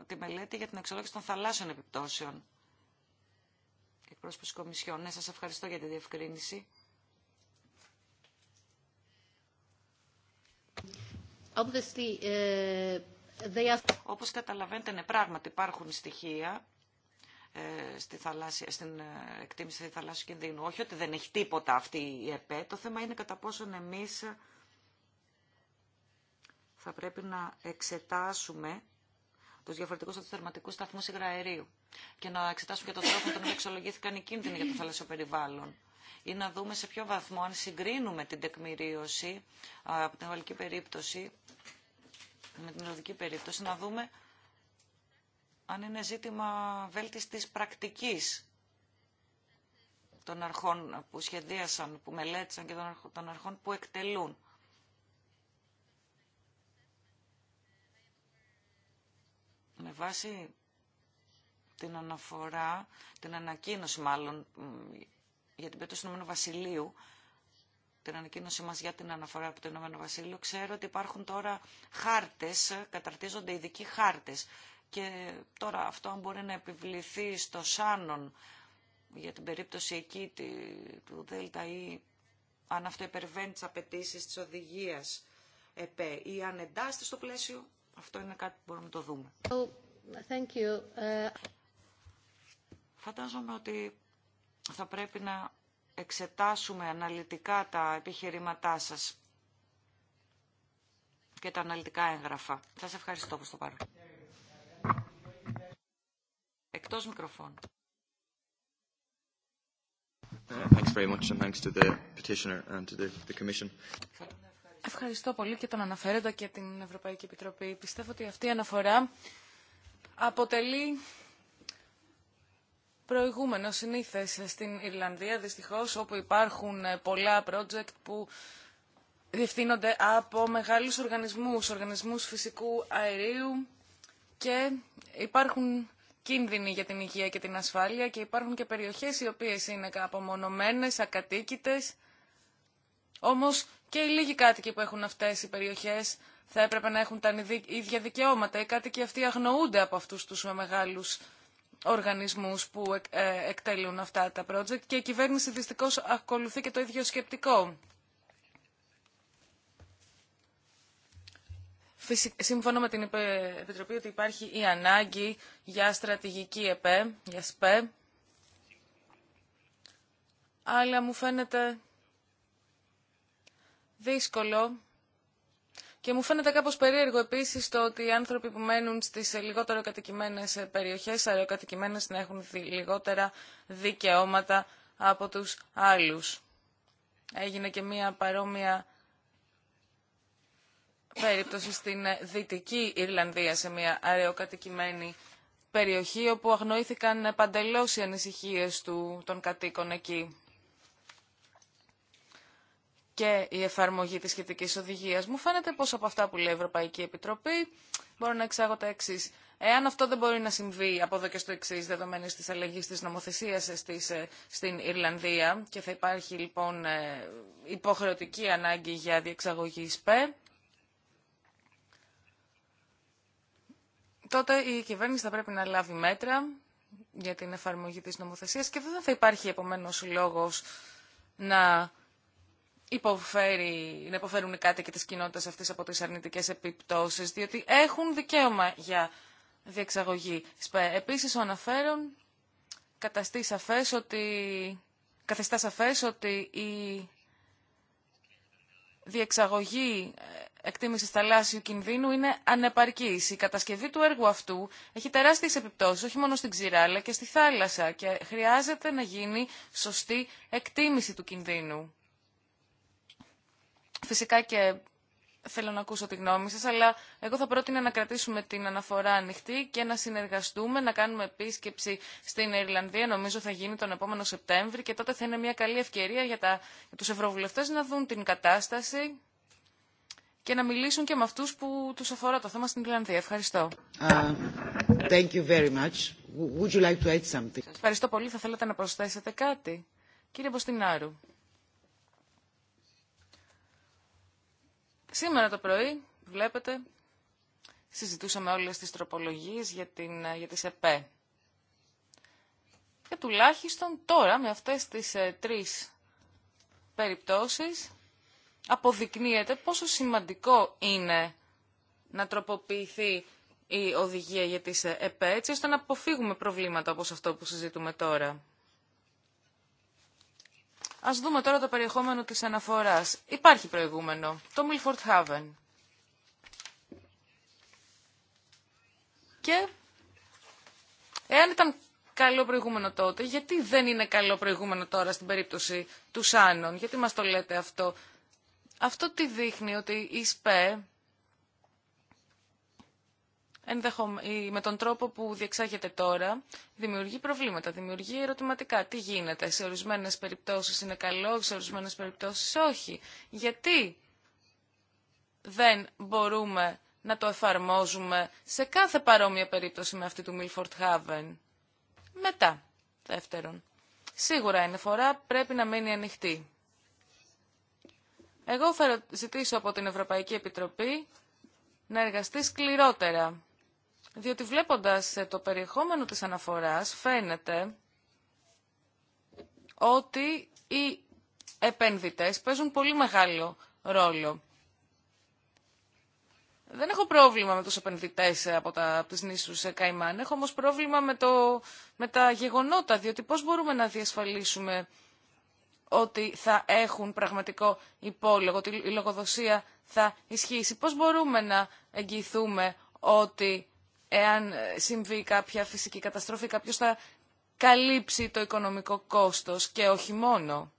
τη μελέτη για την εξολόγηση των θαλάσσιων επιπτώσεων. Εκπρόσωπος Κομισιόν, ναι, σας ευχαριστώ για τη διευκρίνηση. Obviously, ε, they are... Όπως καταλαβαίνετε, ναι, πράγματι υπάρχουν στοιχεία ε, στη θαλάσσια, στην εκτίμηση θαλάσσιου κινδύνου. Όχι ότι δεν έχει τίποτα αυτή η ΕΠΕ, το θέμα είναι κατά πόσον εμείς θα πρέπει να εξετάσουμε του διαφορετικού αυτοθερματικού σταθμού υγραερίου και να εξετάσουμε και τον τρόπο με τον οποίο εξολογήθηκαν οι κίνδυνοι για το θαλασσιο περιβάλλον ή να δούμε σε ποιο βαθμό αν συγκρίνουμε την τεκμηρίωση από την ευαλική περίπτωση με την ελληνική περίπτωση, να δούμε αν είναι ζήτημα βέλτιστης πρακτικής των αρχών που σχεδίασαν, που μελέτησαν και των αρχών που εκτελούν. με βάση την αναφορά, την ανακοίνωση μάλλον για την περίπτωση του Ηνωμένου Βασιλείου, την ανακοίνωση μας για την αναφορά από το Ηνωμένο Βασίλειο, ξέρω ότι υπάρχουν τώρα χάρτες, καταρτίζονται ειδικοί χάρτες. Και τώρα αυτό αν μπορεί να επιβληθεί στο Σάνον για την περίπτωση εκεί του Δέλτα ή αν αυτό υπερβαίνει τις απαιτήσει της οδηγίας ΕΠΕ ή αν εντάσσεται στο πλαίσιο αυτό είναι κάτι που μπορούμε να το δούμε. Ε, Φαντάζομαι ότι θα πρέπει να εξετάσουμε αναλυτικά τα επιχειρήματά σας και τα αναλυτικά έγγραφα. Σας ευχαριστώ που το πάρω. Εκτός μικροφώνου. Uh, thanks very much and thanks to the petitioner and to the, the commission. Ευχαριστώ πολύ και τον αναφέροντα και την Ευρωπαϊκή Επιτροπή. Πιστεύω ότι αυτή η αναφορά αποτελεί προηγούμενο συνήθες στην Ιρλανδία, δυστυχώς, όπου υπάρχουν πολλά project που διευθύνονται από μεγάλους οργανισμούς, οργανισμούς φυσικού αερίου και υπάρχουν κίνδυνοι για την υγεία και την ασφάλεια και υπάρχουν και περιοχές οι οποίες είναι απομονωμένες, ακατοίκητες όμως και οι λίγοι κάτοικοι που έχουν αυτές οι περιοχές θα έπρεπε να έχουν τα ίδια δικαιώματα. Οι κάτοικοι αυτοί αγνοούνται από αυτούς τους μεγάλους οργανισμούς που ε, εκτελούν αυτά τα project και η κυβέρνηση δυστυχώς ακολουθεί και το ίδιο σκεπτικό. Σύμφωνα με την Επιτροπή ότι υπάρχει η ανάγκη για στρατηγική ΕΠΕ, για ΣΠΕ, αλλά μου φαίνεται δύσκολο και μου φαίνεται κάπως περίεργο επίσης το ότι οι άνθρωποι που μένουν στις λιγότερο κατοικημένες περιοχές, αεροκατοικημένες, να έχουν λιγότερα δικαιώματα από τους άλλους. Έγινε και μία παρόμοια περίπτωση στην Δυτική Ιρλανδία, σε μία αεροκατοικημένη περιοχή, όπου αγνοήθηκαν παντελώς οι ανησυχίες του, των κατοίκων εκεί και η εφαρμογή της σχετικής οδηγίας. Μου φαίνεται πως από αυτά που λέει η Ευρωπαϊκή Επιτροπή μπορώ να εξάγω τα εξή. Εάν αυτό δεν μπορεί να συμβεί από εδώ και στο εξή, δεδομένης της αλλαγής της νομοθεσίας στις, ε, στην Ιρλανδία και θα υπάρχει λοιπόν ε, υποχρεωτική ανάγκη για διεξαγωγή ΣΠΕ, τότε η κυβέρνηση θα πρέπει να λάβει μέτρα για την εφαρμογή της νομοθεσίας και δεν θα υπάρχει επομένως λόγος να υποφέρει, να υποφέρουν οι κάτοικοι της κοινότητας αυτής από τις αρνητικές επιπτώσεις, διότι έχουν δικαίωμα για διεξαγωγή. Επίσης, ο αναφέρον σαφές ότι, καθιστά σαφές ότι η διεξαγωγή ε, εκτίμηση θαλάσσιου κινδύνου είναι ανεπαρκή. Η κατασκευή του έργου αυτού έχει τεράστιε επιπτώσει όχι μόνο στην ξηρά αλλά και στη θάλασσα και χρειάζεται να γίνει σωστή εκτίμηση του κινδύνου. Φυσικά και θέλω να ακούσω τη γνώμη σας, αλλά εγώ θα πρότεινα να κρατήσουμε την αναφορά ανοιχτή και να συνεργαστούμε, να κάνουμε επίσκεψη στην Ιρλανδία. Νομίζω θα γίνει τον επόμενο Σεπτέμβρη και τότε θα είναι μια καλή ευκαιρία για, τα, για τους ευρωβουλευτές να δουν την κατάσταση και να μιλήσουν και με αυτούς που τους αφορά το θέμα στην Ιρλανδία. Ευχαριστώ. Um, thank you very much. Would you like to add something? Ευχαριστώ πολύ. Θα θέλατε να προσθέσετε κάτι. Κύριε Μποστινάρου. Σήμερα το πρωί, βλέπετε, συζητούσαμε όλες τις τροπολογίες για, την, για τις ΕΠΕ. Και τουλάχιστον τώρα, με αυτές τις ε, τρεις περιπτώσεις, αποδεικνύεται πόσο σημαντικό είναι να τροποποιηθεί η οδηγία για τις ε, ΕΠΕ, έτσι ώστε να αποφύγουμε προβλήματα όπως αυτό που συζητούμε τώρα. Ας δούμε τώρα το περιεχόμενο της αναφοράς. Υπάρχει προηγούμενο. Το Milford Haven. Και εάν ήταν καλό προηγούμενο τότε, γιατί δεν είναι καλό προηγούμενο τώρα στην περίπτωση του Σάνων. Γιατί μας το λέτε αυτό. Αυτό τι δείχνει ότι η ΣΠΕ με τον τρόπο που διεξάγεται τώρα, δημιουργεί προβλήματα, δημιουργεί ερωτηματικά. Τι γίνεται, σε ορισμένες περιπτώσεις είναι καλό, σε ορισμένες περιπτώσεις όχι. Γιατί δεν μπορούμε να το εφαρμόζουμε σε κάθε παρόμοια περίπτωση με αυτή του Milford Haven. Μετά, δεύτερον. Σίγουρα η φορά πρέπει να μείνει ανοιχτή. Εγώ θα ζητήσω από την Ευρωπαϊκή Επιτροπή να εργαστεί σκληρότερα διότι βλέποντας ε, το περιεχόμενο της αναφοράς φαίνεται ότι οι επένδυτες παίζουν πολύ μεγάλο ρόλο. Δεν έχω πρόβλημα με τους επενδυτές ε, από, τα, από τις νήσους ε, Καϊμάν. Έχω όμως πρόβλημα με, το, με τα γεγονότα, διότι πώς μπορούμε να διασφαλίσουμε ότι θα έχουν πραγματικό υπόλογο, ότι η λογοδοσία θα ισχύσει. Πώς μπορούμε να εγγυηθούμε ότι εάν ε, συμβεί κάποια φυσική καταστροφή, κάποιος θα καλύψει το οικονομικό κόστος και όχι μόνο.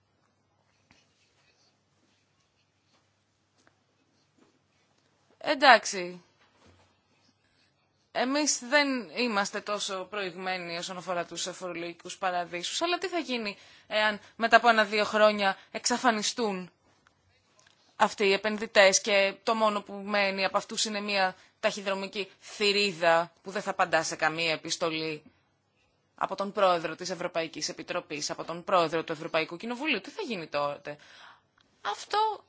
Εντάξει, εμείς δεν είμαστε τόσο προηγμένοι όσον αφορά τους φορολογικούς παραδείσους, αλλά τι θα γίνει εάν μετά από ένα-δύο χρόνια εξαφανιστούν αυτοί οι επενδυτές και το μόνο που μένει από αυτούς είναι μια ταχυδρομική θηρίδα που δεν θα απαντά σε καμία επιστολή από τον πρόεδρο της Ευρωπαϊκής Επιτροπής, από τον πρόεδρο του Ευρωπαϊκού Κοινοβουλίου. Τι θα γίνει τότε. Αυτό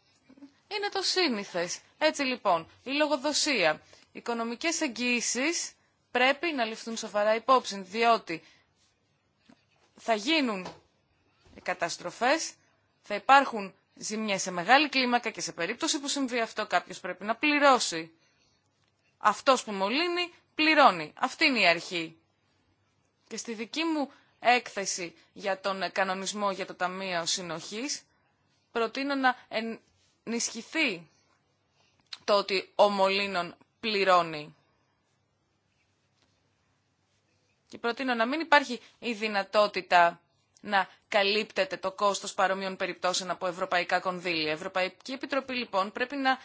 είναι το σύνηθε. Έτσι λοιπόν, η λογοδοσία, οι οικονομικές εγγύησεις πρέπει να ληφθούν σοβαρά υπόψη, διότι θα γίνουν οι καταστροφές, θα υπάρχουν ζημιές σε μεγάλη κλίμακα και σε περίπτωση που συμβεί αυτό κάποιος πρέπει να πληρώσει αυτός που μολύνει πληρώνει. Αυτή είναι η αρχή. Και στη δική μου έκθεση για τον κανονισμό για το Ταμείο Συνοχής προτείνω να ενισχυθεί το ότι ο Μολύνων πληρώνει. Και προτείνω να μην υπάρχει η δυνατότητα να καλύπτεται το κόστος παρομοιών περιπτώσεων από ευρωπαϊκά κονδύλια. Η Ευρωπαϊκή Επιτροπή λοιπόν πρέπει να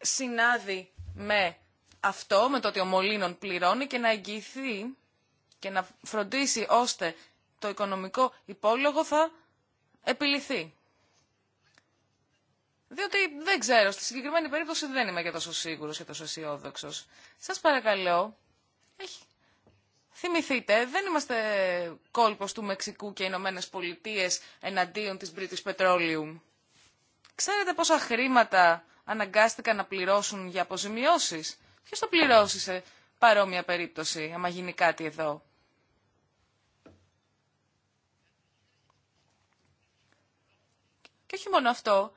συνάδει με αυτό, με το ότι ο Μολύνων πληρώνει και να εγγυηθεί και να φροντίσει ώστε το οικονομικό υπόλογο θα επιληθεί. Διότι δεν ξέρω, στη συγκεκριμένη περίπτωση δεν είμαι και τόσο σίγουρος και τόσο αισιόδοξο. Σας παρακαλώ, έχει... θυμηθείτε, δεν είμαστε κόλπος του Μεξικού και Ηνωμένε Πολιτείε εναντίον της British Petroleum. Ξέρετε πόσα χρήματα αναγκάστηκαν να πληρώσουν για αποζημιώσεις. Ποιος θα πληρώσει σε παρόμοια περίπτωση, άμα γίνει κάτι εδώ. Και όχι μόνο αυτό,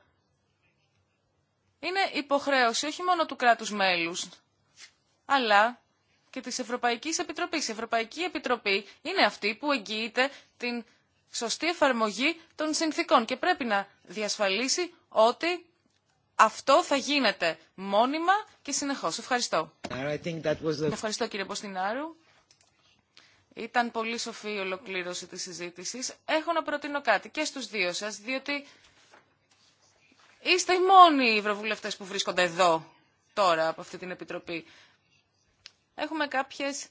είναι υποχρέωση όχι μόνο του κράτους μέλους, αλλά και της Ευρωπαϊκής Επιτροπής. Η Ευρωπαϊκή Επιτροπή είναι αυτή που εγγυείται την σωστή εφαρμογή των συνθήκων και πρέπει να διασφαλίσει ότι αυτό θα γίνεται μόνιμα και συνεχώς. Ευχαριστώ. Ευχαριστώ κύριε Ποστινάρου. Ήταν πολύ σοφή η ολοκλήρωση της συζήτησης. Έχω να προτείνω κάτι και στους δύο σας, διότι είστε οι μόνοι οι ευρωβουλευτές που βρίσκονται εδώ τώρα από αυτή την Επιτροπή. Έχουμε κάποιες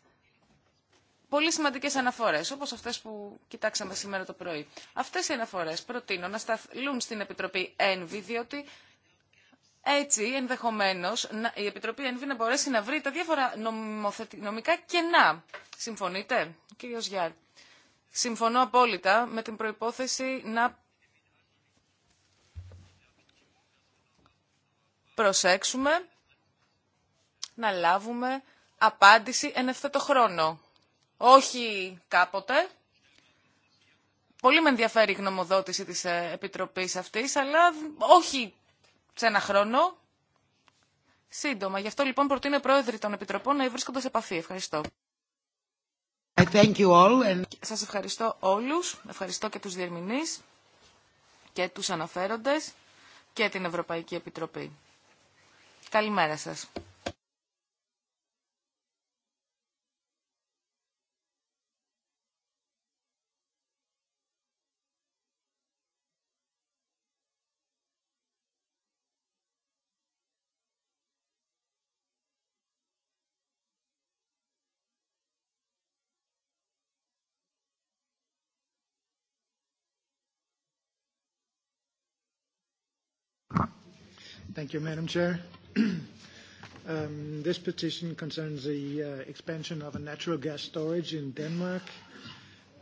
πολύ σημαντικές αναφορές, όπως αυτές που κοιτάξαμε σήμερα το πρωί. Αυτές οι αναφορές προτείνω να σταθούν στην Επιτροπή ΕΝΒΙ, διότι έτσι, ενδεχομένω, η Επιτροπή Ένβη να μπορέσει να βρει τα διάφορα νομικά κενά. Συμφωνείτε, κύριο Γιάρ. Συμφωνώ απόλυτα με την προϋπόθεση να προσέξουμε να λάβουμε απάντηση εν ευθέτω χρόνο. Όχι κάποτε. Πολύ με ενδιαφέρει η γνωμοδότηση της ε, Επιτροπής αυτής, αλλά όχι σε ένα χρόνο σύντομα. Γι' αυτό λοιπόν προτείνω οι πρόεδροι των Επιτροπών να βρίσκονται σε επαφή. Ευχαριστώ. I Σας ευχαριστώ όλους, ευχαριστώ και τους διερμηνείς και τους αναφέροντες και την Ευρωπαϊκή Επιτροπή. Καλημέρα σας. Thank you, Madam Chair. This petition concerns the expansion of a natural gas storage in Denmark.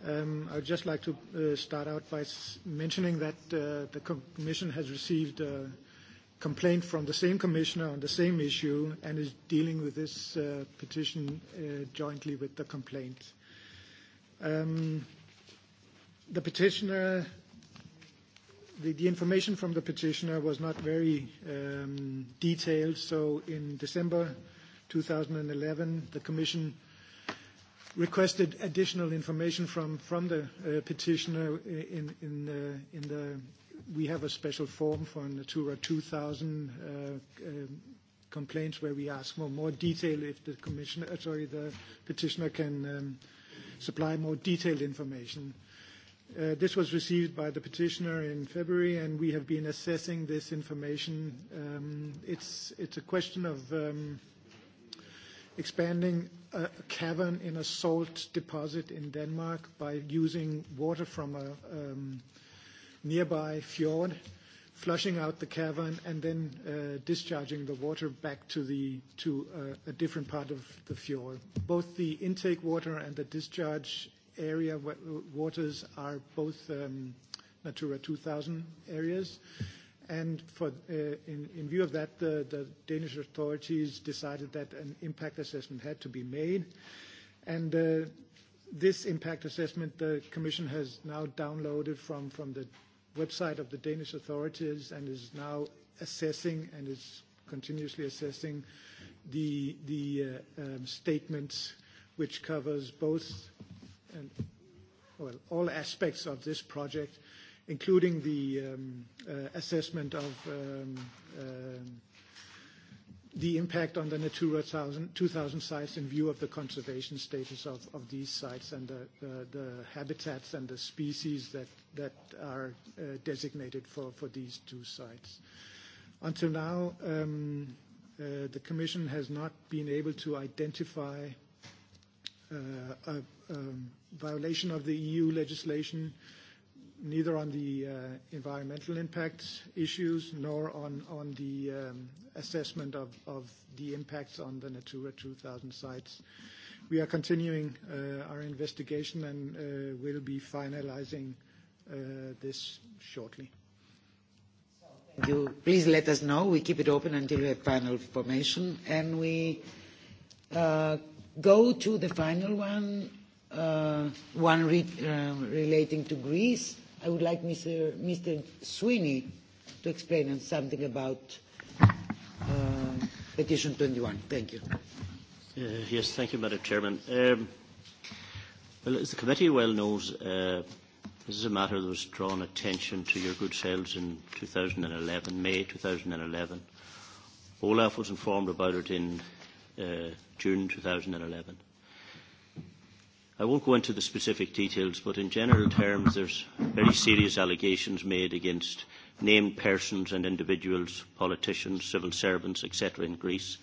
I would just like to start out by mentioning that the Commission has received a complaint from the same Commissioner on the same issue and is dealing with this petition jointly with the complaint. The petitioner The information from the petitioner was not very detailed, so in December 2011, the Commission requested additional information from the petitioner. We have a special form for Natura 2000 complaints where we ask for more detail if the petitioner can supply more detailed information. This was received by the petitioner in February, and we have been assessing this information. It's a question of expanding a cavern in a salt deposit in Denmark by using water from a nearby fjord, flushing out the cavern, and then discharging the water back to a different part of the fjord. Both the intake water and the discharge area where waters are both Natura 2000 areas. And in view of that, the Danish authorities decided that an impact assessment had to be made. And this impact assessment, the Commission has now downloaded from the website of the Danish authorities and is now assessing and is continuously assessing the statements which covers both well, all aspects of this project, including the assessment of the impact on the Natura 2000 sites in view of the conservation status of these sites and the habitats and the species that are designated for these two sites. Until now, the Commission has not been able to identify a violation of the EU legislation, neither on the environmental impact issues nor on on the assessment of of the impacts on the Natura 2000 sites. We are continuing our investigation and will be finalizing this shortly. Thank you. Please let us know. We keep it open until we have final information, and we go to the final one, uh one relating to Greece. I would like Mr. Mr. Sweeney to explain something about uh Petition 21. Thank you. Yes, thank you, Madam Chairman. Well, as the committee well knows, this is a matter that was drawn attention to your good selves in 2011, May 2011. Olaf was informed about it in uh June 2011. I won't go into the specific details, but in general terms, there's very serious allegations made against named persons and individuals, politicians, civil servants, etc. in Greece,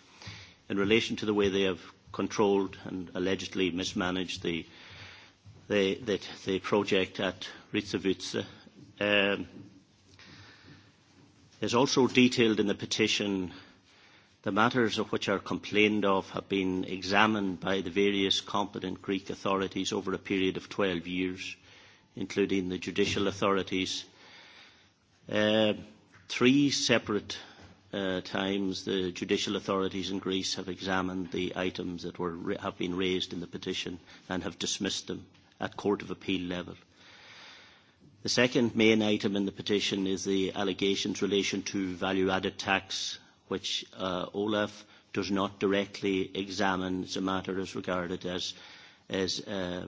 in relation to the way they have controlled and allegedly mismanaged the project at Ritsovice. There's also detailed in the petition The matters of which are complained of have been examined by the various competent Greek authorities over a period of 12 years, including the judicial authorities. Three separate times the judicial authorities in Greece have examined the items that were have been raised in the petition and have dismissed them at Court of Appeal level. The second main item in the petition is the allegations relation to value-added tax which Olaf does not directly examine. the matter as regarded as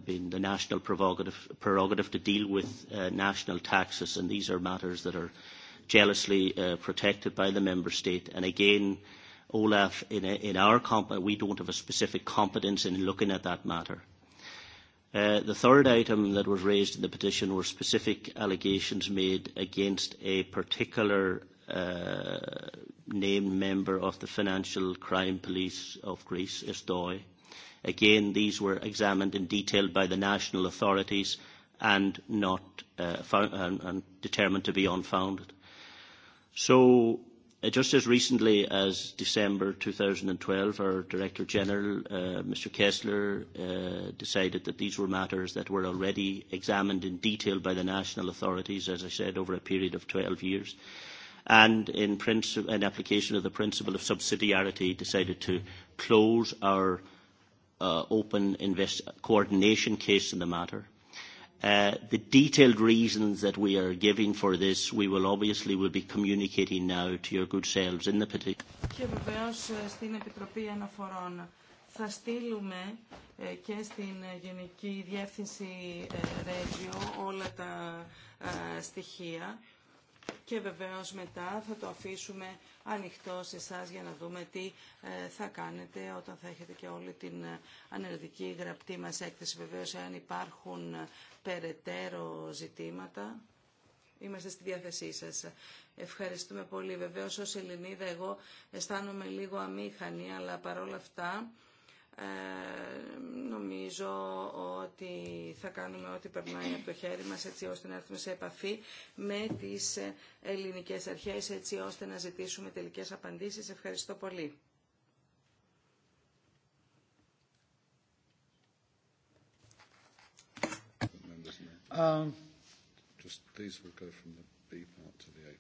being the national prerogative to deal with national taxes, and these are matters that are jealously protected by the member state. And again, Olaf, in our we don't have a specific competence in looking at that matter. The third item that was raised in the petition were specific allegations made against a particular named member of the Financial Crime Police of Greece, ESDOI. Again, these were examined in detail by the national authorities and not and determined to be unfounded. So just as recently as December 2012, our Director General, Mr. Kessler, decided that these were matters that were already examined in detail by the national authorities, as I said, over a period of 12 years and in application of the principle of subsidiarity decided to close our open invest coordination case in the matter. The detailed reasons that we are giving for this we will obviously will be communicating now to your good selves in the particular. Και στην και βεβαίως μετά θα το αφήσουμε ανοιχτό σε εσά για να δούμε τι ε, θα κάνετε όταν θα έχετε και όλη την ε, ανεργική γραπτή μας έκθεση. Βεβαίως, αν υπάρχουν ε, περαιτέρω ζητήματα, είμαστε στη διάθεσή σας. Ευχαριστούμε πολύ. Βεβαίως, ως Ελληνίδα, εγώ αισθάνομαι λίγο αμήχανη, αλλά παρόλα αυτά ε, νομίζω ότι θα κάνουμε ό,τι περνάει από το χέρι μας έτσι ώστε να έρθουμε σε επαφή με τις ελληνικές αρχές έτσι ώστε να ζητήσουμε τελικές απαντήσεις. Ευχαριστώ πολύ. Um, just from the B part to the A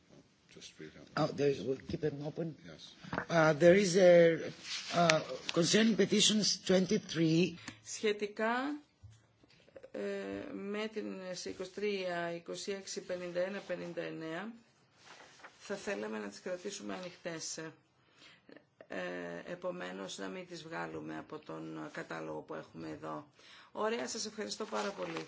Σχετικά ε, με την 23, 26, 51, 59 θα θέλαμε να τις κρατήσουμε ανοιχτές. Ε, επομένως να μην τις βγάλουμε από τον κατάλογο που έχουμε εδώ. Ωραία, σας ευχαριστώ πάρα πολύ.